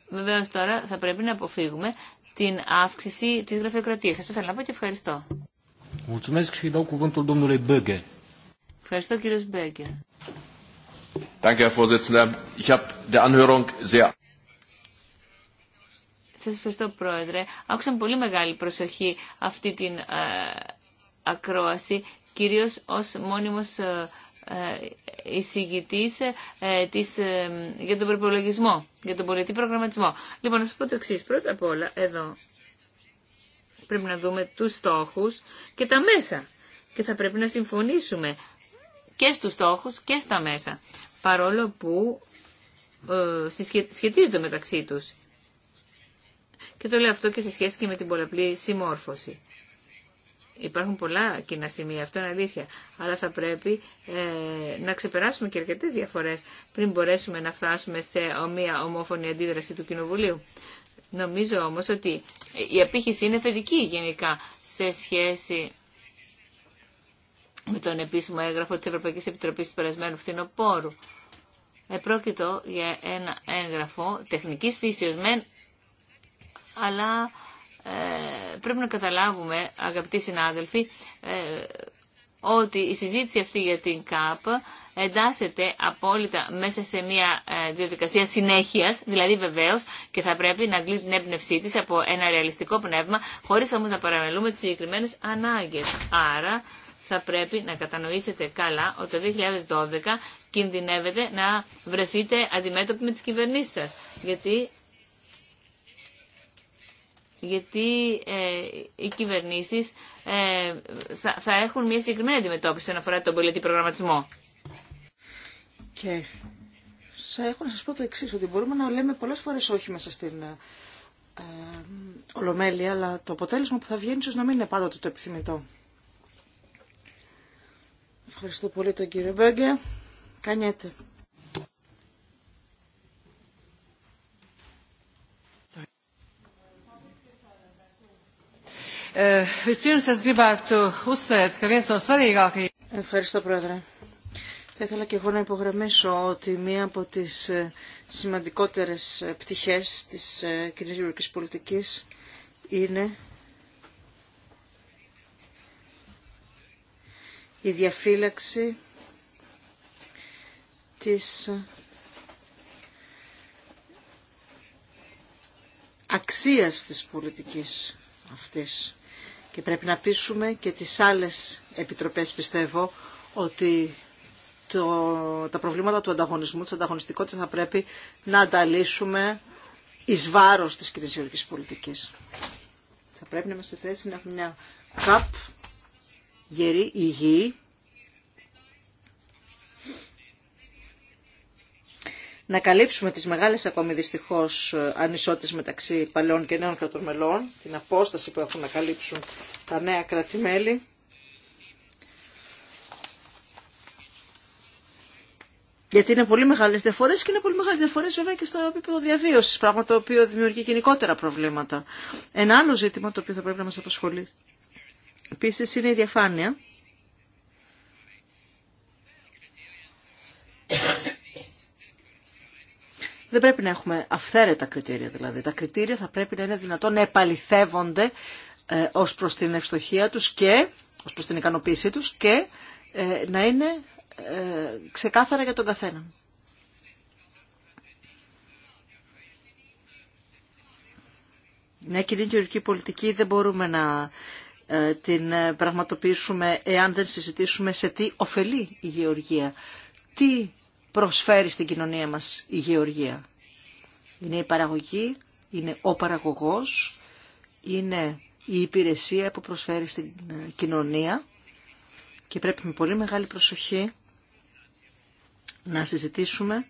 Βεβαίω τώρα θα πρέπει να αποφύγουμε την αύξηση τη γραφειοκρατία. Αυτό θέλω να πω και ευχαριστώ. Ευχαριστώ κύριο Μπέγκερ. Danke, Herr Vorsitzender. Ich habe der Anhörung sehr ευχαριστώ Πρόεδρε. Άκουσα με πολύ μεγάλη προσοχή αυτή την ε, ακρόαση, κυρίως ως μόνιμος ε, ε, ε, της, ε, για τον προπολογισμό, για τον πολιτή προγραμματισμό. Λοιπόν, να σας πω το εξής. Πρώτα απ' όλα, εδώ πρέπει να δούμε τους στόχους και τα μέσα. Και θα πρέπει να συμφωνήσουμε και στους στόχους και στα μέσα παρόλο που ε, σχετίζονται μεταξύ τους. Και το λέω αυτό και σε σχέση και με την πολλαπλή συμμόρφωση. Υπάρχουν πολλά κοινά σημεία, αυτό είναι αλήθεια. Αλλά θα πρέπει ε, να ξεπεράσουμε και αρκετέ διαφορέ πριν μπορέσουμε να φτάσουμε σε μια ομόφωνη αντίδραση του Κοινοβουλίου. Νομίζω όμω ότι η απήχηση είναι θετική γενικά σε σχέση με τον επίσημο έγγραφο της Ευρωπαϊκής Επιτροπής του περασμένου φθινοπόρου. Επρόκειτο για ένα έγγραφο τεχνικής φύσεως μεν, αλλά ε, πρέπει να καταλάβουμε, αγαπητοί συνάδελφοι, ε, ότι η συζήτηση αυτή για την ΚΑΠ εντάσσεται απόλυτα μέσα σε μια ε, διαδικασία συνέχειας... δηλαδή βεβαίως και θα πρέπει να αγγλεί την έμπνευσή τη από ένα ρεαλιστικό πνεύμα, χωρίς όμως να παραμελούμε τι συγκεκριμένε ανάγκε. Άρα θα πρέπει να κατανοήσετε καλά ότι το 2012 κινδυνεύετε να βρεθείτε αντιμέτωποι με τις κυβερνήσεις σας. Γιατί, γιατί ε, οι κυβερνήσεις ε, θα, θα έχουν μια συγκεκριμένη αντιμετώπιση όσον αφορά τον πολιτικό προγραμματισμό. Και θα έχω να σας πω το εξής, ότι μπορούμε να λέμε πολλές φορές όχι μέσα στην ε, ε ολομέλεια, αλλά το αποτέλεσμα που θα βγαίνει ίσως να μην είναι πάντοτε το επιθυμητό. Ευχαριστώ πολύ τον κύριο Μπέγκε. Κανιέται. Ευχαριστώ, Πρόεδρε. Θα ήθελα και εγώ να υπογραμμίσω ότι μία από τις ε, σημαντικότερες ε, πτυχές της ε, κοινωνικής πολιτικής είναι η διαφύλαξη της αξίας της πολιτικής αυτής. Και πρέπει να πείσουμε και τις άλλες επιτροπές πιστεύω ότι τα προβλήματα του ανταγωνισμού, της ανταγωνιστικότητας θα πρέπει να ανταλύσουμε εις βάρος της κυρίας πολιτικής. Θα πρέπει να είμαστε θέση να έχουμε μια ΚΑΠ γερή υγιή να καλύψουμε τις μεγάλες ακόμη δυστυχώς ανισότητες μεταξύ παλαιών και νέων κρατών την απόσταση που έχουν να καλύψουν τα νεα κρατημέλη, Γιατί είναι πολύ μεγάλες διαφορές και είναι πολύ μεγάλες διαφορές βέβαια και στο επίπεδο διαβίωσης, πράγμα το οποίο δημιουργεί γενικότερα προβλήματα. Ένα άλλο ζήτημα το οποίο θα πρέπει να μας απασχολεί Επίση είναι η διαφάνεια. Δεν πρέπει να έχουμε αυθαίρετα κριτήρια δηλαδή. Τα κριτήρια θα πρέπει να είναι δυνατόν να επαληθεύονται ε, ως προς την ευστοχία τους και ως προς την ικανοποίησή τους και ε, να είναι ε, ξεκάθαρα για τον καθένα. Μια κοινή γεωργική πολιτική δεν μπορούμε να ε, την ε, πραγματοποιήσουμε εάν δεν συζητήσουμε σε τι ωφελεί η γεωργία. Τι προσφέρει στην κοινωνία μας η γεωργία. Είναι η παραγωγή, είναι ο παραγωγός, είναι η υπηρεσία που προσφέρει στην ε, κοινωνία και πρέπει με πολύ μεγάλη προσοχή να συζητήσουμε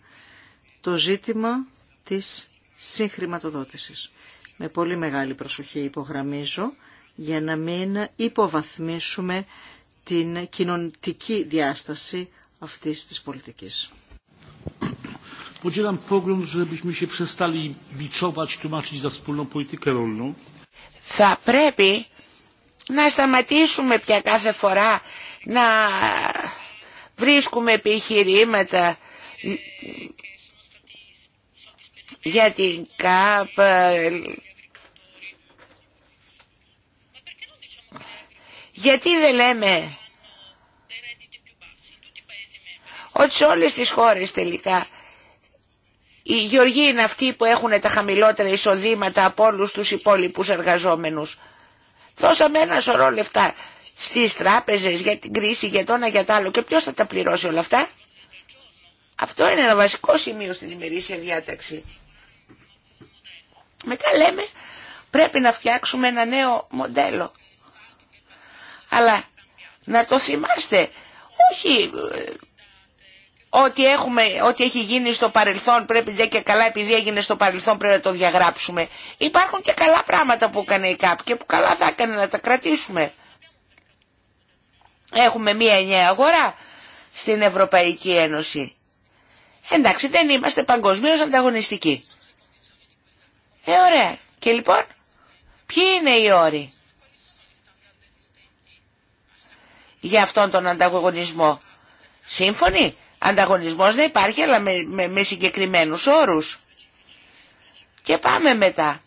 το ζήτημα της συγχρηματοδότησης. Με πολύ μεγάλη προσοχή υπογραμμίζω για να μην υποβαθμίσουμε την κοινωνική διάσταση αυτής της πολιτικής. Θα πρέπει να σταματήσουμε πια κάθε φορά να βρίσκουμε επιχειρήματα για την ΚΑΠ, Γιατί δεν λέμε ότι σε όλες τις χώρες τελικά οι γεωργοί είναι αυτοί που έχουν τα χαμηλότερα εισοδήματα από όλους τους υπόλοιπους εργαζόμενους. Δώσαμε ένα σωρό λεφτά στις τράπεζες για την κρίση, για το ένα για το άλλο και ποιος θα τα πληρώσει όλα αυτά. Αυτό είναι ένα βασικό σημείο στην ημερήσια διάταξη. Μετά λέμε πρέπει να φτιάξουμε ένα νέο μοντέλο. Αλλά να το θυμάστε, όχι ε, ότι, έχουμε, ότι έχει γίνει στο παρελθόν πρέπει και καλά επειδή έγινε στο παρελθόν πρέπει να το διαγράψουμε. Υπάρχουν και καλά πράγματα που έκανε η ΚΑΠ και που καλά θα έκανε να τα κρατήσουμε. Έχουμε μία νέα αγορά στην Ευρωπαϊκή Ένωση. Εντάξει δεν είμαστε παγκοσμίως ανταγωνιστικοί. Ε ωραία. Και λοιπόν ποιοι είναι οι όροι. για αυτόν τον ανταγωνισμό. Σύμφωνοι, ανταγωνισμός δεν υπάρχει αλλά με, με, με συγκεκριμένους όρους. Και πάμε μετά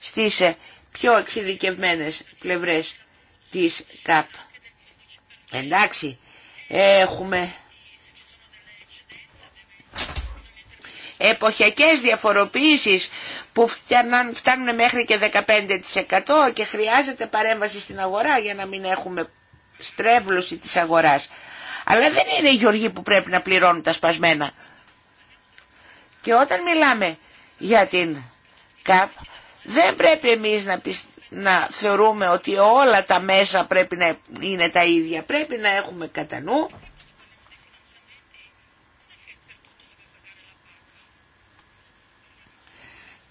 στις ε, πιο εξειδικευμένες πλευρές της ΚΑΠ. Εντάξει, έχουμε εποχιακές διαφοροποίησεις που φτάνουν μέχρι και 15% και χρειάζεται παρέμβαση στην αγορά για να μην έχουμε στρέβλωση της αγοράς. Αλλά δεν είναι οι γεωργοί που πρέπει να πληρώνουν τα σπασμένα. Και όταν μιλάμε για την ΚΑΠ, δεν πρέπει εμείς να, να θεωρούμε ότι όλα τα μέσα πρέπει να είναι τα ίδια. Πρέπει να έχουμε κατά νου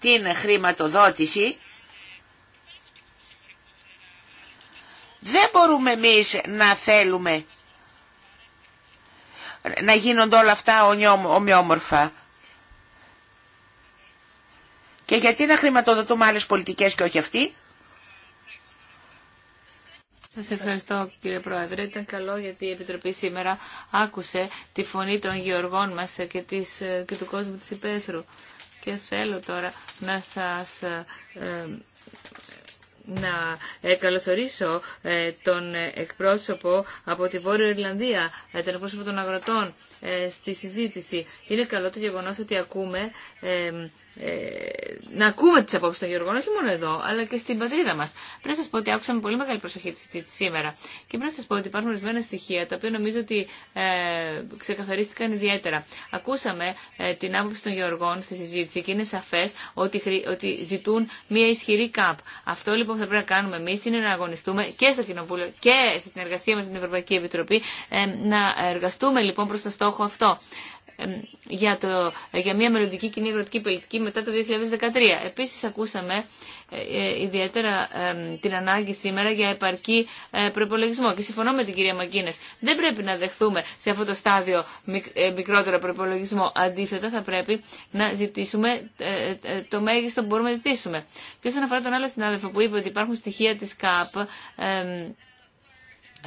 την χρηματοδότηση Δεν μπορούμε εμείς να θέλουμε να γίνονται όλα αυτά ομοιόμορφα. Και γιατί να χρηματοδοτούμε άλλες πολιτικές και όχι αυτή. Σας ευχαριστώ κύριε Πρόεδρε. Ήταν καλό γιατί η Επιτροπή σήμερα άκουσε τη φωνή των γεωργών μας και, του κόσμου της υπαίθρου. Και θέλω τώρα να σας ε, να ε, καλωσορίσω ε, τον εκπρόσωπο από τη Βόρεια Ιρλανδία, ε, τον εκπρόσωπο των αγροτών στη συζήτηση. Είναι καλό το γεγονός ότι ακούμε ε, να ακούμε τι απόψει των Γεωργών, όχι μόνο εδώ, αλλά και στην πατρίδα μα. Πρέπει να σα πω ότι άκουσα με πολύ μεγάλη προσοχή τη συζήτηση σήμερα και πρέπει να σα πω ότι υπάρχουν ορισμένα στοιχεία τα οποία νομίζω ότι ε, ξεκαθαρίστηκαν ιδιαίτερα. Ακούσαμε ε, την άποψη των Γεωργών στη συζήτηση και είναι σαφέ ότι, ότι ζητούν μια ισχυρή ΚΑΠ. Αυτό λοιπόν που θα πρέπει να κάνουμε εμεί είναι να αγωνιστούμε και στο Κοινοβούλιο και στη συνεργασία μα με την Ευρωπαϊκή Επιτροπή ε, να εργαστούμε λοιπόν προ το στόχο αυτό για, το, για μια μελλοντική κοινή αγροτική πολιτική μετά το 2013. Επίσης ακούσαμε ε, ε, ιδιαίτερα την ανάγκη σήμερα για επαρκή ε, προπολογισμό και συμφωνώ με την κυρία Μακίνες. Δεν πρέπει να δεχθούμε σε αυτό το στάδιο μικρότερο προπολογισμό. Αντίθετα θα πρέπει να ζητήσουμε το μέγιστο που μπορούμε να ζητήσουμε. Και όσον αφορά τον άλλο συνάδελφο που είπε ότι υπάρχουν στοιχεία της ΚΑΠ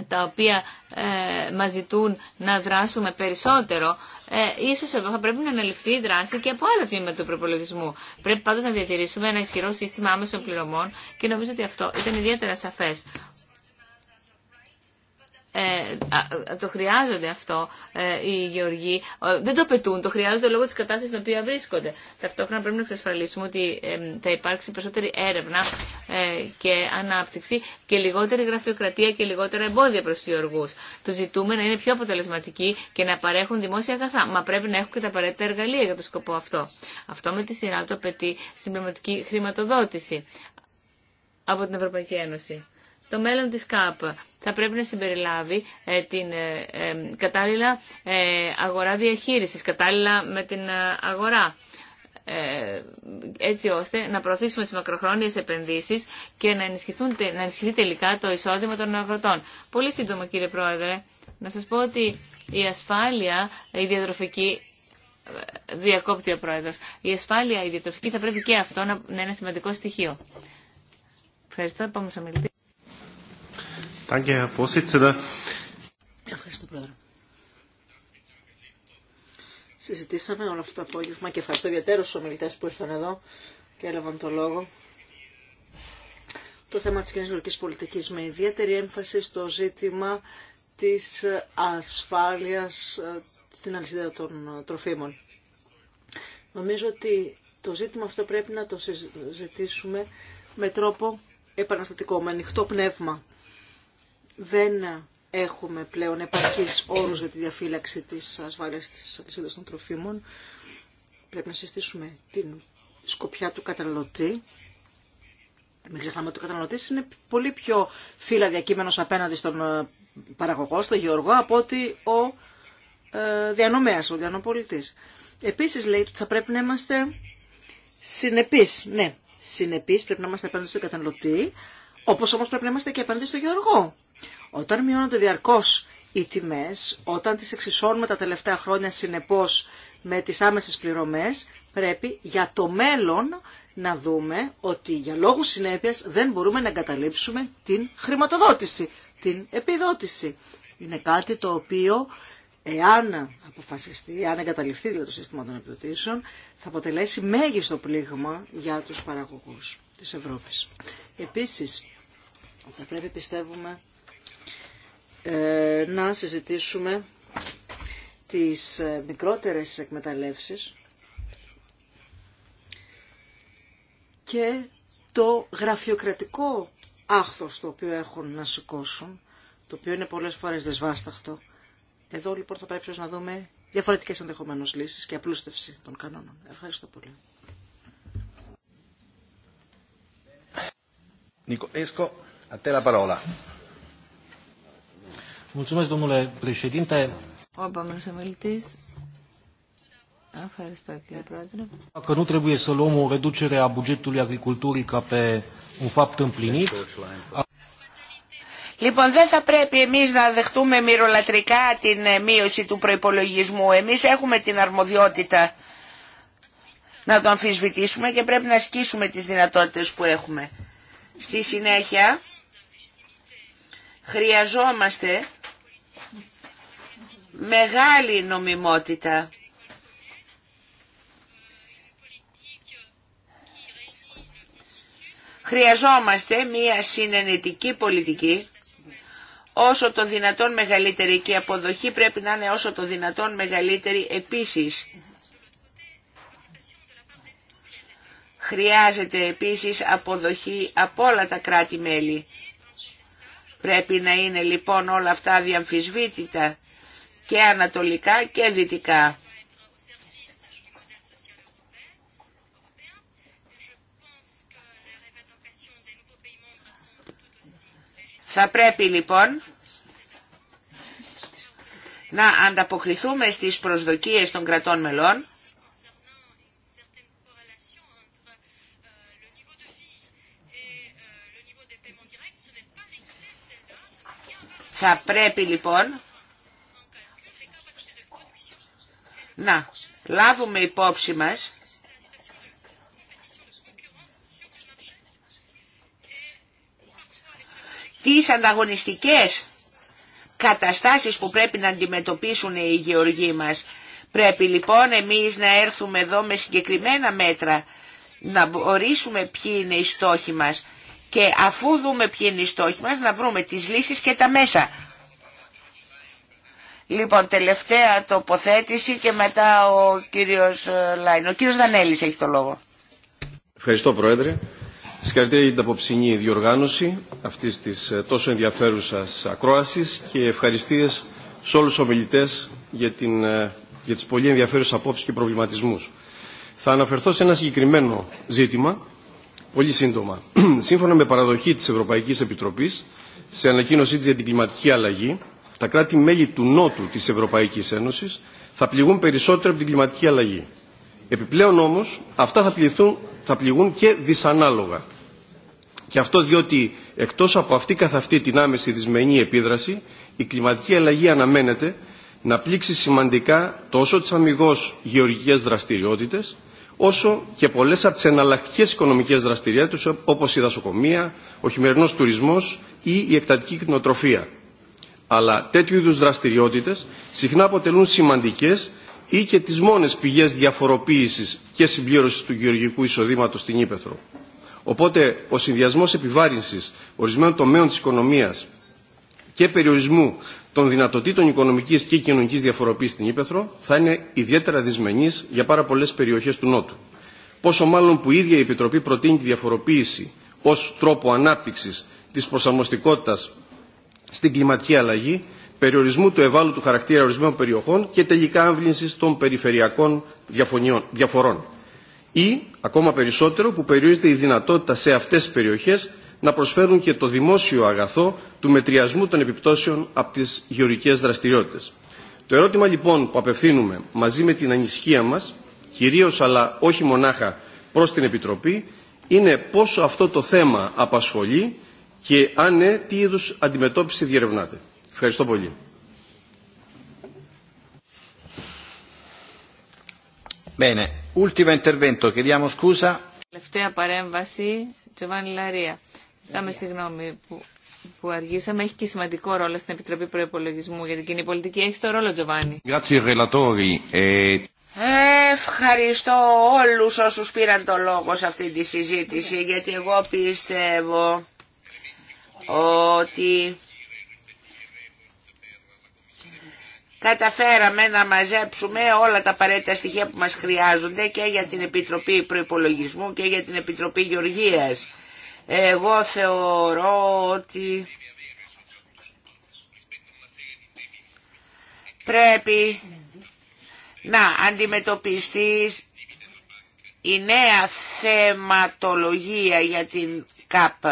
τα οποία ε, μας ζητούν να δράσουμε περισσότερο, ε, ίσως εδώ θα πρέπει να αναλυφθεί η δράση και από άλλα τμήματα του προπολογισμού. Πρέπει πάντως να διατηρήσουμε ένα ισχυρό σύστημα άμεσων πληρωμών και νομίζω ότι αυτό ήταν ιδιαίτερα σαφές ε, το χρειάζονται αυτό ε, οι γεωργοί. Ε, δεν το πετούν, το χρειάζονται λόγω τη κατάσταση στην οποία βρίσκονται. Ταυτόχρονα πρέπει να εξασφαλίσουμε ότι θα υπάρξει περισσότερη έρευνα και ανάπτυξη και λιγότερη γραφειοκρατία και λιγότερα εμπόδια προ τους γεωργού. Το ζητούμε να είναι πιο αποτελεσματικοί και να παρέχουν δημόσια αγαθά. Μα πρέπει να έχουν και τα απαραίτητα εργαλεία για το σκοπό αυτό. Αυτό με τη σειρά του απαιτεί συμπληρωματική χρηματοδότηση από την Ευρωπαϊκή Ένωση το μέλλον της ΚΑΠ θα πρέπει να συμπεριλάβει ε, την ε, ε, κατάλληλα αγορά διαχείρισης, κατάλληλα με την αγορά έτσι ώστε να προωθήσουμε τις μακροχρόνιες επενδύσεις και να, ενισχυθούν, να ενισχυθεί τελικά το εισόδημα των αγροτών. Πολύ σύντομα κύριε Πρόεδρε, να σας πω ότι η ασφάλεια, η διατροφική διακόπτει ο Πρόεδρος, η ασφάλεια, η διατροφική θα πρέπει και αυτό να, είναι ένα σημαντικό στοιχείο. Ευχαριστώ, πάμε στο μιλητή. Ευχαριστώ, Πρόεδρε. Συζητήσαμε όλο αυτό το απόγευμα και ευχαριστώ ιδιαίτερα στους ομιλητέ που ήρθαν εδώ και έλαβαν το λόγο. Το θέμα της κοινωνικής πολιτική πολιτικής με ιδιαίτερη έμφαση στο ζήτημα της ασφάλειας ε, στην αλυσίδα των ε, τροφίμων. Νομίζω ότι το ζήτημα αυτό πρέπει να το συζητήσουμε με τρόπο επαναστατικό, με ανοιχτό πνεύμα δεν έχουμε πλέον επαρκείς όρους για τη διαφύλαξη της ασφάλειας της αλυσίδας των τροφίμων. Πρέπει να συστήσουμε την σκοπιά του καταναλωτή. Μην ξεχνάμε ότι ο καταναλωτή είναι πολύ πιο φύλλα διακείμενος απέναντι στον ε, παραγωγό, στον γεωργό, από ότι ο ε, διανομέας, ο διανοπολιτής. Επίσης λέει ότι θα πρέπει να είμαστε συνεπείς. Ναι, συνεπείς πρέπει να είμαστε απέναντι στον καταναλωτή, όπως όμως πρέπει να είμαστε και απέναντι στον γεωργό όταν μειώνονται διαρκώ οι τιμέ, όταν τις εξισώνουμε τα τελευταία χρόνια συνεπώ με τις άμεσες πληρωμές, πρέπει για το μέλλον να δούμε ότι για λόγους συνέπειας δεν μπορούμε να εγκαταλείψουμε την χρηματοδότηση, την επιδότηση. Είναι κάτι το οποίο εάν αποφασιστεί, εάν εγκαταλειφθεί δηλαδή το σύστημα των επιδοτήσεων, θα αποτελέσει μέγιστο πλήγμα για τους παραγωγούς της Ευρώπης. Επίσης, θα πρέπει πιστεύουμε ε, να συζητήσουμε τις ε, μικρότερες εκμεταλλεύσεις και το γραφειοκρατικό άχθος το οποίο έχουν να σηκώσουν, το οποίο είναι πολλές φορές δεσβάσταχτο. Εδώ λοιπόν θα πρέπει να δούμε διαφορετικές ενδεχομένω λύσεις και απλούστευση των κανόνων. Ευχαριστώ πολύ. Νίκο, παρόλα. Mulțumesc, domnule președinte. Ο επόμενος Dacă nu trebuie să luăm o reducere a bugetului agriculturii ca pe un fapt împlinit... Λοιπόν, δεν θα πρέπει εμείς να δεχτούμε μυρολατρικά την ε, μείωση του προϋπολογισμού. Εμείς έχουμε την αρμοδιότητα να το αμφισβητήσουμε και πρέπει να ασκήσουμε τις δυνατότητες που έχουμε. Στη συνέχεια, χρειαζόμαστε μεγάλη νομιμότητα. Χρειαζόμαστε μία συνενετική πολιτική, όσο το δυνατόν μεγαλύτερη και η αποδοχή πρέπει να είναι όσο το δυνατόν μεγαλύτερη επίσης. Χρειάζεται επίσης αποδοχή από όλα τα κράτη-μέλη. Πρέπει να είναι λοιπόν όλα αυτά διαμφισβήτητα και ανατολικά και δυτικά. Θα πρέπει λοιπόν να ανταποκριθούμε στις προσδοκίες των κρατών μελών Θα πρέπει λοιπόν να λάβουμε υπόψη μας τις ανταγωνιστικές καταστάσεις που πρέπει να αντιμετωπίσουν οι γεωργοί μας. Πρέπει λοιπόν εμείς να έρθουμε εδώ με συγκεκριμένα μέτρα, να ορίσουμε ποιοι είναι οι στόχοι μας και αφού δούμε ποιοι είναι οι στόχοι μας να βρούμε τις λύσεις και τα μέσα. Λοιπόν, τελευταία τοποθέτηση και μετά ο κύριος ε, Λάιν. Ο κύριος Δανέλης έχει το λόγο. Ευχαριστώ Πρόεδρε. Συγχαρητήρια για την απόψινή διοργάνωση αυτής της ε, τόσο ενδιαφέρουσας ακρόασης και ευχαριστίες σε όλους τους ομιλητές για, την, ε, για τις πολύ ενδιαφέρουσες απόψεις και προβληματισμούς. Θα αναφερθώ σε ένα συγκεκριμένο ζήτημα, πολύ σύντομα. Σύμφωνα με παραδοχή της Ευρωπαϊκής Επιτροπής, σε ανακοίνωσή της για την κλιματική αλλαγή, τα κράτη-μέλη του Νότου της Ευρωπαϊκής Ένωσης θα πληγούν περισσότερο από την κλιματική αλλαγή. Επιπλέον όμως, αυτά θα, πληθούν, θα πληγούν και δυσανάλογα. Και αυτό διότι εκτός από αυτή καθ' αυτή την άμεση δυσμενή επίδραση, η κλιματική αλλαγή αναμένεται να πλήξει σημαντικά τόσο τις αμυγός γεωργικές δραστηριότητες, όσο και πολλές από τις εναλλακτικέ οικονομικές δραστηριότητες όπως η δασοκομεία, ο χειμερινός τουρισμός ή η εκτατική κτηνοτροφία αλλά τέτοιου είδους δραστηριότητες συχνά αποτελούν σημαντικές ή και τις μόνες πηγές διαφοροποίησης και συμπλήρωσης του γεωργικού εισοδήματος στην Ήπεθρο. Οπότε ο συνδυασμός επιβάρυνσης ορισμένων τομέων της οικονομίας και περιορισμού των δυνατοτήτων οικονομικής και κοινωνικής διαφοροποίησης στην Ήπεθρο θα είναι ιδιαίτερα δυσμενής για πάρα πολλές περιοχές του Νότου. Πόσο μάλλον που η ίδια η Επιτροπή προτείνει τη διαφοροποίηση ως τρόπο ανάπτυξης της προσαρμοστικότητας στην κλιματική αλλαγή, περιορισμού του ευάλωτου χαρακτήρα ορισμένων περιοχών και τελικά τον των περιφερειακών διαφορών. Ή, ακόμα περισσότερο, που περιορίζεται η δυνατότητα σε αυτές τι περιοχέ να προσφέρουν και το δημόσιο αγαθό του μετριασμού των επιπτώσεων από τι γεωρικέ δραστηριότητε. Το ερώτημα λοιπόν που απευθύνουμε μαζί με την ανησυχία μα, κυρίω αλλά όχι μονάχα προ την Επιτροπή, είναι πόσο αυτό το θέμα απασχολεί και αν ναι, τι είδους αντιμετώπιση διερευνάτε. Ευχαριστώ πολύ. Λαρία. που, αργήσαμε. Έχει και σημαντικό ρόλο στην Επιτροπή Προπολογισμού για την πολιτική. Έχει το ρόλο, Τζοβάνι. Ε, Ευχαριστώ όλους όσους πήραν το λόγο σε αυτή τη συζήτηση, γιατί εγώ πιστεύω ότι καταφέραμε να μαζέψουμε όλα τα απαραίτητα στοιχεία που μας χρειάζονται και για την Επιτροπή Προϋπολογισμού και για την Επιτροπή Γεωργίας. Εγώ θεωρώ ότι πρέπει να αντιμετωπιστεί η νέα θεματολογία για την ΚΑΠ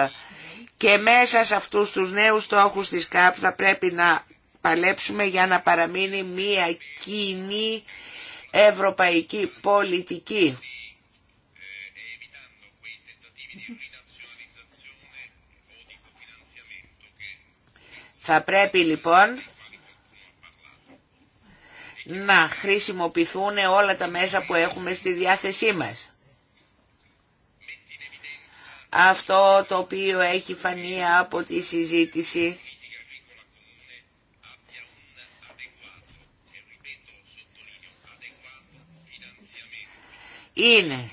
και μέσα σε αυτούς τους νέους στόχους της ΚΑΠ θα πρέπει να παλέψουμε για να παραμείνει μία κοινή ευρωπαϊκή πολιτική. Θα πρέπει λοιπόν να χρησιμοποιηθούν όλα τα μέσα που έχουμε στη διάθεσή μας αυτό το οποίο έχει φανεί από τη συζήτηση. είναι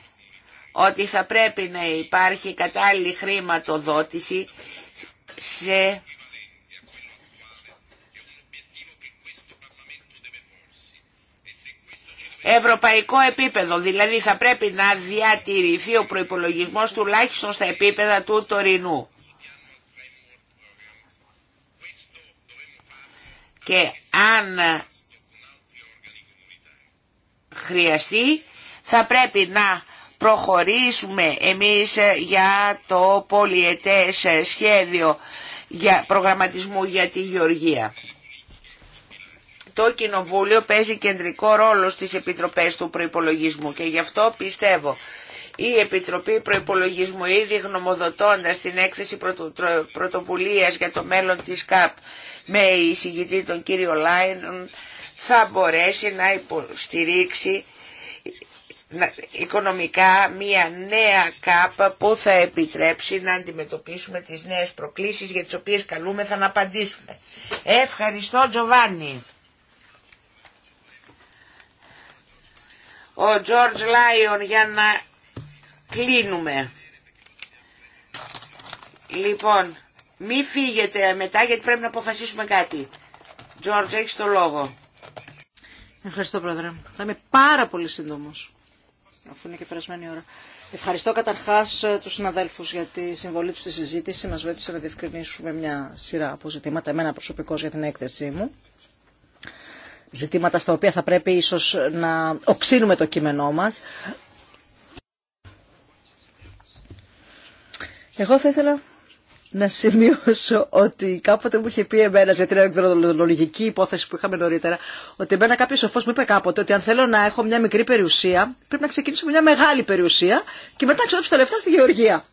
ότι θα πρέπει να υπάρχει κατάλληλη χρηματοδότηση σε ευρωπαϊκό επίπεδο. Δηλαδή θα πρέπει να διατηρηθεί ο προϋπολογισμός τουλάχιστον στα επίπεδα του τωρινού. Και αν χρειαστεί θα πρέπει να προχωρήσουμε εμείς ε, για το πολιετές ε, σχέδιο για προγραμματισμού για τη Γεωργία το Κοινοβούλιο παίζει κεντρικό ρόλο στις επιτροπές του προϋπολογισμού και γι' αυτό πιστεύω η Επιτροπή Προϋπολογισμού ήδη γνωμοδοτώντας την έκθεση πρωτο, πρωτοβουλίας για το μέλλον της ΚΑΠ με εισηγητή τον κύριο Λάινων θα μπορέσει να υποστηρίξει οικονομικά μια νέα ΚΑΠ που θα επιτρέψει να αντιμετωπίσουμε τις νέες προκλήσεις για τις οποίες καλούμε να απαντήσουμε. Ευχαριστώ Τζοβάνι. ο Τζορτζ Λάιον για να κλείνουμε. Λοιπόν, μη φύγετε μετά γιατί πρέπει να αποφασίσουμε κάτι. Τζορτζ, έχεις το λόγο. Ευχαριστώ, Πρόεδρε. Θα είμαι πάρα πολύ σύντομος, αφού είναι και περασμένη ώρα. Ευχαριστώ καταρχά ε, του συναδέλφου για τη συμβολή του στη συζήτηση. Μα βοήθησε να διευκρινίσουμε μια σειρά ζητήματα. εμένα προσωπικώ για την έκθεσή μου ζητήματα στα οποία θα πρέπει ίσως να οξύνουμε το κείμενό μας. Εγώ θα ήθελα να σημειώσω ότι κάποτε μου είχε πει εμένα για την εκδρολογική υπόθεση που είχαμε νωρίτερα, ότι εμένα κάποιο σοφό μου είπε κάποτε ότι αν θέλω να έχω μια μικρή περιουσία, πρέπει να ξεκινήσω με μια μεγάλη περιουσία και μετά να ξοδέψω τα λεφτά στη γεωργία.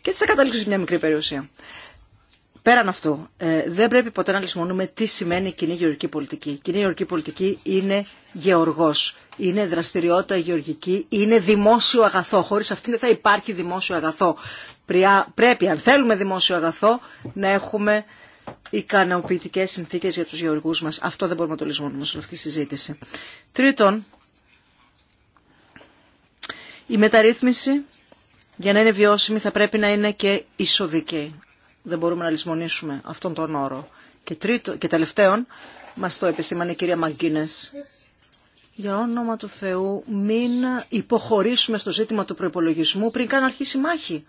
Και έτσι θα καταλήξω σε μια μικρή περιουσία. Πέραν αυτού, ε, δεν πρέπει ποτέ να λησμονούμε τι σημαίνει η κοινή γεωργική πολιτική. Η κοινή γεωργική πολιτική είναι γεωργός, είναι δραστηριότητα γεωργική, είναι δημόσιο αγαθό. Χωρίς αυτήν δεν θα υπάρχει δημόσιο αγαθό. Πρέπει, αν θέλουμε δημόσιο αγαθό, να έχουμε ικανοποιητικές συνθήκε για του γεωργού μα. Αυτό δεν μπορούμε να το λησμονούμε σε αυτή τη συζήτηση. Τρίτον, η μεταρρύθμιση για να είναι βιώσιμη θα πρέπει να είναι και ισοδική. Δεν μπορούμε να λησμονήσουμε αυτόν τον όρο. Και, τρίτο, και τελευταίον, μας το επισήμανε η κυρία Μαγκίνες. Για όνομα του Θεού, μην υποχωρήσουμε στο ζήτημα του προπολογισμού πριν καν αρχίσει μάχη.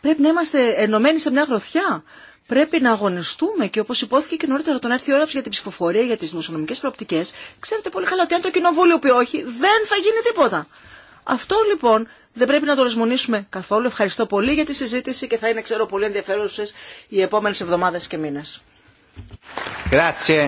Πρέπει να είμαστε ενωμένοι σε μια γροθιά. Πρέπει να αγωνιστούμε και όπω υπόθηκε και νωρίτερα, όταν έρθει η ώρα για την ψηφοφορία, για τι δημοσιονομικέ προοπτικέ, ξέρετε πολύ καλά ότι αν το κοινοβούλιο πει όχι, δεν θα γίνει τίποτα. Αυτό λοιπόν δεν πρέπει να το λησμονήσουμε καθόλου. Ευχαριστώ πολύ για τη συζήτηση και θα είναι ξέρω πολύ ενδιαφέρουσες οι επόμενες εβδομάδες και μήνες.